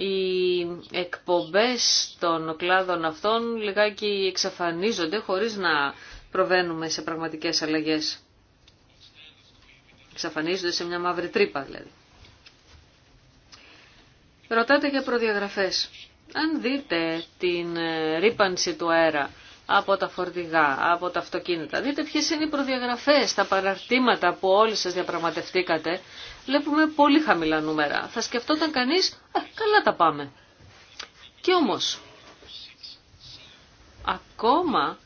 οι εκπομπές των κλάδων αυτών λιγάκι εξαφανίζονται χωρίς να προβαίνουμε σε πραγματικές αλλαγές. Εξαφανίζονται σε μια μαύρη τρύπα δηλαδή. Ρωτάτε για προδιαγραφές. Αν δείτε την ρήπανση του αέρα από τα φορτηγά, από τα αυτοκίνητα. Δείτε ποιες είναι οι προδιαγραφές, τα παραρτήματα που όλοι σας διαπραγματευτήκατε. Βλέπουμε πολύ χαμηλά νούμερα. Θα σκεφτόταν κανείς, καλά τα πάμε. Και όμως, ακόμα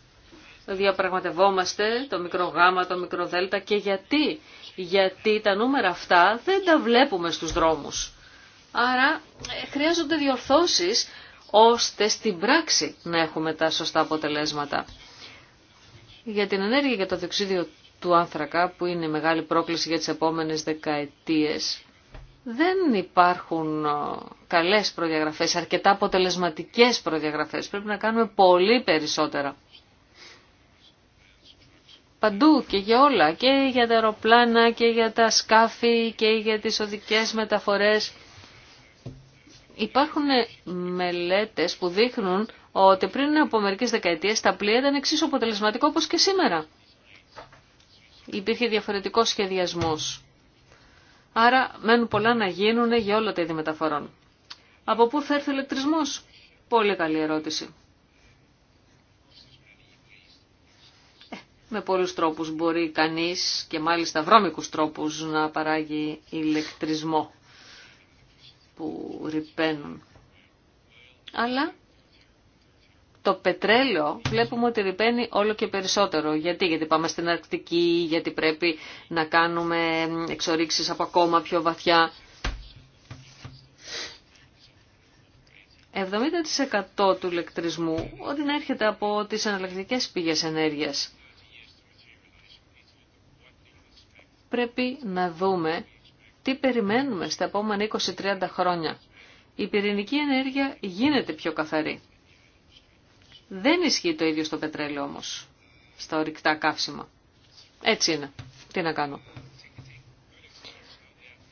διαπραγματευόμαστε το μικρό γάμα, το μικρό δέλτα και γιατί. Γιατί τα νούμερα αυτά δεν τα βλέπουμε στους δρόμους. Άρα ε, χρειάζονται διορθώσεις ώστε στην πράξη να έχουμε τα σωστά αποτελέσματα. Για την ενέργεια και το διοξίδιο του άνθρακα, που είναι μεγάλη πρόκληση για τις επόμενες δεκαετίες, δεν υπάρχουν ε, καλές προδιαγραφές, αρκετά αποτελεσματικές προδιαγραφές. Πρέπει να κάνουμε πολύ περισσότερα. Παντού και για όλα, και για τα αεροπλάνα, και για τα σκάφη, και για τις οδικές μεταφορές. Υπάρχουν μελέτες που δείχνουν ότι πριν από μερικές δεκαετίες τα πλοία ήταν εξίσου αποτελεσματικό όπως και σήμερα. Υπήρχε διαφορετικός σχεδιασμός. Άρα μένουν πολλά να γίνουν για όλα τα είδη μεταφορών. Από πού θα έρθει ο ηλεκτρισμός? Πολύ καλή ερώτηση. Ε, με πολλούς τρόπους μπορεί κανείς και μάλιστα βρώμικους τρόπους να παράγει ηλεκτρισμό που ρηπαίνουν. Αλλά το πετρέλαιο βλέπουμε ότι ρηπαίνει όλο και περισσότερο. Γιατί, γιατί πάμε στην Αρκτική, γιατί πρέπει να κάνουμε εξορίξεις από ακόμα πιο βαθιά. 70% του ηλεκτρισμού ότι να έρχεται από τις αναλλακτικές πηγές ενέργειας. Πρέπει να δούμε τι περιμένουμε στα επόμενα 20-30 χρόνια. Η πυρηνική ενέργεια γίνεται πιο καθαρή. Δεν ισχύει το ίδιο στο πετρέλαιο όμως, στα ορυκτά καύσιμα. Έτσι είναι. Τι να κάνω.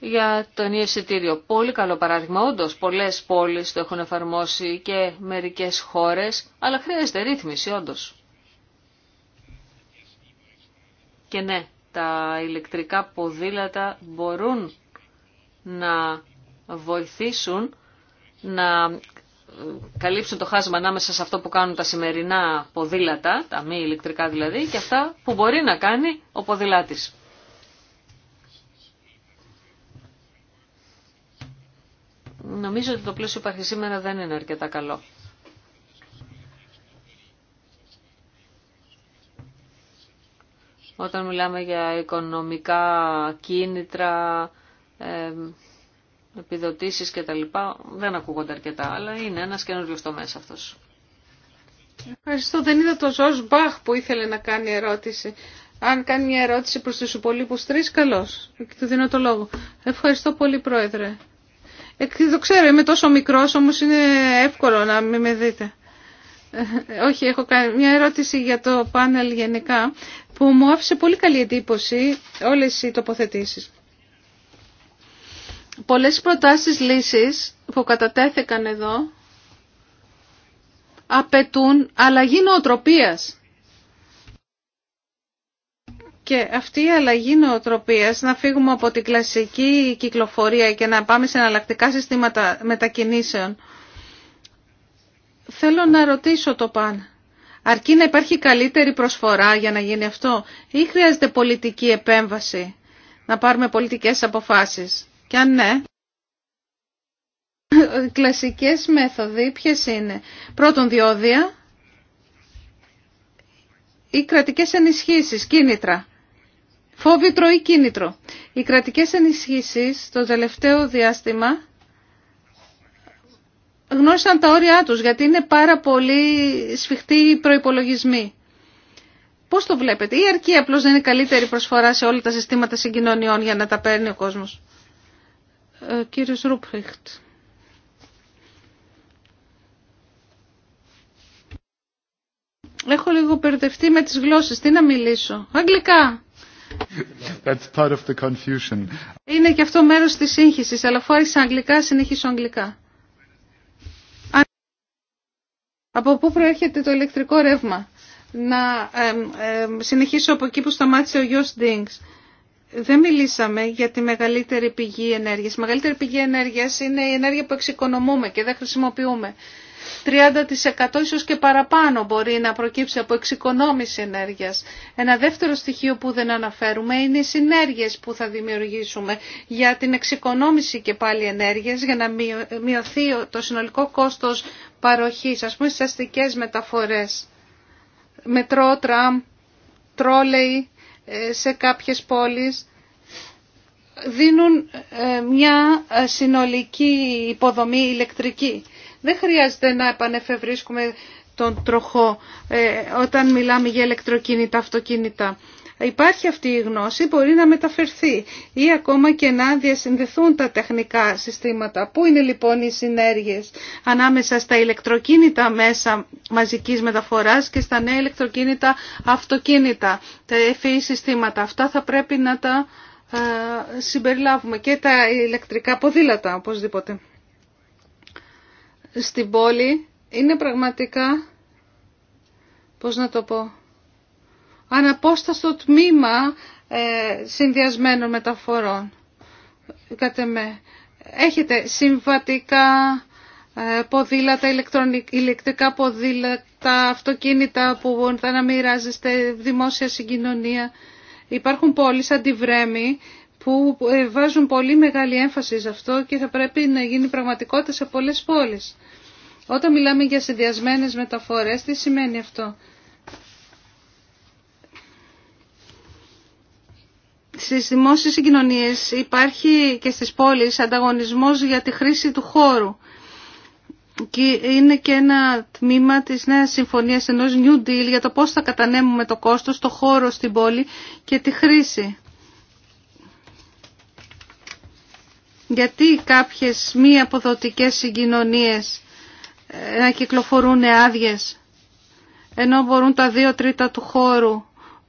Για το νέο Πολύ καλό παράδειγμα. Όντω, πολλέ πόλει το έχουν εφαρμόσει και μερικέ χώρε, αλλά χρειάζεται ρύθμιση, όντω. Και ναι, τα ηλεκτρικά ποδήλατα μπορούν να βοηθήσουν να καλύψουν το χάσμα ανάμεσα σε αυτό που κάνουν τα σημερινά ποδήλατα, τα μη ηλεκτρικά δηλαδή, και αυτά που μπορεί να κάνει ο ποδηλάτης. Νομίζω ότι το πλαίσιο υπάρχει σήμερα δεν είναι αρκετά καλό. Όταν μιλάμε για οικονομικά κίνητρα, επιδοτήσεις και τα λοιπά δεν ακούγονται αρκετά, αλλά είναι ένας στο μέσα αυτός. Ευχαριστώ. Δεν είδα το Ζος Μπαχ που ήθελε να κάνει ερώτηση. Αν κάνει μια ερώτηση προς τους υπολείπους τρεις, καλώς. Και του δίνω το λόγο. Ευχαριστώ πολύ, Πρόεδρε. Ε, το ξέρω, είμαι τόσο μικρός, όμως είναι εύκολο να μην με δείτε. Ε, όχι, έχω κάνει μια ερώτηση για το πάνελ γενικά, που μου άφησε πολύ καλή εντύπωση όλες οι τοποθετήσεις πολλές προτάσεις λύσεις που κατατέθηκαν εδώ απαιτούν αλλαγή νοοτροπίας. Και αυτή η αλλαγή νοοτροπίας, να φύγουμε από την κλασική κυκλοφορία και να πάμε σε εναλλακτικά συστήματα μετακινήσεων, θέλω να ρωτήσω το παν. Αρκεί να υπάρχει καλύτερη προσφορά για να γίνει αυτό ή χρειάζεται πολιτική επέμβαση, να πάρουμε πολιτικές αποφάσεις. Και αν ναι, [laughs] κλασικές μέθοδοι ποιες είναι. Πρώτον διόδια ή κρατικές ενισχύσεις, κίνητρα. Φόβητρο ή κίνητρο. Οι κρατικές ενισχύσεις το τελευταίο διάστημα γνώρισαν τα όρια τους γιατί είναι πάρα πολύ σφιχτοί οι προϋπολογισμοί. Πώς το βλέπετε, ή αρκεί απλώς να είναι καλύτερη προσφορά σε όλα τα συστήματα συγκοινωνιών για να τα παίρνει ο κόσμος. Ε, κύριος Ρούπριχτ. Έχω λίγο περδευτεί με τις γλώσσες. Τι να μιλήσω. Αγγλικά. That's part of the confusion. Είναι και αυτό μέρος της σύγχυσης, αλλά αφού άρχισα αγγλικά, συνεχίσω αγγλικά. Από πού προέρχεται το ηλεκτρικό ρεύμα. Να συνεχίσω από εκεί που σταμάτησε ο Γιος Ντίνγκς δεν μιλήσαμε για τη μεγαλύτερη πηγή ενέργειας. Η μεγαλύτερη πηγή ενέργειας είναι η ενέργεια που εξοικονομούμε και δεν χρησιμοποιούμε. 30% ίσως και παραπάνω μπορεί να προκύψει από εξοικονόμηση ενέργειας. Ένα δεύτερο στοιχείο που δεν αναφέρουμε είναι οι συνέργειες που θα δημιουργήσουμε για την εξοικονόμηση και πάλι ενέργειας για να μειωθεί το συνολικό κόστος παροχής, ας πούμε στις αστικές μεταφορές, μετρό, τραμ, τρόλεϊ, ε, σε κάποιες πόλεις δίνουν ε, μια ε, συνολική υποδομή ηλεκτρική. Δεν χρειάζεται να επανεφευρίσκουμε τον τροχό όταν μιλάμε για ηλεκτροκίνητα, αυτοκίνητα υπάρχει αυτή η γνώση, μπορεί να μεταφερθεί ή ακόμα και να διασυνδεθούν τα τεχνικά συστήματα. Πού είναι λοιπόν οι συνέργειες ανάμεσα στα ηλεκτροκίνητα μέσα μαζικής μεταφοράς και στα νέα ηλεκτροκίνητα αυτοκίνητα, τα FEE συστήματα. Αυτά θα πρέπει να τα ε, συμπεριλάβουμε και τα ηλεκτρικά ποδήλατα οπωσδήποτε. Στην πόλη είναι πραγματικά, πώς να το πω, αναπόσταστο τμήμα ε, συνδυασμένων μεταφορών. Έχετε συμβατικά ε, ποδήλατα, ηλεκτρικά ποδήλατα, αυτοκίνητα που μπορείτε να μοιράζεστε, δημόσια συγκοινωνία. Υπάρχουν πόλεις αντιβρέμοι που ε, βάζουν πολύ μεγάλη έμφαση σε αυτό και θα πρέπει να γίνει πραγματικότητα σε πολλές πόλεις. Όταν μιλάμε για συνδυασμένες μεταφορές, τι σημαίνει αυτό. στις δημόσιες συγκοινωνίες υπάρχει και στις πόλεις ανταγωνισμός για τη χρήση του χώρου. Και είναι και ένα τμήμα της νέας συμφωνίας ενός New Deal για το πώς θα κατανέμουμε το κόστος, το χώρο στην πόλη και τη χρήση. Γιατί κάποιες μη αποδοτικές συγκοινωνίες ε, να κυκλοφορούν άδειε, ενώ μπορούν τα δύο τρίτα του χώρου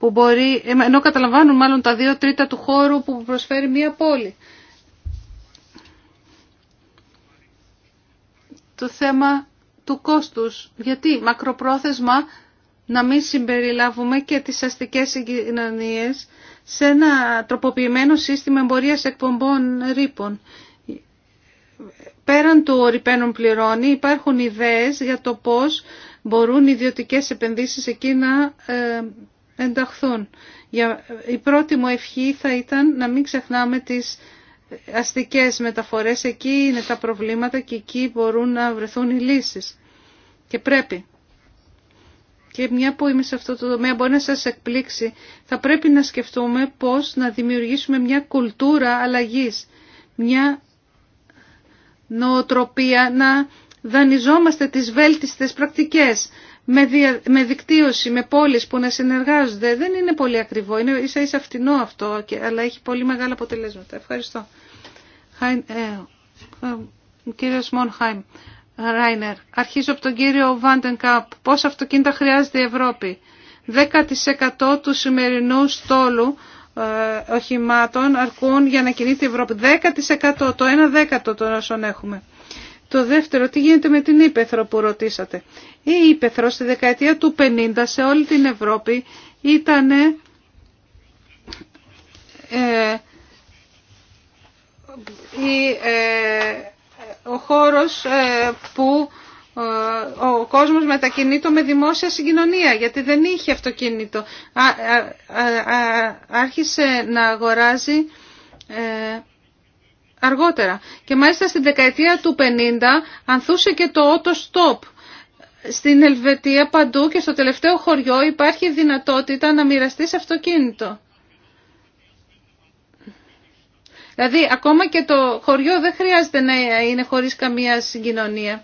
που μπορεί, ενώ καταλαμβάνουν μάλλον τα δύο τρίτα του χώρου που προσφέρει μία πόλη. Το θέμα του κόστους. Γιατί μακροπρόθεσμα να μην συμπεριλάβουμε και τις αστικές συγκοινωνίε σε ένα τροποποιημένο σύστημα εμπορίας εκπομπών ρήπων. Πέραν του ορυπαίνων πληρώνει υπάρχουν ιδέες για το πώς μπορούν οι ιδιωτικές επενδύσεις εκεί να ε, ενταχθούν. Για, η πρώτη μου ευχή θα ήταν να μην ξεχνάμε τις αστικές μεταφορές. Εκεί είναι τα προβλήματα και εκεί μπορούν να βρεθούν οι λύσεις. Και πρέπει. Και μια που είμαι σε αυτό το τομέα μπορεί να σας εκπλήξει. Θα πρέπει να σκεφτούμε πώς να δημιουργήσουμε μια κουλτούρα αλλαγής. Μια νοοτροπία να δανειζόμαστε τις βέλτιστες πρακτικές με, με δικτύωση, με πόλεις που να συνεργάζονται. Δεν είναι πολύ ακριβό, είναι ίσα ίσα φτηνό αυτό, και, αλλά έχει πολύ μεγάλα αποτελέσματα. Ευχαριστώ. Χάιν, ε, ε, κύριος Μονχάιμ, Ράινερ, αρχίζω από τον κύριο Βάντεν Κάπ. Πόσα αυτοκίνητα χρειάζεται η Ευρώπη. 10% του σημερινού στόλου ε, οχημάτων αρκούν για να κινείται η Ευρώπη. 10% το 1 δέκατο των όσων έχουμε. Το δεύτερο, τι γίνεται με την Ήπεθρο που ρωτήσατε. Η Ήπεθρο στη δεκαετία του 50 σε όλη την Ευρώπη ήταν ε, ε, ο χώρος ε, που ε, ο κόσμος μετακινείται με δημόσια συγκοινωνία γιατί δεν είχε αυτοκίνητο. Α, άρχισε να αγοράζει ε, αργότερα. Και μάλιστα στην δεκαετία του 50 ανθούσε και το auto stop. Στην Ελβετία παντού και στο τελευταίο χωριό υπάρχει δυνατότητα να μοιραστεί αυτοκίνητο. Δηλαδή ακόμα και το χωριό δεν χρειάζεται να είναι χωρίς καμία συγκοινωνία.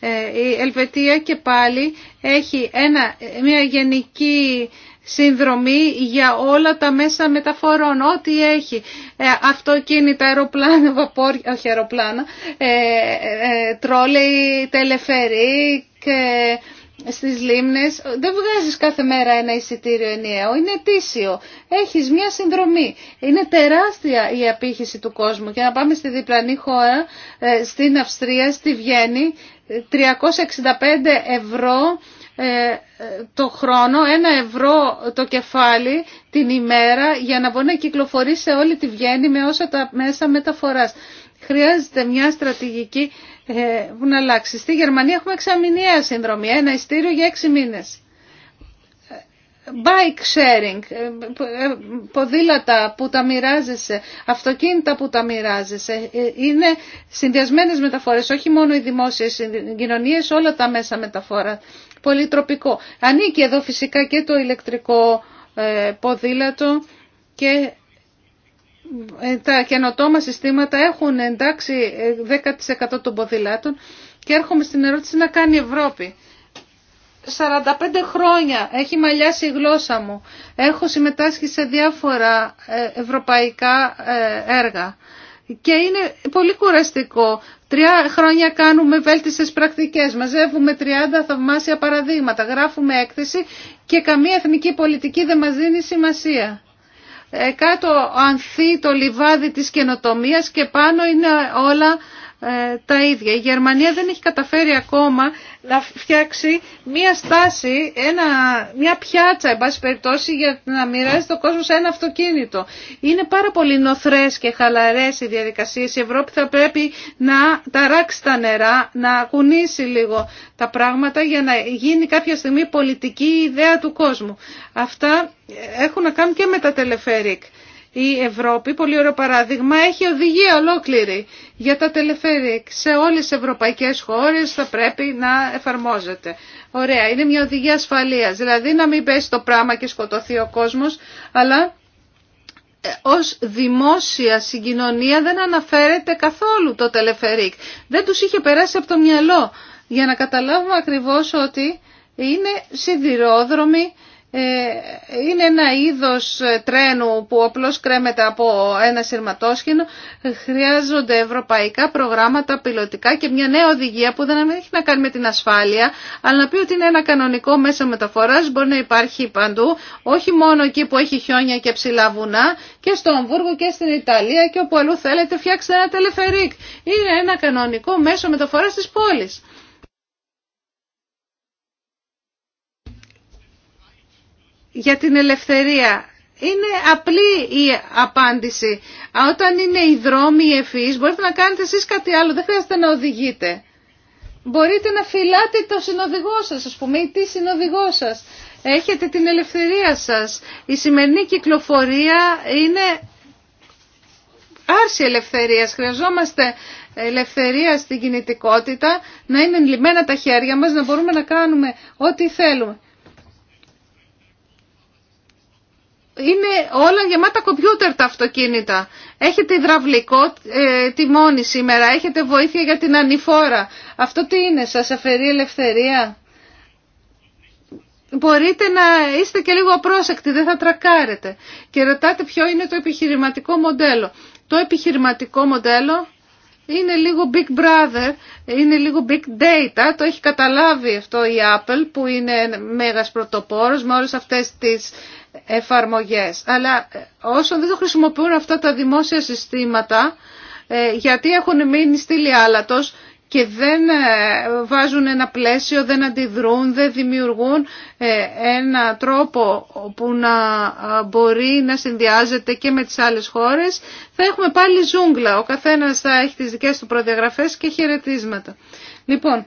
Ε, η Ελβετία και πάλι έχει ένα, μια γενική συνδρομή για όλα τα μέσα μεταφορών, ό,τι έχει. Ε, αυτοκίνητα, αεροπλάνα, βαπόρια, όχι αεροπλάνα, ε, ε τρόλεϊ, τελεφερή και ε, στις λίμνες. Δεν βγάζεις κάθε μέρα ένα εισιτήριο ενιαίο, είναι τίσιο. Έχεις μια συνδρομή. Είναι τεράστια η απήχηση του κόσμου. Και να πάμε στη διπλανή χώρα, ε, στην Αυστρία, στη Βιέννη, 365 ευρώ ε, το χρόνο, ένα ευρώ το κεφάλι την ημέρα για να μπορεί να κυκλοφορεί σε όλη τη Βιέννη με όσα τα μέσα μεταφοράς. Χρειάζεται μια στρατηγική ε, που να αλλάξει. Στη Γερμανία έχουμε εξαμηνιαία συνδρομή, ένα ειστήριο για έξι μήνες. Bike sharing, ε, ποδήλατα που τα μοιράζεσαι, αυτοκίνητα που τα μοιράζεσαι. Είναι συνδυασμένες μεταφορές, όχι μόνο οι δημόσιες κοινωνίες, όλα τα μέσα μεταφορά πολυτροπικό. Ανήκει εδώ φυσικά και το ηλεκτρικό ε, ποδήλατο και ε, τα καινοτόμα συστήματα έχουν εντάξει 10% ε, των ποδηλάτων και έρχομαι στην ερώτηση να κάνει η Ευρώπη. 45 χρόνια έχει μαλλιάσει η γλώσσα μου. Έχω συμμετάσχει σε διάφορα ευρωπαϊκά έργα. Και είναι πολύ κουραστικό. Τρία χρόνια κάνουμε βέλτιστες πρακτικές, μαζεύουμε 30 θαυμάσια παραδείγματα, γράφουμε έκθεση και καμία εθνική πολιτική δεν μας δίνει σημασία. Ε, κάτω ανθεί το λιβάδι της καινοτομίας και πάνω είναι όλα ε, τα ίδια. Η Γερμανία δεν έχει καταφέρει ακόμα να φτιάξει μία στάση, ένα, μία πιάτσα, εν για να μοιράζει το κόσμο σε ένα αυτοκίνητο. Είναι πάρα πολύ νοθρές και χαλαρές οι διαδικασίες. Η Ευρώπη θα πρέπει να ταράξει τα νερά, να κουνήσει λίγο τα πράγματα για να γίνει κάποια στιγμή πολιτική ιδέα του κόσμου. Αυτά έχουν να κάνουν και με τα τελεφέρικ η Ευρώπη, πολύ ωραίο παράδειγμα, έχει οδηγία ολόκληρη για τα τελεφέρικ. Σε όλες τις ευρωπαϊκές χώρες θα πρέπει να εφαρμόζεται. Ωραία, είναι μια οδηγία ασφαλείας, δηλαδή να μην πέσει το πράγμα και σκοτωθεί ο κόσμος, αλλά ε, ως δημόσια συγκοινωνία δεν αναφέρεται καθόλου το τελεφερίκ. Δεν τους είχε περάσει από το μυαλό για να καταλάβουμε ακριβώς ότι είναι σιδηρόδρομοι ε, είναι ένα είδος τρένου που απλώς κρέμεται από ένα σειρματόσχηνο. Χρειάζονται ευρωπαϊκά προγράμματα, πιλωτικά και μια νέα οδηγία που δεν έχει να κάνει με την ασφάλεια, αλλά να πει ότι είναι ένα κανονικό μέσο μεταφοράς, μπορεί να υπάρχει παντού, όχι μόνο εκεί που έχει χιόνια και ψηλά βουνά, και στο Αμβούργο και στην Ιταλία και όπου αλλού θέλετε φτιάξτε ένα τελεφερίκ. Είναι ένα κανονικό μέσο μεταφοράς της πόλης. για την ελευθερία. Είναι απλή η απάντηση. Όταν είναι οι δρόμοι ευφυείς μπορείτε να κάνετε εσείς κάτι άλλο, δεν χρειάζεται να οδηγείτε. Μπορείτε να φυλάτε το συνοδηγό σας, ας πούμε, ή τη συνοδηγό σας. Έχετε την ελευθερία σας. Η σημερινή κυκλοφορία είναι άρση ελευθερίας. Χρειαζόμαστε ελευθερία στην κινητικότητα, να είναι λιμένα τα χέρια μας, να μπορούμε να κάνουμε ό,τι θέλουμε. είναι όλα γεμάτα κομπιούτερ τα αυτοκίνητα. Έχετε υδραυλικό ε, τιμόνι σήμερα, έχετε βοήθεια για την ανηφόρα. Αυτό τι είναι, σας αφαιρεί ελευθερία. Μπορείτε να είστε και λίγο απρόσεκτοι, δεν θα τρακάρετε. Και ρωτάτε ποιο είναι το επιχειρηματικό μοντέλο. Το επιχειρηματικό μοντέλο είναι λίγο Big Brother, είναι λίγο Big Data, το έχει καταλάβει αυτό η Apple που είναι μέγας πρωτοπόρος με όλες αυτές τις εφαρμογές. Αλλά ε, όσο δεν το χρησιμοποιούν αυτά τα δημόσια συστήματα, ε, γιατί έχουν μείνει στήλοι άλατος και δεν ε, βάζουν ένα πλαίσιο, δεν αντιδρούν, δεν δημιουργούν ένα τρόπο που να μπορεί να συνδυάζεται και με τις άλλες χώρες, θα έχουμε πάλι ζούγκλα. Ο καθένας θα έχει τις δικές του προδιαγραφές και χαιρετίσματα. Λοιπόν,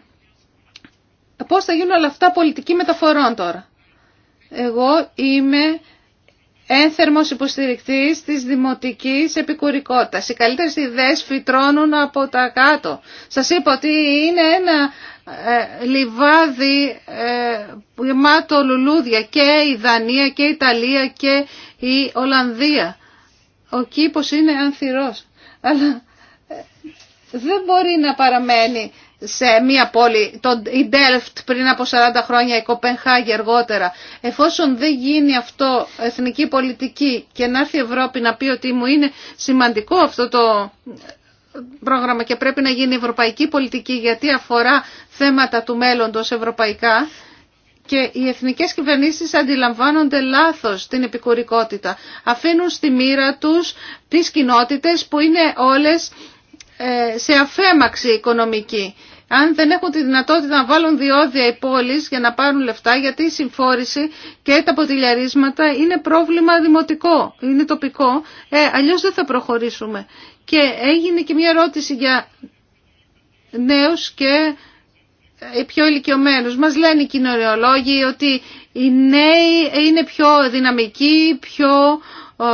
πώς θα γίνουν όλα αυτά πολιτική μεταφορών τώρα. Εγώ είμαι ένθερμος υποστηρικτής της δημοτικής επικουρικότητας. Οι καλύτερες ιδέες φυτρώνουν από τα κάτω. Σας είπα ότι είναι ένα ε, λιβάδι ε, γεμάτο λουλούδια και η Δανία και η Ιταλία και η Ολλανδία. Ο κήπος είναι ανθυρός. Αλλά ε, δεν μπορεί να παραμένει σε μία πόλη, το, η Delft πριν από 40 χρόνια, η Κοπενχάγη αργότερα. Εφόσον δεν γίνει αυτό εθνική πολιτική και να έρθει η Ευρώπη να πει ότι μου είναι σημαντικό αυτό το πρόγραμμα και πρέπει να γίνει ευρωπαϊκή πολιτική γιατί αφορά θέματα του μέλλοντος ευρωπαϊκά και οι εθνικές κυβερνήσεις αντιλαμβάνονται λάθος την επικουρικότητα. Αφήνουν στη μοίρα τους τις κοινότητες που είναι όλες ε, σε αφέμαξη οικονομική. Αν δεν έχουν τη δυνατότητα να βάλουν διόδια οι πόλεις για να πάρουν λεφτά, γιατί η συμφόρηση και τα ποτηλιαρίσματα είναι πρόβλημα δημοτικό, είναι τοπικό, ε, αλλιώς δεν θα προχωρήσουμε. Και έγινε και μια ερώτηση για νέους και οι ε, πιο ηλικιωμένους. Μας λένε οι κοινωνιολόγοι ότι οι νέοι είναι πιο δυναμικοί, πιο ε,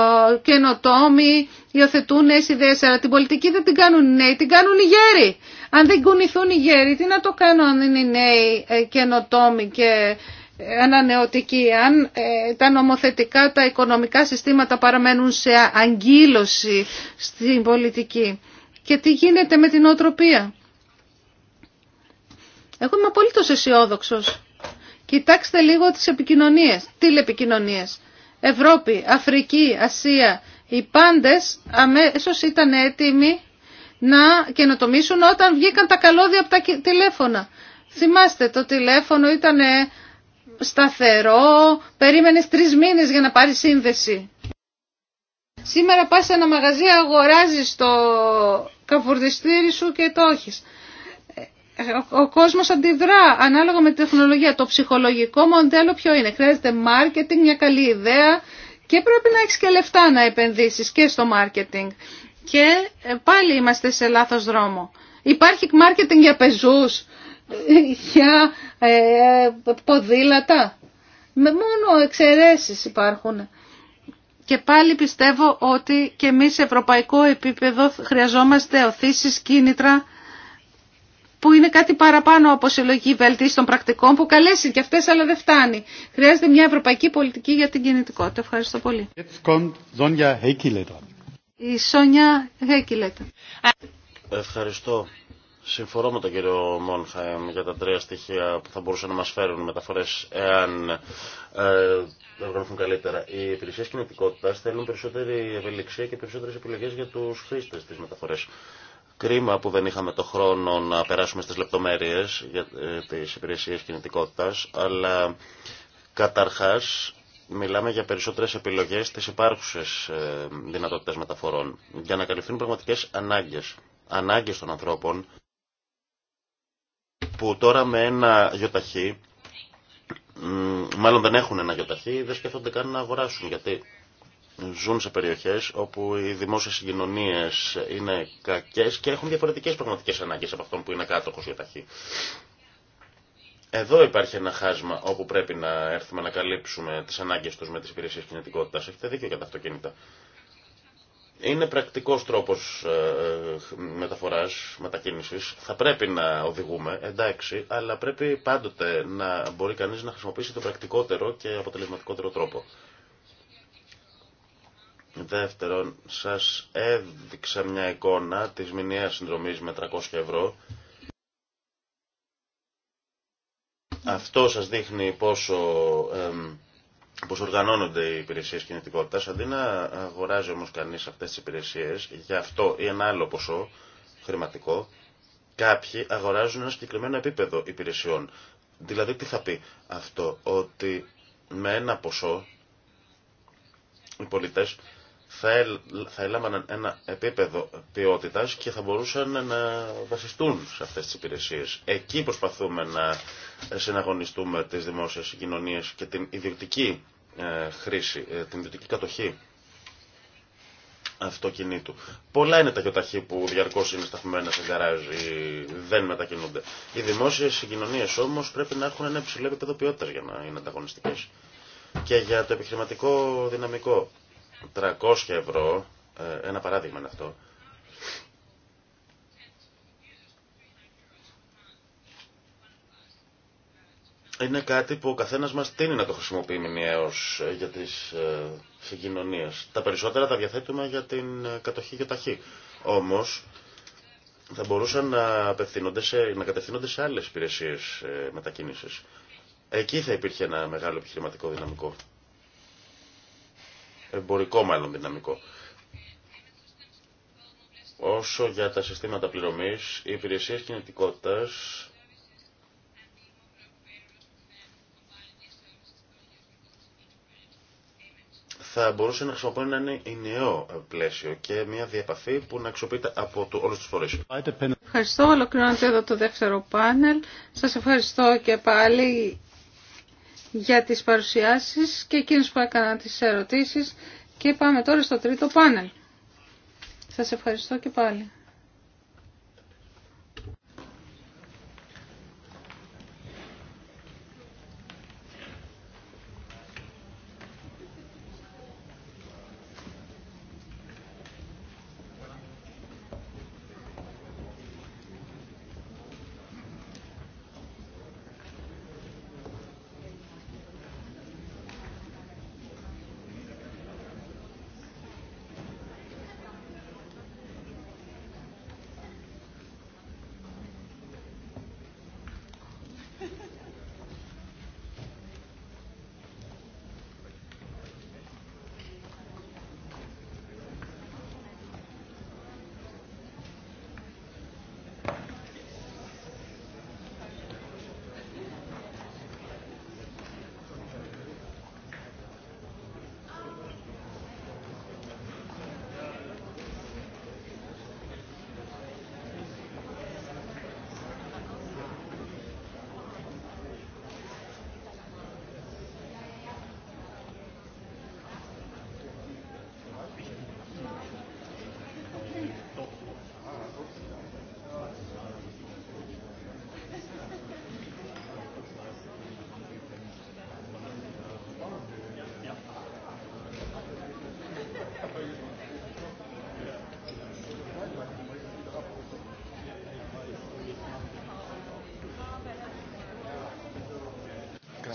καινοτόμοι, υιοθετούν νέε ιδέε. αλλά την πολιτική δεν την κάνουν οι νέοι, την κάνουν οι γέροι. Αν δεν κουνηθούν οι γέροι, τι να το κάνω αν είναι οι νέοι ε, καινοτόμοι και ε, ανανεωτικοί. Αν τα νομοθετικά, τα οικονομικά συστήματα παραμένουν σε αγκύλωση στην πολιτική. Και τι γίνεται με την οτροπία. Εγώ είμαι απολύτως αισιόδοξο. Κοιτάξτε λίγο τις επικοινωνίες, τηλεπικοινωνίες. Ευρώπη, Αφρική, Ασία, οι πάντες αμέσως ήταν έτοιμοι να καινοτομήσουν όταν βγήκαν τα καλώδια από τα τηλέφωνα. Θυμάστε, το τηλέφωνο ήταν σταθερό, περίμενες τρεις μήνες για να πάρει σύνδεση. Σήμερα πας σε ένα μαγαζί, αγοράζεις το καφορδιστήρι σου και το έχεις ο κόσμος αντιδρά ανάλογα με τη τεχνολογία. Το ψυχολογικό μοντέλο ποιο είναι. Χρειάζεται marketing, μια καλή ιδέα και πρέπει να έχεις και λεφτά να επενδύσεις και στο marketing. Και ε, πάλι είμαστε σε λάθος δρόμο. Υπάρχει marketing για πεζούς, [laughs] για ε, ε, ποδήλατα. Με μόνο εξαιρέσεις υπάρχουν. Και πάλι πιστεύω ότι και εμείς σε ευρωπαϊκό επίπεδο χρειαζόμαστε οθήσεις, κίνητρα που είναι κάτι παραπάνω από συλλογή βελτίωση των πρακτικών που καλέσει και αυτέ, αλλά δεν φτάνει. Χρειάζεται μια ευρωπαϊκή πολιτική για την κινητικότητα. Ευχαριστώ πολύ. Η Σόνια Χέκηλετα. Ευχαριστώ. Συμφωνώ με τον κύριο Μόνχαεμ για τα τρία στοιχεία που θα μπορούσαν να μα φέρουν μεταφορέ, εάν ε, οργανωθούν καλύτερα. Οι υπηρεσίε κινητικότητα θέλουν περισσότερη ευελιξία και περισσότερε επιλογέ για του χρήστε τη μεταφορέ. Κρίμα που δεν είχαμε το χρόνο να περάσουμε στις λεπτομέρειες για ε, τις υπηρεσίες κινητικότητας, αλλά καταρχάς μιλάμε για περισσότερες επιλογές στις υπάρχουσες ε, δυνατότητες μεταφορών, για να καλυφθούν πραγματικές ανάγκες, ανάγκες των ανθρώπων, που τώρα με ένα γιοταχή, μάλλον δεν έχουν ένα γιοταχή, δεν σκέφτονται καν να αγοράσουν, γιατί ζουν σε περιοχές όπου οι δημόσιες συγκοινωνίες είναι κακές και έχουν διαφορετικές πραγματικές ανάγκες από αυτόν που είναι κάτοχος για ταχύ. Εδώ υπάρχει ένα χάσμα όπου πρέπει να έρθουμε να καλύψουμε τις ανάγκες τους με τις υπηρεσίες κινητικότητας. Έχετε δίκιο για τα αυτοκίνητα. Είναι πρακτικός τρόπος ε, ε, μεταφοράς, μετακίνησης. Θα πρέπει να οδηγούμε, εντάξει, αλλά πρέπει πάντοτε να μπορεί κανείς να χρησιμοποιήσει τον πρακτικότερο και αποτελεσματικότερο τρόπο. Δεύτερον, σας έδειξα μια εικόνα της μηνιαίας συνδρομής με 300 ευρώ. Αυτό σας δείχνει πόσο, οργανώνονται οι υπηρεσίες κινητικότητας. Αντί να αγοράζει όμως κανείς αυτές τις υπηρεσίες, για αυτό ή ένα άλλο ποσό χρηματικό, κάποιοι αγοράζουν ένα συγκεκριμένο επίπεδο υπηρεσιών. Δηλαδή τι θα πει αυτό, ότι με ένα ποσό οι πολιτές θα έλαβαν ένα επίπεδο ποιότητας και θα μπορούσαν να βασιστούν σε αυτές τις υπηρεσίες. Εκεί προσπαθούμε να συναγωνιστούμε τις δημόσιες κοινωνίες και την ιδιωτική ε, χρήση, ε, την ιδιωτική κατοχή αυτοκινήτου. Πολλά είναι τα γιοταχή που διαρκώ είναι σταθμένα σε γκαράζ ή δεν μετακινούνται. Οι δημόσιε συγκοινωνίε όμω πρέπει να έχουν ένα υψηλό επίπεδο ποιότητα για να είναι ανταγωνιστικέ. Και για το επιχειρηματικό δυναμικό. 300 ευρώ, ε, ένα παράδειγμα είναι αυτό, είναι κάτι που ο καθένας μας τίνει να το χρησιμοποιεί μηνιαίως ε, για τις ε, Τα περισσότερα τα διαθέτουμε για την ε, κατοχή και ταχύ. Όμως θα μπορούσαν να, σε, να κατευθύνονται σε άλλες υπηρεσίες μετακίνησης. Εκεί θα υπήρχε ένα μεγάλο επιχειρηματικό δυναμικό εμπορικό μάλλον δυναμικό. Όσο για τα συστήματα πληρωμής, οι υπηρεσίες κινητικότητας θα μπορούσε να χρησιμοποιούν ένα ενιαίο πλαίσιο και μια διαπαθή που να αξιοποιείται από το, όλους τους φορείς. Ευχαριστώ. Ολοκληρώνεται εδώ το δεύτερο πάνελ. Σας ευχαριστώ και πάλι για τις παρουσιάσεις και εκείνους που έκαναν τις ερωτήσεις και πάμε τώρα στο τρίτο πάνελ. Σας ευχαριστώ και πάλι.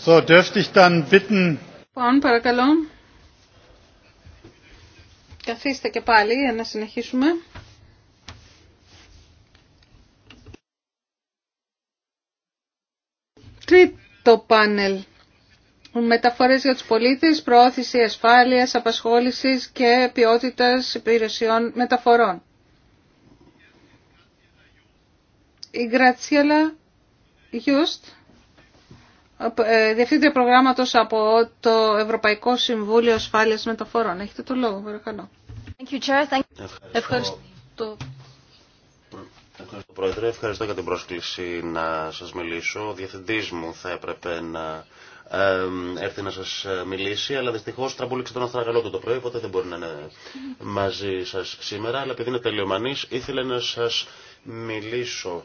So, dürfte ich dann bitten... Λοιπόν, παρακαλώ. Καθίστε και πάλι για να συνεχίσουμε. Τρίτο πάνελ. Μεταφορές για τους πολίτες, προώθηση ασφάλειας, απασχόλησης και ποιότητας υπηρεσιών μεταφορών. Η Γκρατσιέλα Γιούστ ε, διευθύντρια προγράμματο από το Ευρωπαϊκό Συμβούλιο Ασφάλειας Μεταφορών. Έχετε το λόγο, παρακαλώ. Ευχαριστώ. Ευχαριστώ, Πρόεδρε. Ευχαριστώ για την πρόσκληση να σας μιλήσω. Ο διευθυντή μου θα έπρεπε να έρθει να σας μιλήσει, αλλά δυστυχώς τραμπούληξε τον του το πρωί, οπότε δεν μπορεί να είναι μαζί σα σήμερα, αλλά επειδή είναι τελειομανής, ήθελε να σα μιλήσω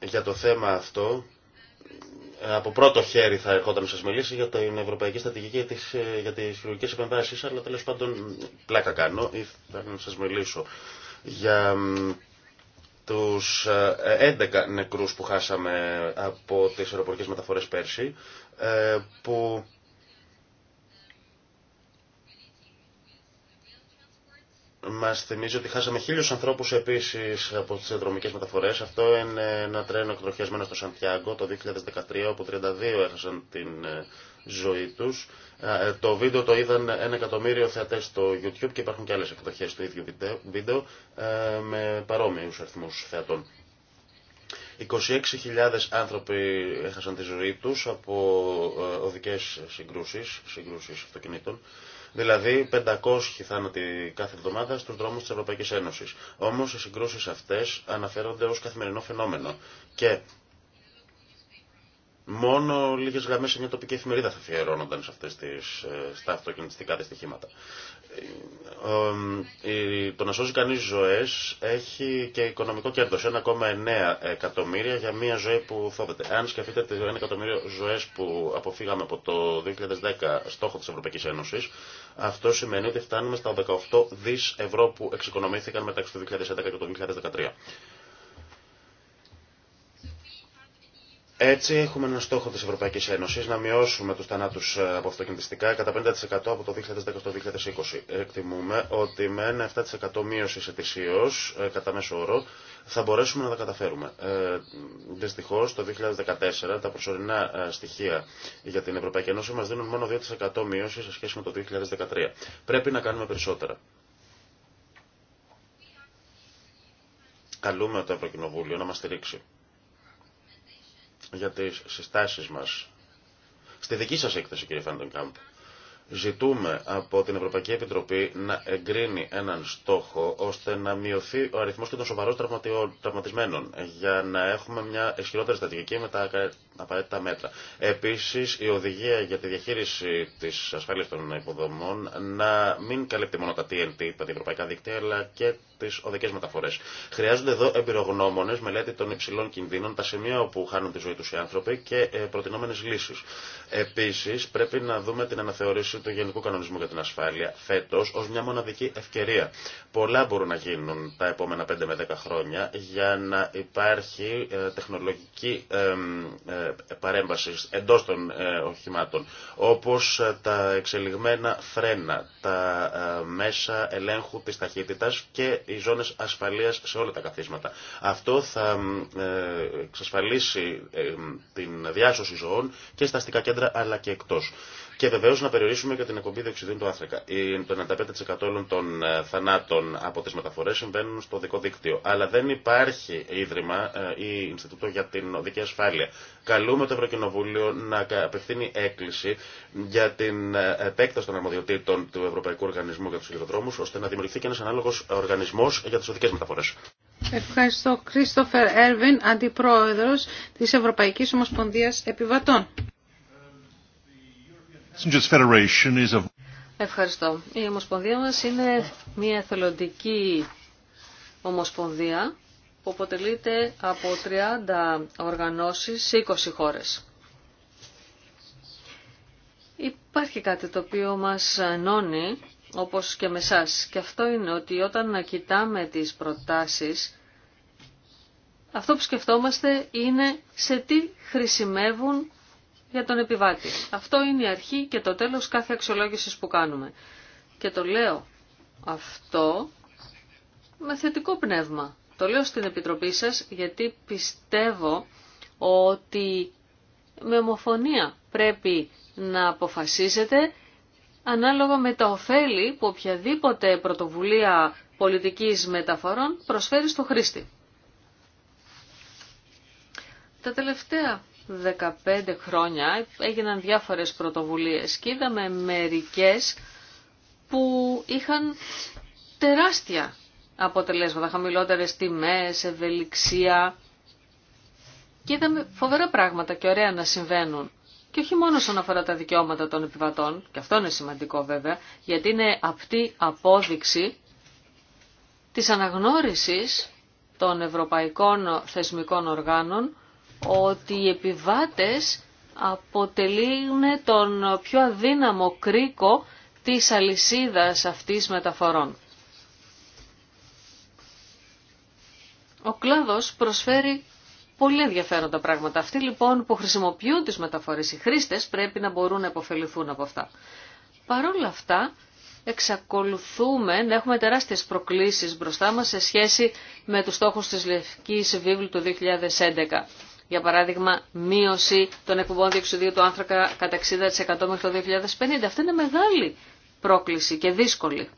για το θέμα αυτό από πρώτο χέρι θα ερχόταν να σας μιλήσει για την Ευρωπαϊκή Στρατηγική για τις λογικές ε, επεμβάσεις, αλλά τέλος πάντων πλάκα κάνω ή θα να σας μιλήσω για τους 11 ε, νεκρούς που χάσαμε από τις αεροπορικές μεταφορές πέρσι, ε, που Μα θυμίζει ότι χάσαμε χίλιου ανθρώπου επίση από τι δρομικέ μεταφορέ. Αυτό είναι ένα τρένο εκτροχιασμένο στο Σαντιάγκο το 2013, όπου 32 έχασαν την ε, ζωή του. Ε, το βίντεο το είδαν ένα εκατομμύριο θεατέ στο YouTube και υπάρχουν και άλλε εκδοχέ του ίδιου βίντεο ε, με παρόμοιου αριθμού θεατών. 26.000 άνθρωποι έχασαν τη ζωή του από οδικές συγκρούσει συγκρούσεις αυτοκινήτων. Δηλαδή 500 θάνατοι κάθε εβδομάδα στους δρόμους της Ευρωπαϊκής Ένωσης. Όμως οι συγκρούσεις αυτές αναφέρονται ως καθημερινό φαινόμενο. Και Μόνο λίγε γραμμέ σε μια τοπική εφημερίδα θα αφιερώνονταν σε, αυτές τις, ε, στα αυτοκινητιστικά δυστυχήματα το να σώζει κανείς ζωές έχει και οικονομικό κέρδος 1,9 εκατομμύρια για μια ζωή που φόβεται Αν σκεφτείτε το 1 εκατομμύριο ζωές που αποφύγαμε από το 2010 στόχο της Ευρωπαϊκής Ένωσης αυτό σημαίνει ότι φτάνουμε στα 18 δις ευρώ που εξοικονομήθηκαν μεταξύ του 2011 και του 2013. Έτσι έχουμε ένα στόχο της Ευρωπαϊκής Ένωσης να μειώσουμε τους θανάτους ε, από αυτοκινητιστικά κατά 50% από το 2010 στο 2020. Εκτιμούμε ότι με ένα 7% μείωση ετησίως ε, κατά μέσο όρο θα μπορέσουμε να τα καταφέρουμε. Ε, Δυστυχώ το 2014 τα προσωρινά ε, στοιχεία για την Ευρωπαϊκή Ένωση μας δίνουν μόνο 2% μείωση σε σχέση με το 2013. Πρέπει να κάνουμε περισσότερα. Καλούμε το Ευρωκοινοβούλιο να μας στηρίξει για τις συστάσεις μας. Στη δική σας έκθεση, κύριε Κάμπ, ζητούμε από την Ευρωπαϊκή Επιτροπή να εγκρίνει έναν στόχο ώστε να μειωθεί ο αριθμός και των σοβαρών τραυματισμένων για να έχουμε μια ισχυρότερη στρατηγική με τα απαραίτητα μέτρα. Επίσης η οδηγία για τη διαχείριση της ασφάλειας των υποδομών να μην καλύπτει μόνο τα TNT, τα ευρωπαϊκά δίκτυα, αλλά και τι οδικέ μεταφορέ. Χρειάζονται εδώ εμπειρογνώμονε μελέτη των υψηλών κινδύνων, τα σημεία όπου χάνουν τη ζωή του οι άνθρωποι και ε, προτινόμενε λύσει. Επίση πρέπει να δούμε την αναθεώρηση του Γενικού Κανονισμού για την Ασφάλεια φέτο ω μια μοναδική ευκαιρία. Πολλά μπορούν να γίνουν τα επόμενα 5 με 10 χρόνια για να υπάρχει ε, τεχνολογική ε, παρέμβαση εντό των οχημάτων, όπως τα εξελιγμένα φρένα, τα μέσα ελέγχου τη ταχύτητα. και οι ζώνες ασφαλείας σε όλα τα καθίσματα. Αυτό θα ε, εξασφαλίσει ε, την διάσωση ζωών και στα αστικά κέντρα αλλά και εκτός. Και βεβαίω να περιορίσουμε και την εκπομπή διοξιδίου του άνθρακα. Το 95% όλων των ε, θανάτων από τι μεταφορέ συμβαίνουν στο δικό δίκτυο. Αλλά δεν υπάρχει ίδρυμα ε, ή Ινστιτούτο για την Οδική Ασφάλεια. Καλούμε το Ευρωκοινοβούλιο να απευθύνει έκκληση για την ε, επέκταση των αρμοδιοτήτων του Ευρωπαϊκού Οργανισμού για του Ιδροδρόμου, ώστε να δημιουργηθεί και ένα ανάλογο οργανισμό για τι οδικέ μεταφορέ. Ευχαριστώ. Κρίστοφερ Έρβιν, αντιπρόεδρο τη Ευρωπαϊκή Ομοσπονδία Επιβατών. Ευχαριστώ. Η Ομοσπονδία μας είναι μια εθελοντική ομοσπονδία που αποτελείται από 30 οργανώσεις σε 20 χώρες. Υπάρχει κάτι το οποίο μας ενώνει, όπως και με σας, και αυτό είναι ότι όταν κοιτάμε τις προτάσεις, αυτό που σκεφτόμαστε είναι σε τι χρησιμεύουν για τον επιβάτη. Αυτό είναι η αρχή και το τέλος κάθε αξιολόγησης που κάνουμε. Και το λέω αυτό με θετικό πνεύμα. Το λέω στην Επιτροπή σας γιατί πιστεύω ότι με ομοφωνία πρέπει να αποφασίζετε ανάλογα με τα ωφέλη που οποιαδήποτε πρωτοβουλία πολιτικής μεταφορών προσφέρει στο χρήστη. Τα τελευταία 15 χρόνια έγιναν διάφορες πρωτοβουλίες και είδαμε μερικές που είχαν τεράστια αποτελέσματα, χαμηλότερες τιμές, ευελιξία και είδαμε φοβερά πράγματα και ωραία να συμβαίνουν. Και όχι μόνο όσον αφορά τα δικαιώματα των επιβατών, και αυτό είναι σημαντικό βέβαια, γιατί είναι απτή απόδειξη της αναγνώρισης των ευρωπαϊκών θεσμικών οργάνων ότι οι επιβάτες αποτελούν τον πιο αδύναμο κρίκο της αλυσίδας αυτής μεταφορών. Ο κλάδος προσφέρει πολύ ενδιαφέροντα πράγματα. Αυτοί λοιπόν που χρησιμοποιούν τις μεταφορές, οι χρήστες, πρέπει να μπορούν να υποφεληθούν από αυτά. Παρ' όλα αυτά, εξακολουθούμε να έχουμε τεράστιες προκλήσεις μπροστά μας σε σχέση με τους στόχους της Λευκής Βίβλου του 2011. Για παράδειγμα, μείωση των εκπομπών διεξουδίου του άνθρακα κατά 60% μέχρι το 2050. Αυτή είναι μεγάλη πρόκληση και δύσκολη.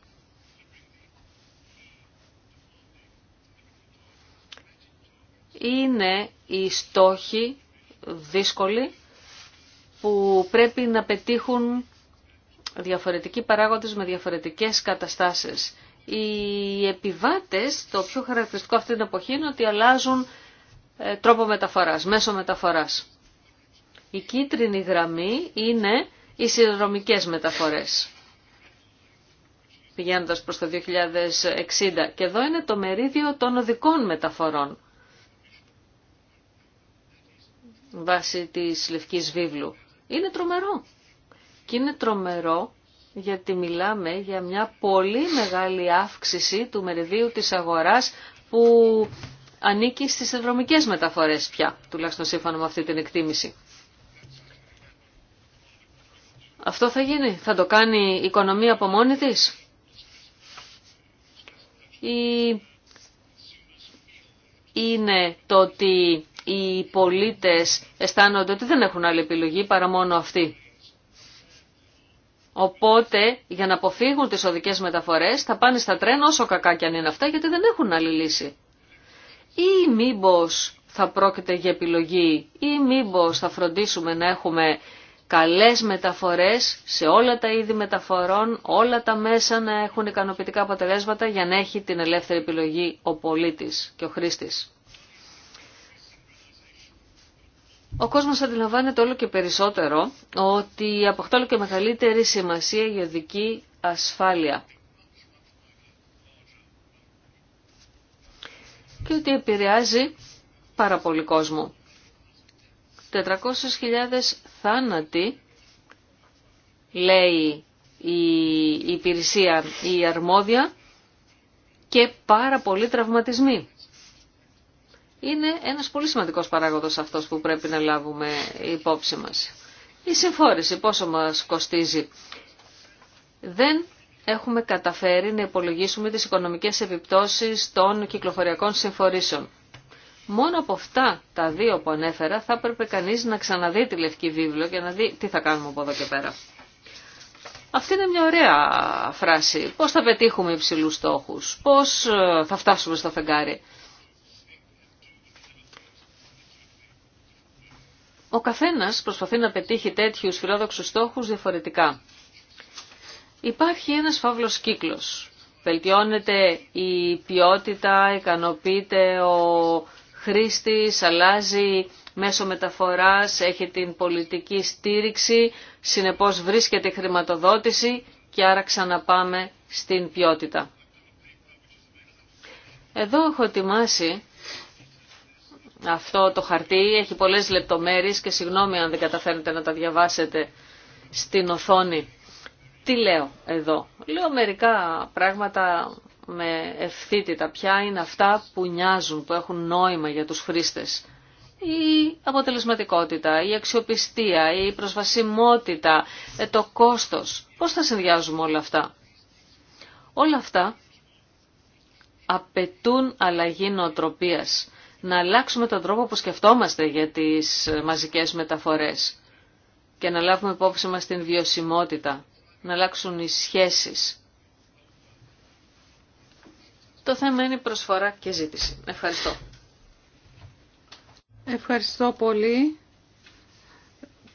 Είναι οι στόχοι δύσκολοι που πρέπει να πετύχουν διαφορετικοί παράγοντες με διαφορετικές καταστάσεις. Οι επιβάτες, το πιο χαρακτηριστικό αυτή την εποχή είναι ότι αλλάζουν ε, τρόπο μεταφοράς, μέσο μεταφοράς. Η κίτρινη γραμμή είναι οι συνδρομικές μεταφορές, πηγαίνοντας προς το 2060. Και εδώ είναι το μερίδιο των οδικών μεταφορών, Βάση της Λευκής Βίβλου. Είναι τρομερό. Και είναι τρομερό γιατί μιλάμε για μια πολύ μεγάλη αύξηση του μεριδίου της αγοράς που ανήκει στις ευρωμικές μεταφορές πια, τουλάχιστον σύμφωνα με αυτή την εκτίμηση. Αυτό θα γίνει, θα το κάνει η οικονομία από μόνη της. Ή είναι το ότι οι πολίτες αισθάνονται ότι δεν έχουν άλλη επιλογή παρά μόνο αυτή. Οπότε για να αποφύγουν τις οδικές μεταφορές θα πάνε στα τρένα όσο κακά κι αν είναι αυτά γιατί δεν έχουν άλλη λύση ή μήπως θα πρόκειται για επιλογή ή μήπως θα φροντίσουμε να έχουμε καλές μεταφορές σε όλα τα είδη μεταφορών, όλα τα μέσα να έχουν ικανοποιητικά αποτελέσματα για να έχει την ελεύθερη επιλογή ο πολίτης και ο χρήστης. Ο κόσμος αντιλαμβάνεται όλο και περισσότερο ότι αποκτά όλο και μεγαλύτερη σημασία για οδική ασφάλεια. και ότι επηρεάζει πάρα πολύ κόσμο. 400.000 θάνατοι, λέει η υπηρεσία η αρμόδια, και πάρα πολλοί τραυματισμοί. Είναι ένας πολύ σημαντικός παράγοντας αυτός που πρέπει να λάβουμε υπόψη μας. Η συμφόρηση πόσο μας κοστίζει. Δεν έχουμε καταφέρει να υπολογίσουμε τις οικονομικές επιπτώσεις των κυκλοφοριακών συμφορήσεων. Μόνο από αυτά τα δύο που ανέφερα θα έπρεπε κανείς να ξαναδεί τη Λευκή Βίβλιο και να δει τι θα κάνουμε από εδώ και πέρα. Αυτή είναι μια ωραία φράση. Πώς θα πετύχουμε υψηλούς στόχους, πώς ε, θα φτάσουμε στο φεγγάρι. Ο καθένας προσπαθεί να πετύχει τέτοιους φιλόδοξους στόχους διαφορετικά. Υπάρχει ένας φαύλος κύκλος. Βελτιώνεται η ποιότητα, ικανοποιείται ο χρήστης, αλλάζει μέσω μεταφοράς, έχει την πολιτική στήριξη, συνεπώς βρίσκεται χρηματοδότηση και άρα ξαναπάμε στην ποιότητα. Εδώ έχω ετοιμάσει αυτό το χαρτί, έχει πολλές λεπτομέρειες και συγγνώμη αν δεν καταφέρετε να τα διαβάσετε στην οθόνη. Τι λέω εδώ. Λέω μερικά πράγματα με ευθύτητα. Ποια είναι αυτά που νοιάζουν, που έχουν νόημα για τους χρήστες. Η αποτελεσματικότητα, η αξιοπιστία, η προσβασιμότητα, ε, το κόστος. Πώς θα συνδυάζουμε όλα αυτά. Όλα αυτά απαιτούν αλλαγή νοοτροπίας. Να αλλάξουμε τον τρόπο που σκεφτόμαστε για τις μαζικές μεταφορές και να λάβουμε υπόψη μας την βιωσιμότητα να αλλάξουν οι σχέσεις. Το θέμα είναι προσφορά και ζήτηση. Ευχαριστώ. Ευχαριστώ πολύ.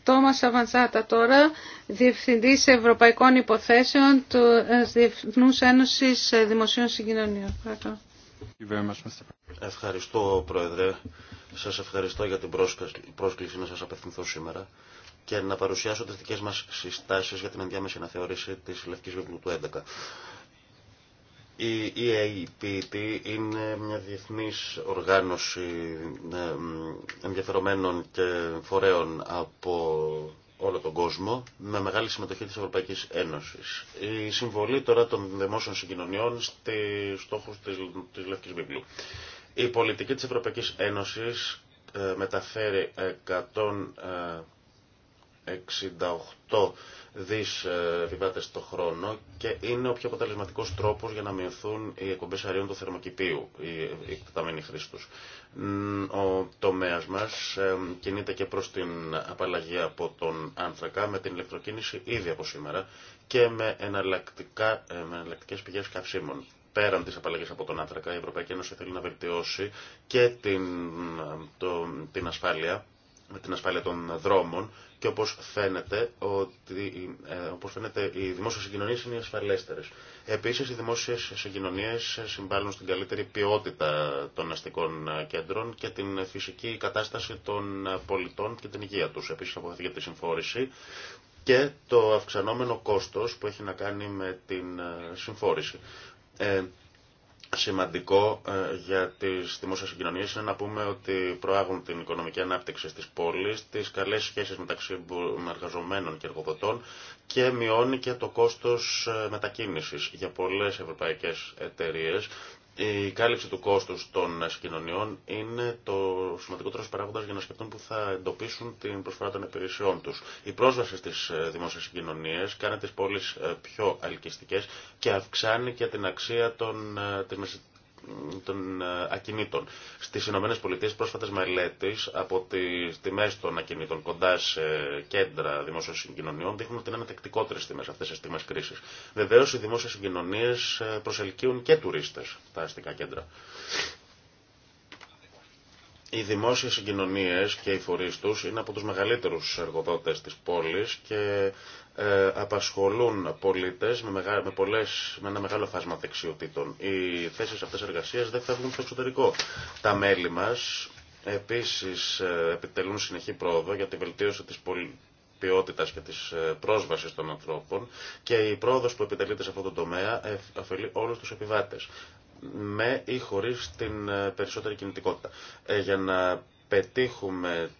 Τόμας Αβαντζάτα τώρα, Διευθυντής Ευρωπαϊκών Υποθέσεων του ε, Διεθνούς Ένωσης Δημοσίων Συγκοινωνίων. Ευχαριστώ, Πρόεδρε. Σας ευχαριστώ για την πρόσκληση να σας απευθυνθώ σήμερα και να παρουσιάσω τι δικέ μας συστάσεις για την ενδιάμεση αναθεώρηση της Λευκή Βίβλου του 2011. Η EAPT είναι μια διεθνή οργάνωση ε, ενδιαφερομένων και φορέων από όλο τον κόσμο με μεγάλη συμμετοχή της Ευρωπαϊκής Ένωσης. Η συμβολή τώρα των δημόσιων συγκοινωνιών στους στόχους της, της Λευκής Βίβλου. Η πολιτική της Ευρωπαϊκής Ένωσης ε, μεταφέρει 100 68 δις βιβάτες ε, το χρόνο και είναι ο πιο αποτελεσματικός τρόπος για να μειωθούν οι εκπομπές αερίων του θερμοκηπίου, η εκτεταμένη χρήση Ο τομέας μας ε, κινείται και προς την απαλλαγή από τον άνθρακα με την ηλεκτροκίνηση ήδη από σήμερα και με, εναλλακτικά, ε, με εναλλακτικές πηγές καυσίμων. Πέραν της απαλλαγή από τον άνθρακα, η Ευρωπαϊκή Ένωση θέλει να βελτιώσει και την, το, την ασφάλεια την ασφάλεια των δρόμων και όπως φαίνεται, ότι, ε, όπως φαίνεται οι δημόσιες συγκοινωνίες είναι οι ασφαλέστερες. Επίσης οι δημόσιες συγκοινωνίες συμβάλλουν στην καλύτερη ποιότητα των αστικών κέντρων και την φυσική κατάσταση των πολιτών και την υγεία τους. Επίσης από τη συμφόρηση και το αυξανόμενο κόστος που έχει να κάνει με την ε, συμφόρηση. Ε, σημαντικό ε, για τις δημόσιες συγκοινωνίες είναι να πούμε ότι προάγουν την οικονομική ανάπτυξη στις πόλεις, τις καλές σχέσεις μεταξύ εργαζομένων και εργοδοτών και μειώνει και το κόστος ε, μετακίνησης για πολλές ευρωπαϊκές εταιρείες η κάλυψη του κόστους των συγκοινωνιών είναι το σημαντικότερο παράγοντα για να σκεφτούν που θα εντοπίσουν την προσφορά των υπηρεσιών τους. Η πρόσβαση στι ε, δημόσιε συγκοινωνίες κάνει τις πόλεις ε, πιο αλκιστικές και αυξάνει και την αξία των, ε, των ε, ακινήτων. Στις Ηνωμένες Πολιτείες πρόσφατες μελέτης από τις τιμές των ακινήτων κοντά σε κέντρα δημόσιων συγκοινωνιών δείχνουν ότι είναι ανατεκτικότερε τιμές αυτές τις τιμές κρίσης. Βεβαίως οι δημόσιες συγκοινωνίε ε, προσελκύουν και τουρίστες τα αστικά κέντρα. Οι δημόσιες συγκοινωνίε και οι φορείς του είναι από τους μεγαλύτερου εργοδότες της πόλης και ε, απασχολούν πολίτες με, με, με ένα μεγάλο φάσμα δεξιοτήτων. Οι θέσεις αυτέ εργασίας δεν φεύγουν στο εξωτερικό. Τα μέλη μας επίσης ε, επιτελούν συνεχή πρόοδο για τη βελτίωση της ποιότητας και της ε, πρόσβασης των ανθρώπων και η πρόοδος που επιτελείται σε αυτό το τομέα αφαιρεί όλους τους επιβάτες με ή χωρίς την περισσότερη κινητικότητα. Για να πετύχουμε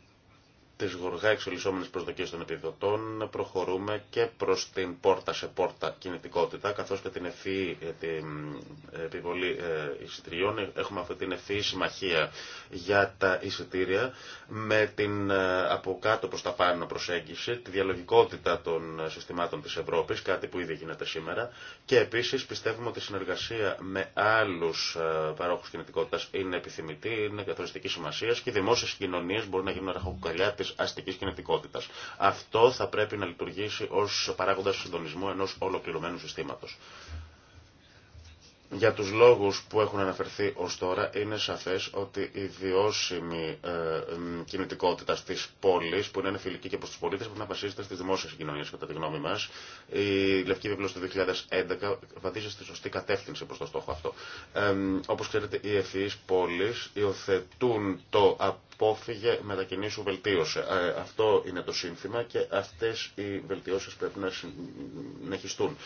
τις γοργά εξελισσόμενες προσδοκίες των επιδοτών προχωρούμε και προς την πόρτα σε πόρτα κινητικότητα καθώς και την ευφύ ε, την ε, επιβολή ε, εισιτηριών έχουμε αυτή την ευφυή συμμαχία για τα εισιτήρια με την από κάτω προς τα πάνω προσέγγιση τη διαλογικότητα των συστημάτων της Ευρώπης κάτι που ήδη γίνεται σήμερα και επίσης πιστεύουμε ότι η συνεργασία με άλλους παρόχους κινητικότητας είναι επιθυμητή, είναι καθοριστική σημασία και οι δημόσιες κοινωνίες μπορούν να γίνουν ραχοκοκαλιά τη Αστική κινητικότητα. Αυτό θα πρέπει να λειτουργήσει ω παράγοντα συντονισμού ενός ολοκληρωμένου συστήματος. Για τους λόγους που έχουν αναφερθεί ως τώρα είναι σαφές ότι η βιώσιμη ε, κινητικότητα της πόλης, που είναι φιλική και προς τους πολίτες πρέπει να βασίζεται στις δημόσιες κοινωνίες κατά τη γνώμη μας. Η Λευκή Βιβλία του 2011 βαδίζει στη σωστή κατεύθυνση προς το στόχο αυτό. Ε, όπως ξέρετε οι ευφυείς πόλεις υιοθετούν το απόφυγε μετακινήσου βελτίωσε. Ε, αυτό είναι το σύνθημα και αυτές οι βελτιώσεις πρέπει να συνεχιστούν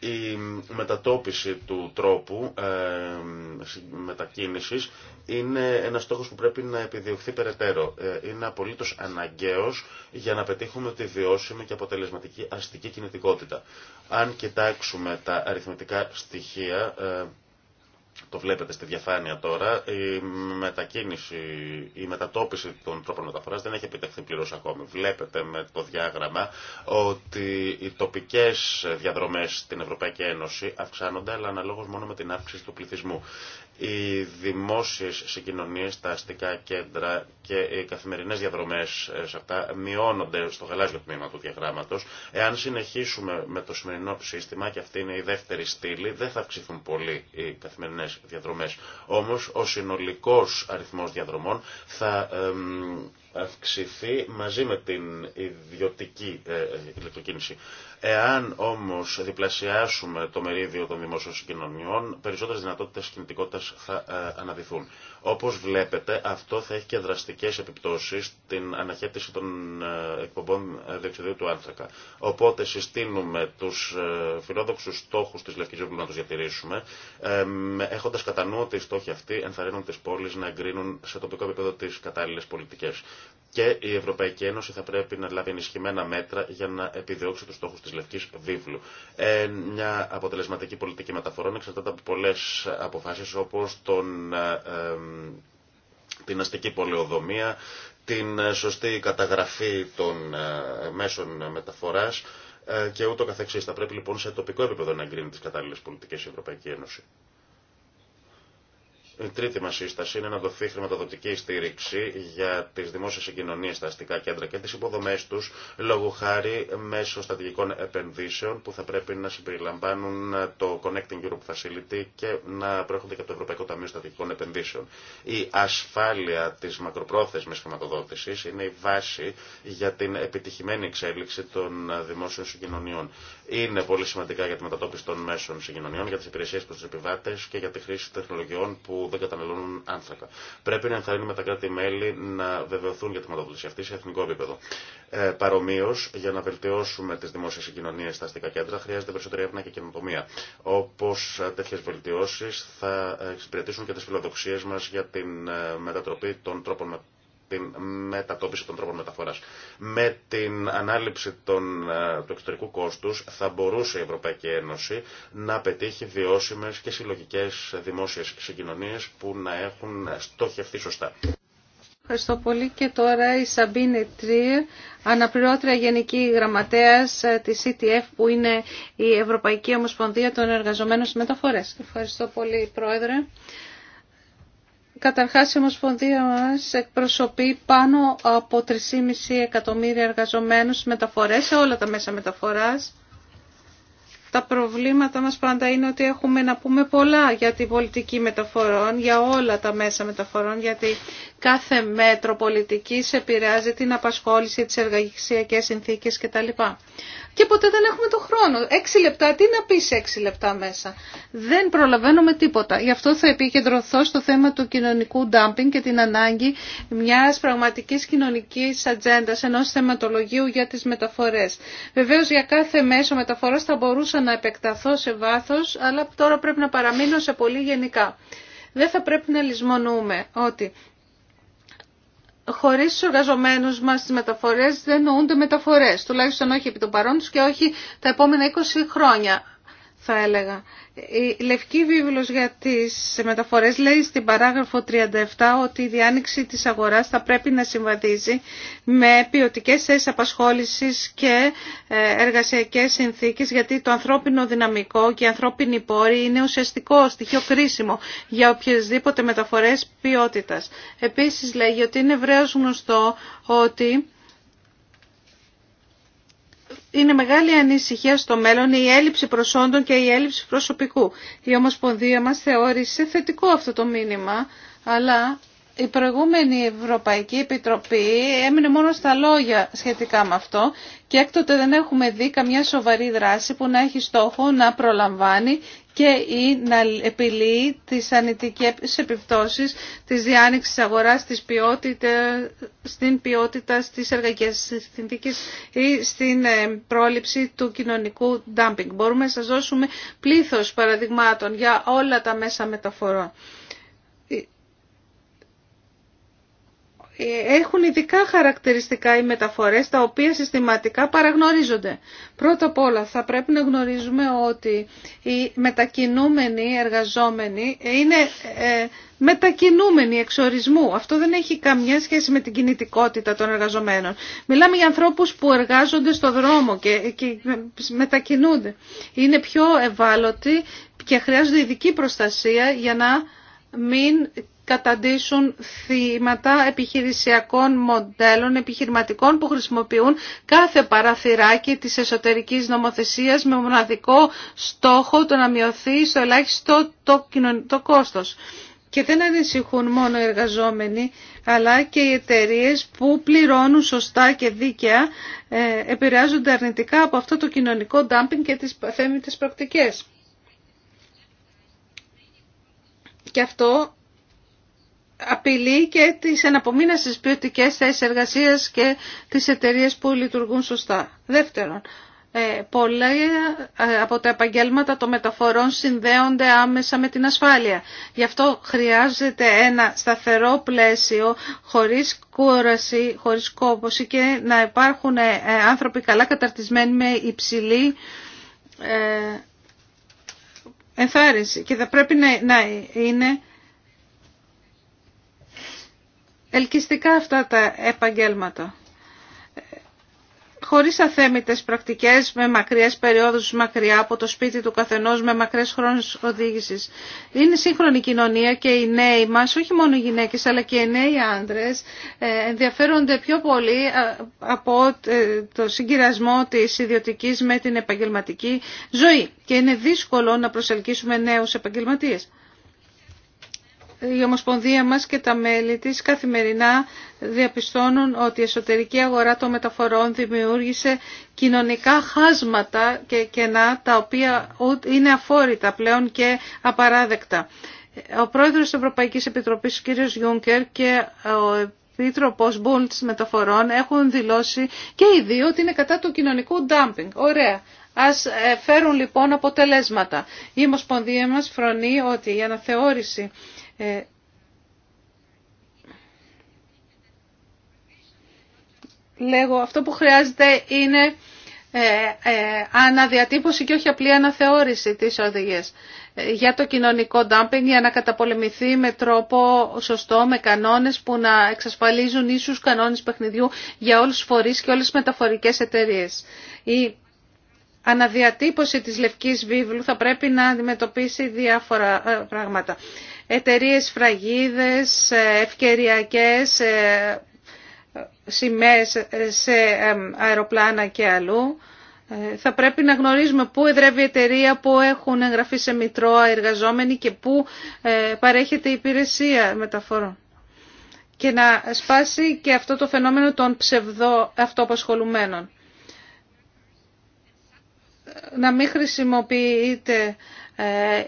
η μετατόπιση του τρόπου ε, μετακίνησης είναι ένας στόχος που πρέπει να επιδιωχθεί περαιτέρω. Ε, είναι απολύτως αναγκαίος για να πετύχουμε τη βιώσιμη και αποτελεσματική αστική κινητικότητα. Αν κοιτάξουμε τα αριθμητικά στοιχεία, ε, το βλέπετε στη διαφάνεια τώρα, η μετακίνηση, η μετατόπιση των τρόπων μεταφοράς δεν έχει επιτευχθεί πλήρως ακόμη. Βλέπετε με το διάγραμμα ότι οι τοπικές διαδρομές στην Ευρωπαϊκή Ένωση αυξάνονται, αλλά αναλόγως μόνο με την αύξηση του πληθυσμού οι δημόσιες συγκοινωνίε, τα αστικά κέντρα και οι καθημερινές διαδρομές ε, σε αυτά μειώνονται στο γαλάζιο τμήμα του διαγράμματος. Εάν συνεχίσουμε με το σημερινό σύστημα, και αυτή είναι η δεύτερη στήλη, δεν θα αυξηθούν πολύ οι καθημερινές διαδρομές. Όμως ο συνολικός αριθμός διαδρομών θα αυξηθεί μαζί με την ιδιωτική ε, ε, ηλεκτροκίνηση. Εάν όμως διπλασιάσουμε το μερίδιο των δημόσιων συγκοινωνιών, περισσότερες δυνατότητες κινητικότητας θα ε, αναδυθούν. Όπως βλέπετε, αυτό θα έχει και δραστικές επιπτώσεις στην αναχέτηση των ε, εκπομπών ε, διοξιδίου του άνθρακα. Οπότε συστήνουμε τους ε, φιλόδοξους στόχους της Λευκής Βίβλου να τους διατηρήσουμε, έχοντας κατά νου ότι οι στόχοι αυτοί ενθαρρύνουν τις πόλεις να εγκρίνουν σε τοπικό επίπεδο τις κατάλληλες πολιτικές. Και η Ευρωπαϊκή Ένωση θα πρέπει να λάβει ενισχυμένα μέτρα για να επιδιώξει του στόχου της Λευκής Βίβλου. Ε, μια αποτελεσματική πολιτική μεταφορών εξαρτάται από πολλέ αποφάσεις όπως τον την αστική πολεοδομία, την ε, σωστή καταγραφή των ε, μέσων μεταφοράς ε, και ούτω καθεξής. Θα πρέπει λοιπόν σε τοπικό επίπεδο να εγκρίνει τις κατάλληλες πολιτικές η Ευρωπαϊκή Ένωση. Η ε, τρίτη μα σύσταση είναι να δοθεί χρηματοδοτική στήριξη για τι δημόσιε συγκοινωνίε στα αστικά κέντρα και τι υποδομέ του, λόγω χάρη μέσω στρατηγικών επενδύσεων που θα πρέπει να συμπεριλαμβάνουν ε, το Connecting Europe Facility και να προέρχονται και από το Ευρωπαϊκό Ταμείο Στρατηγικών Επενδύσεων. Η ασφάλεια τη μακροπρόθεσμη χρηματοδότηση είναι η βάση για την επιτυχημένη εξέλιξη των ε, δημόσιων συγκοινωνιών. Είναι πολύ σημαντικά για τη μετατόπιση των μέσων συγκοινωνιών, για τι υπηρεσίε προ του επιβάτε και για τη χρήση τεχνολογιών που που δεν καταναλώνουν άνθρακα. Πρέπει να ενθαρρύνουμε τα κράτη-μέλη να βεβαιωθούν για τη χρηματοδότηση αυτή σε εθνικό επίπεδο. Ε, Παρομοίω, για να βελτιώσουμε τι δημόσιε συγκοινωνίε στα αστικά κέντρα, χρειάζεται περισσότερη έρευνα και καινοτομία. Όπω ε, τέτοιε βελτιώσει θα ε, εξυπηρετήσουν και τι φιλοδοξίε μα για την ε, μετατροπή των τρόπων την μετατόπιση των τρόπων μεταφοράς. Με την ανάληψη των, ε, του εξωτερικού κόστους θα μπορούσε η Ευρωπαϊκή Ένωση να πετύχει βιώσιμες και συλλογικές δημόσιες συγκοινωνίες που να έχουν στοχευτεί σωστά. Ευχαριστώ πολύ. Και τώρα η Σαμπίνε Τρίερ, αναπληρώτρια Γενική Γραμματέας ε, της CTF, που είναι η Ευρωπαϊκή Ομοσπονδία των Εργαζομένων στι Μεταφορέ. Ευχαριστώ πολύ, Πρόεδρε. Καταρχάς η Ομοσπονδία μας εκπροσωπεί πάνω από 3,5 εκατομμύρια εργαζομένους μεταφορές σε όλα τα μέσα μεταφοράς. Τα προβλήματα μας πάντα είναι ότι έχουμε να πούμε πολλά για την πολιτική μεταφορών, για όλα τα μέσα μεταφορών, γιατί κάθε μέτρο πολιτικής επηρεάζει την απασχόληση, τις εργασιακές συνθήκες κτλ και ποτέ δεν έχουμε το χρόνο. Έξι λεπτά, τι να πεις έξι λεπτά μέσα. Δεν προλαβαίνουμε τίποτα. Γι' αυτό θα επικεντρωθώ στο θέμα του κοινωνικού ντάμπινγκ και την ανάγκη μιας πραγματικής κοινωνικής ατζέντα ενός θεματολογίου για τις μεταφορές. Βεβαίως για κάθε μέσο μεταφοράς θα μπορούσα να επεκταθώ σε βάθος, αλλά τώρα πρέπει να παραμείνω σε πολύ γενικά. Δεν θα πρέπει να λησμονούμε ότι χωρίς τους εργαζομένους μας τι μεταφορές δεν νοούνται μεταφορές, τουλάχιστον όχι επί των και όχι τα επόμενα 20 χρόνια θα έλεγα. Η Λευκή Βίβλος για τις μεταφορές λέει στην παράγραφο 37 ότι η διάνοιξη της αγοράς θα πρέπει να συμβαδίζει με ποιοτικέ θέσει απασχόλησης και ε, εργασιακές συνθήκες γιατί το ανθρώπινο δυναμικό και η ανθρώπινη πόρη είναι ουσιαστικό στοιχείο κρίσιμο για οποιασδήποτε μεταφορές ποιότητας. Επίσης λέγει ότι είναι ευρέως γνωστό ότι είναι μεγάλη ανησυχία στο μέλλον η έλλειψη προσόντων και η έλλειψη προσωπικού. Η Ομοσπονδία μας θεώρησε θετικό αυτό το μήνυμα, αλλά η προηγούμενη Ευρωπαϊκή Επιτροπή έμεινε μόνο στα λόγια σχετικά με αυτό και έκτοτε δεν έχουμε δει καμιά σοβαρή δράση που να έχει στόχο να προλαμβάνει και ή να επιλύει τις ανητικές επιπτώσεις της διάνοιξης αγοράς της ποιότητα, στην ποιότητα στις εργατικές συνθήκες ή στην ε, πρόληψη του κοινωνικού ντάμπινγκ. Μπορούμε να σας δώσουμε πλήθος παραδειγμάτων για όλα τα μέσα μεταφορών. έχουν ειδικά χαρακτηριστικά οι μεταφορές τα οποία συστηματικά παραγνωρίζονται. Πρώτα απ' όλα θα πρέπει να γνωρίζουμε ότι οι μετακινούμενοι εργαζόμενοι είναι ε, μετακινούμενοι εξορισμού. Αυτό δεν έχει καμιά σχέση με την κινητικότητα των εργαζομένων. Μιλάμε για ανθρώπους που εργάζονται στο δρόμο και, και μετακινούνται. Είναι πιο ευάλωτοι και χρειάζονται ειδική προστασία για να μην καταντήσουν θύματα επιχειρησιακών μοντέλων επιχειρηματικών που χρησιμοποιούν κάθε παραθυράκι της εσωτερικής νομοθεσίας με μοναδικό στόχο το να μειωθεί στο ελάχιστο το, το κόστος. Και δεν ανησυχούν μόνο οι εργαζόμενοι, αλλά και οι εταιρείε που πληρώνουν σωστά και δίκαια ε, επηρεάζονται αρνητικά από αυτό το κοινωνικό ντάμπινγκ και τις θέμητες πρακτικές. Και αυτό απειλεί και τις εναπομείνασες ποιοτικέ ποιοτικές θέσεις εργασίας και τις εταιρείες που λειτουργούν σωστά. Δεύτερον, ε, πολλά ε, από τα επαγγέλματα των μεταφορών συνδέονται άμεσα με την ασφάλεια. Γι' αυτό χρειάζεται ένα σταθερό πλαίσιο χωρίς κούραση, χωρίς κόποση και να υπάρχουν ε, άνθρωποι καλά καταρτισμένοι με υψηλή ενθάρρυνση. Και θα πρέπει να είναι ελκυστικά αυτά τα επαγγέλματα. Χωρίς αθέμητες πρακτικές, με μακριές περιόδους μακριά από το σπίτι του καθενός, με μακρές χρόνες οδήγησης. Είναι σύγχρονη κοινωνία και οι νέοι μας, όχι μόνο οι γυναίκες αλλά και οι νέοι άντρες, ε, ενδιαφέρονται πιο πολύ ε, από ε, το συγκυρασμό της ιδιωτικής με την επαγγελματική ζωή. Και είναι δύσκολο να προσελκύσουμε νέους επαγγελματίες η Ομοσπονδία μας και τα μέλη της καθημερινά διαπιστώνουν ότι η εσωτερική αγορά των μεταφορών δημιούργησε κοινωνικά χάσματα και κενά τα οποία είναι αφόρητα πλέον και απαράδεκτα. Ο πρόεδρος της Ευρωπαϊκής Επιτροπής, κ. Γιούνκερ και ο Επίτροπος Μπούλτς Μεταφορών έχουν δηλώσει και οι δύο ότι είναι κατά του κοινωνικού ντάμπινγκ. Ωραία. Ας ε, φέρουν λοιπόν αποτελέσματα. Η Ομοσπονδία μας φρονεί ότι η αναθεώρηση ε, λέγω, αυτό που χρειάζεται είναι ε, ε, αναδιατύπωση και όχι απλή αναθεώρηση της οδηγίας για το κοινωνικό ντάμπινγκ, για να καταπολεμηθεί με τρόπο σωστό, με κανόνες που να εξασφαλίζουν ίσους κανόνες παιχνιδιού για όλους τους φορείς και όλες τις μεταφορικές εταιρείες. Η αναδιατύπωση της Λευκής Βίβλου θα πρέπει να αντιμετωπίσει διάφορα ε, πράγματα. Εταιρείε φραγίδες, ε, ευκαιριακές ε, σημαίες σε αεροπλάνα και αλλού. Θα πρέπει να γνωρίζουμε πού εδρεύει η εταιρεία, πού έχουν εγγραφεί σε Μητρώα εργαζόμενοι και πού παρέχεται η υπηρεσία μεταφορών. Και να σπάσει και αυτό το φαινόμενο των ψευδό να μην χρησιμοποιείται ε,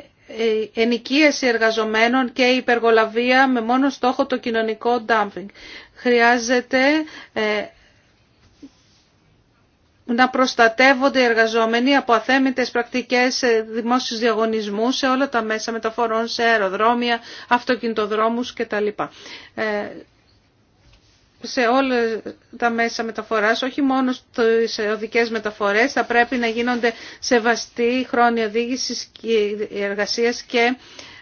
ενοικίαση εργαζομένων και υπεργολαβία με μόνο στόχο το κοινωνικό ντάμπινγκ. Χρειάζεται ε, να προστατεύονται οι εργαζόμενοι από αθέμητες πρακτικές σε δημόσιους διαγωνισμούς, σε όλα τα μέσα μεταφορών, σε αεροδρόμια, αυτοκινητοδρόμους κτλ. Ε, σε όλα τα μέσα μεταφοράς, όχι μόνο στις οδικές μεταφορές, θα πρέπει να γίνονται σεβαστοί χρόνοι οδήγηση και εργασίας και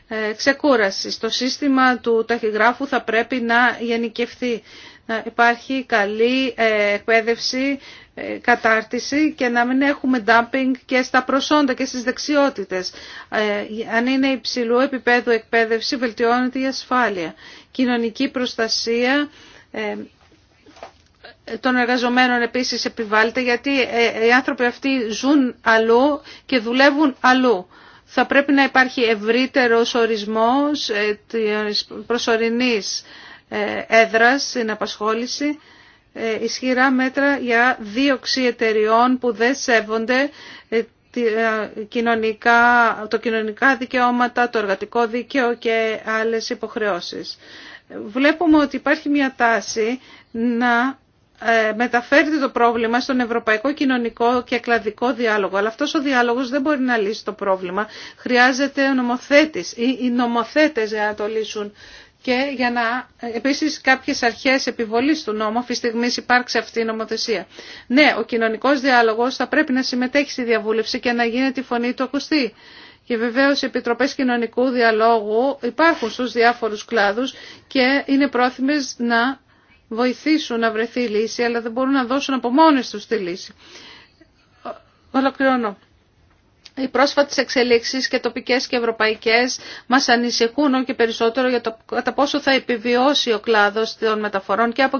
ε, ξεκούραση. Το σύστημα του ταχυγράφου θα πρέπει να γενικευθεί, να υπάρχει καλή ε, εκπαίδευση, ε, κατάρτιση και να μην έχουμε dumping και στα προσόντα και στις δεξιότητες. Αν είναι υψηλού επίπεδου εκπαίδευση βελτιώνεται η ασφάλεια. Κοινωνική προστασία ε, των εργαζομένων επίσης επιβάλλεται γιατί ε, οι άνθρωποι αυτοί ζουν αλλού και δουλεύουν αλλού. Θα πρέπει να υπάρχει ευρύτερος ορισμός ε, της προσωρινής έδρας στην απασχόληση ισχυρά μέτρα για δίωξη εταιριών που δεν σέβονται κοινωνικά, το κοινωνικά δικαιώματα, το εργατικό δίκαιο και άλλες υποχρεώσεις βλέπουμε ότι υπάρχει μια τάση να ε, μεταφέρει το πρόβλημα στον ευρωπαϊκό κοινωνικό και κλαδικό διάλογο. Αλλά αυτός ο διάλογος δεν μπορεί να λύσει το πρόβλημα. Χρειάζεται ο νομοθέτης ή οι νομοθέτες για να το λύσουν. Και για να επίσης κάποιες αρχές επιβολής του νόμου αυτή τη στιγμή υπάρξει αυτή η νομοθεσία. Ναι, ο κοινωνικός διάλογος θα πρέπει να συμμετέχει στη διαβούλευση και να γίνεται η φωνή του ακουστή. Και βεβαίως οι επιτροπές κοινωνικού διαλόγου υπάρχουν στους διάφορους κλάδους και είναι πρόθυμες να βοηθήσουν να βρεθεί λύση, αλλά δεν μπορούν να δώσουν από μόνες τους τη λύση. Ολοκληρώνω. Οι πρόσφατες εξελίξεις και τοπικές και ευρωπαϊκές μας ανησυχούν και περισσότερο για το κατά πόσο θα επιβιώσει ο κλάδος των μεταφορών και από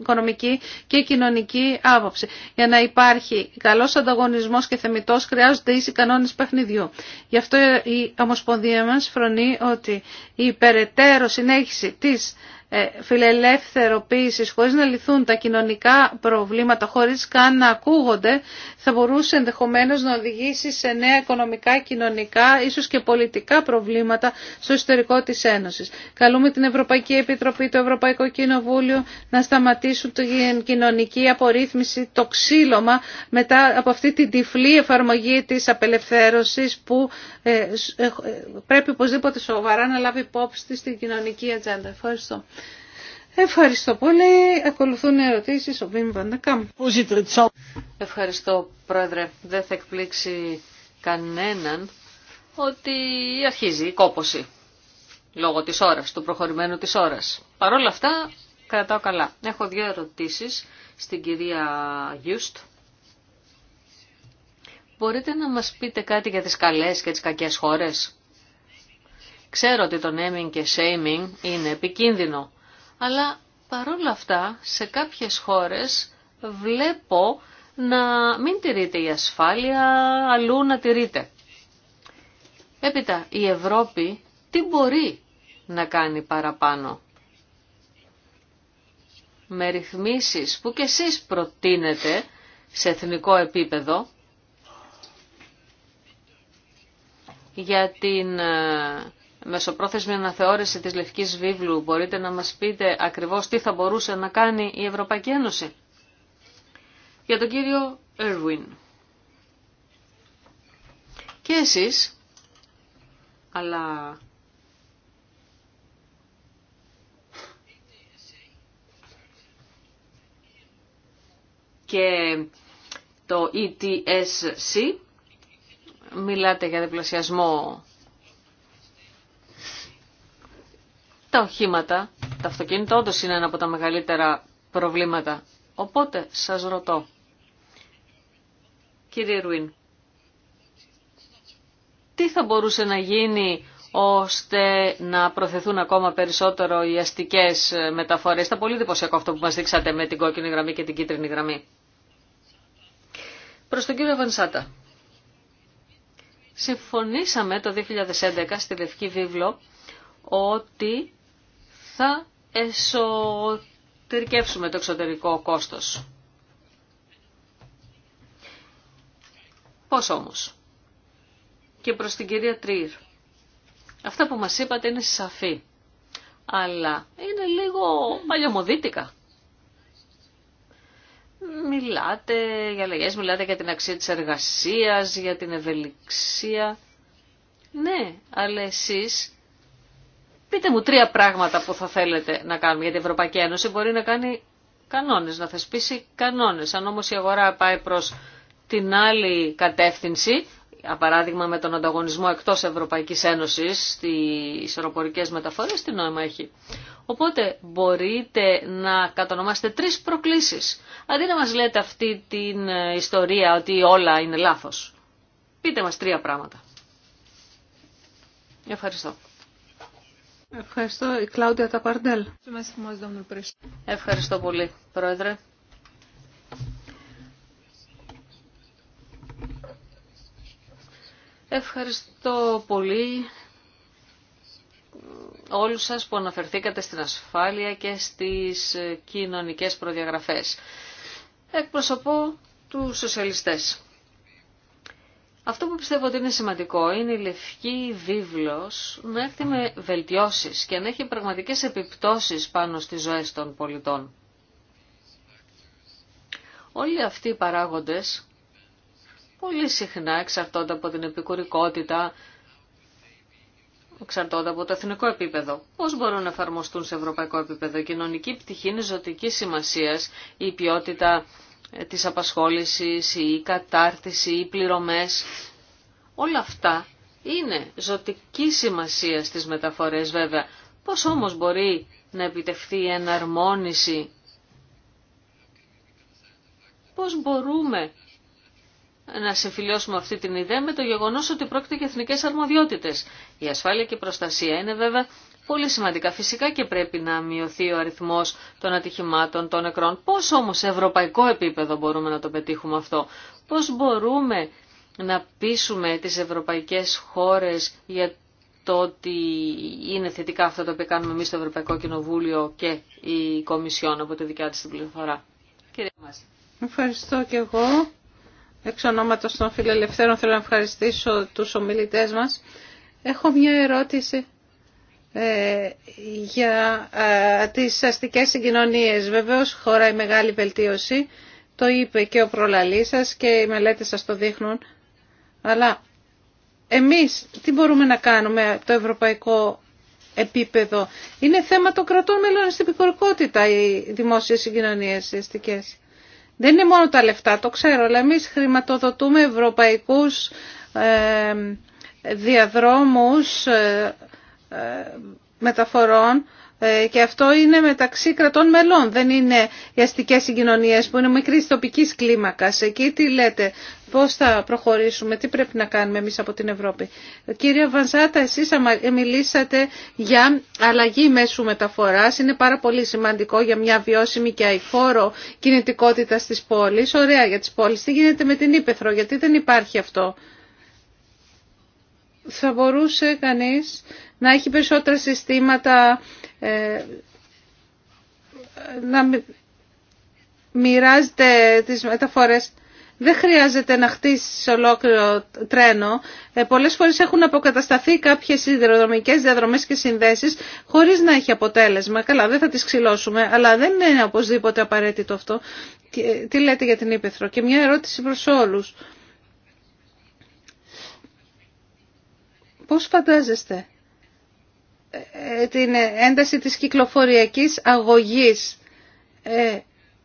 οικονομική και κοινωνική άποψη. Για να υπάρχει καλός ανταγωνισμός και θεμητός χρειάζονται ίσοι κανόνες παιχνιδιού. Γι' αυτό η Ομοσπονδία μας φρονεί ότι η περαιτέρω συνέχιση της ε, φιλελεύθεροποίησης, χωρίς να λυθούν τα κοινωνικά προβλήματα, χωρίς καν να ακούγονται, θα μπορούσε ενδεχομένως να οδηγήσει σε νέα οικονομικά, κοινωνικά, ίσως και πολιτικά προβλήματα στο ιστορικό της Ένωσης. Καλούμε την Ευρωπαϊκή Επιτροπή, το Ευρωπαϊκό Κοινοβούλιο να σταματήσουν την κοινωνική απορρίθμιση, το ξύλωμα μετά από αυτή την τυφλή εφαρμογή της απελευθέρωσης που ε, ε, πρέπει οπωσδήποτε σοβαρά να λάβει υπόψη στην κοινωνική ατζέντα. Ευχαριστώ. Ευχαριστώ πολύ. Ακολουθούν ερωτήσεις ο Βίμ Βαντακάμ. Ευχαριστώ Πρόεδρε. Δεν θα εκπλήξει κανέναν ότι αρχίζει η κόπωση λόγω της ώρας, του προχωρημένου της ώρας. Παρ' όλα αυτά κρατάω καλά. Έχω δύο ερωτήσεις στην κυρία Γιούστ. Μπορείτε να μας πείτε κάτι για τις καλές και τις κακές χώρες. Ξέρω ότι το naming και shaming είναι επικίνδυνο αλλά παρόλα αυτά σε κάποιες χώρες βλέπω να μην τηρείται η ασφάλεια, αλλού να τηρείται. Έπειτα η Ευρώπη τι μπορεί να κάνει παραπάνω με ρυθμίσεις που και εσείς προτείνετε σε εθνικό επίπεδο για την ε, μεσοπρόθεσμη αναθεώρηση της Λευκής Βίβλου μπορείτε να μας πείτε ακριβώς τι θα μπορούσε να κάνει η Ευρωπαϊκή Ένωση. Για τον κύριο Ερβουίν. Και εσείς, αλλά και το ETSC, μιλάτε για διπλασιασμό τα οχήματα, τα αυτοκίνητα όντως είναι ένα από τα μεγαλύτερα προβλήματα. Οπότε σας ρωτώ, κύριε Ρουίν, τι θα μπορούσε να γίνει ώστε να προθεθούν ακόμα περισσότερο οι αστικές μεταφορές. Ήταν πολύ εντυπωσιακό αυτό που μας δείξατε με την κόκκινη γραμμή και την κίτρινη γραμμή. Προς τον κύριο Βανσάτα. Συμφωνήσαμε το 2011 στη Λευκή Βίβλο ότι θα εσωτερικεύσουμε το εξωτερικό κόστος. Πώς όμως. Και προς την κυρία Τρίρ. Αυτά που μας είπατε είναι σαφή. Αλλά είναι λίγο παλιωμοδίτικα. Μιλάτε για αλλαγέ, μιλάτε για την αξία της εργασίας, για την ευελιξία. Ναι, αλλά εσείς Πείτε μου τρία πράγματα που θα θέλετε να κάνουμε, γιατί η Ευρωπαϊκή Ένωση μπορεί να κάνει κανόνες, να θεσπίσει κανόνες. Αν όμως η αγορά πάει προς την άλλη κατεύθυνση, παράδειγμα με τον ανταγωνισμό εκτός Ευρωπαϊκής Ένωσης στις αεροπορικές μεταφορές, τι νόημα έχει. Οπότε μπορείτε να κατονομάσετε τρεις προκλήσεις. Αντί να μας λέτε αυτή την ε, ιστορία ότι όλα είναι λάθος. Πείτε μας τρία πράγματα. Ευχαριστώ. Ευχαριστώ, Ευχαριστώ πολύ, Πρόεδρε. Ευχαριστώ πολύ όλους σας που αναφερθήκατε στην ασφάλεια και στις κοινωνικές προδιαγραφές. Εκπροσωπώ τους σοσιαλιστές. Αυτό που πιστεύω ότι είναι σημαντικό είναι η λευκή βίβλος να έρθει με βελτιώσεις και να έχει πραγματικές επιπτώσεις πάνω στις ζωές των πολιτών. Όλοι αυτοί οι παράγοντες πολύ συχνά εξαρτώνται από την επικουρικότητα, εξαρτώνται από το εθνικό επίπεδο. Πώς μπορούν να εφαρμοστούν σε ευρωπαϊκό επίπεδο. Η κοινωνική πτυχή είναι ζωτική σημασίας, η ποιότητα ε, της απασχόλησης, η κατάρτιση, η πληρωμές. Όλα αυτά είναι ζωτική σημασία στις μεταφορές βέβαια. Πώς όμως μπορεί να επιτευχθεί η εναρμόνιση. Πώς μπορούμε να συμφιλιώσουμε αυτή την ιδέα με το γεγονός ότι πρόκειται για εθνικές αρμοδιότητες. Η ασφάλεια και η προστασία είναι βέβαια πολύ σημαντικά. Φυσικά και πρέπει να μειωθεί ο αριθμός των ατυχημάτων, των νεκρών. Πώς όμως σε ευρωπαϊκό επίπεδο μπορούμε να το πετύχουμε αυτό. Πώς μπορούμε να πείσουμε τις ευρωπαϊκές χώρες για το ότι είναι θετικά αυτό το οποία κάνουμε εμείς στο Ευρωπαϊκό Κοινοβούλιο και η Κομισιόν από τη δικιά της την πληροφορά. Ευχαριστώ και εγώ. Εξ ονόματος των φιλελευθέρων θέλω να ευχαριστήσω τους ομιλητές μας. Έχω μια ερώτηση ε, για ε, τις αστικές συγκοινωνίες. Βεβαίως χωράει μεγάλη βελτίωση, το είπε και ο προλαλής σας και οι μελέτες σας το δείχνουν, αλλά εμείς τι μπορούμε να κάνουμε το ευρωπαϊκό επίπεδο. Είναι θέμα των κρατών μελών στην επικορικότητα οι δημόσιες συγκοινωνίες οι αστικές. Δεν είναι μόνο τα λεφτά, το ξέρω, αλλά εμείς χρηματοδοτούμε ευρωπαϊκούς ε, διαδρόμους μεταφορών ε, και αυτό είναι μεταξύ κρατών μελών, δεν είναι οι αστικέ συγκοινωνίε που είναι μικρή τοπική κλίμακα. Εκεί τι λέτε, πώ θα προχωρήσουμε, τι πρέπει να κάνουμε εμεί από την Ευρώπη. Κύριε Βανζάτα, εσεί μιλήσατε για αλλαγή μέσου μεταφορά. Είναι πάρα πολύ σημαντικό για μια βιώσιμη και αηφόρο κινητικότητα στι πόλει. Ωραία για τι πόλει. Τι γίνεται με την Ήπεθρο, γιατί δεν υπάρχει αυτό. Θα μπορούσε κανείς να έχει περισσότερα συστήματα, ε, να μοιράζεται τις μεταφορές. Δεν χρειάζεται να χτίσει ολόκληρο τρένο. Ε, Πολλέ φορέ έχουν αποκατασταθεί κάποιε σιδηροδρομικέ διαδρομέ και συνδέσει χωρί να έχει αποτέλεσμα. Καλά, δεν θα τι ξυλώσουμε, αλλά δεν είναι οπωσδήποτε απαραίτητο αυτό. Τι, τι λέτε για την Ήπεθρο. Και μια ερώτηση προ όλου. Πώ φαντάζεστε ε, την ένταση της κυκλοφοριακής αγωγής. Ε,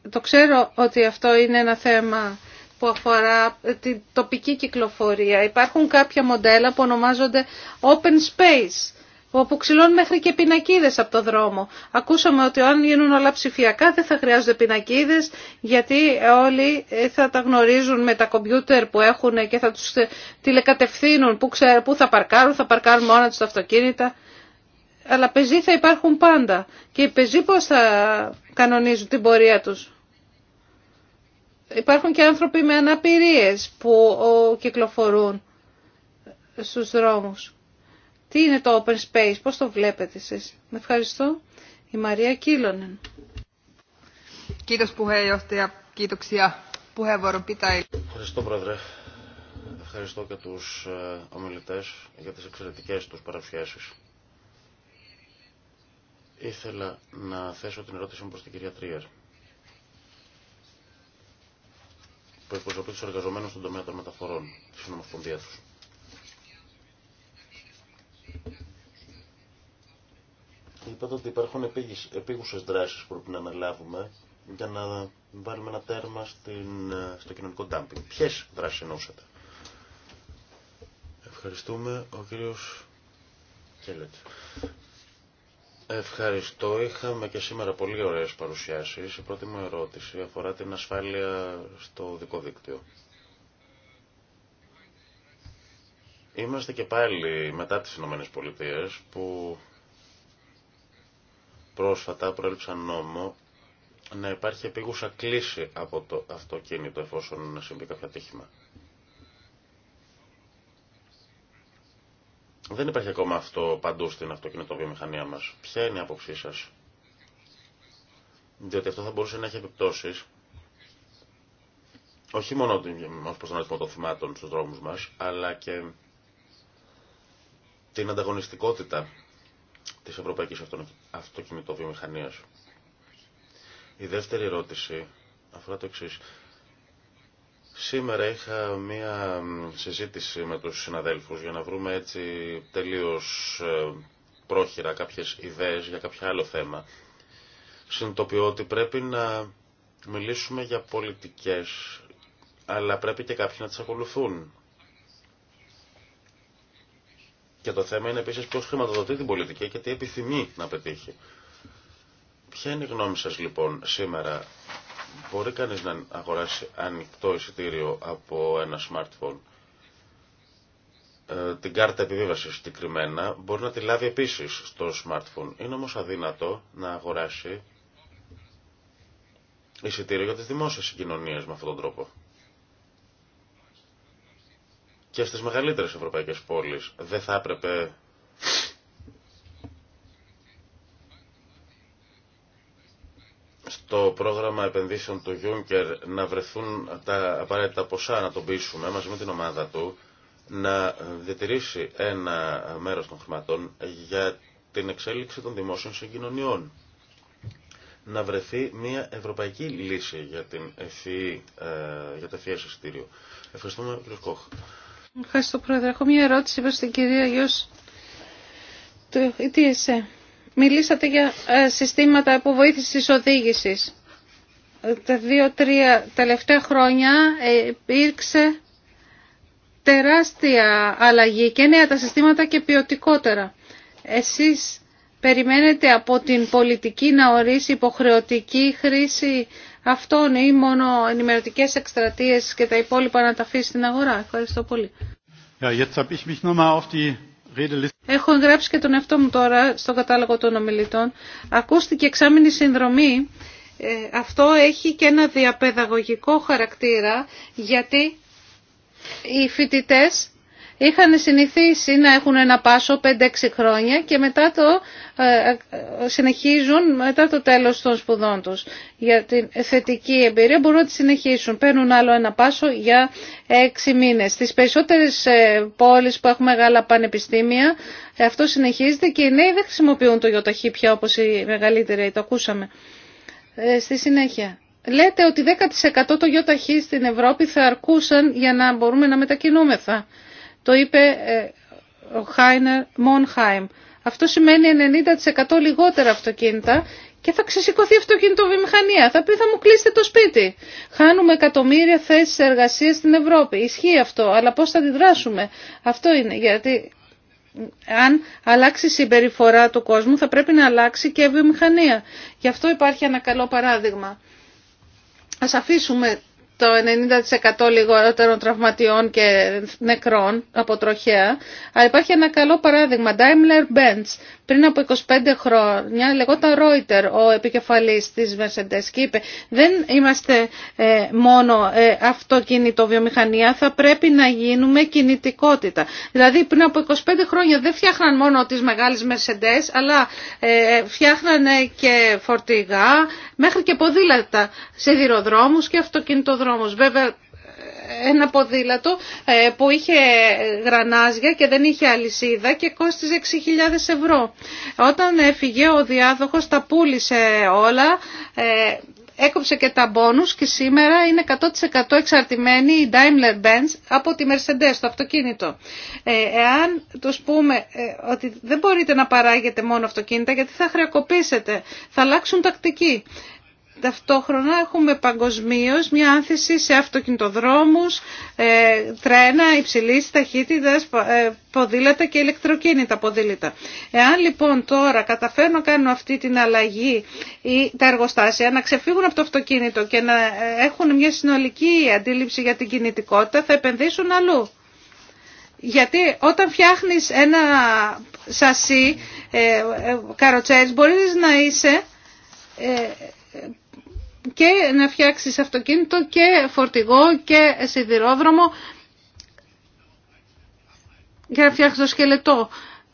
το ξέρω ότι αυτό είναι ένα θέμα που αφορά την τοπική κυκλοφορία. Υπάρχουν κάποια μοντέλα που ονομάζονται open space, όπου ξυλώνουν μέχρι και πινακίδες από το δρόμο. Ακούσαμε ότι αν γίνουν όλα ψηφιακά δεν θα χρειάζονται πινακίδες, γιατί όλοι ε, θα τα γνωρίζουν με τα κομπιούτερ που έχουν και θα τους τηλεκατευθύνουν, που, που θα παρκάρουν, θα παρκάρουν μόνα τους τα αυτοκίνητα αλλά πεζοί θα υπάρχουν πάντα. Και οι πεζοί πώς θα κανονίζουν την πορεία τους. Υπάρχουν και άνθρωποι με αναπηρίες που κυκλοφορούν στους δρόμους. Τι είναι το open space, πώς το βλέπετε εσείς. Με ευχαριστώ. Η Μαρία Κίλωνεν. Ευχαριστώ πρόεδρε. Ευχαριστώ και τους ε, ομιλητές για τις εξαιρετικές τους παρουσιάσεις. Ήθελα να θέσω την ερώτηση μου προς την κυρία Τρίερ που εκπροσωπεί τους εργαζομένους στον τομέα των μεταφορών της Ομοσπονδία του. Είπατε ότι υπάρχουν επίγουσες δράσεις που πρέπει να αναλάβουμε για να βάλουμε ένα τέρμα στο κοινωνικό ντάμπινγκ. Ποιες δράσεις εννοούσατε. Ευχαριστούμε. Ο κύριος Κέλετ. Ευχαριστώ. Είχαμε και σήμερα πολύ ωραίες παρουσιάσεις. Η πρώτη μου ερώτηση αφορά την ασφάλεια στο δικό δίκτυο. Είμαστε και πάλι μετά τις Ηνωμένες Πολιτείες που πρόσφατα προέλειψαν νόμο να υπάρχει επίγουσα κλίση από το αυτοκίνητο εφόσον συμβεί κάποιο ατύχημα. Δεν υπάρχει ακόμα αυτό παντού στην αυτοκινητοβιομηχανία μας. Ποια είναι η άποψή σα. Διότι αυτό θα μπορούσε να έχει επιπτώσει, όχι μόνο ω προ τον αριθμό των θυμάτων στου δρόμου μα, αλλά και την ανταγωνιστικότητα τη ευρωπαϊκή αυτοκινητοβιομηχανία. Η δεύτερη ερώτηση αφορά το εξή. Σήμερα είχα μία συζήτηση με τους συναδέλφους για να βρούμε έτσι τελείως ε, πρόχειρα κάποιες ιδέες για κάποιο άλλο θέμα. Συνειδητοποιώ ότι πρέπει να μιλήσουμε για πολιτικές, αλλά πρέπει και κάποιοι να τις ακολουθούν. Και το θέμα είναι επίσης ποιος χρηματοδοτεί την πολιτική και τι επιθυμεί να πετύχει. Ποια είναι η γνώμη σας λοιπόν σήμερα Μπορεί κανείς να αγοράσει ανοιχτό εισιτήριο από ένα smartphone. Ε, την κάρτα επιβίβασης συγκεκριμένα μπορεί να τη λάβει επίσης στο smartphone. Είναι όμως αδύνατο να αγοράσει εισιτήριο για τις δημόσιες συγκοινωνίες με αυτόν τον τρόπο. Και στις μεγαλύτερες ευρωπαϊκές πόλεις δεν θα έπρεπε Το πρόγραμμα επενδύσεων του Juncker να βρεθούν τα απαραίτητα ποσά να τον πείσουμε μαζί με την ομάδα του να διατηρήσει ένα μέρος των χρηματών για την εξέλιξη των δημόσιων συγκοινωνιών. Να βρεθεί μια ευρωπαϊκή λύση για, την ε, για το ευθύ συστήριο. Ευχαριστούμε κύριε Κόχ. Ευχαριστώ πρόεδρε. Έχω μια ερώτηση προς την κυρία Γιώση Μιλήσατε για ε, συστήματα βοήθηση της οδήγησης. Τα δύο-τρία τελευταία χρόνια ε, υπήρξε τεράστια αλλαγή και νέα τα συστήματα και ποιοτικότερα. Εσείς περιμένετε από την πολιτική να ορίσει υποχρεωτική χρήση αυτών ή μόνο ενημερωτικές εκστρατείες και τα υπόλοιπα να τα αφήσει στην αγορά. Ευχαριστώ πολύ. Ja, jetzt habe ich mich auf die Έχω γράψει και τον εαυτό μου τώρα στον κατάλογο των ομιλητών. Ακούστηκε εξάμεινη συνδρομή. Ε, αυτό έχει και ένα διαπαιδαγωγικό χαρακτήρα γιατί οι φοιτητές είχαν συνηθίσει να έχουν ένα πάσο 5-6 χρόνια και μετά το ε, ε, συνεχίζουν μετά το τέλος των σπουδών τους. Για την θετική εμπειρία μπορούν να τη συνεχίσουν. Παίρνουν άλλο ένα πάσο για 6 μήνες. Στις περισσότερες ε, πόλεις που έχουν μεγάλα πανεπιστήμια αυτό συνεχίζεται και οι νέοι δεν χρησιμοποιούν το γιοταχή πια όπως οι μεγαλύτεροι, το ακούσαμε. στη συνέχεια. Λέτε ότι 10% το γιοταχή στην Ευρώπη θα αρκούσαν για να μπορούμε να μετακινούμεθα. Το είπε ε, ο Χάινερ Μονχάιμ. Αυτό σημαίνει 90% λιγότερα αυτοκίνητα και θα ξεσηκωθεί η αυτοκινητοβιομηχανία. Θα πει θα μου κλείσετε το σπίτι. Χάνουμε εκατομμύρια θέσει εργασία στην Ευρώπη. Ισχύει αυτό, αλλά πώ θα αντιδράσουμε. Αυτό είναι. Γιατί αν αλλάξει η συμπεριφορά του κόσμου θα πρέπει να αλλάξει και η βιομηχανία. Γι' αυτό υπάρχει ένα καλό παράδειγμα. Ας αφήσουμε το 90% λιγότερων τραυματιών και νεκρών από τροχέα. Αλλά υπάρχει ένα καλό παράδειγμα, Daimler Benz, πριν από 25 χρόνια λεγόταν Ρόιτερ ο επικεφαλής της Mercedes και είπε δεν είμαστε ε, μόνο ε, αυτοκίνητο βιομηχανία, θα πρέπει να γίνουμε κινητικότητα. Δηλαδή πριν από 25 χρόνια δεν φτιάχναν μόνο τις μεγάλες Mercedes αλλά ε, φτιάχνανε και φορτηγά μέχρι και ποδήλατα σε δηροδρόμους και αυτοκινητοδρόμους. Βέβαια ένα ποδήλατο ε, που είχε γρανάζια και δεν είχε αλυσίδα και κόστιζε 6.000 ευρώ. Όταν έφυγε ο διάδοχος τα πούλησε όλα, ε, έκοψε και τα μπόνους και σήμερα είναι 100% εξαρτημένη η Daimler-Benz από τη Mercedes, το αυτοκίνητο. Ε, εάν τους πούμε ότι δεν μπορείτε να παράγετε μόνο αυτοκίνητα γιατί θα χρεοκοπήσετε, θα αλλάξουν τακτική. Ταυτόχρονα έχουμε παγκοσμίω μια άνθηση σε αυτοκινητοδρόμους, ε, τρένα υψηλής ταχύτητας, ε, ποδήλατα και ηλεκτροκίνητα ποδήλατα. Εάν λοιπόν τώρα καταφέρνω να κάνω αυτή την αλλαγή ή τα εργοστάσια να ξεφύγουν από το αυτοκίνητο και να ε, έχουν μια συνολική αντίληψη για την κινητικότητα θα επενδύσουν αλλού. Γιατί όταν φτιάχνεις ένα σασί καροτσέρις μπορείς να είσαι και να φτιάξεις αυτοκίνητο και φορτηγό και σιδηρόδρομο για να φτιάξεις το σκελετό.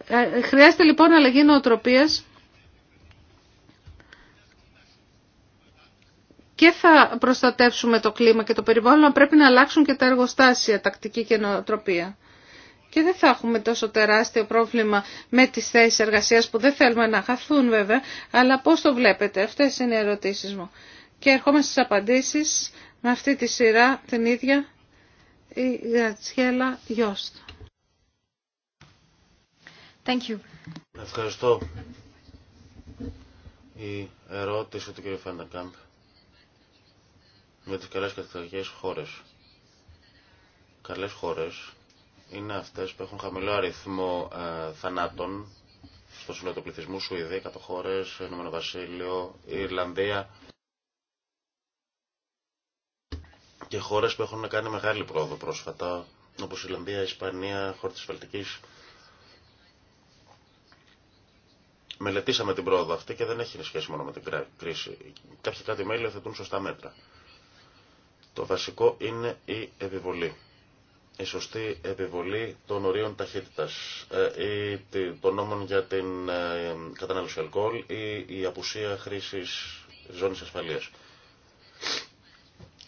Ε, χρειάζεται λοιπόν αλλαγή νοοτροπίας και θα προστατεύσουμε το κλίμα και το περιβάλλον, πρέπει να αλλάξουν και τα εργοστάσια, τακτική και νοοτροπία. Και δεν θα έχουμε τόσο τεράστιο πρόβλημα με τις θέσεις εργασίας που δεν θέλουμε να χαθούν βέβαια, αλλά πώς το βλέπετε, αυτές είναι οι ερωτήσεις μου. Και ερχόμαστε στις απαντήσεις με αυτή τη σειρά την ίδια η Γατσιέλα Γιώστ. Thank you. Ευχαριστώ. Η ερώτηση του κ. Φαντακάμπ με τις καλές καταστατικές χώρες. Καλές χώρες είναι αυτές που έχουν χαμηλό αριθμό ε, θανάτων στο σύνολο του πληθυσμού, Σουηδία, Κατοχώρες, Ηνωμένο Βασίλειο, Ιρλανδία, και χώρε που έχουν κάνει μεγάλη πρόοδο πρόσφατα, όπω η Ιλλανδία, η Ισπανία, χώρα τη Βαλτική. Μελετήσαμε την πρόοδο αυτή και δεν έχει σχέση μόνο με την κρίση. Κάποιοι κάτι μέλη θετούν σωστά μέτρα. Το βασικό είναι η επιβολή. Η σωστή επιβολή των ορίων ταχύτητα ή ε, των νόμων για την ε, κατανάλωση αλκοόλ ή η απουσία χρήση ζώνης ασφαλείας.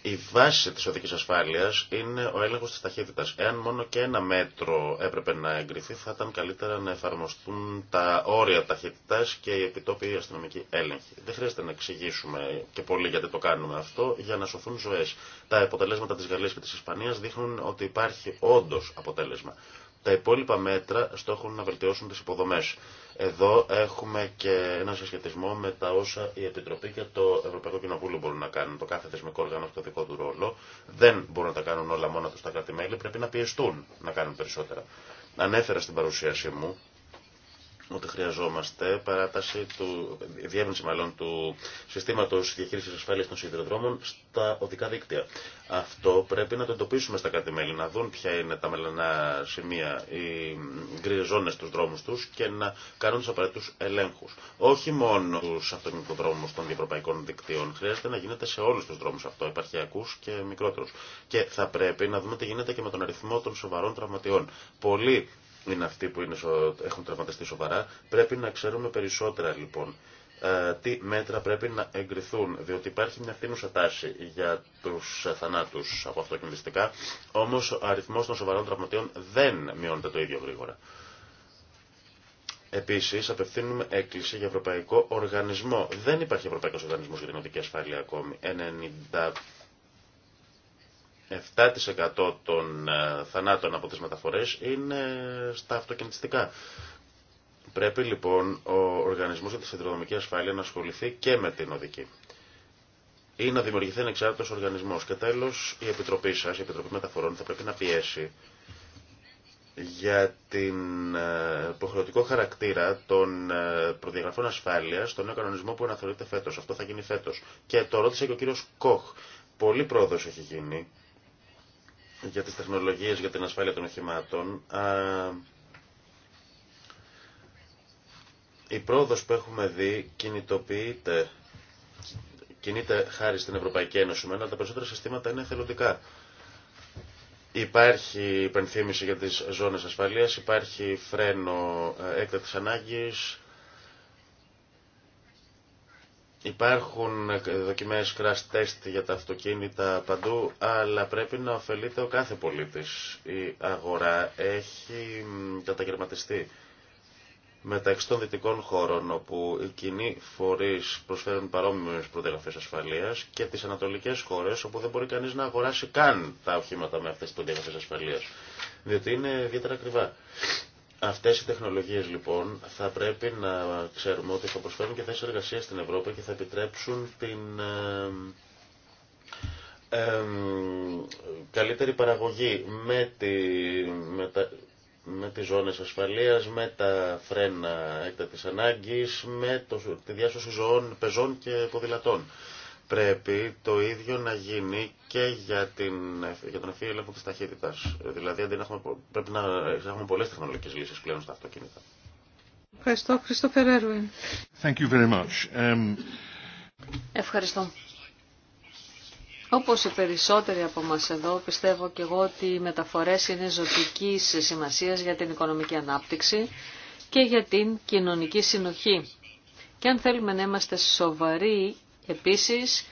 Η βάση τη οδική ασφάλεια είναι ο έλεγχο τη ταχύτητα. Εάν μόνο και ένα μέτρο έπρεπε να εγκριθεί, θα ήταν καλύτερα να εφαρμοστούν τα όρια ταχύτητας και οι επιτόπιοι αστυνομικοί έλεγχοι. Δεν χρειάζεται να εξηγήσουμε και πολύ γιατί το κάνουμε αυτό, για να σωθούν ζωέ. Τα αποτελέσματα τη Γαλλία και τη Ισπανία δείχνουν ότι υπάρχει όντω αποτέλεσμα. Τα υπόλοιπα μέτρα στόχουν να βελτιώσουν τι υποδομέ. Εδώ έχουμε και ένα συσχετισμό με τα όσα η Επιτροπή και το Ευρωπαϊκό Κοινοβούλιο μπορούν να κάνουν. Το κάθε θεσμικό όργανο το δικό του ρόλο δεν μπορούν να τα κάνουν όλα μόνο του τα κράτη-μέλη, πρέπει να πιεστούν να κάνουν περισσότερα. Ανέφερα στην παρουσίασή μου ότι χρειαζόμαστε παράταση του, διεύνηση μάλλον του συστήματο διαχείριση ασφάλεια των σιδηροδρόμων στα οδικά δίκτυα. Αυτό πρέπει να το εντοπίσουμε στα κράτη-μέλη, να δουν ποια είναι τα μελανά σημεία, οι γκριζόνε ζώνε στου δρόμου του και να κάνουν του απαραίτητου ελέγχου. Όχι μόνο στου αυτοκινητοδρόμου των διευρωπαϊκών δικτύων, χρειάζεται να γίνεται σε όλου του δρόμου αυτό, επαρχιακού και μικρότερου. Και θα πρέπει να δούμε τι γίνεται και με τον αριθμό των σοβαρών τραυματιών. Πολλοί είναι αυτοί που είναι, έχουν τραυματιστεί σοβαρά. Πρέπει να ξέρουμε περισσότερα λοιπόν ε, τι μέτρα πρέπει να εγκριθούν, διότι υπάρχει μια φθήνουσα τάση για τους ε, θανάτους από αυτοκινητιστικά. όμως ο αριθμός των σοβαρών τραυματιών δεν μειώνεται το ίδιο γρήγορα. Επίση, απευθύνουμε έκκληση για Ευρωπαϊκό Οργανισμό. Δεν υπάρχει Ευρωπαϊκό Οργανισμό για την Οδική Ασφάλεια ακόμη. 7% των ε, θανάτων από τις μεταφορές είναι στα αυτοκινητιστικά. Πρέπει λοιπόν ο Οργανισμός για τη Συνδρομική Ασφάλεια να ασχοληθεί και με την οδική ή να δημιουργηθεί ένα εξάρτητος οργανισμός. Και τέλος η Επιτροπή σας, η Επιτροπή Μεταφορών θα πρέπει να πιέσει για την ε, υποχρεωτικό χαρακτήρα των ε, προδιαγραφών ασφάλειας στον νέο κανονισμό που αναθεωρείται φέτος. Αυτό θα γίνει φέτος. Και το ρώτησε και ο κύριος Κοχ. Πολύ πρόοδος έχει γίνει για τις τεχνολογίες για την ασφάλεια των οχημάτων. Η πρόοδος που έχουμε δει κινητοποιείται, κινείται χάρη στην Ευρωπαϊκή Ένωση, αλλά τα περισσότερα συστήματα είναι εθελοντικά. Υπάρχει υπενθύμηση για τις ζώνες ασφαλείας, υπάρχει φρένο ε, έκτακτης ανάγκης, Υπάρχουν ε, δοκιμές crash test για τα αυτοκίνητα παντού, αλλά πρέπει να ωφελείται ο κάθε πολίτης. Η αγορά έχει καταγερματιστεί μεταξύ των δυτικών χώρων, όπου οι κοινοί φορείς προσφέρουν παρόμοιες προδιαγραφές ασφαλείας, και τις ανατολικές χώρες, όπου δεν μπορεί κανείς να αγοράσει καν τα οχήματα με αυτές τις προδιαγραφές ασφαλείας, διότι είναι ιδιαίτερα ακριβά. Αυτές οι τεχνολογίες λοιπόν θα πρέπει να ξέρουμε ότι θα προσφέρουν και θέσει εργασίας στην Ευρώπη και θα επιτρέψουν την καλύτερη παραγωγή με, τη, με, τα, με τις ζώνες ασφαλείας, με τα φρένα έκτατης ανάγκης, με το, τη διάσωση ζωών, πεζών και ποδηλατών πρέπει το ίδιο να γίνει και για, την, για τον ευφύ έλεγχο της ταχύτητας. Δηλαδή αντί έχουμε, πρέπει να έχουμε πολλές τεχνολογικές λύσεις πλέον στα αυτοκίνητα. Ευχαριστώ. Χριστό Thank you very much. Um, Ευχαριστώ. Όπως οι περισσότεροι από μας εδώ, πιστεύω και εγώ ότι οι μεταφορές είναι ζωτικής σημασίας για την οικονομική ανάπτυξη και για την κοινωνική συνοχή. Και αν θέλουμε να είμαστε σοβαροί επίσης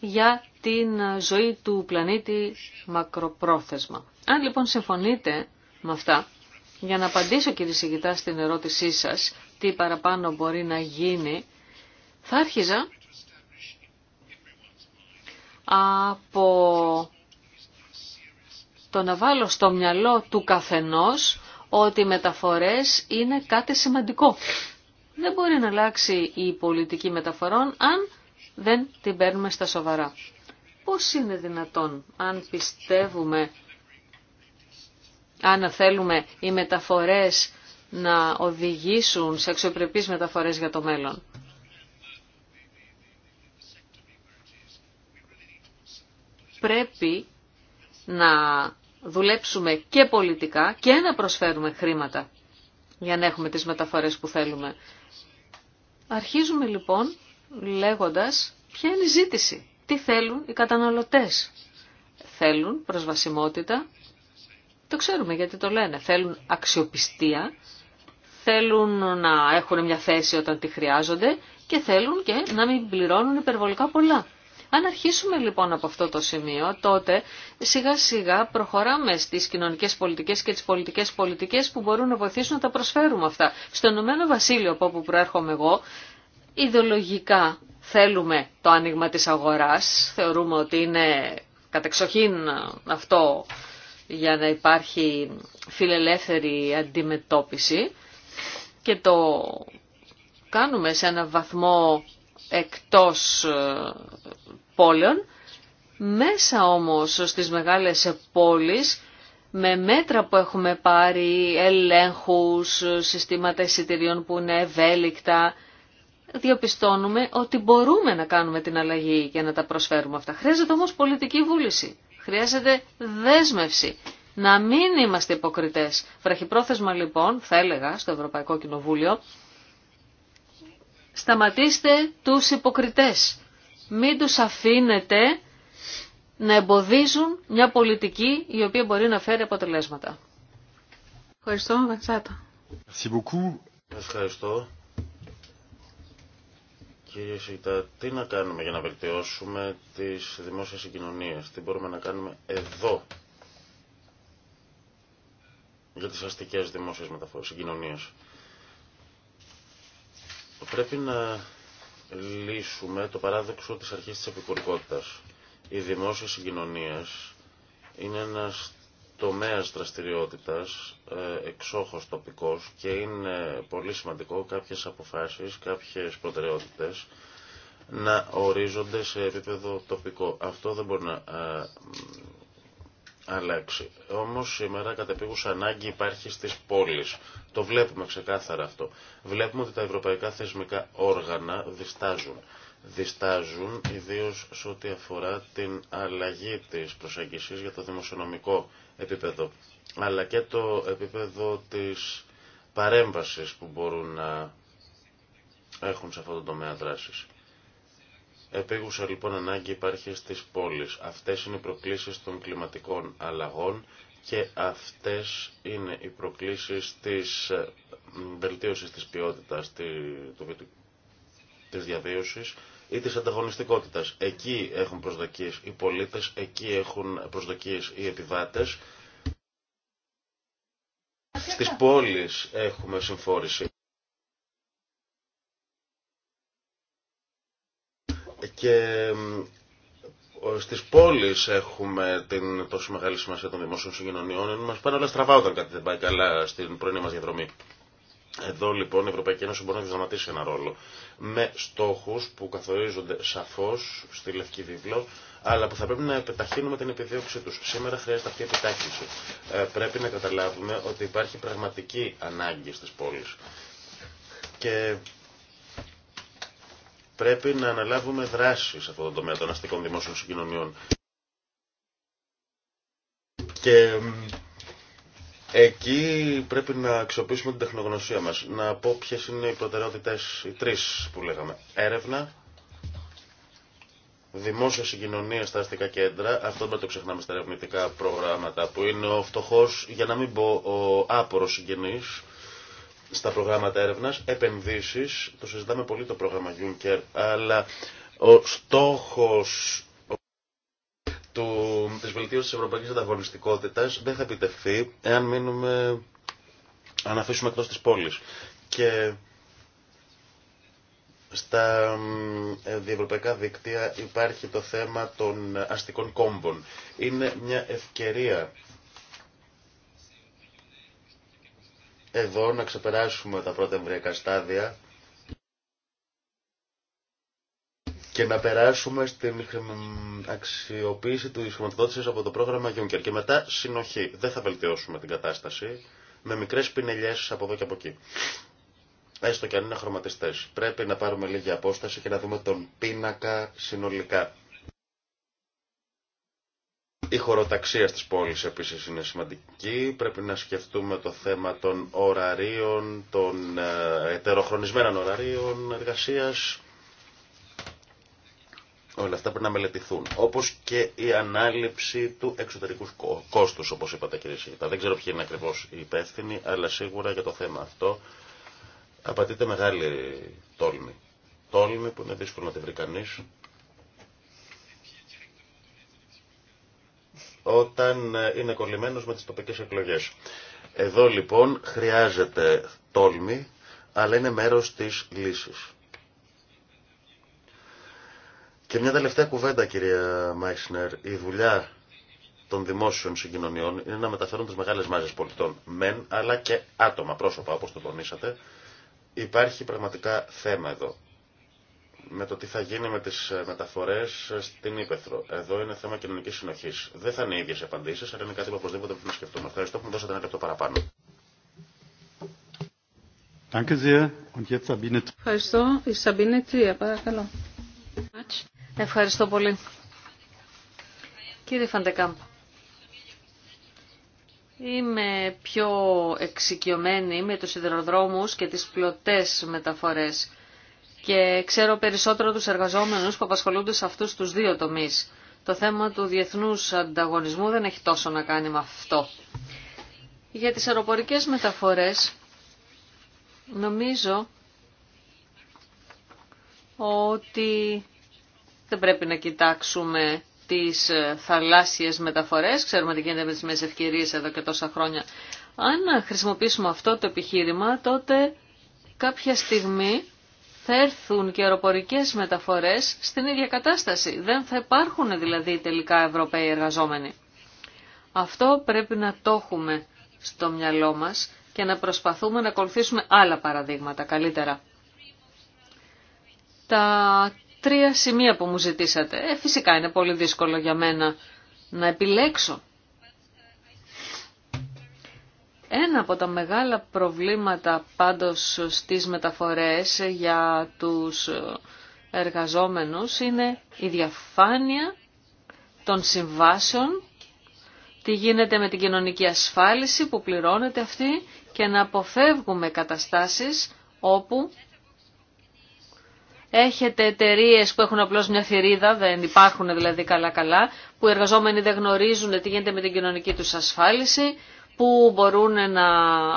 για την ζωή του πλανήτη μακροπρόθεσμα. Αν λοιπόν συμφωνείτε με αυτά, για να απαντήσω κύριε Σιγητά στην ερώτησή σας, τι παραπάνω μπορεί να γίνει, θα άρχιζα από το να βάλω στο μυαλό του καθενός ότι οι μεταφορές είναι κάτι σημαντικό δεν μπορεί να αλλάξει η πολιτική μεταφορών αν δεν την παίρνουμε στα σοβαρά. Πώς είναι δυνατόν αν πιστεύουμε, αν θέλουμε οι μεταφορές να οδηγήσουν σε αξιοπρεπείς μεταφορές για το μέλλον. Πρέπει να δουλέψουμε και πολιτικά και να προσφέρουμε χρήματα για να έχουμε τις μεταφορές που θέλουμε. Αρχίζουμε λοιπόν λέγοντας ποια είναι η ζήτηση, τι θέλουν οι καταναλωτές. Θέλουν προσβασιμότητα, το ξέρουμε γιατί το λένε, θέλουν αξιοπιστία, θέλουν να έχουν μια θέση όταν τη χρειάζονται και θέλουν και να μην πληρώνουν υπερβολικά πολλά. Αν αρχίσουμε λοιπόν από αυτό το σημείο, τότε σιγά σιγά προχωράμε στις κοινωνικές πολιτικές και τις πολιτικές πολιτικές που μπορούν να βοηθήσουν να τα προσφέρουμε αυτά. Στο Ηνωμένο Βασίλειο από όπου προέρχομαι εγώ, ιδεολογικά θέλουμε το άνοιγμα της αγοράς, θεωρούμε ότι είναι κατεξοχήν αυτό για να υπάρχει φιλελεύθερη αντιμετώπιση και το κάνουμε σε ένα βαθμό εκτός ε, πόλεων, μέσα όμως στις μεγάλες πόλεις με μέτρα που έχουμε πάρει, ελέγχους, συστήματα εισιτηρίων που είναι ευέλικτα, διαπιστώνουμε ότι μπορούμε να κάνουμε την αλλαγή και να τα προσφέρουμε αυτά. Χρειάζεται όμως πολιτική βούληση, χρειάζεται δέσμευση, να μην είμαστε υποκριτές. Βραχυπρόθεσμα λοιπόν, θα έλεγα στο Ευρωπαϊκό Κοινοβούλιο, Σταματήστε τους υποκριτές. Μην τους αφήνετε να εμποδίζουν μια πολιτική η οποία μπορεί να φέρει αποτελέσματα. Ευχαριστώ, Ευχαριστώ. Κύριε Σίγητα, τι να κάνουμε για να βελτιώσουμε τις δημόσιες συγκοινωνίες, τι μπορούμε να κάνουμε εδώ για τις αστικές δημόσιες μεταφορές, συγκοινωνίες. Πρέπει να λύσουμε το παράδοξο της αρχής της επικουρικότητας. Η δημόσια συγκοινωνία είναι ένας τομέας δραστηριότητας, ε, εξόχως τοπικός και είναι πολύ σημαντικό κάποιες αποφάσεις, κάποιες προτεραιότητες να ορίζονται σε επίπεδο τοπικό. Αυτό δεν μπορεί να ε, αλλάξει. Όμως σήμερα κατ' ανάγκη υπάρχει στις πόλεις. Το βλέπουμε ξεκάθαρα αυτό. Βλέπουμε ότι τα ευρωπαϊκά θεσμικά όργανα διστάζουν. Διστάζουν ιδίως σε ό,τι αφορά την αλλαγή της προσέγγισης για το δημοσιονομικό επίπεδο. Αλλά και το επίπεδο της παρέμβασης που μπορούν να έχουν σε αυτό το τομέα δράσης. Επίγουσα λοιπόν ανάγκη υπάρχει στις πόλεις. Αυτές είναι οι προκλήσεις των κλιματικών αλλαγών και αυτές είναι οι προκλήσεις της ε, βελτίωσης της ποιότητας της διαβίωσης ή της ανταγωνιστικότητας. Εκεί έχουν προσδοκίες οι πολίτες, εκεί έχουν προσδοκίες οι επιβάτες. Στις πόλεις έχουμε συμφόρηση. Και στις πόλεις έχουμε την τόσο μεγάλη σημασία των δημόσιων συγκοινωνιών. Μας πάνε όλα στραβά όταν κάτι δεν πάει καλά στην πρωινή μας διαδρομή. Εδώ λοιπόν η Ευρωπαϊκή Ένωση μπορεί να διδραματίσει ένα ρόλο με στόχους που καθορίζονται σαφώς στη Λευκή Βίβλο αλλά που θα πρέπει να επιταχύνουμε την επιδίωξή τους. Σήμερα χρειάζεται αυτή η επιτάχυνση. Ε, πρέπει να καταλάβουμε ότι υπάρχει πραγματική ανάγκη στις πόλεις. Και Πρέπει να αναλάβουμε δράσεις σε αυτό το τομέα των αστικών δημόσιων συγκοινωνιών. Και εκεί πρέπει να αξιοποιήσουμε την τεχνογνωσία μας. Να πω ποιες είναι οι προτεραιότητες, οι τρεις που λέγαμε. Έρευνα, δημόσια συγκοινωνία στα αστικά κέντρα, αυτό δεν το ξεχνάμε στα ερευνητικά προγράμματα, που είναι ο φτωχό, για να μην πω ο άπορο συγγενής, στα προγράμματα έρευνας, επενδύσεις, το συζητάμε πολύ το πρόγραμμα Juncker, αλλά ο στόχος του, της βελτίωσης της ευρωπαϊκής ανταγωνιστικότητας δεν θα επιτευχθεί εάν μείνουμε, αν αφήσουμε εκτός της πόλης. Και στα ε, διευρωπαϊκά δίκτυα υπάρχει το θέμα των αστικών κόμπων. Είναι μια ευκαιρία εδώ να ξεπεράσουμε τα πρώτα εμβριακά στάδια και να περάσουμε στην αξιοποίηση του χρηματοδότησης από το πρόγραμμα Juncker. Και μετά συνοχή. Δεν θα βελτιώσουμε την κατάσταση με μικρές πινελιές από εδώ και από εκεί. Έστω και αν είναι χρωματιστές. Πρέπει να πάρουμε λίγη απόσταση και να δούμε τον πίνακα συνολικά. Η χωροταξία στις πόλεις επίσης είναι σημαντική. Πρέπει να σκεφτούμε το θέμα των ωραρίων, των ε, ετεροχρονισμένων ωραρίων εργασίας. Όλα αυτά πρέπει να μελετηθούν. Όπως και η ανάληψη του εξωτερικού κόστους, όπως είπατε κύριε Σίγητα. Δεν ξέρω ποιοι είναι ακριβώς οι υπεύθυνοι, αλλά σίγουρα για το θέμα αυτό απαιτείται μεγάλη τόλμη. Τόλμη που είναι δύσκολο να τη βρει κανείς όταν ε, είναι κολλημένος με τις τοπικές εκλογές. Εδώ λοιπόν χρειάζεται τόλμη, αλλά είναι μέρος της λύσης. Και μια τελευταία κουβέντα, κυρία Μάισνερ. Η δουλειά των δημόσιων συγκοινωνιών είναι να μεταφέρουν τις μεγάλες μάζες πολιτών, μεν, αλλά και άτομα, πρόσωπα, όπως το τονίσατε. Υπάρχει πραγματικά θέμα εδώ με το τι θα γίνει με τι ε, μεταφορέ ε, στην Ήπεθρο. Εδώ είναι θέμα κοινωνική συνοχή. Δεν θα είναι οι ίδιε απαντήσει, αλλά είναι κάτι που οπωσδήποτε πρέπει να σκεφτούμε. Ευχαριστώ που μου δώσατε ένα λεπτό παραπάνω. Ευχαριστώ. Η Σαμπίνε Τρία, ε, παρακαλώ. Ευχαριστώ πολύ. Κύριε Φαντεκάμπ, είμαι πιο εξοικειωμένη με τους σιδηροδρόμους και τις πλωτές μεταφορές και ξέρω περισσότερο τους εργαζόμενους που απασχολούνται σε αυτούς τους δύο τομείς. Το θέμα του διεθνούς ανταγωνισμού δεν έχει τόσο να κάνει με αυτό. Για τις αεροπορικές μεταφορές νομίζω ότι δεν πρέπει να κοιτάξουμε τις ε, θαλάσσιες μεταφορές. Ξέρουμε τι γίνεται με τις μέσες ευκαιρίες εδώ και τόσα χρόνια. Αν χρησιμοποιήσουμε αυτό το επιχείρημα, τότε κάποια στιγμή θα έρθουν και αεροπορικές μεταφορές στην ίδια κατάσταση. Δεν θα υπάρχουν δηλαδή τελικά Ευρωπαίοι εργαζόμενοι. Αυτό πρέπει να το έχουμε στο μυαλό μας και να προσπαθούμε να ακολουθήσουμε άλλα παραδείγματα καλύτερα. Τα τρία σημεία που μου ζητήσατε, ε, φυσικά είναι πολύ δύσκολο για μένα να επιλέξω ένα από τα μεγάλα προβλήματα πάντως στις μεταφορές για τους εργαζόμενους είναι η διαφάνεια των συμβάσεων, τι γίνεται με την κοινωνική ασφάλιση που πληρώνεται αυτή και να αποφεύγουμε καταστάσεις όπου έχετε εταιρείε που έχουν απλώς μια θηρίδα, δεν υπάρχουν δηλαδή καλά-καλά, που οι εργαζόμενοι δεν γνωρίζουν τι γίνεται με την κοινωνική τους ασφάλιση, που μπορούν να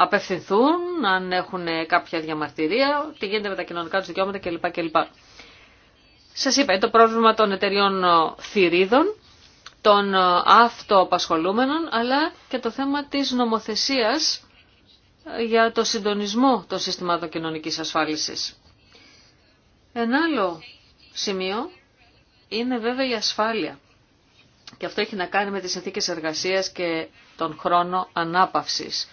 απευθυνθούν αν έχουν κάποια διαμαρτυρία, τι γίνεται με τα κοινωνικά του δικαιώματα κλπ. κλπ. Σας είπα, είναι το πρόβλημα των εταιριών θηρίδων, των αυτοαπασχολούμενων, αλλά και το θέμα της νομοθεσίας για το συντονισμό των συστημάτων κοινωνικής ασφάλισης. Ένα άλλο σημείο είναι βέβαια η ασφάλεια. Και αυτό έχει να κάνει με τις συνθήκες εργασίας και τον χρόνο ανάπαυσης.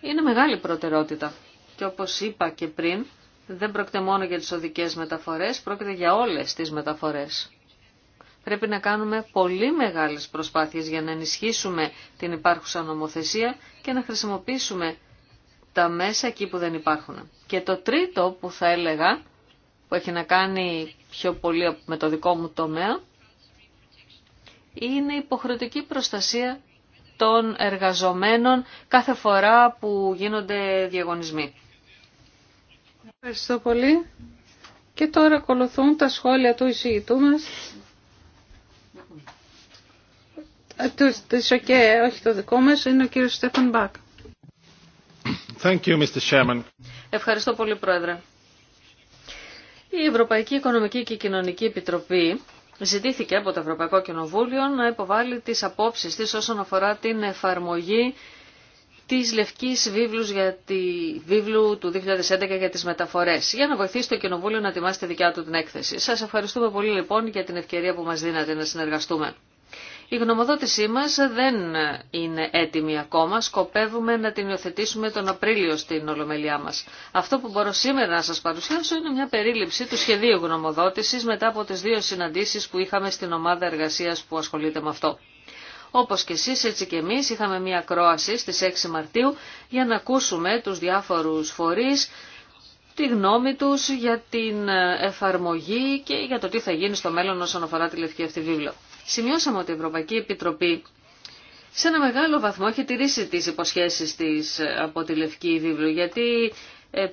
Είναι μεγάλη προτεραιότητα. Και όπως είπα και πριν, δεν πρόκειται μόνο για τις οδικές μεταφορές, πρόκειται για όλες τις μεταφορές. Πρέπει να κάνουμε πολύ μεγάλες προσπάθειες για να ενισχύσουμε την υπάρχουσα νομοθεσία και να χρησιμοποιήσουμε τα μέσα εκεί που δεν υπάρχουν. Και το τρίτο που θα έλεγα, που έχει να κάνει πιο πολύ με το δικό μου τομέα, είναι υποχρεωτική προστασία των εργαζομένων κάθε φορά που γίνονται διαγωνισμοί. Ευχαριστώ πολύ. Και τώρα ακολουθούν τα σχόλια του εισηγητού μας. Ε, του ΟΚΕ, όχι το δικό μας, είναι ο κύριος Στέφαν Μπακ. Ευχαριστώ πολύ, Πρόεδρε. Η Ευρωπαϊκή Οικονομική και Κοινωνική Επιτροπή ζητήθηκε από το Ευρωπαϊκό Κοινοβούλιο να υποβάλει τις απόψεις της όσον αφορά την εφαρμογή της Λευκής Βίβλους για τη... Βίβλου του 2011 για τις μεταφορές, για να βοηθήσει το Κοινοβούλιο να ετοιμάσει τη δικιά του την έκθεση. Σας ευχαριστούμε πολύ λοιπόν για την ευκαιρία που μας δίνατε να συνεργαστούμε. Η γνωμοδότησή μας δεν είναι έτοιμη ακόμα, σκοπεύουμε να την υιοθετήσουμε τον Απρίλιο στην Ολομελιά μας. Αυτό που μπορώ σήμερα να σας παρουσιάσω είναι μια περίληψη του σχεδίου γνωμοδότησης μετά από τις δύο συναντήσεις που είχαμε στην ομάδα εργασίας που ασχολείται με αυτό. Όπως και εσείς, έτσι και εμείς, είχαμε μια κρόαση στις 6 Μαρτίου για να ακούσουμε τους διάφορους φορείς, τη γνώμη τους για την εφαρμογή και για το τι θα γίνει στο μέλλον όσον αφορά τη λευκή αυτή βίβλο. Σημειώσαμε ότι η Ευρωπαϊκή Επιτροπή σε ένα μεγάλο βαθμό έχει τηρήσει τις υποσχέσεις της ε, από τη Λευκή Βίβλου, γιατί ε,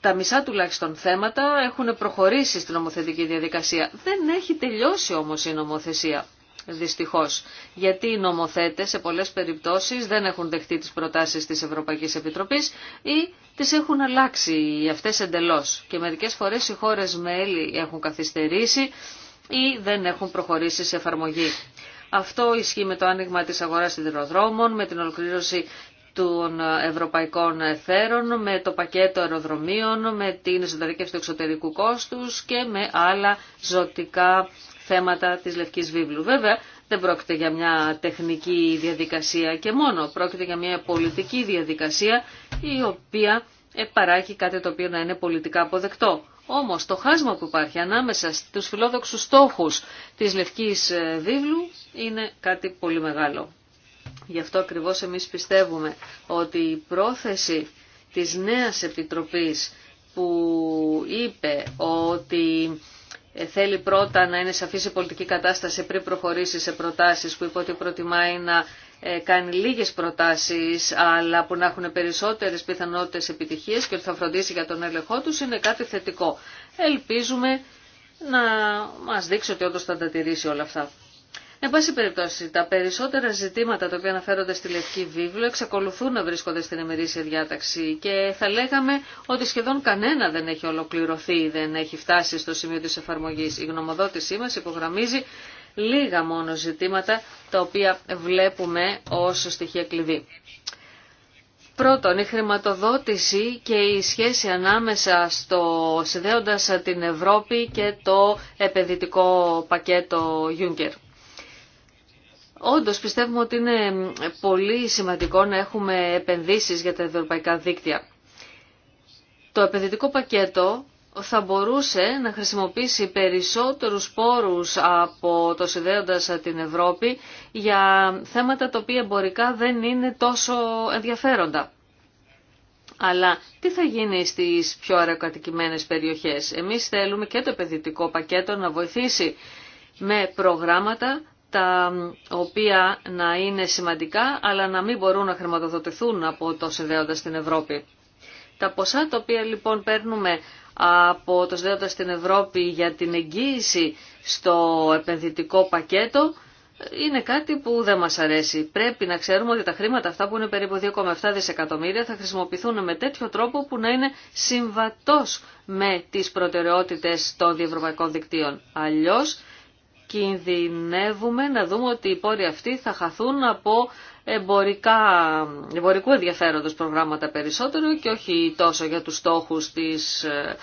τα μισά τουλάχιστον θέματα έχουν προχωρήσει στην νομοθετική διαδικασία. Δεν έχει τελειώσει όμως η νομοθεσία, δυστυχώς, γιατί οι νομοθέτες σε πολλές περιπτώσεις δεν έχουν δεχτεί τις προτάσεις της Ευρωπαϊκής Επιτροπής ή τις έχουν αλλάξει αυτές εντελώς. Και μερικές φορές οι χώρες μέλη έχουν καθυστερήσει ή δεν έχουν προχωρήσει σε εφαρμογή. Αυτό ισχύει με το άνοιγμα της αγοράς σιδηροδρόμων, με την ολοκλήρωση των ευρωπαϊκών εθέρων, με το πακέτο αεροδρομίων, με την εσωτερική του εξωτερικού κόστους και με άλλα ζωτικά θέματα της Λευκής Βίβλου. Βέβαια, δεν πρόκειται για μια τεχνική διαδικασία και μόνο, πρόκειται για μια πολιτική διαδικασία η οποία παράγει κάτι το οποίο να είναι πολιτικά αποδεκτό. Όμως το χάσμα που υπάρχει ανάμεσα στους φιλόδοξους στόχους της Λευκής ε, Βίβλου είναι κάτι πολύ μεγάλο. Γι' αυτό ακριβώς εμείς πιστεύουμε ότι η πρόθεση της νέας Επιτροπής που είπε ότι ε, θέλει πρώτα να είναι σαφής η πολιτική κατάσταση πριν προχωρήσει σε προτάσεις που είπε ότι προτιμάει να ε, κάνει λίγες προτάσεις αλλά που να έχουν περισσότερες πιθανότητες επιτυχίες και ότι θα φροντίσει για τον έλεγχό του είναι κάτι θετικό. Ελπίζουμε να μας δείξει ότι όντως θα τα όλα αυτά. Εν πάση περιπτώσει, τα περισσότερα ζητήματα τα οποία αναφέρονται στη Λευκή Βίβλο εξακολουθούν να βρίσκονται στην εμερήσια διάταξη και θα λέγαμε ότι σχεδόν κανένα δεν έχει ολοκληρωθεί, ή δεν έχει φτάσει στο σημείο της εφαρμογής. Η γνωμοδότησή μα υπογραμμίζει λίγα μόνο ζητήματα τα οποία βλέπουμε ως στοιχεία κλειδί. Πρώτον, η χρηματοδότηση και η σχέση ανάμεσα στο συνδέοντας την Ευρώπη και το επενδυτικό πακέτο Juncker. Όντως πιστεύουμε ότι είναι πολύ σημαντικό να έχουμε επενδύσεις για τα ευρωπαϊκά δίκτυα. Το επενδυτικό πακέτο θα μπορούσε να χρησιμοποιήσει περισσότερους πόρους από το συνδέοντας την Ευρώπη για θέματα τα οποία εμπορικά δεν είναι τόσο ενδιαφέροντα. Αλλά τι θα γίνει στις πιο αεροκατοικημένες περιοχές. Εμείς θέλουμε και το επενδυτικό πακέτο να βοηθήσει με προγράμματα τα οποία να είναι σημαντικά αλλά να μην μπορούν να χρηματοδοτηθούν από το συνδέοντα στην Ευρώπη. Τα ποσά τα οποία λοιπόν παίρνουμε από το συνδέοντα στην Ευρώπη για την εγγύηση στο επενδυτικό πακέτο είναι κάτι που δεν μας αρέσει. Πρέπει να ξέρουμε ότι τα χρήματα αυτά που είναι περίπου 2,7 δισεκατομμύρια θα χρησιμοποιηθούν με τέτοιο τρόπο που να είναι συμβατός με τις προτεραιότητες των διευρωπαϊκών δικτύων. Αλλιώς κινδυνεύουμε να δούμε ότι οι πόροι αυτοί θα χαθούν από εμπορικά, εμπορικού ενδιαφέροντος προγράμματα περισσότερο και όχι τόσο για τους στόχους της ε,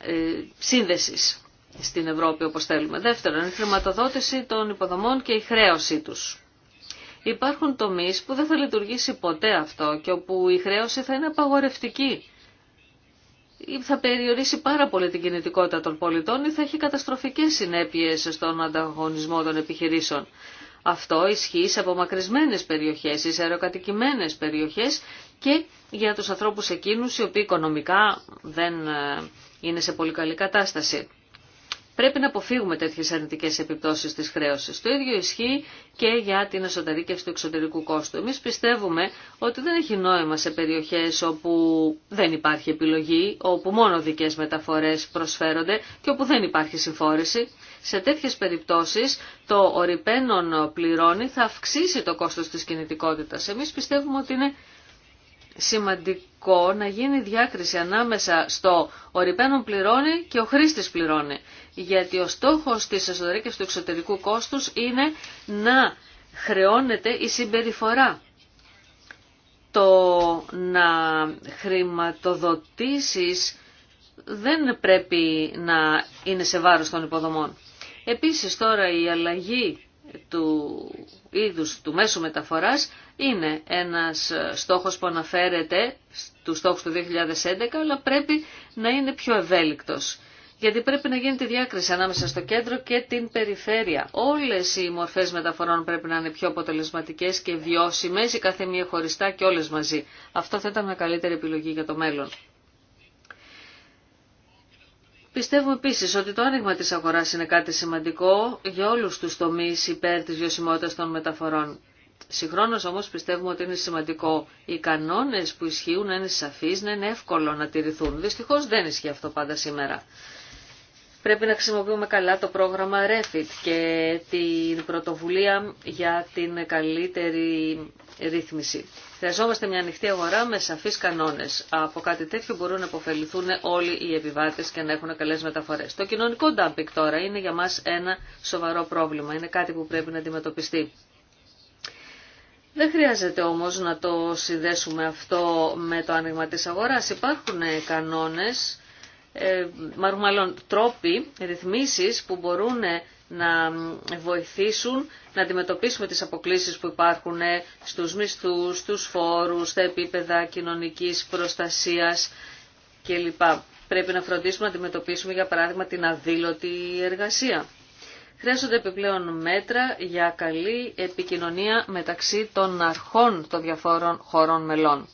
ε, σύνδεσης στην Ευρώπη όπως θέλουμε. Δεύτερον, η χρηματοδότηση των υποδομών και η χρέωσή τους. Υπάρχουν τομείς που δεν θα λειτουργήσει ποτέ αυτό και όπου η χρέωση θα είναι απαγορευτική ή θα περιορίσει πάρα πολύ την κινητικότητα των πολιτών ή θα έχει καταστροφικές συνέπειες στον ανταγωνισμό των επιχειρήσεων. Αυτό ισχύει σε απομακρυσμένες περιοχές σε αεροκατοικημένες περιοχές και για τους ανθρώπους εκείνους οι οποίοι οικονομικά δεν ε, είναι σε πολύ καλή κατάσταση. Πρέπει να αποφύγουμε τέτοιες αρνητικές επιπτώσεις τη χρέωσης. Το ίδιο ισχύει και για την εσωτερική του εξωτερικού κόστου. Εμείς πιστεύουμε ότι δεν έχει νόημα σε περιοχές όπου δεν υπάρχει επιλογή, όπου μόνο δικές μεταφορές προσφέρονται και όπου δεν υπάρχει συμφόρηση. Σε τέτοιες περιπτώσεις το οριπένον πληρώνει θα αυξήσει το κόστος της κινητικότητας. Εμείς πιστεύουμε ότι είναι σημαντικό να γίνει διάκριση ανάμεσα στο οριπένον πληρώνει και ο χρήστης πληρώνει. Γιατί ο στόχος της εσωτερικής του εξωτερικού κόστους είναι να χρεώνεται η συμπεριφορά. Το να χρηματοδοτήσεις δεν πρέπει να είναι σε βάρος των υποδομών. Επίσης τώρα η αλλαγή του είδους του μέσου μεταφοράς είναι ένας στόχος που αναφέρεται του στόχου του 2011 αλλά πρέπει να είναι πιο ευέλικτος. Γιατί πρέπει να γίνεται διάκριση ανάμεσα στο κέντρο και την περιφέρεια. Όλες οι μορφές μεταφορών πρέπει να είναι πιο αποτελεσματικές και βιώσιμες, η κάθε μία χωριστά και όλες μαζί. Αυτό θα ήταν μια καλύτερη επιλογή για το μέλλον. Πιστεύουμε επίσης ότι το άνοιγμα της αγοράς είναι κάτι σημαντικό για όλους τους τομείς υπέρ τη βιωσιμότητα των μεταφορών. Συγχρόνως όμως πιστεύουμε ότι είναι σημαντικό οι κανόνες που ισχύουν να είναι σαφείς, να είναι εύκολο να τηρηθούν. Δυστυχώ δεν ισχύει αυτό πάντα σήμερα. Πρέπει να χρησιμοποιούμε καλά το πρόγραμμα REFIT και την πρωτοβουλία για την καλύτερη ρύθμιση. Χρειαζόμαστε μια ανοιχτή αγορά με σαφείς κανόνες. Από κάτι τέτοιο μπορούν να υποφεληθούν όλοι οι επιβάτες και να έχουν καλές μεταφορές. Το κοινωνικό ντάμπικ τώρα είναι για μας ένα σοβαρό πρόβλημα. Είναι κάτι που πρέπει να αντιμετωπιστεί. Δεν χρειάζεται όμως να το συνδέσουμε αυτό με το άνοιγμα της αγοράς. Υπάρχουν κανόνες, ε, μάλλον τρόποι, ρυθμίσεις που μπορούν να βοηθήσουν να αντιμετωπίσουμε τις αποκλήσεις που υπάρχουν ε, στους μισθούς, στους φόρους, στα επίπεδα κοινωνικής προστασίας κλπ. Πρέπει να φροντίσουμε να αντιμετωπίσουμε για παράδειγμα την αδήλωτη εργασία. Χρειάζονται επιπλέον μέτρα για καλή επικοινωνία μεταξύ των αρχών των διαφόρων χωρών μελών.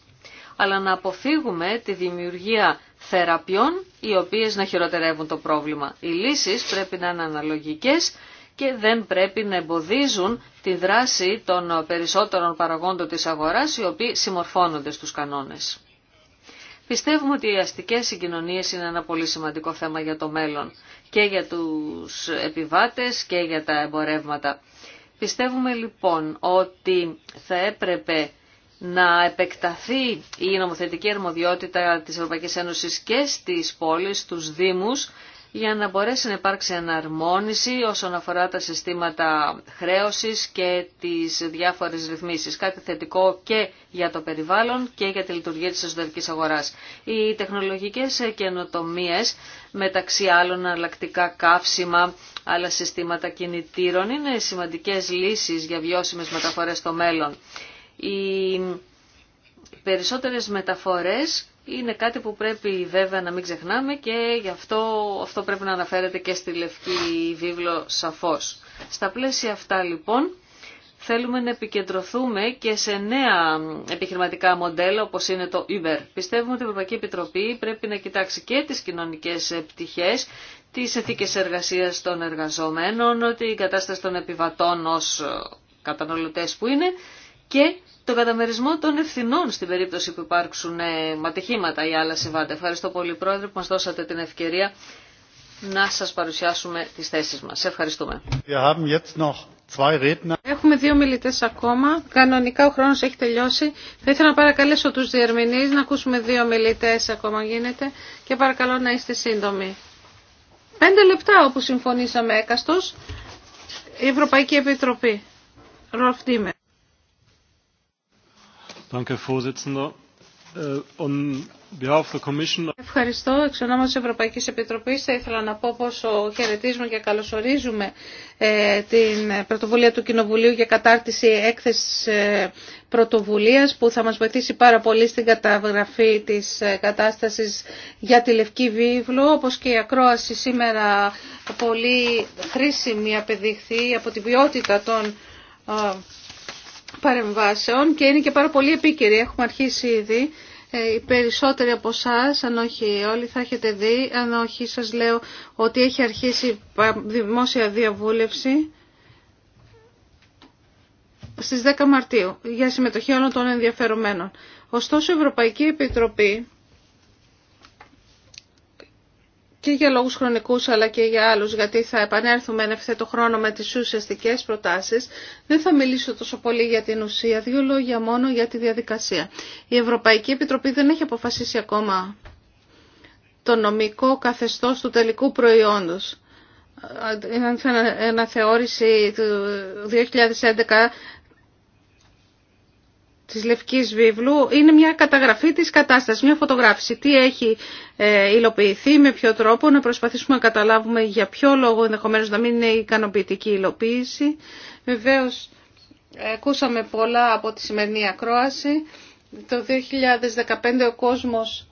Αλλά να αποφύγουμε τη δημιουργία θεραπείων οι οποίες να χειροτερεύουν το πρόβλημα. Οι λύσεις πρέπει να είναι αναλογικές και δεν πρέπει να εμποδίζουν τη δράση των περισσότερων παραγόντων της αγοράς οι οποίοι συμμορφώνονται στους κανόνες. Πιστεύουμε ότι οι αστικές συγκοινωνίες είναι ένα πολύ σημαντικό θέμα για το μέλλον και για τους επιβάτες και για τα εμπορεύματα. Πιστεύουμε λοιπόν ότι θα έπρεπε να επεκταθεί η νομοθετική αρμοδιότητα της Ευρωπαϊκής Ένωσης και στις πόλεις, στους δήμους, για να μπορέσει να υπάρξει αναρμόνιση όσον αφορά τα συστήματα χρέωσης και τις διάφορες ρυθμίσεις. Κάτι θετικό και για το περιβάλλον και για τη λειτουργία της εσωτερικής αγοράς. Οι τεχνολογικές καινοτομίε μεταξύ άλλων αλλακτικά καύσιμα, άλλα συστήματα κινητήρων, είναι σημαντικές λύσεις για βιώσιμες μεταφορές στο μέλλον. Οι περισσότερες μεταφορές είναι κάτι που πρέπει βέβαια να μην ξεχνάμε και γι' αυτό, αυτό πρέπει να αναφέρεται και στη Λευκή Βίβλο σαφώς. Στα πλαίσια αυτά λοιπόν θέλουμε να επικεντρωθούμε και σε νέα επιχειρηματικά μοντέλα όπως είναι το Uber. Πιστεύουμε ότι η Ευρωπαϊκή Επιτροπή πρέπει να κοιτάξει και τις κοινωνικές πτυχές, τις ηθίκες εργασίας των εργαζομένων, την κατάσταση των επιβατών ως καταναλωτές που είναι και το καταμερισμό των ευθυνών στην περίπτωση που υπάρξουν ματυχήματα ε, ή άλλα συμβάντα. Ευχαριστώ πολύ Πρόεδρε που μας δώσατε την ευκαιρία να σας παρουσιάσουμε τις θέσεις μας. Ευχαριστούμε. Έχουμε δύο μιλητές ακόμα. Κανονικά ο χρόνος έχει τελειώσει. Θα ήθελα να παρακαλέσω τους διερμηνείς να ακούσουμε δύο μιλητές ακόμα γίνεται και παρακαλώ να είστε σύντομοι. Πέντε λεπτά όπου συμφωνήσαμε έκαστος η Ευρωπαϊκή Επιτροπή. Ρολφ Äh, Ευχαριστώ. Εξ ονόματος της Ευρωπαϊκής Επιτροπής θα ήθελα να πω πόσο χαιρετίζουμε και καλωσορίζουμε ε, την πρωτοβουλία του Κοινοβουλίου για κατάρτιση έκθεσης ε, πρωτοβουλίας που θα μας βοηθήσει πάρα πολύ στην καταγραφή της ε, κατάστασης για τη Λευκή Βίβλο όπως και η ακρόαση σήμερα πολύ χρήσιμη απεδειχθεί από την ποιότητα των παρεμβάσεων και είναι και πάρα πολύ επίκαιρη. Έχουμε αρχίσει ήδη. Ε, οι περισσότεροι από εσά, αν όχι όλοι, θα έχετε δει. Αν όχι, σα λέω ότι έχει αρχίσει δημόσια διαβούλευση στις 10 Μαρτίου για συμμετοχή όλων των ενδιαφερομένων. Ωστόσο, η Ευρωπαϊκή Επιτροπή και για λόγους χρονικούς αλλά και για άλλους, γιατί θα επανέλθουμε εν ευθέτω χρόνο με τις ουσιαστικέ προτάσεις, δεν θα μιλήσω τόσο πολύ για την ουσία, δύο λόγια μόνο για τη διαδικασία. Η Ευρωπαϊκή Επιτροπή δεν έχει αποφασίσει ακόμα το νομικό καθεστώς του τελικού προϊόντος. Είναι θεώρηση του 2011 της Λευκής Βίβλου είναι μια καταγραφή της κατάστασης, μια φωτογράφηση. Τι έχει ε, υλοποιηθεί, με ποιο τρόπο, να προσπαθήσουμε να καταλάβουμε για ποιο λόγο ενδεχομένως να μην είναι ικανοποιητική υλοποίηση. Βεβαίως, ακούσαμε πολλά από τη σημερινή ακρόαση. Το 2015 ο κόσμος,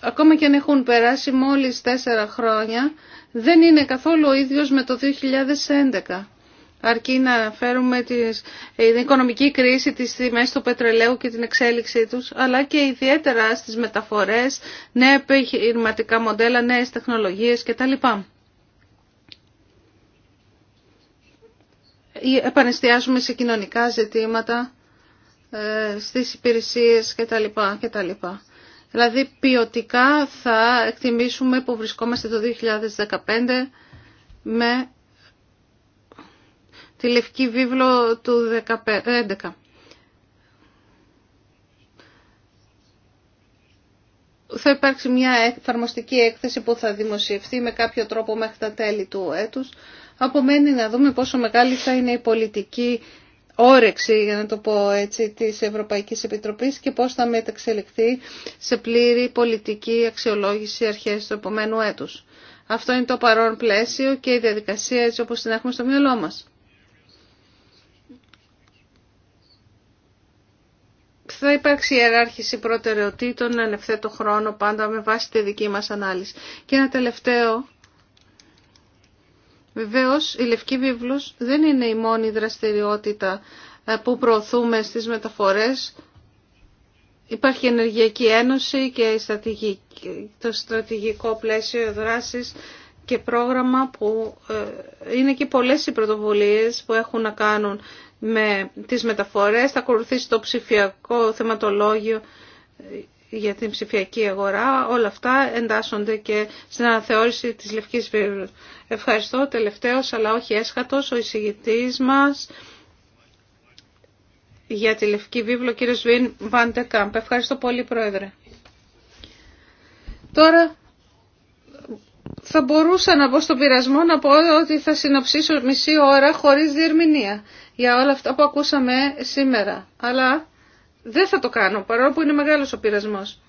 ακόμα και αν έχουν περάσει μόλις τέσσερα χρόνια, δεν είναι καθόλου ο ίδιος με το 2011 αρκεί να φέρουμε τις, την οικονομική κρίση, τις τιμές του πετρελαίου και την εξέλιξή τους, αλλά και ιδιαίτερα στις μεταφορές, νέα επιχειρηματικά μοντέλα, νέες τεχνολογίες κτλ. Επανεστιάζουμε σε κοινωνικά ζητήματα, ε, στις υπηρεσίες κτλ. κτλ. Δηλαδή ποιοτικά θα εκτιμήσουμε που βρισκόμαστε το 2015 με τη Λευκή Βίβλο του 2011. Θα υπάρξει μια εφαρμοστική έκθεση που θα δημοσιευθεί με κάποιο τρόπο μέχρι τα τέλη του έτους. Απομένει να δούμε πόσο μεγάλη θα είναι η πολιτική όρεξη, για να το πω έτσι, της Ευρωπαϊκής Επιτροπής και πώς θα μεταξελιχθεί σε πλήρη πολιτική αξιολόγηση αρχές του επομένου έτους. Αυτό είναι το παρόν πλαίσιο και η διαδικασία έτσι όπως την έχουμε στο μυαλό μας. θα υπάρξει ιεράρχηση προτεραιοτήτων ανευθέτω χρόνο πάντα με βάση τη δική μας ανάλυση. Και ένα τελευταίο. Βεβαίως η Λευκή Βίβλος δεν είναι η μόνη δραστηριότητα ε, που προωθούμε στις μεταφορές. Υπάρχει Ενεργειακή Ένωση και το στρατηγικό πλαίσιο δράσης και πρόγραμμα που ε, είναι και πολλές οι πρωτοβουλίες που έχουν να κάνουν με τις μεταφορές, θα ακολουθήσει το ψηφιακό θεματολόγιο για την ψηφιακή αγορά. Όλα αυτά εντάσσονται και στην αναθεώρηση της Λευκής Βίβλου. Ευχαριστώ τελευταίος, αλλά όχι έσχατος, ο εισηγητής μας για τη Λευκή Βίβλο, κύριος Βιν Βαντεκάμπ. Ευχαριστώ πολύ, Πρόεδρε. Τώρα θα μπορούσα να μπω στον πειρασμό να πω ότι θα συνοψίσω μισή ώρα χωρίς διερμηνία για όλα αυτά που ακούσαμε σήμερα. Αλλά δεν θα το κάνω, παρόλο που είναι μεγάλος ο πειρασμός.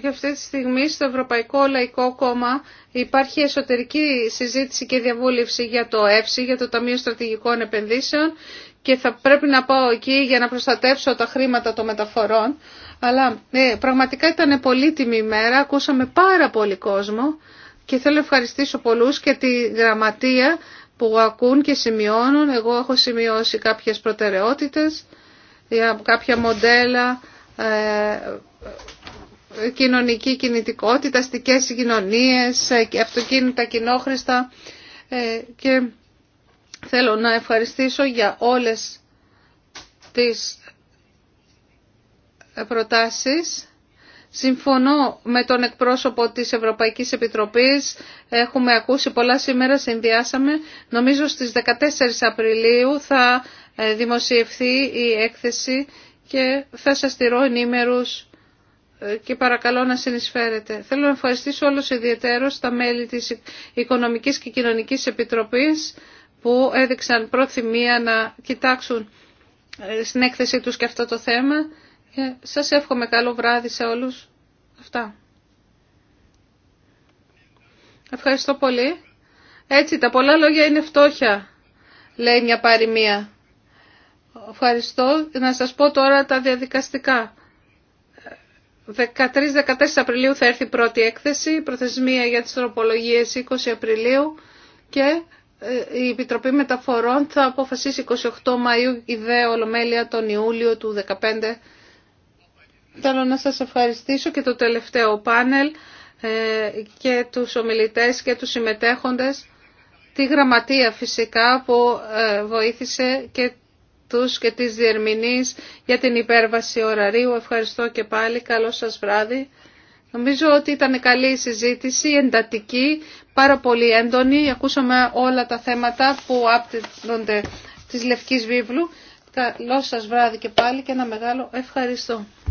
Και αυτή τη στιγμή στο Ευρωπαϊκό Λαϊκό Κόμμα υπάρχει εσωτερική συζήτηση και διαβούλευση για το ΕΦΣΥ, για το Ταμείο Στρατηγικών Επενδύσεων και θα πρέπει να πάω εκεί για να προστατεύσω τα χρήματα των μεταφορών. Αλλά ε, πραγματικά ήταν πολύτιμη ημέρα, ακούσαμε πάρα πολύ κόσμο και θέλω να ευχαριστήσω πολλούς και τη γραμματεία που ακούν και σημειώνουν. Εγώ έχω σημειώσει κάποιες προτεραιότητες, κάποια μοντέλα ε, κοινωνική κινητικότητα, αστικές κοινωνίες, ε, αυτοκίνητα κοινόχρηστα ε, και θέλω να ευχαριστήσω για όλες τις προτάσεις Συμφωνώ με τον εκπρόσωπο της Ευρωπαϊκής Επιτροπής. Έχουμε ακούσει πολλά σήμερα, συνδυάσαμε. Νομίζω στις 14 Απριλίου θα ε, δημοσιευθεί η έκθεση και θα σας τηρώ ενήμερους ε, και παρακαλώ να συνεισφέρετε. Θέλω να ευχαριστήσω όλους ιδιαίτερως τα μέλη της Οικονομικής και Κοινωνικής Επιτροπής που έδειξαν προθυμία να κοιτάξουν ε, στην έκθεση τους και αυτό το θέμα ε, σας εύχομαι καλό βράδυ σε όλους. Αυτά. Ευχαριστώ πολύ. Έτσι, τα πολλά λόγια είναι φτώχεια, λέει μια παροιμία. Ευχαριστώ. Να σας πω τώρα τα διαδικαστικά. 13-14 Απριλίου θα έρθει η πρώτη έκθεση, προθεσμία για τις τροπολογίες 20 Απριλίου και ε, η Επιτροπή Μεταφορών θα αποφασίσει 28 Μαΐου ιδέα ολομέλεια τον Ιούλιο του 2015 Θέλω να σας ευχαριστήσω και το τελευταίο πάνελ ε, και τους ομιλητές και τους συμμετέχοντες, τη γραμματεία φυσικά που ε, βοήθησε και τους και τις διερμηνείς για την υπέρβαση ωραρίου. Ευχαριστώ και πάλι. Καλό σας βράδυ. Νομίζω ότι ήταν καλή η συζήτηση, εντατική, πάρα πολύ έντονη. Ακούσαμε όλα τα θέματα που απτύνονται της Λευκής Βίβλου. Καλό σας βράδυ και πάλι και ένα μεγάλο ευχαριστώ.